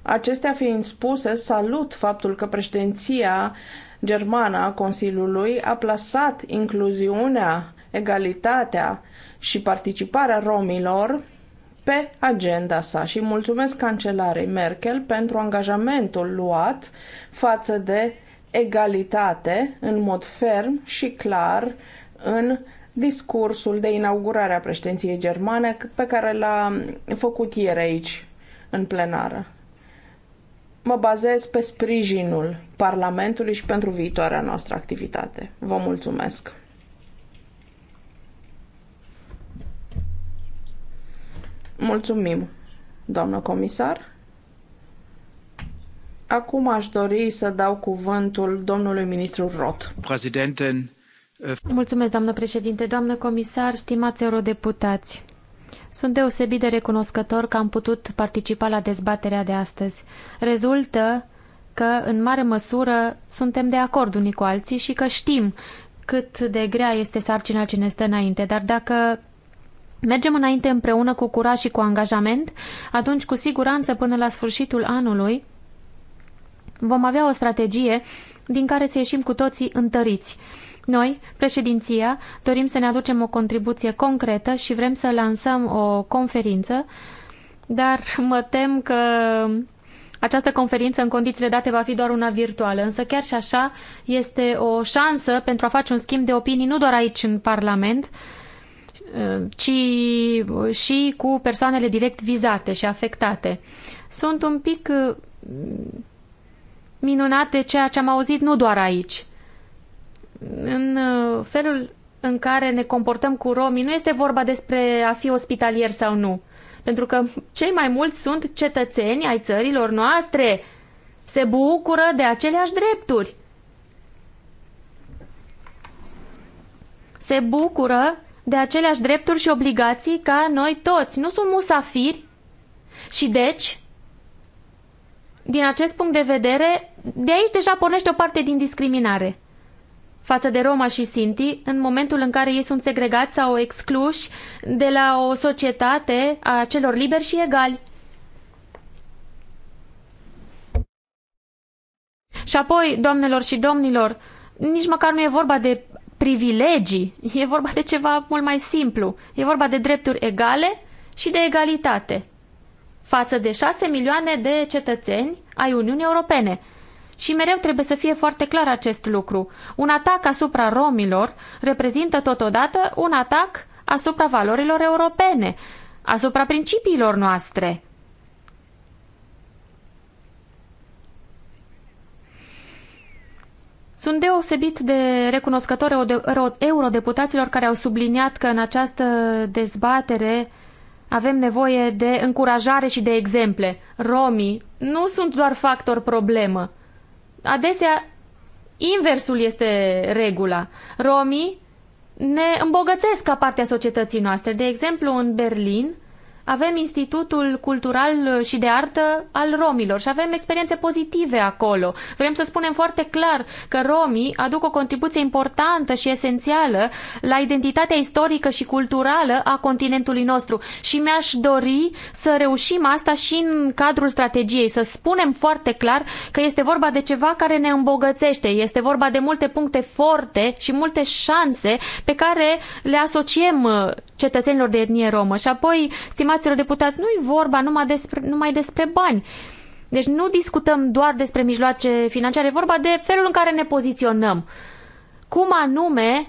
Acestea fiind spuse, salut faptul că președinția germană a Consiliului a plasat incluziunea, egalitatea și participarea romilor pe agenda sa și mulțumesc cancelarei Merkel pentru angajamentul luat față de egalitate în mod ferm și clar în discursul de inaugurare a președinției germane pe care l-a făcut ieri aici, în plenară mă bazez pe sprijinul Parlamentului și pentru viitoarea noastră activitate. Vă mulțumesc! Mulțumim, doamnă comisar. Acum aș dori să dau cuvântul domnului ministru Roth. Presidenten... Eh, mulțumesc, doamnă președinte, doamnă comisar, stimați eurodeputați. Sunt deosebit de recunoscător că am putut participa la dezbaterea de astăzi. Rezultă că, în mare măsură, suntem de acord unii cu alții și că știm cât de grea este sarcina ce ne stă înainte, dar dacă mergem înainte împreună cu curaj și cu angajament, atunci cu siguranță până la sfârșitul anului vom avea o strategie din care să ieșim cu toții întăriți. Noi, președinția, dorim să ne aducem o contribuție concretă și vrem să lansăm o conferință, dar mă tem că această conferință în condițiile date va fi doar una virtuală, însă chiar și așa este o șansă pentru a face un schimb de opinii nu doar aici în Parlament, ci și cu persoanele direct vizate și afectate. Sunt un pic minunat de ceea ce am auzit nu doar aici, în uh, felul în care ne comportăm cu romii, nu este vorba despre a fi ospitalier sau nu. Pentru că cei mai mulți sunt cetățeni ai țărilor noastre. Se bucură de aceleași drepturi. Se bucură de aceleași drepturi și obligații ca noi toți. Nu sunt musafiri. Și deci, din acest punct de vedere, de aici deja pornește o parte din discriminare față de Roma și Sinti în momentul în care ei sunt segregați sau excluși de la o societate a celor liberi și egali. Și apoi, doamnelor și domnilor, nici măcar nu e vorba de privilegii, e vorba de ceva mult mai simplu. E vorba de drepturi egale și de egalitate față de șase milioane de cetățeni ai Uniunii Europene – și mereu trebuie să fie foarte clar acest lucru. Un atac asupra romilor reprezintă totodată un atac asupra valorilor europene, asupra principiilor noastre. Sunt deosebit de recunoscători eurodeputaților care au subliniat că în această dezbatere avem nevoie de încurajare și de exemple. Romii nu sunt doar factor problemă adesea inversul este regula. Romii ne îmbogățesc ca parte a societății noastre. De exemplu, în Berlin, avem Institutul Cultural și de Artă al Romilor și avem experiențe pozitive acolo. Vrem să spunem foarte clar că romii aduc o contribuție importantă și esențială la identitatea istorică și culturală a continentului nostru și mi-aș dori să reușim asta și în cadrul strategiei, să spunem foarte clar că este vorba de ceva care ne îmbogățește, este vorba de multe puncte forte și multe șanse pe care le asociem uh, cetățenilor de etnie romă. Și apoi, stimați fraților deputați, nu-i vorba numai despre, numai despre bani. Deci nu discutăm doar despre mijloace financiare, vorba de felul în care ne poziționăm. Cum anume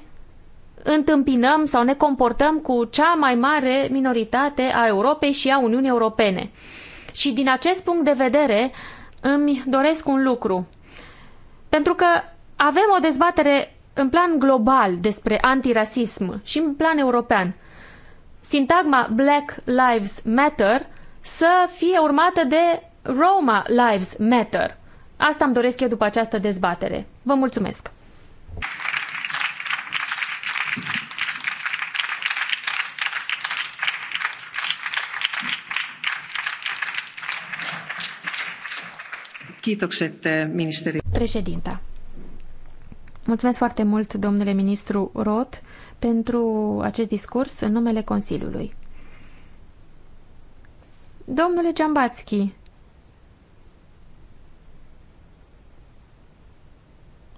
întâmpinăm sau ne comportăm cu cea mai mare minoritate a Europei și a Uniunii Europene. Și din acest punct de vedere îmi doresc un lucru. Pentru că avem o dezbatere în plan global despre antirasism și în plan european – sintagma Black Lives Matter să fie urmată de Roma Lives Matter. Asta îmi doresc eu după această dezbatere. Vă mulțumesc! Eh, Președinta. Mulțumesc foarte mult, domnule ministru Roth pentru acest discurs în numele Consiliului. Domnule Giambatski,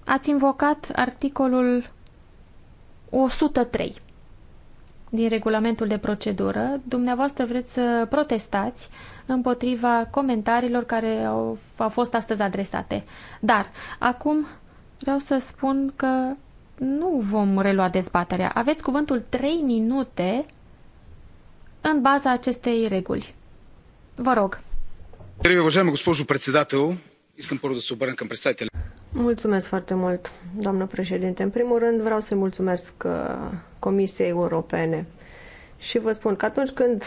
ați invocat articolul 103 din regulamentul de procedură. Dumneavoastră vreți să protestați împotriva comentariilor care au, au fost astăzi adresate. Dar acum vreau să spun că nu vom relua dezbaterea. Aveți cuvântul 3 minute în baza acestei reguli. Vă rog. Mulțumesc foarte mult, doamnă președinte. În primul rând vreau să-i mulțumesc uh, Comisiei Europene și vă spun că atunci când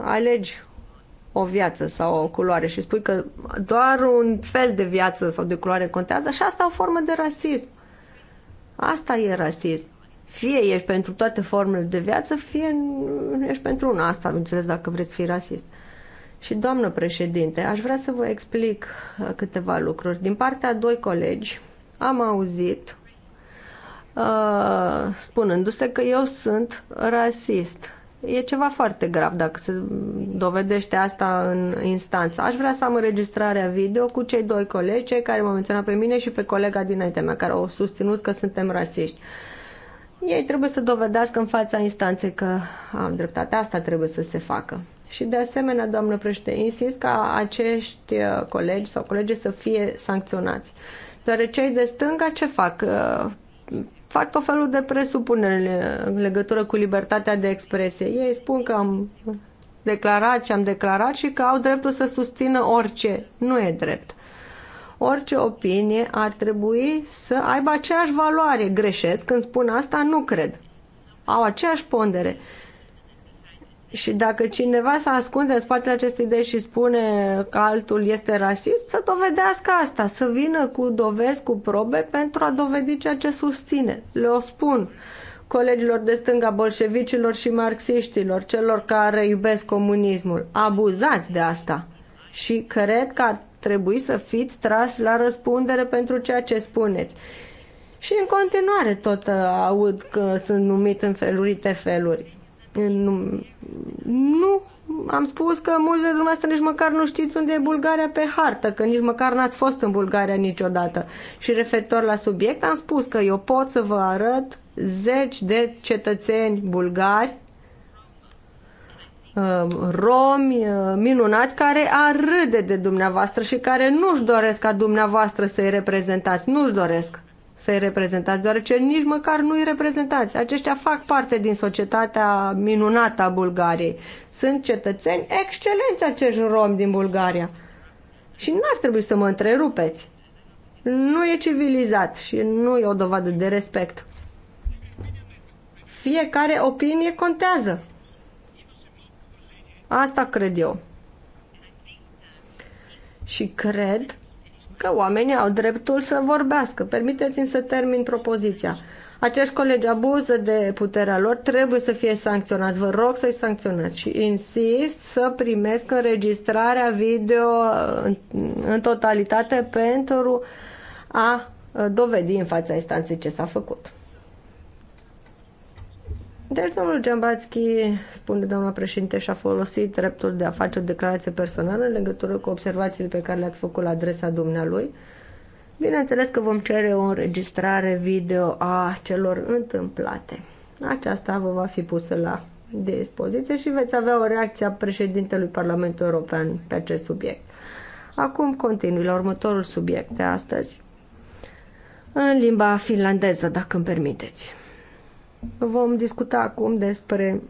alegi o viață sau o culoare și spui că doar un fel de viață sau de culoare contează așa asta o formă de rasism. Asta e rasism. Fie ești pentru toate formele de viață, fie nu ești pentru una. Asta, înțeles, dacă vreți să fii rasist. Și, doamnă președinte, aș vrea să vă explic uh, câteva lucruri. Din partea a doi colegi am auzit uh, spunându-se că eu sunt rasist. E ceva foarte grav dacă se dovedește asta în instanță. Aș vrea să am înregistrarea video cu cei doi colegi, cei care m-au menționat pe mine și pe colega dinaintea mea, care au susținut că suntem rasiști. Ei trebuie să dovedească în fața instanței că am dreptate. Asta trebuie să se facă. Și de asemenea, doamnă președinte, insist ca acești uh, colegi sau colegi să fie sancționați. Deoarece cei de stânga ce fac? Uh, fac tot felul de presupuneri în legătură cu libertatea de expresie. Ei spun că am declarat ce am declarat și că au dreptul să susțină orice. Nu e drept. Orice opinie ar trebui să aibă aceeași valoare. Greșesc când spun asta? Nu cred. Au aceeași pondere. Și dacă cineva se ascunde în spatele acestei idei și spune că altul este rasist, să dovedească asta, să vină cu dovezi, cu probe pentru a dovedi ceea ce susține. Le o spun colegilor de stânga, bolșevicilor și marxiștilor, celor care iubesc comunismul. Abuzați de asta și cred că ar trebui să fiți tras la răspundere pentru ceea ce spuneți. Și în continuare tot uh, aud că sunt numit în felurite feluri nu am spus că mulți de dumneavoastră nici măcar nu știți unde e Bulgaria pe hartă, că nici măcar n-ați fost în Bulgaria niciodată. Și referitor la subiect, am spus că eu pot să vă arăt zeci de cetățeni bulgari, uh, romi uh, minunați, care ar râde de dumneavoastră și care nu-și doresc ca dumneavoastră să-i reprezentați, nu-și doresc să-i reprezentați, deoarece nici măcar nu-i reprezentați. Aceștia fac parte din societatea minunată a Bulgariei. Sunt cetățeni excelenți acești romi din Bulgaria. Și n-ar trebui să mă întrerupeți. Nu e civilizat și nu e o dovadă de respect. Fiecare opinie contează. Asta cred eu. Și cred că oamenii au dreptul să vorbească. Permiteți-mi să termin propoziția. Acești colegi abuză de puterea lor, trebuie să fie sancționați. Vă rog să-i sancționați și insist să primesc înregistrarea video în, în totalitate pentru a dovedi în fața instanței ce s-a făcut. Deci, domnul Giambatski, spune doamna președinte, și-a folosit dreptul de a face o declarație personală în legătură cu observațiile pe care le-ați făcut la adresa dumnealui. Bineînțeles că vom cere o înregistrare video a celor întâmplate. Aceasta vă va fi pusă la dispoziție și veți avea o reacție a președintelui Parlamentului European pe acest subiect. Acum continui la următorul subiect de astăzi, în limba finlandeză, dacă îmi permiteți. Vom discuta acum despre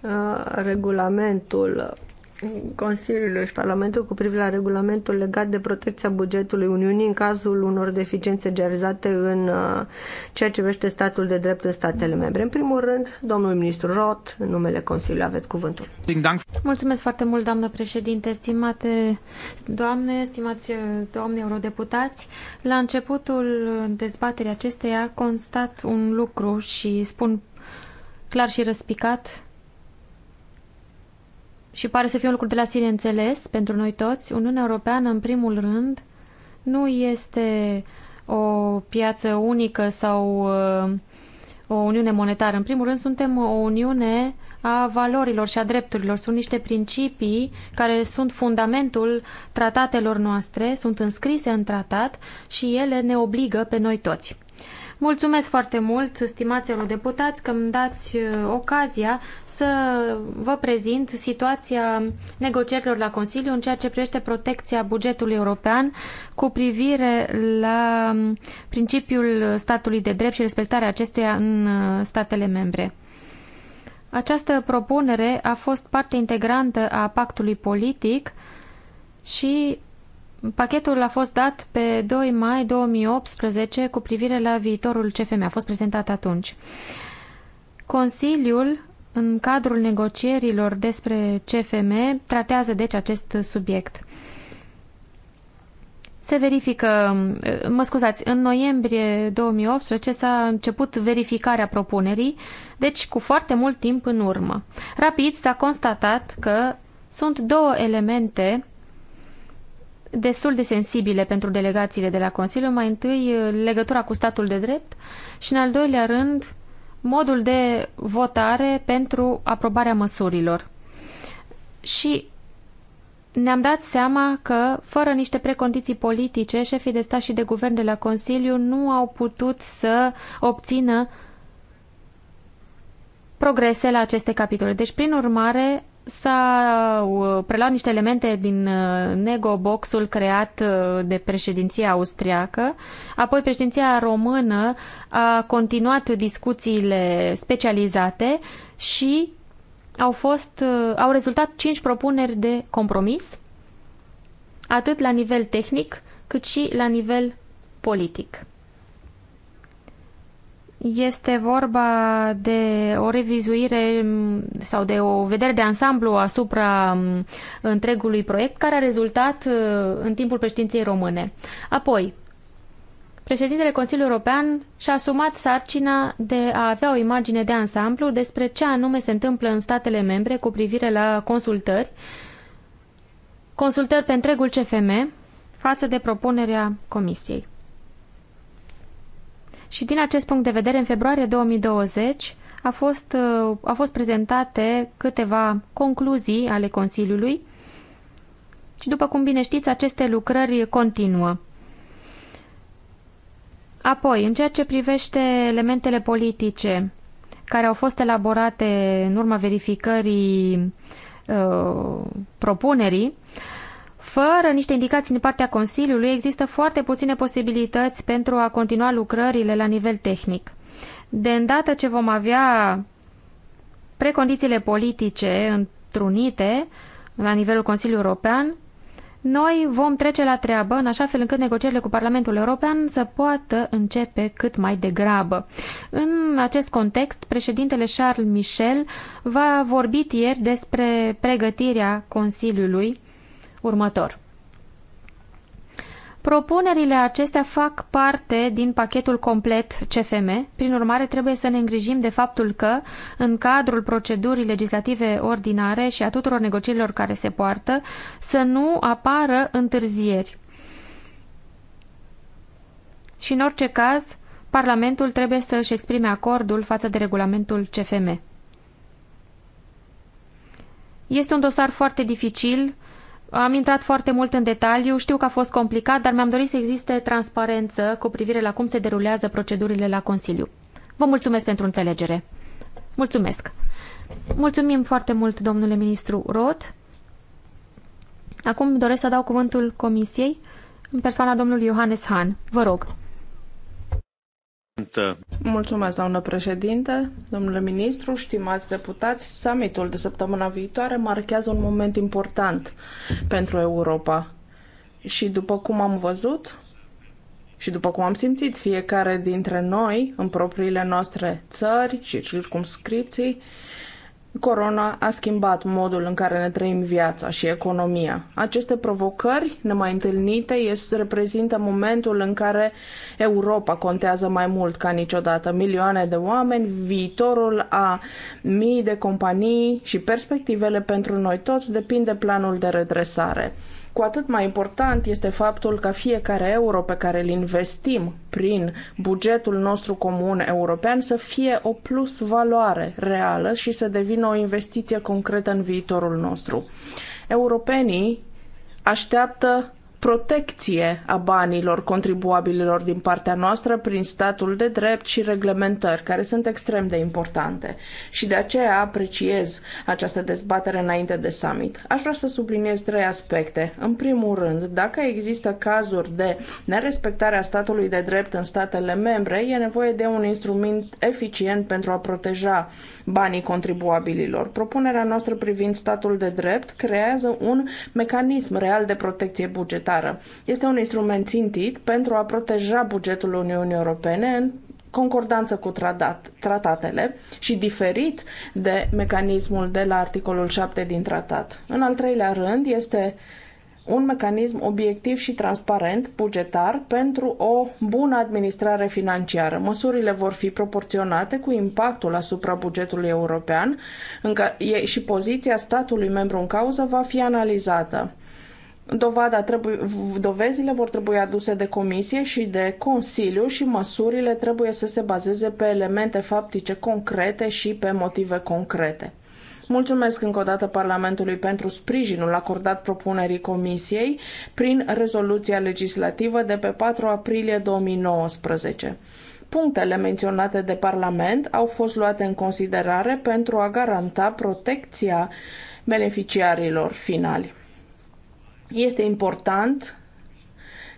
uh, regulamentul Consiliului și Parlamentul cu privire la regulamentul legat de protecția bugetului Uniunii în cazul unor deficiențe gerizate în uh, ceea ce vește statul de drept în statele membre. În primul rând, domnul ministru Roth, în numele Consiliului, aveți cuvântul. Mulțumesc foarte mult, doamnă președinte, stimate doamne, stimați uh, doamne eurodeputați. La începutul dezbaterii acesteia constat un lucru și spun clar și răspicat și pare să fie un lucru de la sine înțeles pentru noi toți, Uniunea Europeană, în primul rând, nu este o piață unică sau uh, o uniune monetară. În primul rând, suntem o uniune a valorilor și a drepturilor. Sunt niște principii care sunt fundamentul tratatelor noastre, sunt înscrise în tratat și ele ne obligă pe noi toți. Mulțumesc foarte mult, stimați deputați, că îmi dați uh, ocazia să vă prezint situația negocierilor la Consiliu în ceea ce privește protecția bugetului european cu privire la um, principiul statului de drept și respectarea acestuia în uh, statele membre. Această propunere a fost parte integrantă a pactului politic și Pachetul a fost dat pe 2 mai 2018 cu privire la viitorul CFM. A fost prezentat atunci. Consiliul, în cadrul negocierilor despre CFM, tratează deci acest subiect. Se verifică, mă scuzați, în noiembrie 2018 s-a început verificarea propunerii, deci cu foarte mult timp în urmă. Rapid s-a constatat că sunt două elemente destul de sensibile pentru delegațiile de la Consiliu. Mai întâi, legătura cu statul de drept și, în al doilea rând, modul de votare pentru aprobarea măsurilor. Și ne-am dat seama că, fără niște precondiții politice, șefii de stat și de guvern de la Consiliu nu au putut să obțină progrese la aceste capitole. Deci, prin urmare, s-au uh, preluat niște elemente din uh, nego boxul creat uh, de președinția austriacă, apoi președinția română a continuat discuțiile specializate și au, fost, au rezultat cinci propuneri de compromis, atât la nivel tehnic cât și la nivel politic. Este vorba de o revizuire mm, sau de o vedere de ansamblu asupra mm, întregului proiect care a rezultat uh, în timpul președinției române. Apoi, președintele Consiliului European și-a asumat sarcina de a avea o imagine de ansamblu despre ce anume se întâmplă în statele membre cu privire la consultări, consultări pe întregul CFM față de propunerea Comisiei. Și din acest punct de vedere, în februarie 2020 a fost, uh, a fost prezentate câteva concluzii ale Consiliului și, după cum bine știți, aceste lucrări continuă. Apoi, în ceea ce privește elementele politice care au fost elaborate în urma verificării uh, propunerii, uh, fără niște indicații din partea Consiliului, există foarte puține posibilități pentru a continua lucrările la nivel tehnic. De îndată ce vom avea precondițiile politice întrunite la nivelul Consiliului European, noi vom trece la treabă în așa fel încât negocierile cu Parlamentul European să poată începe cât mai degrabă. În acest context, președintele Charles Michel va vorbit ieri despre pregătirea Consiliului următor. Propunerile acestea fac parte din pachetul complet CFM, prin urmare trebuie să ne îngrijim de faptul că, în cadrul procedurii legislative ordinare și a tuturor negocierilor care se poartă, să nu apară întârzieri. Și în orice caz, Parlamentul trebuie să își exprime acordul față de regulamentul CFM. Este un dosar foarte dificil, am intrat foarte mult în detaliu, știu că a fost complicat, dar mi-am dorit să existe transparență cu privire la cum se derulează procedurile la Consiliu. Vă mulțumesc pentru înțelegere. Mulțumesc. Mulțumim foarte mult, domnule ministru Roth. Acum doresc să dau cuvântul Comisiei în persoana domnului Johannes Hahn. Vă rog. Mulțumesc, doamnă președinte, domnule ministru, stimați deputați. Summitul de săptămâna viitoare marchează un moment important pentru Europa. Și după cum am văzut și după cum am simțit fiecare dintre noi în propriile noastre țări și circumscripții, Corona a schimbat modul în care ne trăim viața și economia. Aceste provocări nemai întâlnite este, reprezintă momentul în care Europa contează mai mult ca niciodată. Milioane de oameni, viitorul a mii de companii și perspectivele pentru noi toți depind de planul de redresare. Cu atât mai important este faptul că fiecare euro pe care îl investim prin bugetul nostru comun european să fie o plus valoare reală și să devină o investiție concretă în viitorul nostru. Europenii așteaptă protecție a banilor contribuabililor din partea noastră prin statul de drept și reglementări, care sunt extrem de importante. Și de aceea apreciez această dezbatere înainte de summit. Aș vrea să subliniez trei aspecte. În primul rând, dacă există cazuri de nerespectare a statului de drept în statele membre, e nevoie de un instrument eficient pentru a proteja banii contribuabililor. Propunerea noastră privind statul de drept creează un mecanism real de protecție bugetară bugetară. Este un instrument țintit pentru a proteja bugetul Uniunii Europene în concordanță cu tratat, tratatele și diferit de mecanismul de la articolul 7 din tratat. În al treilea rând, este un mecanism obiectiv și transparent bugetar pentru o bună administrare financiară. Măsurile vor fi proporționate cu impactul asupra bugetului european încă și poziția statului membru în cauză va fi analizată. Dovada trebuie, dovezile vor trebui aduse de comisie și de Consiliu și măsurile trebuie să se bazeze pe elemente faptice concrete și pe motive concrete. Mulțumesc încă o dată Parlamentului pentru sprijinul acordat propunerii Comisiei prin rezoluția legislativă de pe 4 aprilie 2019. Punctele menționate de Parlament au fost luate în considerare pentru a garanta protecția beneficiarilor finali. Este important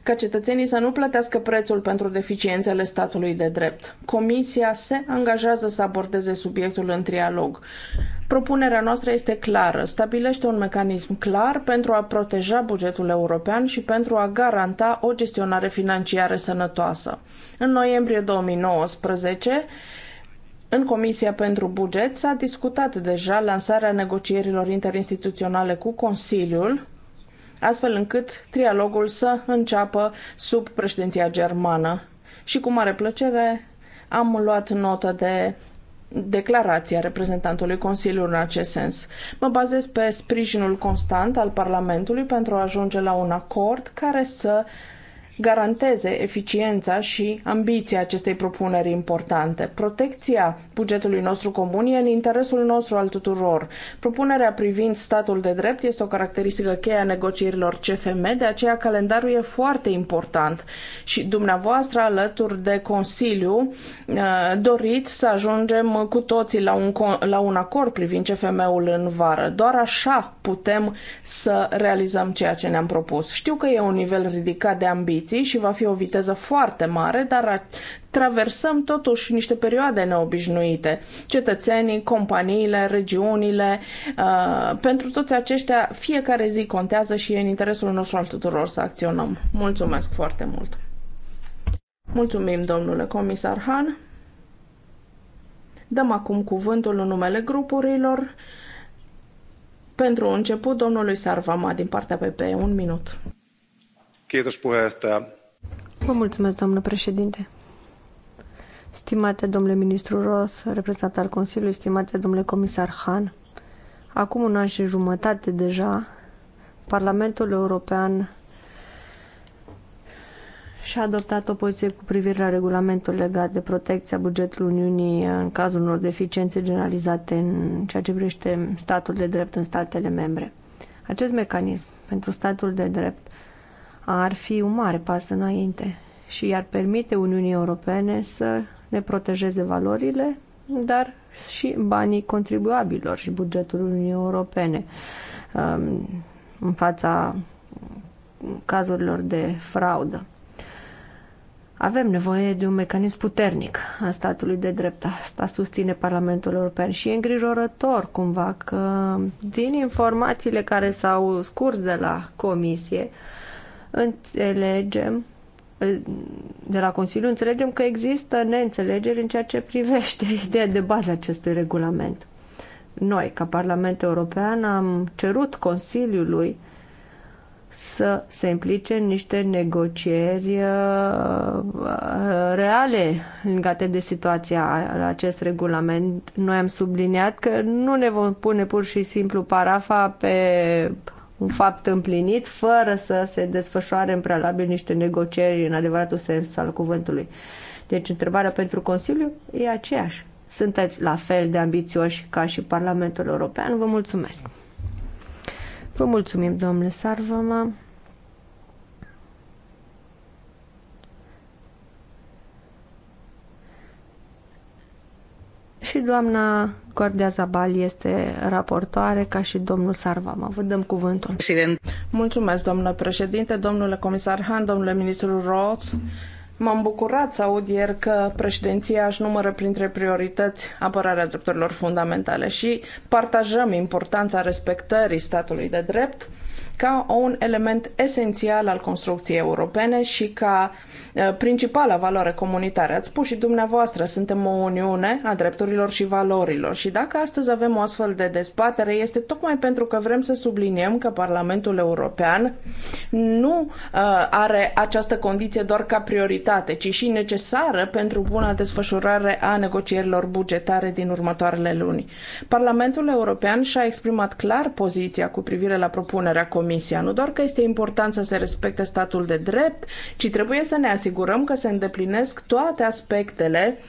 ca cetățenii să nu plătească prețul pentru deficiențele statului de drept. Comisia se angajează să abordeze subiectul în trialog. Propunerea noastră este clară. Stabilește un mecanism clar pentru a proteja bugetul european și pentru a garanta o gestionare financiară sănătoasă. În noiembrie 2019, în Comisia pentru Buget s-a discutat deja lansarea negocierilor interinstituționale cu Consiliul astfel încât trialogul să înceapă sub președinția germană. Și cu mare plăcere am luat notă de declarația reprezentantului Consiliului în acest sens. Mă bazez pe sprijinul constant al Parlamentului pentru a ajunge la un acord care să garanteze eficiența și ambiția acestei propuneri importante. Protecția bugetului nostru comun e în interesul nostru al tuturor. Propunerea privind statul de drept este o caracteristică cheie a negocierilor CFM, de aceea calendarul e foarte important și dumneavoastră alături de Consiliu uh, doriți să ajungem cu toții la un, la un acord privind CFM-ul în vară. Doar așa putem să realizăm ceea ce ne-am propus. Știu că e un nivel ridicat de ambiție, investiții și va fi o viteză foarte mare, dar traversăm totuși niște perioade neobișnuite. Cetățenii, companiile, regiunile, uh, pentru toți aceștia fiecare zi contează și e în interesul nostru al tuturor să acționăm. Mulțumesc foarte mult! Mulțumim, domnule comisar Han. Dăm acum cuvântul în numele grupurilor. Pentru început, domnului Sarvama, din partea PP, un minut. Kiitos Vă mulțumesc, doamnă președinte. Stimate domnule ministru Roth, reprezentant al Consiliului, stimate domnule comisar Han, acum un an și jumătate deja, Parlamentul European și-a adoptat o poziție cu privire la regulamentul legat de protecția bugetului Uniunii în cazul unor deficiențe generalizate în ceea ce privește statul de drept în statele membre. Acest mecanism pentru statul de drept ar fi un mare pas înainte și i-ar permite Uniunii Europene să ne protejeze valorile, dar și banii contribuabilor și bugetul Uniunii Europene um, în fața cazurilor de fraudă. Avem nevoie de un mecanism puternic a statului de drept. Asta susține Parlamentul European și e îngrijorător cumva că din informațiile care s-au scurs de la comisie, uh, înțelegem eh, de la Consiliu înțelegem că există neînțelegeri în ceea ce privește ideea de bază acestui regulament. Noi, ca Parlament European, am cerut Consiliului să se implice în niște negocieri eh, eh, reale legate de situația la acest regulament. Noi am subliniat că nu ne vom pune pur și simplu parafa pe un fapt împlinit fără să se desfășoare în prealabil niște negocieri în adevăratul sens al cuvântului. Deci întrebarea pentru Consiliu e aceeași. Sunteți la fel de ambițioși ca și Parlamentul European? Vă mulțumesc! Vă mulțumim, domnule Sarvama. și doamna Cordia Zabal este raportoare ca și domnul Sarvama. Vă dăm cuvântul. President. Mulțumesc, domnule președinte, domnule comisar Han, domnule ministru Roth. M-am bucurat să aud ieri că președinția își numără printre priorități apărarea drepturilor fundamentale și partajăm importanța respectării statului de drept ca un element esențial al construcției europene și ca uh, principala valoare comunitară. Ați spus și dumneavoastră, suntem o uniune a drepturilor și valorilor și dacă astăzi avem o astfel de dezbatere este tocmai pentru că vrem să subliniem că Parlamentul European nu uh, are această condiție doar ca prioritate, ci și necesară pentru buna desfășurare a negocierilor bugetare din următoarele luni. Parlamentul European și-a exprimat clar poziția cu privire la propunerea Comisiei Comisia. Nu doar că este important să se respecte statul de drept, ci trebuie să ne asigurăm că se îndeplinesc toate aspectele uh,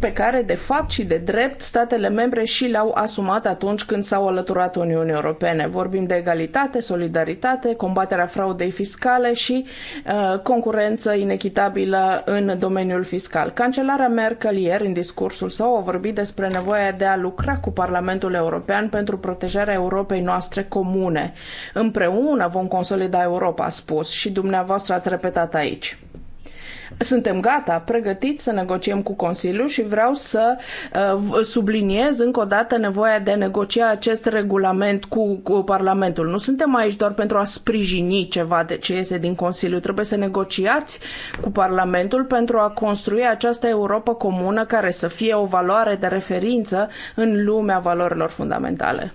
pe care de fapt și de drept statele membre și le-au asumat atunci când s-au alăturat Uniunii Europene. Vorbim de egalitate, solidaritate, combaterea fraudei fiscale și uh, concurență inechitabilă în domeniul fiscal. Cancelarea Merkel ieri, în discursul său, a vorbit despre nevoia de a lucra cu Parlamentul European pentru protejarea Europei noastre comune. Împreună vom consolida Europa, a spus, și dumneavoastră ați repetat aici suntem gata, pregătiți să negociem cu Consiliul și vreau să uh, subliniez încă o dată nevoia de a negocia acest regulament cu, cu Parlamentul. Nu suntem aici doar pentru a sprijini ceva de ce iese din Consiliu. Trebuie să negociați cu Parlamentul pentru a construi această Europa comună care să fie o valoare de referință în lumea valorilor fundamentale.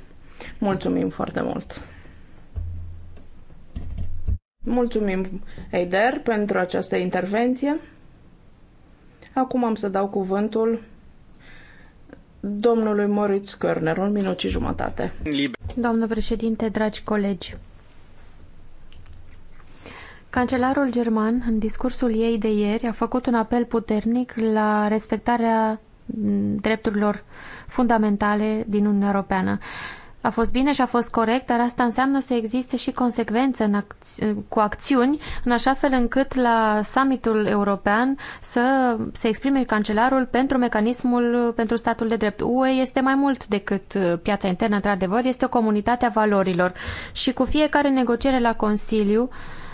Mulțumim foarte mult! Mulțumim, Eider, pentru această intervenție. Acum am să dau cuvântul domnului Moritz Körner, un minut și jumătate. Doamnă președinte, dragi colegi, Cancelarul german, în discursul ei de ieri, a făcut un apel puternic la respectarea drepturilor fundamentale din Uniunea Europeană a fost bine și a fost corect, dar asta înseamnă să existe și consecvențe în acți- cu acțiuni, în așa fel încât la summitul european să se exprime cancelarul pentru mecanismul pentru statul de drept. UE este mai mult decât uh, piața internă, într-adevăr, este o comunitate a valorilor și cu fiecare negociere la Consiliu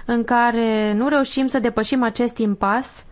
în care nu reușim să depășim acest impas,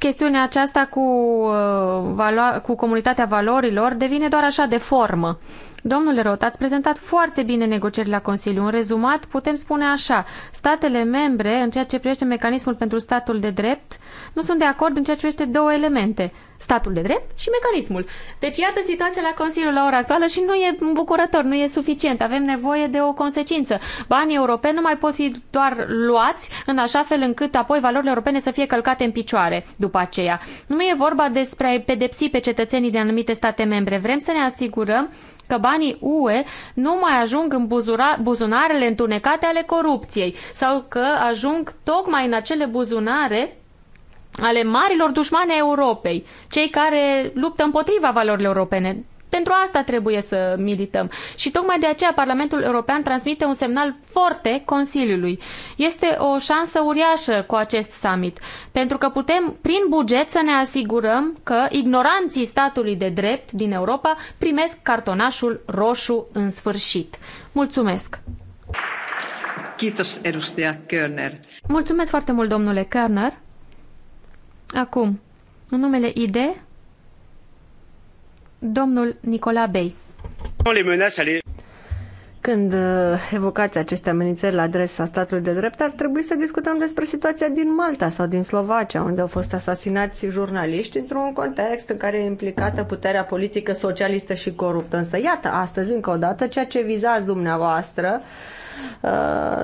chestiunea aceasta cu, uh, valo- cu comunitatea valorilor devine doar așa de formă. Domnule Rot, ați prezentat foarte bine negocierile la Consiliu. În rezumat, putem spune așa, statele membre, în ceea ce privește mecanismul pentru statul de drept, nu sunt de acord în ceea ce privește două elemente statul de drept și mecanismul. Deci iată situația la Consiliul la ora actuală și nu e îmbucurător, nu e suficient. Avem nevoie de o consecință. Banii europeni nu mai pot fi doar luați în așa fel încât apoi valorile europene să fie călcate în picioare după aceea. Nu e vorba despre a pedepsi pe cetățenii de anumite state membre. Vrem să ne asigurăm că banii UE nu mai ajung în buzura, buzunarele întunecate ale corupției sau că ajung tocmai în acele buzunare ale marilor dușmane Europei, cei care luptă împotriva valorilor europene. Pentru asta trebuie să milităm. Și tocmai de aceea Parlamentul European transmite un semnal foarte Consiliului. Este o șansă uriașă cu acest summit, pentru că putem, prin buget, să ne asigurăm că ignoranții statului de drept din Europa primesc cartonașul roșu în sfârșit. Mulțumesc! Mulțumesc foarte mult, domnule Körner. Acum, în numele ID, domnul Nicola Bey. Când uh, evocați aceste amenințări la adresa statului de drept, ar trebui să discutăm despre situația din Malta sau din Slovacia, unde au fost asasinați jurnaliști într-un context în care e implicată puterea politică socialistă și coruptă. Însă, iată, astăzi, încă o dată, ceea ce vizați dumneavoastră uh, Uh,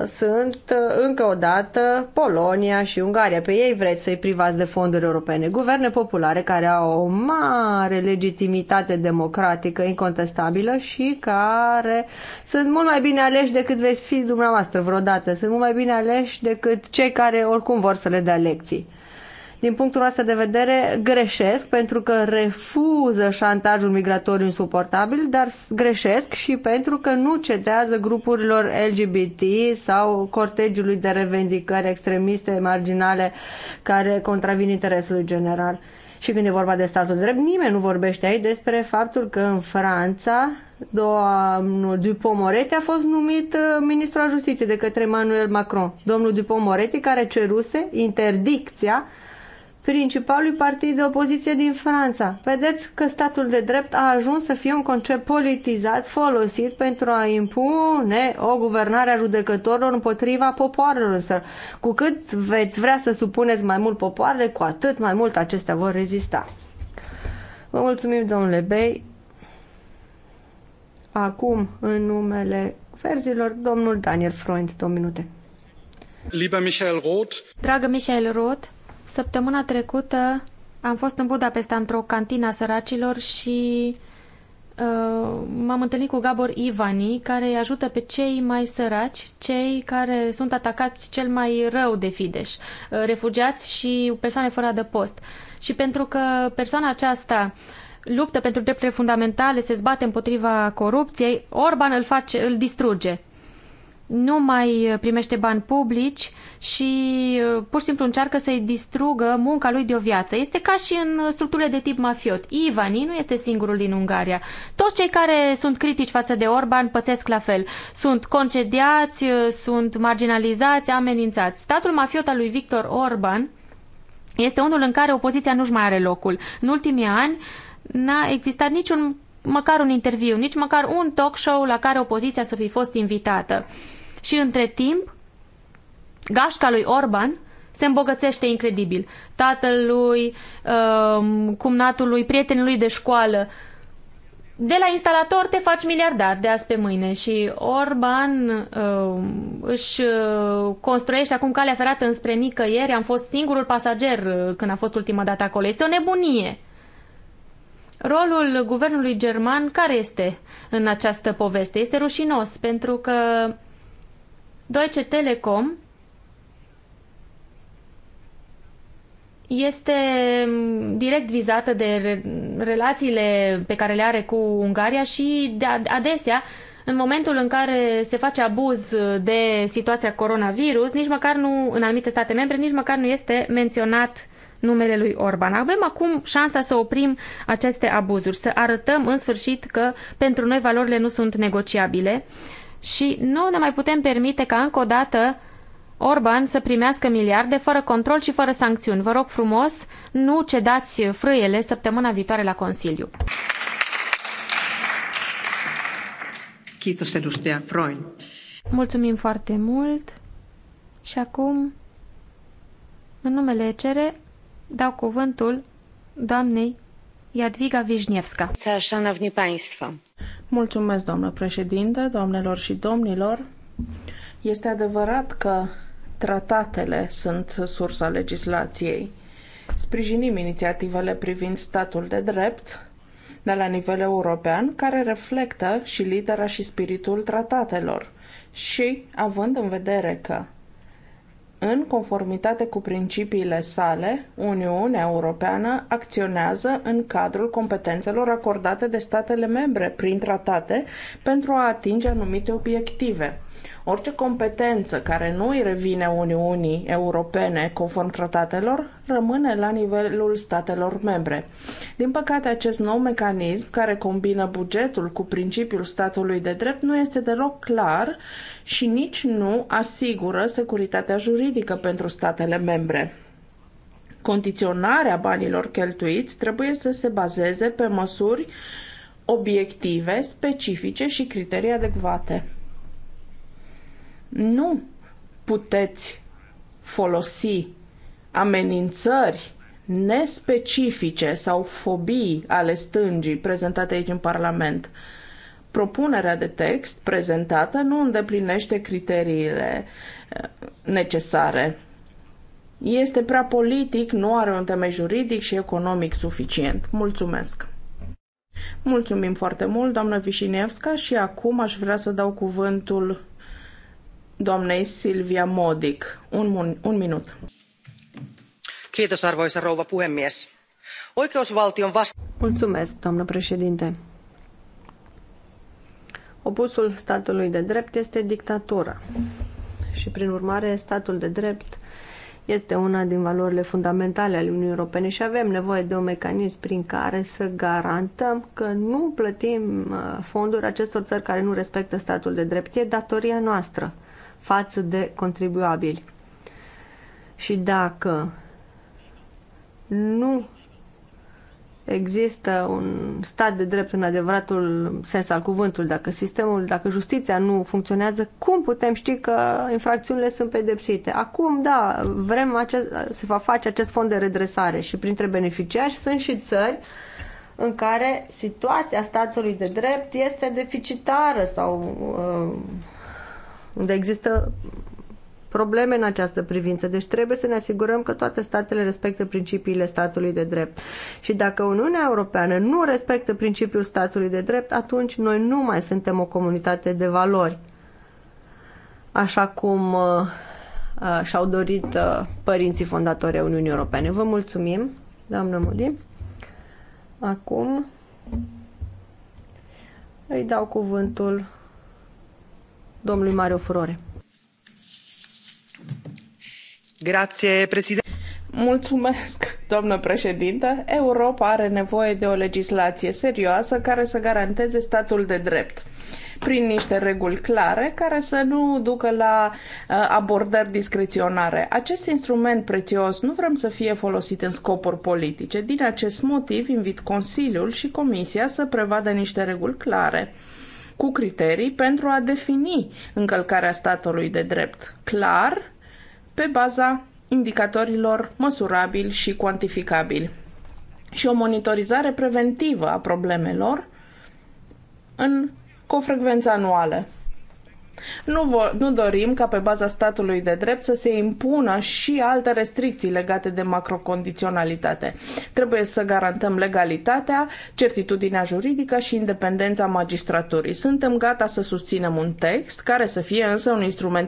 sunt uh, încă o dată Polonia și Ungaria. Pe ei vreți să-i privați de fonduri europene. Guverne populare care au o mare legitimitate democratică incontestabilă și care sunt mult mai bine aleși decât veți fi dumneavoastră vreodată. Sunt mult mai bine aleși decât cei care oricum vor să le dea lecții din punctul nostru de vedere, greșesc pentru că refuză șantajul migratoriu insuportabil, dar greșesc și pentru că nu cedează grupurilor LGBT sau cortegiului de revendicări extremiste, marginale, care contravin interesului general. Și când e vorba de statul drept, nimeni nu vorbește aici despre faptul că în Franța domnul Dupont-Moretti a fost numit uh, ministru al justiției de către Emmanuel Macron. Domnul Dupont-Moretti care ceruse interdicția principalului partid de opoziție din Franța. Vedeți că statul de drept a ajuns să fie un concept politizat folosit pentru a impune o guvernare a judecătorilor împotriva popoarelor. Însă, cu cât veți vrea să supuneți mai mult popoarele, cu atât mai mult acestea vor rezista. Vă mulțumim, domnule Bey. Acum, în numele verzilor, domnul Daniel Freund, două minute. Lieber Michael Roth. Dragă Michael Roth, Săptămâna trecută am fost în Budapesta într-o cantina săracilor și uh, m-am întâlnit cu Gabor Ivani, care îi ajută pe cei mai săraci, cei care sunt atacați cel mai rău de Fidesz, uh, refugiați și persoane fără adăpost. Și pentru că persoana aceasta luptă pentru drepturile fundamentale, se zbate împotriva corupției, Orban îl, face, îl distruge nu mai primește bani publici și uh, pur și simplu încearcă să-i distrugă munca lui de o viață. Este ca și în structurile de tip mafiot. Ivani nu este singurul din Ungaria. Toți cei care sunt critici față de Orban pățesc la fel. Sunt concediați, uh, sunt marginalizați, amenințați. Statul mafiot al lui Victor Orban este unul în care opoziția nu-și mai are locul. În ultimii ani n-a existat niciun măcar un interviu, nici măcar un talk show la care opoziția să fi fost invitată. Și între timp, gașca lui Orban se îmbogățește incredibil. Tatăl lui, um, cumnatul lui, prietenul lui de școală. De la instalator te faci miliardar de azi pe mâine și Orban um, își uh, construiește acum calea ferată înspre nicăieri. Am fost singurul pasager uh, când a fost ultima dată acolo. Este o nebunie. Rolul guvernului german care este în această poveste? Este rușinos pentru că Deutsche Telekom este mm, direct vizată de relațiile pe care le are cu Ungaria și de adesea în momentul în care se face abuz de situația coronavirus, nici măcar nu, în anumite state membre, nici măcar nu este menționat numele lui Orban. Avem acum șansa să oprim aceste abuzuri, să arătăm în sfârșit că pentru noi valorile nu sunt negociabile și nu ne mai putem permite ca încă o dată Orban să primească miliarde fără control și fără sancțiuni. Vă rog frumos, nu cedați frâiele săptămâna viitoare la Consiliu. Mulțumim foarte mult și acum, în numele cere, dau cuvântul doamnei Jadwiga Wiżniewska. Szanowni Państwo. Mulțumesc, doamnă președinte, doamnelor și domnilor. Este adevărat că tratatele sunt sursa legislației. Sprijinim inițiativele privind statul de drept de la nivel european, care reflectă și litera și spiritul tratatelor. Și, având în vedere că în conformitate cu principiile sale, Uniunea Europeană acționează în cadrul competențelor acordate de statele membre prin tratate pentru a atinge anumite obiective. Orice competență care nu îi revine Uniunii Europene conform tratatelor rămâne la nivelul statelor membre. Din păcate, acest nou mecanism, care combină bugetul cu principiul statului de drept, nu este deloc clar și nici nu asigură securitatea juridică pentru statele membre. Condiționarea banilor cheltuiți trebuie să se bazeze pe măsuri obiective, specifice și criterii adecvate. Nu puteți folosi amenințări nespecifice sau fobii ale stângii prezentate aici în Parlament propunerea de text prezentată nu îndeplinește criteriile uh, necesare. Este prea politic, nu are un temei juridic și economic suficient. Mulțumesc! Mulțumim foarte mult, doamnă Vișinevska, și acum aș vrea să dau cuvântul doamnei Silvia Modic. Un, un minut. Kiitos, arvoisa rouva puhemies. Oikeusvaltion vast... Mulțumesc, doamnă președinte. Opusul statului de drept este dictatura și, prin urmare, statul de drept este una din valorile fundamentale ale Uniunii Europene și avem nevoie de un mecanism prin care să garantăm că nu plătim uh, fonduri acestor țări care nu respectă statul de drept. E datoria noastră față de contribuabili. Și dacă nu există un stat de drept în adevăratul sens al cuvântului, dacă sistemul, dacă justiția nu funcționează, cum putem ști că infracțiunile sunt pedepsite? Acum, da, vrem acest, se va face acest fond de redresare și printre beneficiari sunt și țări în care situația statului de drept este deficitară sau uh, unde există probleme în această privință, deci trebuie să ne asigurăm că toate statele respectă principiile statului de drept. Și dacă Uniunea Europeană nu respectă principiul statului de drept, atunci noi nu mai suntem o comunitate de valori, așa cum uh, uh, și-au dorit uh, părinții fondatori ai Uniunii Europene. Vă mulțumim, doamnă Modi. Acum îi dau cuvântul domnului Mario Furore doamnă președintă. Europa are nevoie de o legislație serioasă care să garanteze statul de drept prin niște reguli clare care să nu ducă la uh, abordări discreționare. Acest instrument prețios nu vrem să fie folosit în scopuri politice. Din acest motiv invit Consiliul și Comisia să prevadă niște reguli clare cu criterii pentru a defini încălcarea statului de drept. Clar, pe baza indicatorilor măsurabili și cuantificabili și o monitorizare preventivă a problemelor în cu o frecvență anuală. Nu, vor, nu dorim ca pe baza statului de drept să se impună și alte restricții legate de macrocondiționalitate. Trebuie să garantăm legalitatea, certitudinea juridică și independența magistraturii. Suntem gata să susținem un text care să fie însă un instrument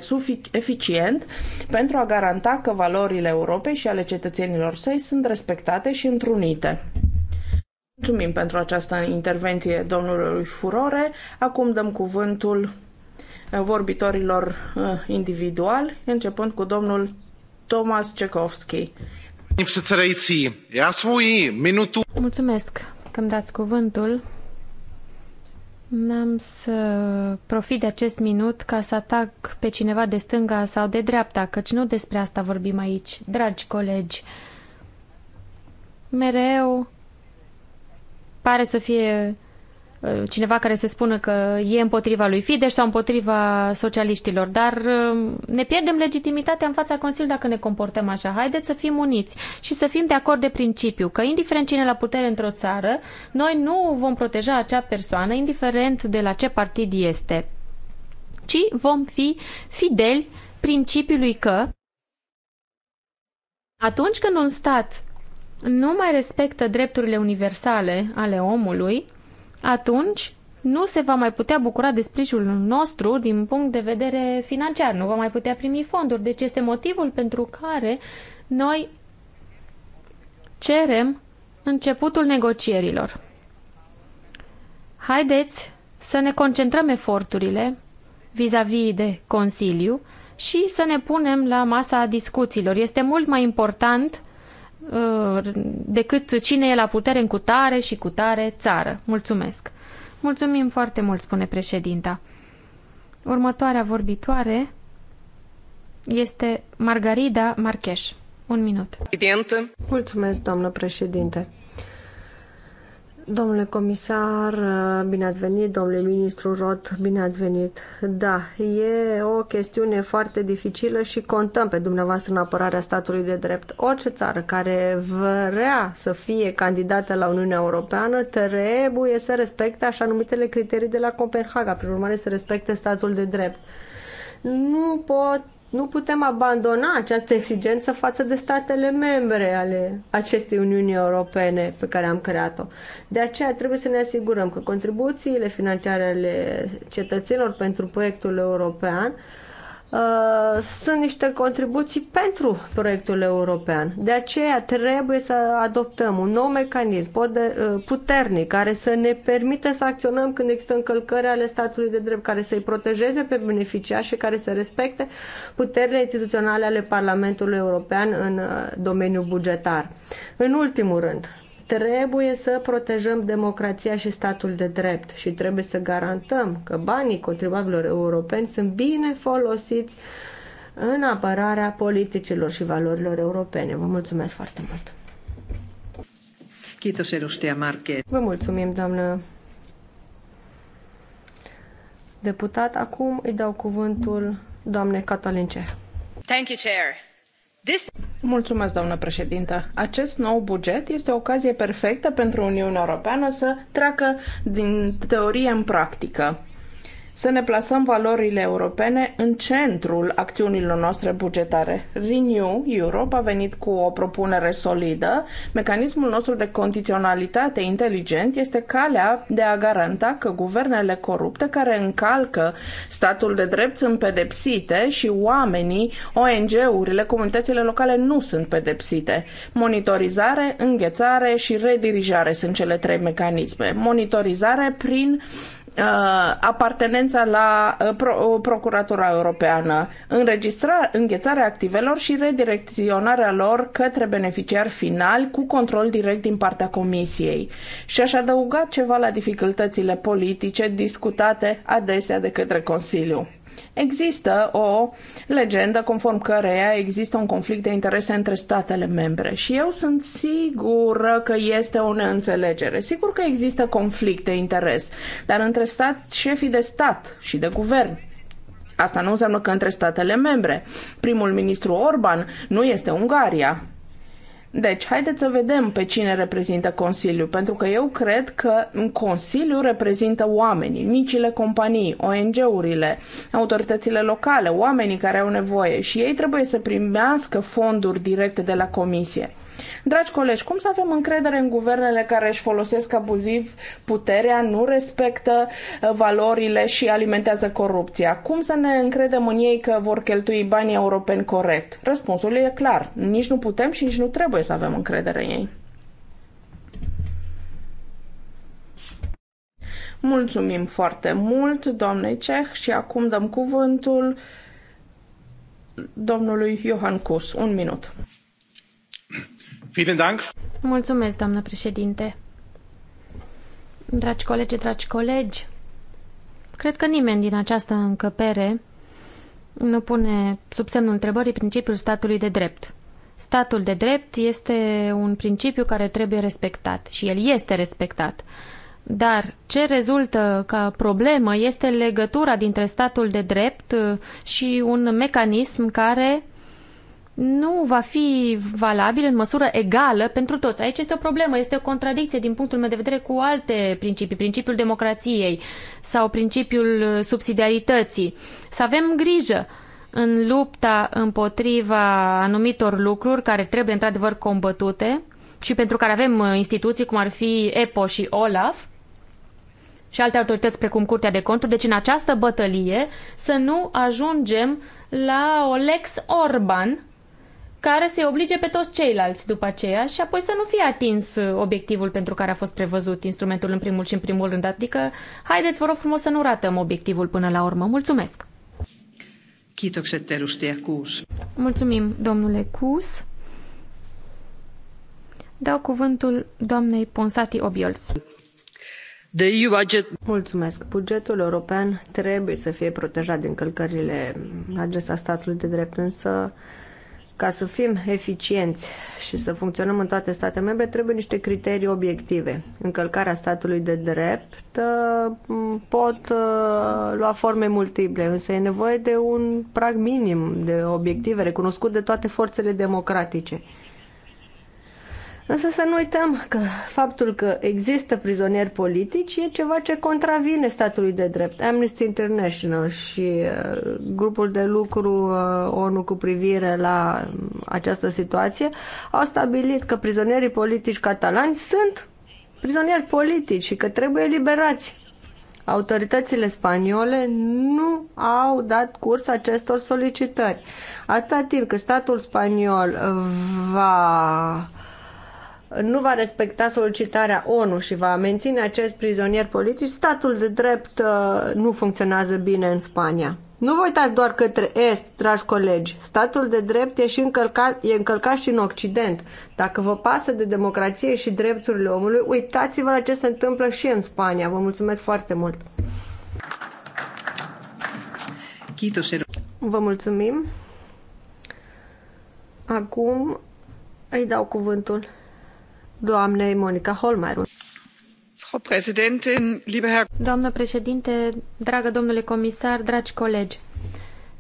eficient pentru a garanta că valorile Europei și ale cetățenilor săi sunt respectate și întrunite. Mulțumim pentru această intervenție domnului Furore. Acum dăm cuvântul vorbitorilor uh, individual, începând cu domnul Tomas Cekovski. Mulțumesc că îmi dați cuvântul. N-am să profit de acest minut ca să atac pe cineva de stânga sau de dreapta, căci nu despre asta vorbim aici, dragi colegi. Mereu pare să fie Uh, cineva care se spună că e împotriva lui Fidesz sau împotriva socialiștilor, dar uh, ne pierdem legitimitatea în fața Consiliului dacă ne comportăm așa. Haideți să fim uniți și să fim de acord de principiu că indiferent cine la putere într-o țară, noi nu vom proteja acea persoană indiferent de la ce partid este, ci vom fi fideli principiului că atunci când un stat nu mai respectă drepturile universale ale omului, atunci nu se va mai putea bucura de sprijinul nostru din punct de vedere financiar, nu va mai putea primi fonduri. Deci este motivul pentru care noi cerem începutul negocierilor. Haideți să ne concentrăm eforturile vis-a-vis -vis de Consiliu și să ne punem la masa discuțiilor. Este mult mai important Uh, decât cine e la putere în cutare și cutare țară. Mulțumesc. Mulțumim foarte mult, spune președinta. Următoarea vorbitoare este Margarida Marcheș. Un minut. Mulțumesc, doamnă președinte. Domnule comisar, bine ați venit, domnule ministru Rot, bine ați venit. Da, e o chestiune foarte dificilă și contăm pe dumneavoastră în apărarea statului de drept. Orice țară care vrea să fie candidată la Uniunea Europeană trebuie să respecte așa numitele criterii de la Copenhaga, prin urmare să respecte statul de drept. Nu pot nu putem abandona această exigență față de statele membre ale acestei Uniuni Europene pe care am creat-o. De aceea trebuie să ne asigurăm că contribuțiile financiare ale cetățenilor pentru proiectul european Uh, sunt niște contribuții pentru proiectul european. De aceea trebuie să adoptăm un nou mecanism uh, puternic care să ne permită să acționăm când există încălcări ale statului de drept, care să-i protejeze pe beneficiari și care să respecte puterile instituționale ale Parlamentului European în uh, domeniul bugetar. În ultimul rând, Trebuie să protejăm democrația și statul de drept și trebuie să garantăm că banii contribuabilor europeni sunt bine folosiți în apărarea politicilor și valorilor europene. Vă mulțumesc foarte mult! Vă mulțumim, doamnă deputat. Acum îi dau cuvântul doamnei Catalin Ceh. Thank you, Chair. This... Mulțumesc, doamnă președintă. Acest nou buget este o ocazie perfectă pentru Uniunea Europeană să treacă din teorie în practică să ne plasăm valorile europene în centrul acțiunilor noastre bugetare. Renew Europe a venit cu o propunere solidă. Mecanismul nostru de condiționalitate inteligent este calea de a garanta că guvernele corupte care încalcă statul de drept sunt pedepsite și oamenii, ONG-urile, comunitățile locale nu sunt pedepsite. Monitorizare, înghețare și redirijare sunt cele trei mecanisme. Monitorizare prin uh, Uh, apartenența la uh, Pro uh, Procuratura Europeană, înregistra înghețarea activelor și redirecționarea lor către beneficiari finali cu control direct din partea Comisiei. Și aș adăuga ceva la dificultățile politice discutate adesea de către Consiliu. Există o legendă conform căreia există un conflict de interese între statele membre și eu sunt sigură că este o neînțelegere. Sigur că există conflict de interes, dar între stat, șefii de stat și de guvern Asta nu înseamnă că între statele membre. Primul ministru Orban nu este Ungaria. Deci, haideți să vedem pe cine reprezintă Consiliul, pentru că eu cred că Consiliul reprezintă oamenii, micile companii, ONG-urile, autoritățile locale, oamenii care au nevoie și ei trebuie să primească fonduri directe de la Comisie. Dragi colegi, cum să avem încredere în guvernele care își folosesc abuziv puterea, nu respectă uh, valorile și alimentează corupția? Cum să ne încredem în ei că vor cheltui banii europeni corect? Răspunsul e clar. Nici nu putem și nici nu trebuie să avem încredere în ei. Mulțumim foarte mult, doamnei Ceh, și acum dăm cuvântul domnului Johan Cus. Un minut. Mulțumesc, doamnă președinte. Dragi colegi, dragi colegi, cred că nimeni din această încăpere nu pune sub semnul întrebării principiul statului de drept. Statul de drept este un principiu care trebuie respectat și el este respectat. Dar ce rezultă ca problemă este legătura dintre statul de drept și un mecanism care nu va fi valabil în măsură egală pentru toți. Aici este o problemă, este o contradicție din punctul meu de vedere cu alte principii, principiul democrației sau principiul uh, subsidiarității. Să avem grijă în lupta împotriva anumitor lucruri care trebuie într-adevăr combătute și pentru care avem uh, instituții cum ar fi EPO și OLAF, și alte autorități precum Curtea de Conturi. Deci în această bătălie să nu ajungem la o Lex Orban care să-i oblige pe toți ceilalți după aceea și apoi să nu fie atins uh, obiectivul pentru care a fost prevăzut instrumentul în primul și în primul rând. Adică, haideți, vă rog frumos, să nu ratăm obiectivul până la urmă. Mulțumesc! Mulțumim, domnule Cus. Dau cuvântul doamnei Ponsati Obiols. Mulțumesc. Bugetul european trebuie să fie protejat din încălcările adresa statului de drept, însă ca să fim eficienți și să funcționăm în toate statele membre, trebuie niște criterii obiective. Încălcarea statului de drept uh, pot uh, lua forme multiple, însă e nevoie de un prag minim de obiective recunoscut de toate forțele democratice. Însă să nu uităm că faptul că există prizonieri politici e ceva ce contravine statului de drept. Amnesty International și uh, grupul de lucru uh, ONU cu privire la mm, această situație au stabilit că prizonierii politici catalani sunt prizonieri politici și că trebuie eliberați. Autoritățile spaniole nu au dat curs acestor solicitări. Atâta timp cât statul spaniol va nu va respecta solicitarea ONU și va menține acest prizonier politic, statul de drept uh, nu funcționează bine în Spania. Nu vă uitați doar către Est, dragi colegi. Statul de drept e, și încălcat, e încălcat și în Occident. Dacă vă pasă de democrație și drepturile omului, uitați-vă la ce se întâmplă și în Spania. Vă mulțumesc foarte mult! Vă mulțumim! Acum îi dau cuvântul doamnei Monica Holmeier. Doamnă președinte, dragă domnule comisar, dragi colegi,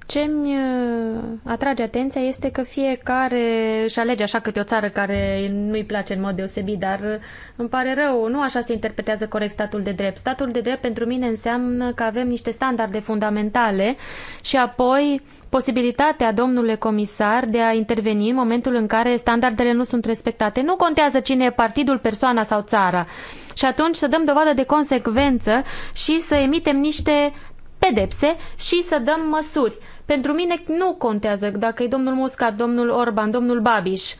ce mi uh, atrage atenția este că fiecare își alege așa câte o țară care nu-i place în mod deosebit, dar uh, îmi pare rău, nu așa se interpretează corect statul de drept. Statul de drept pentru mine înseamnă că avem niște standarde fundamentale și apoi posibilitatea, domnule comisar, de a interveni în momentul în care standardele nu sunt respectate. Nu contează cine e partidul, persoana sau țara. Și atunci să dăm dovadă de consecvență și să emitem niște pedepse și să dăm măsuri. Pentru mine nu contează dacă e domnul Musca, domnul Orban, domnul Babiș.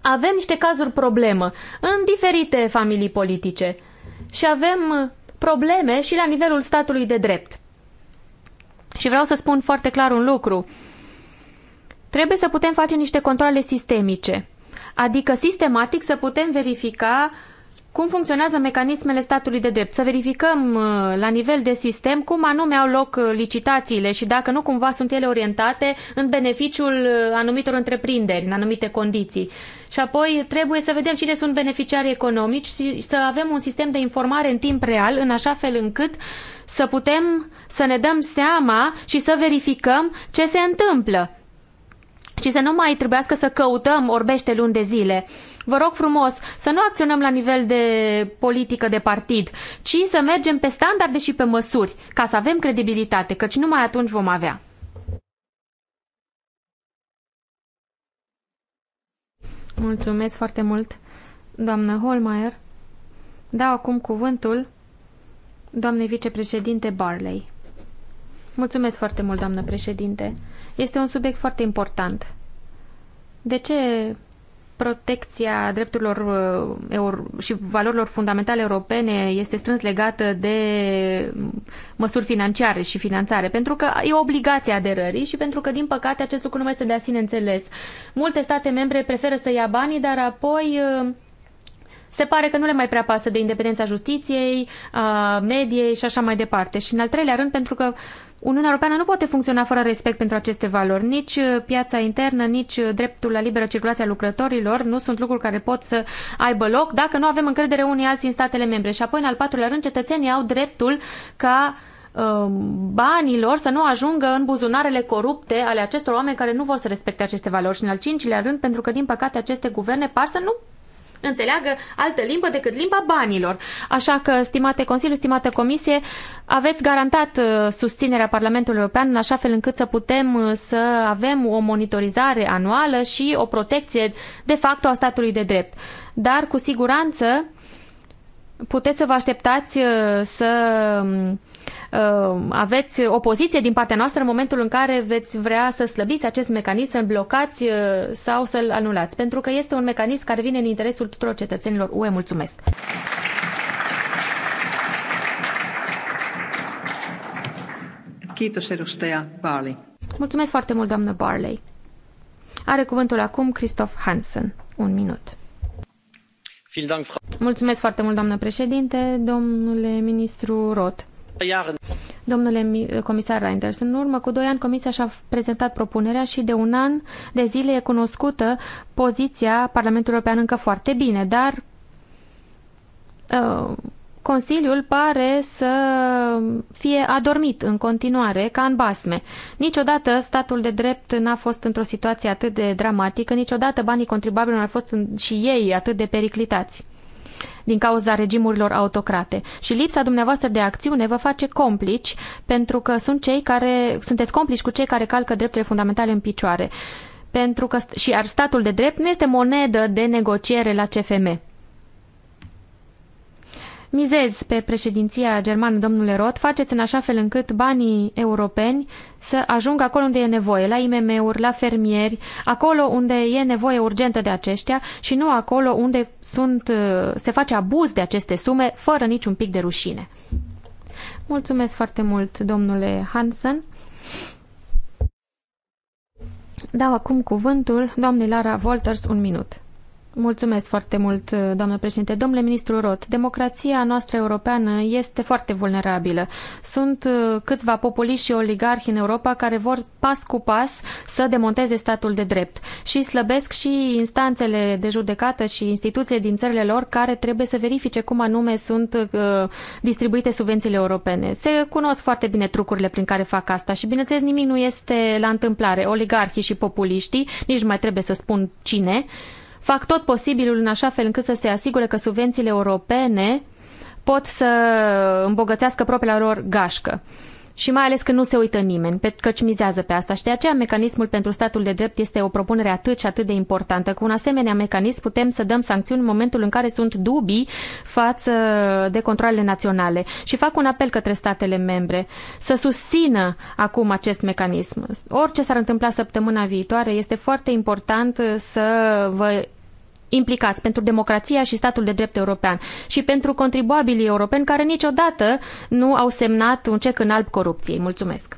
Avem niște cazuri problemă în diferite familii politice și avem uh, probleme și la nivelul statului de drept. Și vreau să spun foarte clar un lucru. Trebuie să putem face niște controle sistemice, adică sistematic să putem verifica cum funcționează mecanismele statului de drept. Să verificăm uh, la nivel de sistem cum anume au loc uh, licitațiile și dacă nu cumva sunt ele orientate în beneficiul uh, anumitor întreprinderi, în anumite condiții. Și apoi trebuie să vedem cine sunt beneficiarii economici și să avem un sistem de informare în timp real, în așa fel încât să putem să ne dăm seama și să verificăm ce se întâmplă. Și să nu mai trebuiască să căutăm orbește luni de zile. Vă rog frumos să nu acționăm la nivel de politică de partid, ci să mergem pe standarde și pe măsuri, ca să avem credibilitate, căci numai atunci vom avea. Mulțumesc foarte mult, doamnă Holmeier. Dau acum cuvântul doamnei vicepreședinte Barley. Mulțumesc foarte mult, doamnă președinte. Este un subiect foarte important. De ce protecția drepturilor uh, și valorilor fundamentale europene este strâns legată de măsuri financiare și finanțare, pentru că e obligația aderării și pentru că, din păcate, acest lucru nu mai este de a sine înțeles. Multe state membre preferă să ia banii, dar apoi uh, se pare că nu le mai prea pasă de independența justiției, a mediei și așa mai departe. Și în al treilea rând, pentru că Uniunea Europeană nu poate funcționa fără respect pentru aceste valori. Nici uh, piața internă, nici uh, dreptul la liberă circulație a lucrătorilor nu sunt lucruri care pot să aibă loc dacă nu avem încredere unii alții în statele membre. Și apoi, în al patrulea rând, cetățenii au dreptul ca um, banilor să nu ajungă în buzunarele corupte ale acestor oameni care nu vor să respecte aceste valori. Și în al cincilea rând, pentru că, din păcate, aceste guverne par să nu înțeleagă altă limbă decât limba banilor. Așa că, stimate Consiliu, stimate Comisie, aveți garantat uh, susținerea Parlamentului European în așa fel încât să putem uh, să avem o monitorizare anuală și o protecție de facto a statului de drept. Dar, cu siguranță, puteți să vă așteptați uh, să um, Ehm, aveți opoziție din partea noastră în momentul în care veți vrea să slăbiți acest mecanism, să-l blocați eh, sau să-l anulați. Pentru că este un mecanism care vine în interesul tuturor cetățenilor UE. Mulțumesc! Barley. Mulțumesc foarte mult, doamnă Barley. Are cuvântul acum Christoph Hansen. Un minut. Mulțumesc foarte mult, doamnă președinte, domnule ministru Roth. Domnule comisar Reinders, în urmă cu doi ani Comisia și-a prezentat propunerea și de un an de zile e cunoscută poziția Parlamentului European încă foarte bine, dar uh, Consiliul pare să fie adormit în continuare, ca în basme. Niciodată statul de drept n-a fost într-o situație atât de dramatică, niciodată banii contribuabililor nu au fost și ei atât de periclitați din cauza regimurilor autocrate. Și lipsa dumneavoastră de acțiune vă face complici, pentru că sunt cei care, sunteți complici cu cei care calcă drepturile fundamentale în picioare. Pentru că și ar statul de drept nu este monedă de negociere la CFM mizez pe președinția germană, domnule Roth, faceți în așa fel încât banii europeni să ajungă acolo unde e nevoie, la IMM-uri, la fermieri, acolo unde e nevoie urgentă de aceștia și nu acolo unde sunt, uh, se face abuz de aceste sume fără niciun pic de rușine. Mulțumesc foarte mult, domnule Hansen. Dau acum cuvântul doamnei Lara Wolters un minut. Mulțumesc foarte mult, doamnă președinte. Domnule ministru Rot, democrația noastră europeană este foarte vulnerabilă. Sunt uh, câțiva populiști și oligarhi în Europa care vor pas cu pas să demonteze statul de drept și slăbesc și instanțele de judecată și instituțiile din țările lor care trebuie să verifice cum anume sunt uh, distribuite subvențiile europene. Se cunosc foarte bine trucurile prin care fac asta și bineînțeles nimic nu este la întâmplare. Oligarhii și populiștii, nici nu mai trebuie să spun cine, fac tot posibilul în așa fel încât să se asigure că subvențiile europene pot să îmbogățească propria lor gașcă și mai ales că nu se uită nimeni, pentru că mizează pe asta. Și de aceea mecanismul pentru statul de drept este o propunere atât și atât de importantă. Cu un asemenea mecanism putem să dăm sancțiuni în momentul în care sunt dubii față de controlele naționale. Și fac un apel către statele membre să susțină acum acest mecanism. Orice s-ar întâmpla săptămâna viitoare, este foarte important să vă implicați pentru democrația și statul de drept european și pentru contribuabilii europeni care niciodată nu au semnat un cec în alb corupției. Mulțumesc!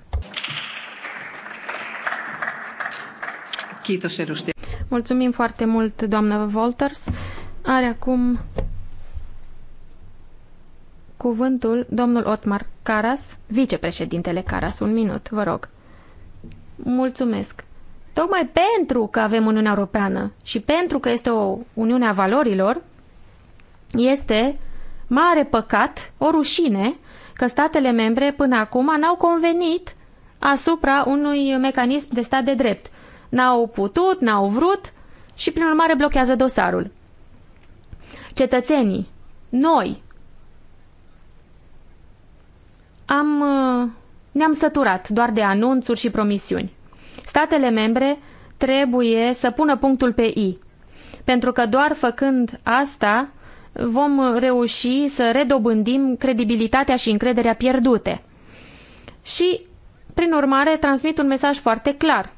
Mulțumim foarte mult, doamnă Wolters. Are acum cuvântul domnul Otmar Caras, vicepreședintele Caras. Un minut, vă rog. Mulțumesc. Tocmai pentru că avem Uniunea Europeană și pentru că este o Uniune a valorilor, este mare păcat, o rușine, că statele membre până acum n-au convenit asupra unui mecanism de stat de drept. N-au putut, n-au vrut și prin urmare blochează dosarul. Cetățenii, noi, am, uh, ne-am săturat doar de anunțuri și promisiuni. Statele membre trebuie să pună punctul pe I, pentru că doar făcând asta vom reuși să redobândim credibilitatea și încrederea pierdute. Și, prin urmare, transmit un mesaj foarte clar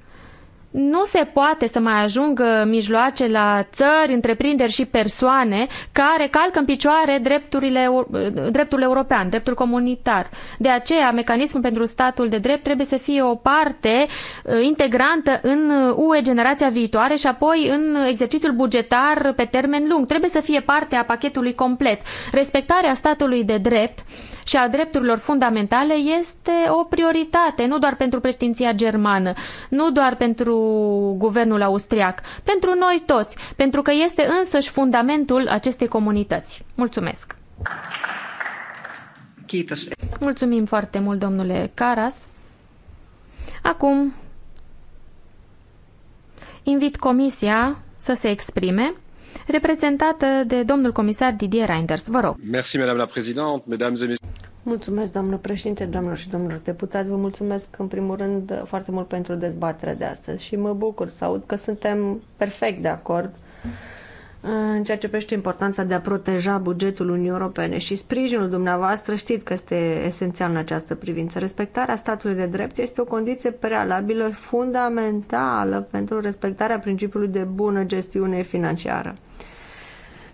nu se poate să mai ajungă mijloace la țări, întreprinderi și persoane care calcă în picioare drepturile, dreptul european, dreptul comunitar. De aceea, mecanismul pentru statul de drept trebuie să fie o parte uh, integrantă în UE generația viitoare și apoi în exercițiul bugetar pe termen lung. Trebuie să fie parte a pachetului complet. Respectarea statului de drept uh, și a drepturilor fundamentale este o prioritate, nu doar pentru președinția germană, nu doar pentru guvernul austriac, pentru noi toți, pentru că este însăși fundamentul acestei comunități. Mulțumesc! Mulțumim foarte mult, domnule Caras. Acum invit comisia să se exprime reprezentată de domnul comisar Didier Reinders. Vă rog. Merci, madame la présidente, mesdames et messieurs. Mulțumesc, doamnă președinte, doamnelor și domnilor deputați. Vă mulțumesc, în primul rând, foarte mult pentru dezbaterea de astăzi și mă bucur să aud că suntem perfect de acord mm în ceea ce privește importanța de a proteja bugetul Uniunii Europene și sprijinul dumneavoastră știți că este esențial în această privință. Respectarea statului de drept este o condiție prealabilă fundamentală pentru respectarea principiului de bună gestiune financiară.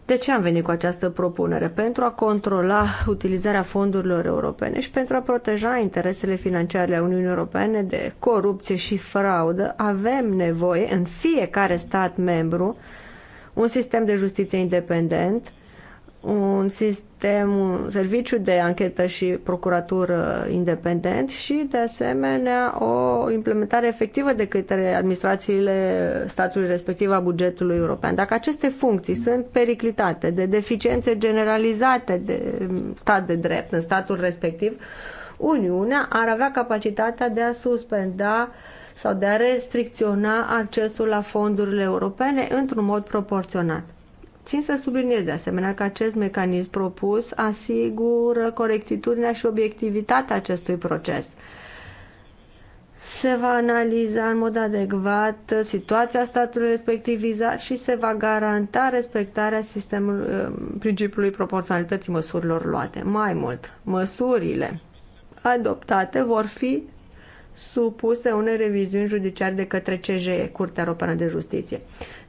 De ce am venit cu această propunere? Pentru a controla utilizarea fondurilor europene și pentru a proteja interesele financiare ale Uniunii Europene de corupție și fraudă, avem nevoie în fiecare stat membru un sistem de justiție independent, un sistem, un serviciu de anchetă și procuratură independent și, de asemenea, o implementare efectivă de către administrațiile statului respectiv a bugetului european. Dacă aceste funcții sunt periclitate de deficiențe generalizate de stat de drept în statul respectiv, Uniunea ar avea capacitatea de a suspenda uh, sau de a restricționa accesul la fondurile europene într-un mod proporționat. Țin să subliniez de asemenea că acest mecanism propus asigură corectitudinea și obiectivitatea acestui proces. Se va analiza în mod adecvat situația statului respectiv vizat și se va garanta respectarea sistemului, uh, principiului proporționalității măsurilor luate. Mai mult, măsurile adoptate vor fi supuse unei reviziuni judiciare de către CJ, Curtea Europeană de Justiție.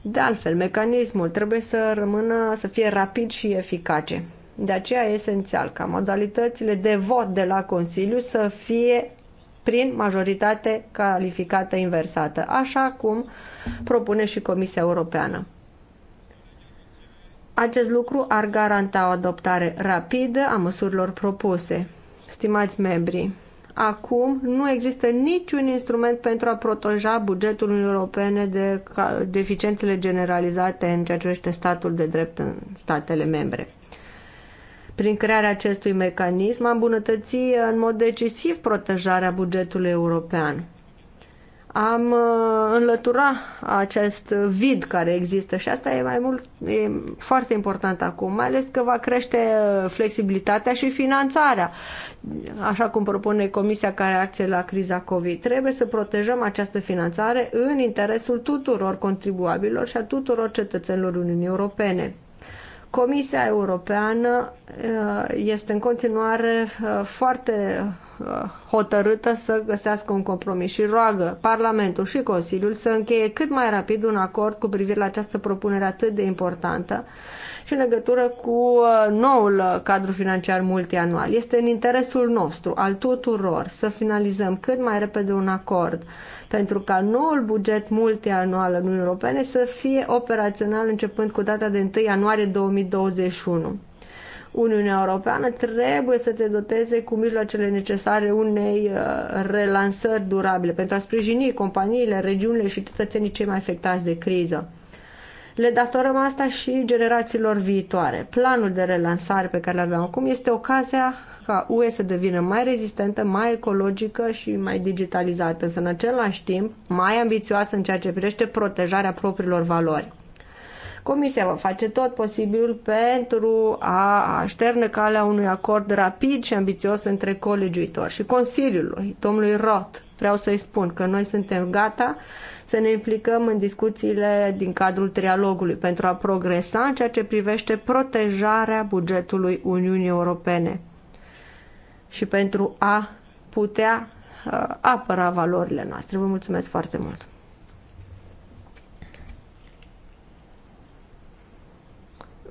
De altfel, mecanismul trebuie să rămână, să fie rapid și eficace. De aceea e esențial ca modalitățile de vot de la Consiliu să fie prin majoritate calificată inversată, așa cum propune și Comisia Europeană. Acest lucru ar garanta o adoptare rapidă a măsurilor propuse. Stimați membrii, acum nu există niciun instrument pentru a proteja bugetul Uniunii Europene de deficiențele generalizate în ceea ce privește statul de drept în statele membre. Prin crearea acestui mecanism am îmbunătățit în mod decisiv protejarea bugetului european am uh, înlătura acest vid care există și asta e mai mult e foarte important acum, mai ales că va crește uh, flexibilitatea și finanțarea, așa cum propune Comisia care acție la criza COVID. Trebuie să protejăm această finanțare în interesul tuturor contribuabilor și a tuturor cetățenilor Uniunii Europene. Comisia Europeană uh, este în continuare foarte Uh, hotărâtă să găsească un compromis și roagă Parlamentul și Consiliul să încheie cât mai rapid un acord cu privire la această propunere atât de importantă și în legătură cu uh, noul uh, cadru financiar multianual. Este în interesul nostru, al tuturor, să finalizăm cât mai repede un acord pentru ca noul buget multianual în Uniunea Europene să fie operațional începând cu data de 1 ianuarie 2021. Uniunea Europeană trebuie să te doteze cu mijloacele necesare unei uh, relansări durabile pentru a sprijini companiile, regiunile și cetățenii cei mai afectați de criză. Le datorăm asta și generațiilor viitoare. Planul de relansare pe care îl avem acum este ocazia ca UE să devină mai rezistentă, mai ecologică și mai digitalizată, însă în același timp mai ambițioasă în ceea ce privește protejarea propriilor valori. Comisia va face tot posibilul pentru a șterne calea unui acord rapid și ambițios între colegiuitori și Consiliului, domnului Roth. Vreau să-i spun că noi suntem gata să ne implicăm în discuțiile din cadrul trialogului pentru a progresa în ceea ce privește protejarea bugetului Uniunii Europene și pentru a putea uh, apăra valorile noastre. Vă mulțumesc foarte mult!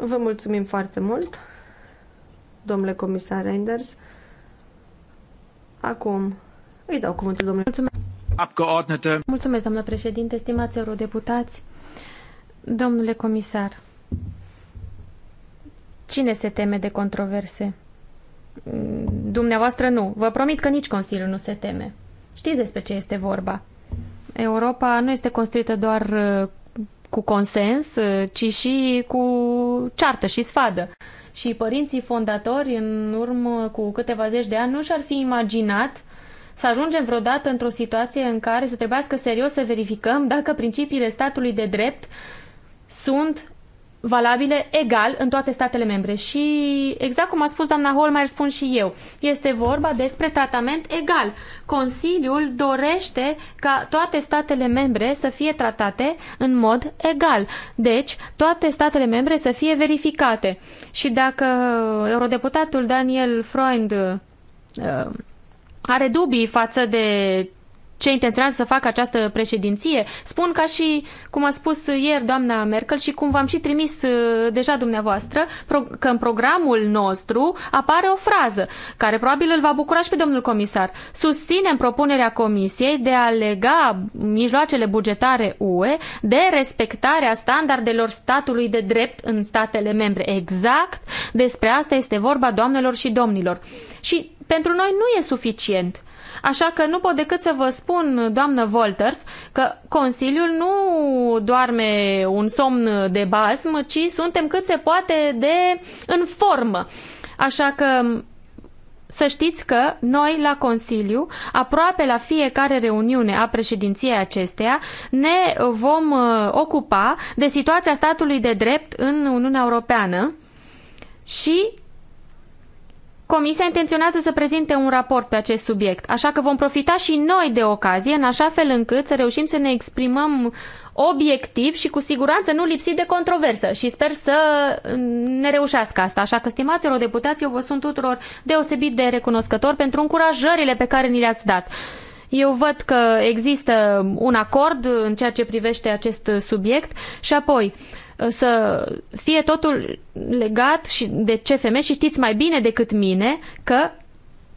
Vă mulțumim foarte mult, domnule comisar Reinders. Acum îi dau cuvântul domnului. Mulțumesc. Abgeordnete. Mulțumesc, doamnă președinte, stimați eurodeputați, domnule comisar. Cine se teme de controverse? Dumneavoastră nu. Vă promit că nici Consiliul nu se teme. Știți despre ce este vorba. Europa nu este construită doar uh, cu consens, uh, ci și cu ceartă și sfadă. Și părinții fondatori, în urmă cu câteva zeci de ani, nu și-ar fi imaginat să ajungem vreodată într-o situație în care să trebuiască serios să verificăm dacă principiile statului de drept sunt valabile egal în toate statele membre. Și exact cum a spus doamna mai spun și eu, este vorba despre tratament egal. Consiliul dorește ca toate statele membre să fie tratate în mod egal. Deci, toate statele membre să fie verificate. Și dacă eurodeputatul Daniel Freund uh, are dubii față de ce intenționează să facă această președinție, spun ca și cum a spus ieri doamna Merkel și cum v-am și trimis uh, deja dumneavoastră, că în programul nostru apare o frază care probabil îl va bucura și pe domnul comisar. Susținem propunerea comisiei de a lega mijloacele bugetare UE de respectarea standardelor statului de drept în statele membre. Exact despre asta este vorba, doamnelor și domnilor. Și pentru noi nu e suficient Așa că nu pot decât să vă spun, doamnă Volters, că Consiliul nu doarme un somn de basm, ci suntem cât se poate de în formă. Așa că să știți că noi la Consiliu, aproape la fiecare reuniune a președinției acesteia, ne vom uh, ocupa de situația statului de drept în Uniunea Europeană și Comisia intenționează să prezinte un raport pe acest subiect, așa că vom profita și noi de ocazie, în așa fel încât să reușim să ne exprimăm obiectiv și cu siguranță nu lipsit de controversă și sper să mm, ne reușească asta. Așa că, stimați deputați, eu vă sunt tuturor deosebit de recunoscător pentru încurajările pe care ni le-ați dat. Eu văd că există un acord în ceea ce privește acest subiect și apoi să fie totul legat și de ce femei și știți mai bine decât mine că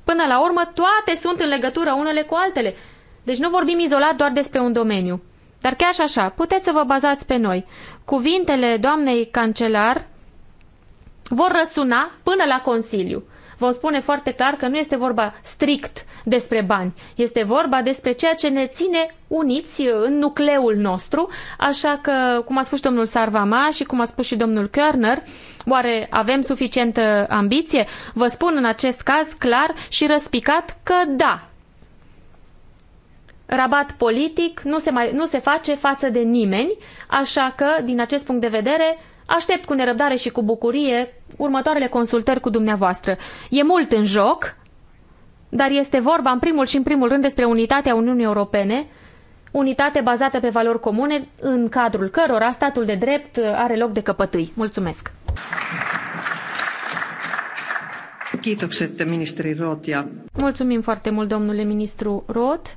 până la urmă toate sunt în legătură unele cu altele. Deci nu vorbim izolat doar despre un domeniu. Dar chiar și așa, puteți să vă bazați pe noi. Cuvintele doamnei cancelar vor răsuna până la Consiliu vom spune foarte clar că nu este vorba strict despre bani, este vorba despre ceea ce ne ține uniți în nucleul nostru, așa că, cum a spus și domnul Sarvama și cum a spus și domnul Körner, oare avem suficientă ambiție? Vă spun în acest caz clar și răspicat că da, rabat politic nu se, mai, nu se face față de nimeni, așa că, din acest punct de vedere, aștept cu nerăbdare și cu bucurie următoarele consultări cu dumneavoastră. E mult în joc, dar este vorba în primul și în primul rând despre unitatea Uniunii Europene, unitate bazată pe valori comune, în cadrul cărora statul de drept are loc de căpătâi. Mulțumesc! Rotia. Mulțumim foarte mult, domnule ministru Rot.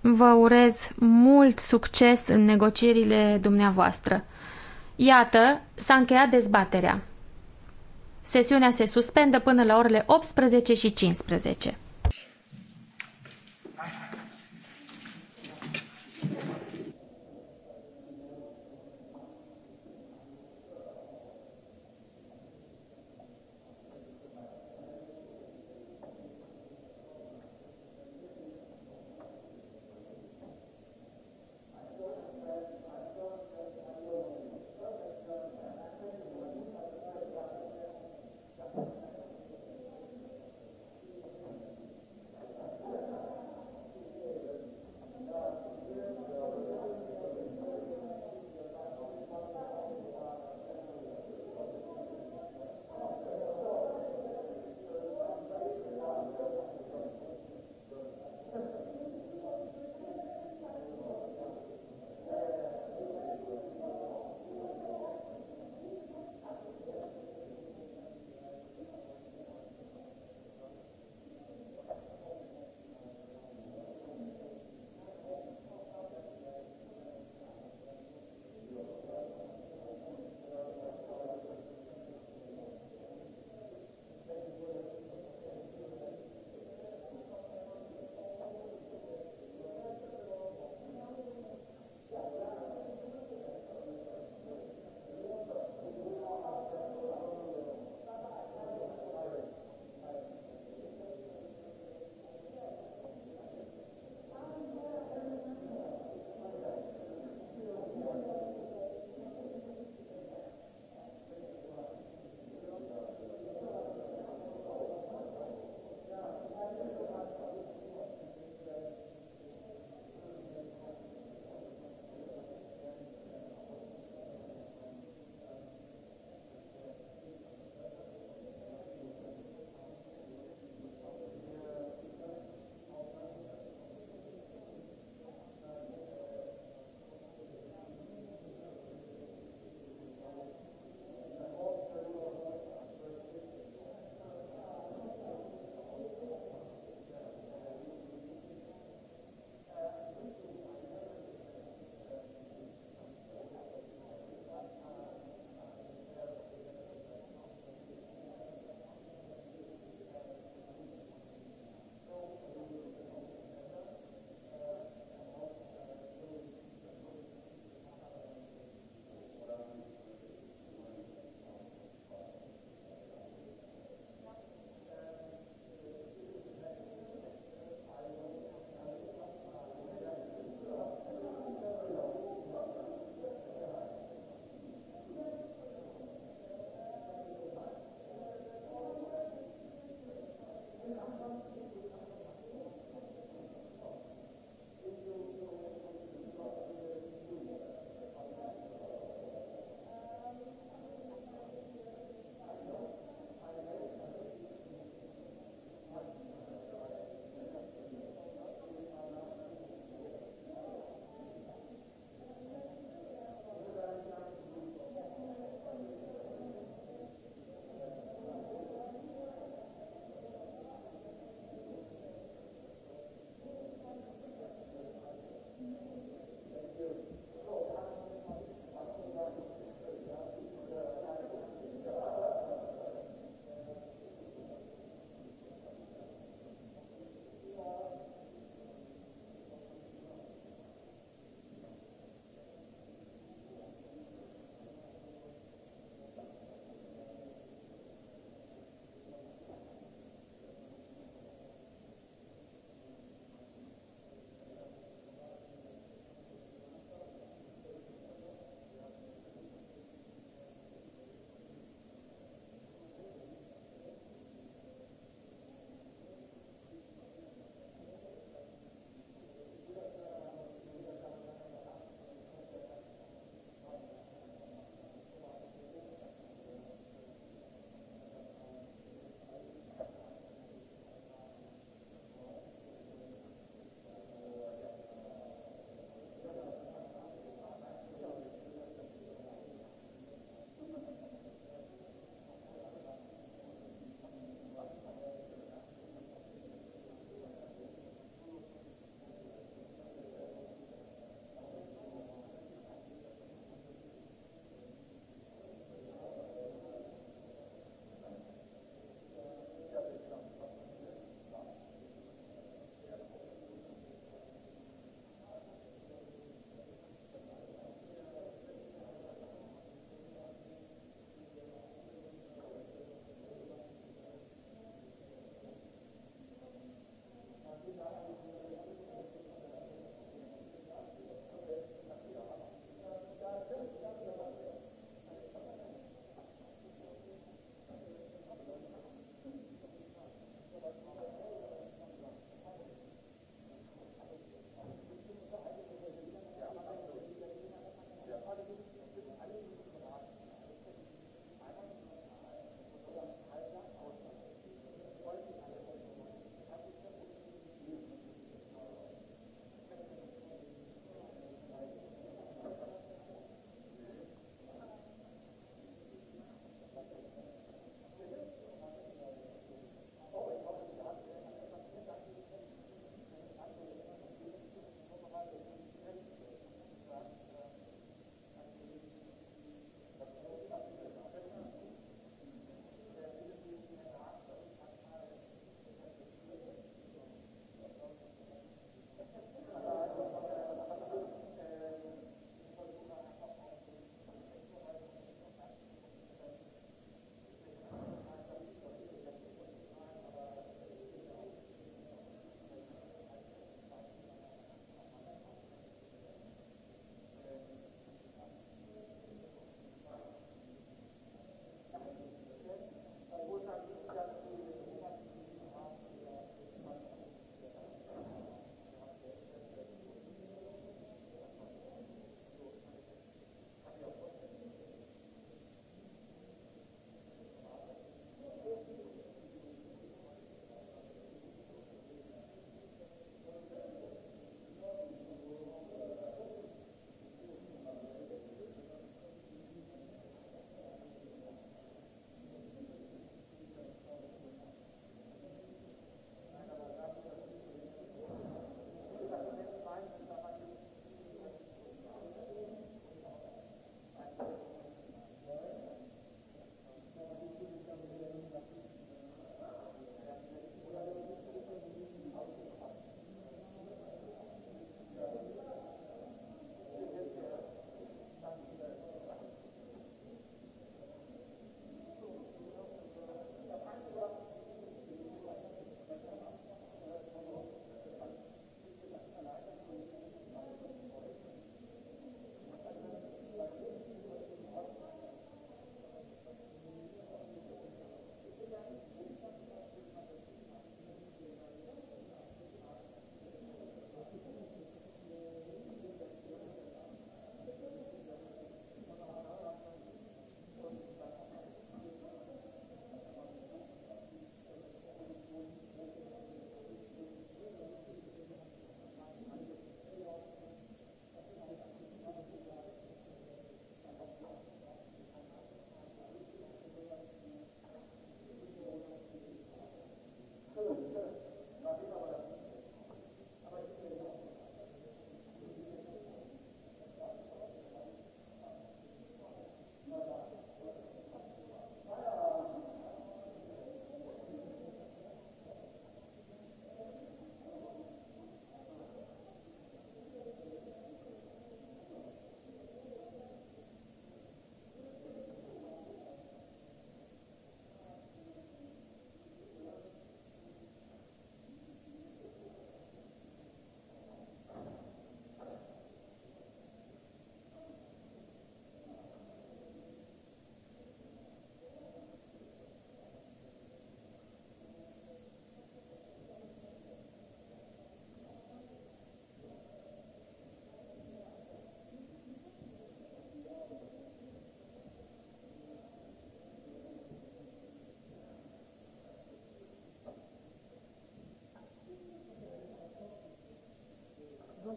Vă urez mult succes în negocierile dumneavoastră. Iată, s-a încheiat dezbaterea. Sesiunea se suspendă până la orele 18 și 15.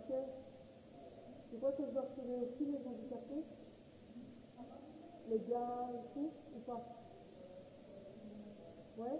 Michel, tu vois que je dois retirer aussi les handicapés Les gars et tout, ou pas Ouais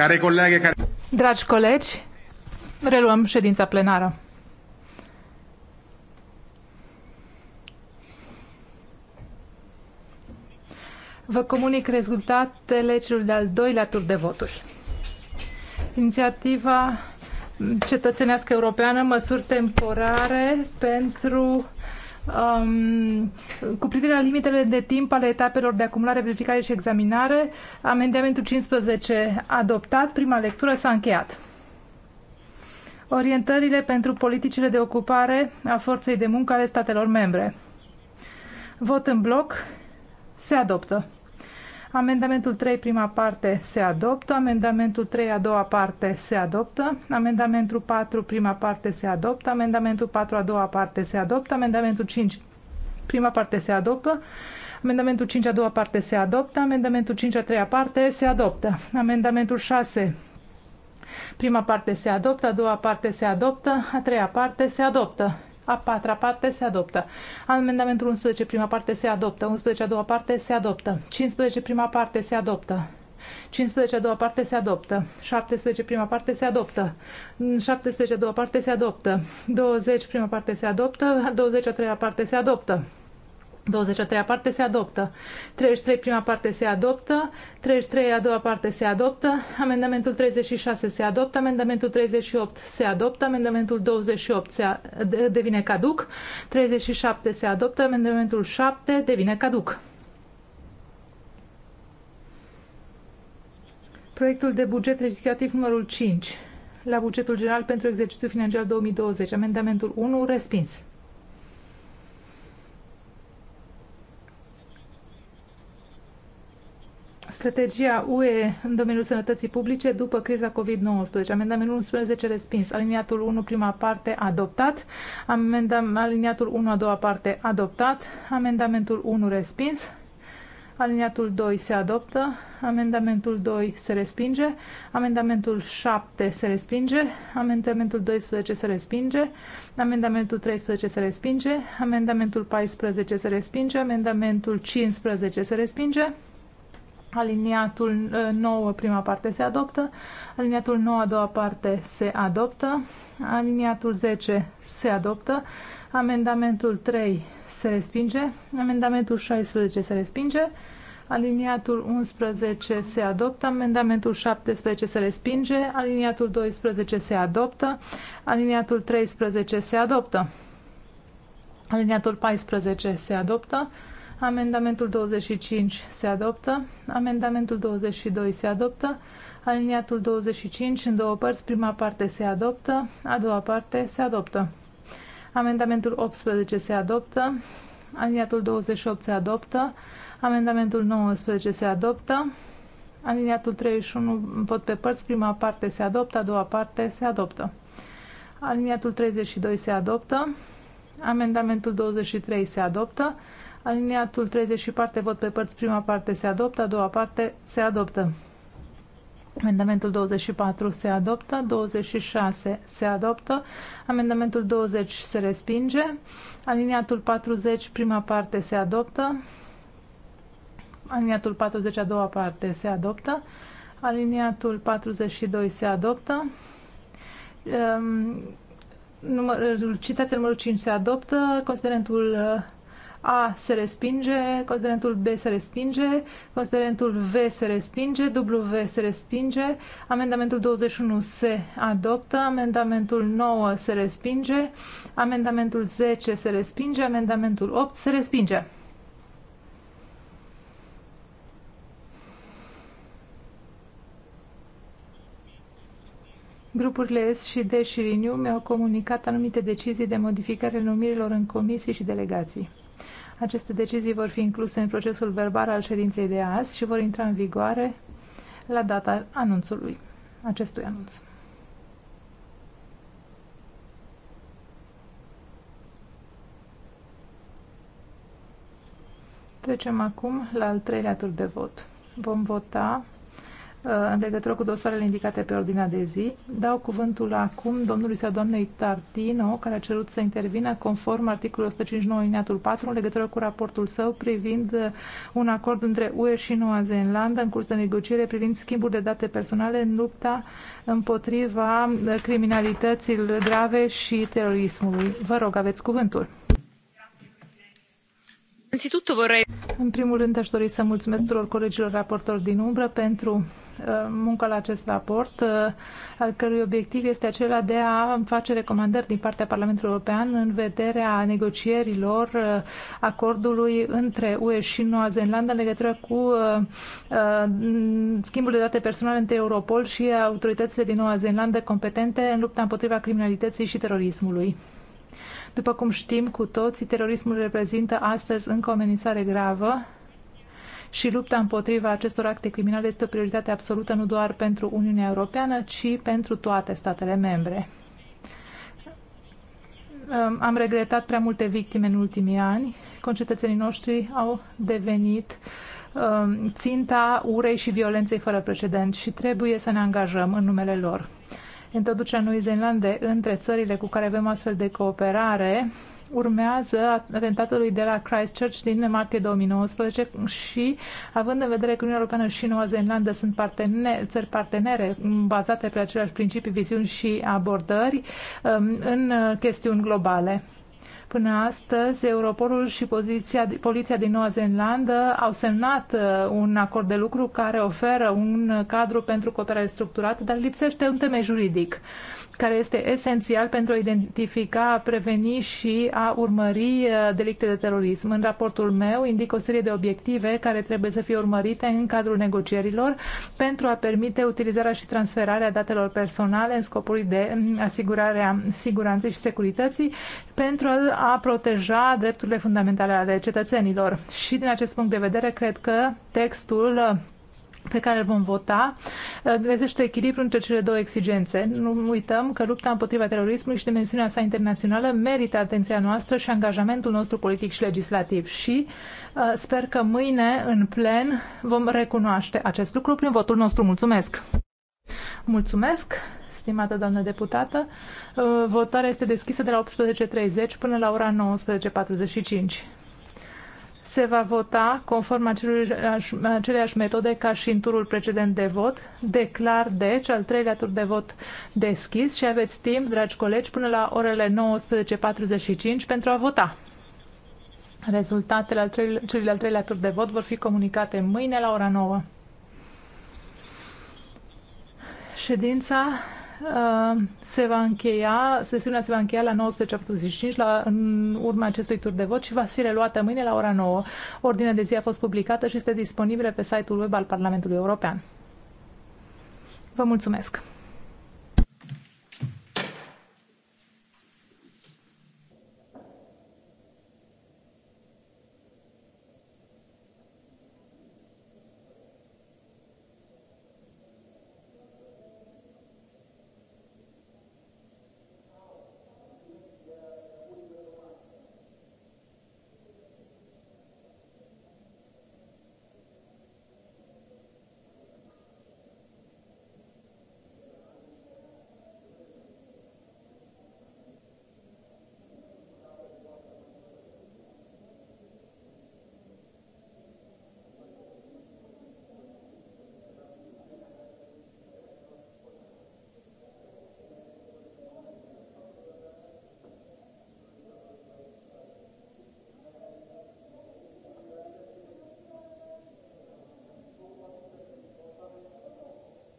Care colegi, care... Dragi colegi, reluăm ședința plenară. Vă comunic rezultatele celor de-al doilea tur de voturi. Inițiativa cetățenească europeană, măsuri temporare pentru um, cu privire la limitele de timp ale etapelor de acumulare, verificare și examinare, amendamentul 15 adoptat, prima lectură s-a încheiat. Orientările pentru politicile de ocupare a forței de muncă ale statelor membre. Vot în bloc. Se adoptă. Amendamentul 3, prima parte, se adoptă. Amendamentul 3, a doua parte, se adoptă. Amendamentul 4, prima parte, se adoptă. Amendamentul 4, a doua parte, se adoptă. Amendamentul 5, prima parte, se adoptă. Amendamentul 5, a doua parte, se adoptă. Amendamentul 5, a treia parte, se adoptă. Amendamentul 6, prima parte, se adoptă. A doua parte, se adoptă. A treia parte, se adoptă a patra parte se adoptă. Amendamentul 11, prima parte se adoptă. 11, a doua parte se adoptă. 15, prima parte se adoptă. 15, a doua parte se adoptă. 17, prima parte se adoptă. 17, a doua parte se adoptă. 20, prima parte se adoptă. 20, a treia parte se adoptă. 23 a treia parte se adoptă. 33 prima parte se adoptă. 33 a doua parte se adoptă. Amendamentul 36 se adoptă. Amendamentul 38 se adoptă. Amendamentul 28 se a, devine caduc. 37 se adoptă. Amendamentul 7 devine caduc. Proiectul de buget rectificativ numărul 5 la bugetul general pentru exercițiul financiar 2020. Amendamentul 1 respins. Strategia UE în domeniul sănătății publice după criza COVID-19. Amendamentul 11 respins. Aliniatul 1, prima parte, adoptat. Amendam, aliniatul 1, a doua parte, adoptat. Amendamentul 1, respins. Aliniatul 2 se adoptă, amendamentul 2 se respinge, amendamentul 7 se respinge, amendamentul 12 se respinge, amendamentul 13 se respinge, amendamentul 14 se respinge, amendamentul 15 se respinge, Aliniatul 9, uh, prima parte, se adoptă. Aliniatul 9, a doua parte, se adoptă. Aliniatul 10, se adoptă. Amendamentul 3, se respinge. Amendamentul 16, se respinge. Aliniatul 11 se adoptă, amendamentul 17 se respinge, aliniatul 12 se adoptă, aliniatul 13 se adoptă, aliniatul 14 se adoptă, Amendamentul 25 se adoptă. Amendamentul 22 se adoptă. Aliniatul 25 în două părți. Prima parte se adoptă. A doua parte se adoptă. Amendamentul 18 se adoptă. Aliniatul 28 se adoptă. Amendamentul 19 se adoptă. Aliniatul 31 vot pe părți. Prima parte se adoptă. A doua parte se adoptă. Aliniatul 32 se adoptă. Amendamentul 23 se adoptă. Aliniatul 34, vot pe părți, prima parte se adoptă, a doua parte se adoptă. Amendamentul 24 se adoptă, 26 se adoptă, amendamentul 20 se respinge, aliniatul 40, prima parte se adoptă, aliniatul 40, a doua parte se adoptă, aliniatul 42 se adoptă, um, numărul, citația numărul 5 se adoptă, considerentul uh, a se respinge, considerentul B se respinge, considerentul V se respinge, W se respinge, amendamentul 21 se adoptă, amendamentul 9 se respinge, amendamentul 10 se respinge, amendamentul 8 se respinge. Grupurile S și D și Riniu mi-au comunicat anumite decizii de modificare numirilor în comisii și delegații. Aceste decizii vor fi incluse în procesul verbal al ședinței de azi și vor intra în vigoare la data anunțului, acestui anunț. Trecem acum la al treilea tur de vot. Vom vota în legătură cu dosarele indicate pe ordinea de zi. Dau cuvântul acum domnului sau doamnei Tartino, care a cerut să intervină conform articolul 159 liniatul 4 în legătură cu raportul său privind uh, un acord între UE și Noua Zeelandă în curs de negociere privind schimburi de date personale în lupta împotriva uh, criminalității grave și terorismului. Vă rog, aveți cuvântul. În primul rând, aș dori să mulțumesc tuturor colegilor raportori din umbră pentru Uh, muncă la acest raport, uh, al cărui obiectiv este acela de a face recomandări din partea Parlamentului European în vederea negocierilor uh, acordului între UE și Noua Zeelandă în legătură cu schimbul de date personale între Europol și autoritățile din Noua Zeelandă competente în lupta împotriva criminalității și terorismului. După cum știm cu toții, terorismul reprezintă astăzi încă o amenințare gravă și lupta împotriva acestor acte criminale este o prioritate absolută nu doar pentru Uniunea Europeană, ci pentru toate statele membre. Am regretat prea multe victime în ultimii ani. Concetățenii noștri au devenit um, ținta urei și violenței fără precedent și trebuie să ne angajăm în numele lor. Introducerea Noii Zeelande între țările cu care avem astfel de cooperare urmează atentatului de la Christchurch din martie 2019 și având în vedere că Uniunea Europeană și Noua Zeelandă sunt parteneri, țări partenere bazate pe aceleași principii, viziuni și abordări um, în chestiuni globale. Până astăzi, Europolul și poziția, Poliția din Noua Zeelandă au semnat uh, un acord de lucru care oferă un cadru pentru cooperare structurată, dar lipsește un temei juridic care este esențial pentru a identifica, a preveni și a urmări uh, delicte de terorism. În raportul meu indic o serie de obiective care trebuie să fie urmărite în cadrul negocierilor pentru a permite utilizarea și transferarea datelor personale în scopul de mm, asigurarea siguranței și securității pentru a a proteja drepturile fundamentale ale cetățenilor. Și din acest punct de vedere, cred că textul uh, pe care îl vom vota uh, găsește echilibru între cele două exigențe. Nu uităm că lupta împotriva terorismului și dimensiunea sa internațională merită atenția noastră și angajamentul nostru politic și legislativ și uh, sper că mâine în plen vom recunoaște acest lucru prin votul nostru. Mulțumesc! Mulțumesc! stimată doamnă deputată. Uh, votarea este deschisă de la 18.30 până la ora 19.45. Se va vota conform aceleiași, metode ca și în turul precedent de vot. Declar, deci, al treilea tur de vot deschis și aveți timp, dragi colegi, până la orele 19.45 pentru a vota. Rezultatele al treilea, celui de-al treilea tur de vot vor fi comunicate mâine la ora 9. Ședința Uh, se va încheia, sesiunea se va încheia la 19.45 la, în urma acestui tur de vot și va fi reluată mâine la ora 9. Ordinea de zi a fost publicată și este disponibilă pe site-ul web al Parlamentului European. Vă mulțumesc!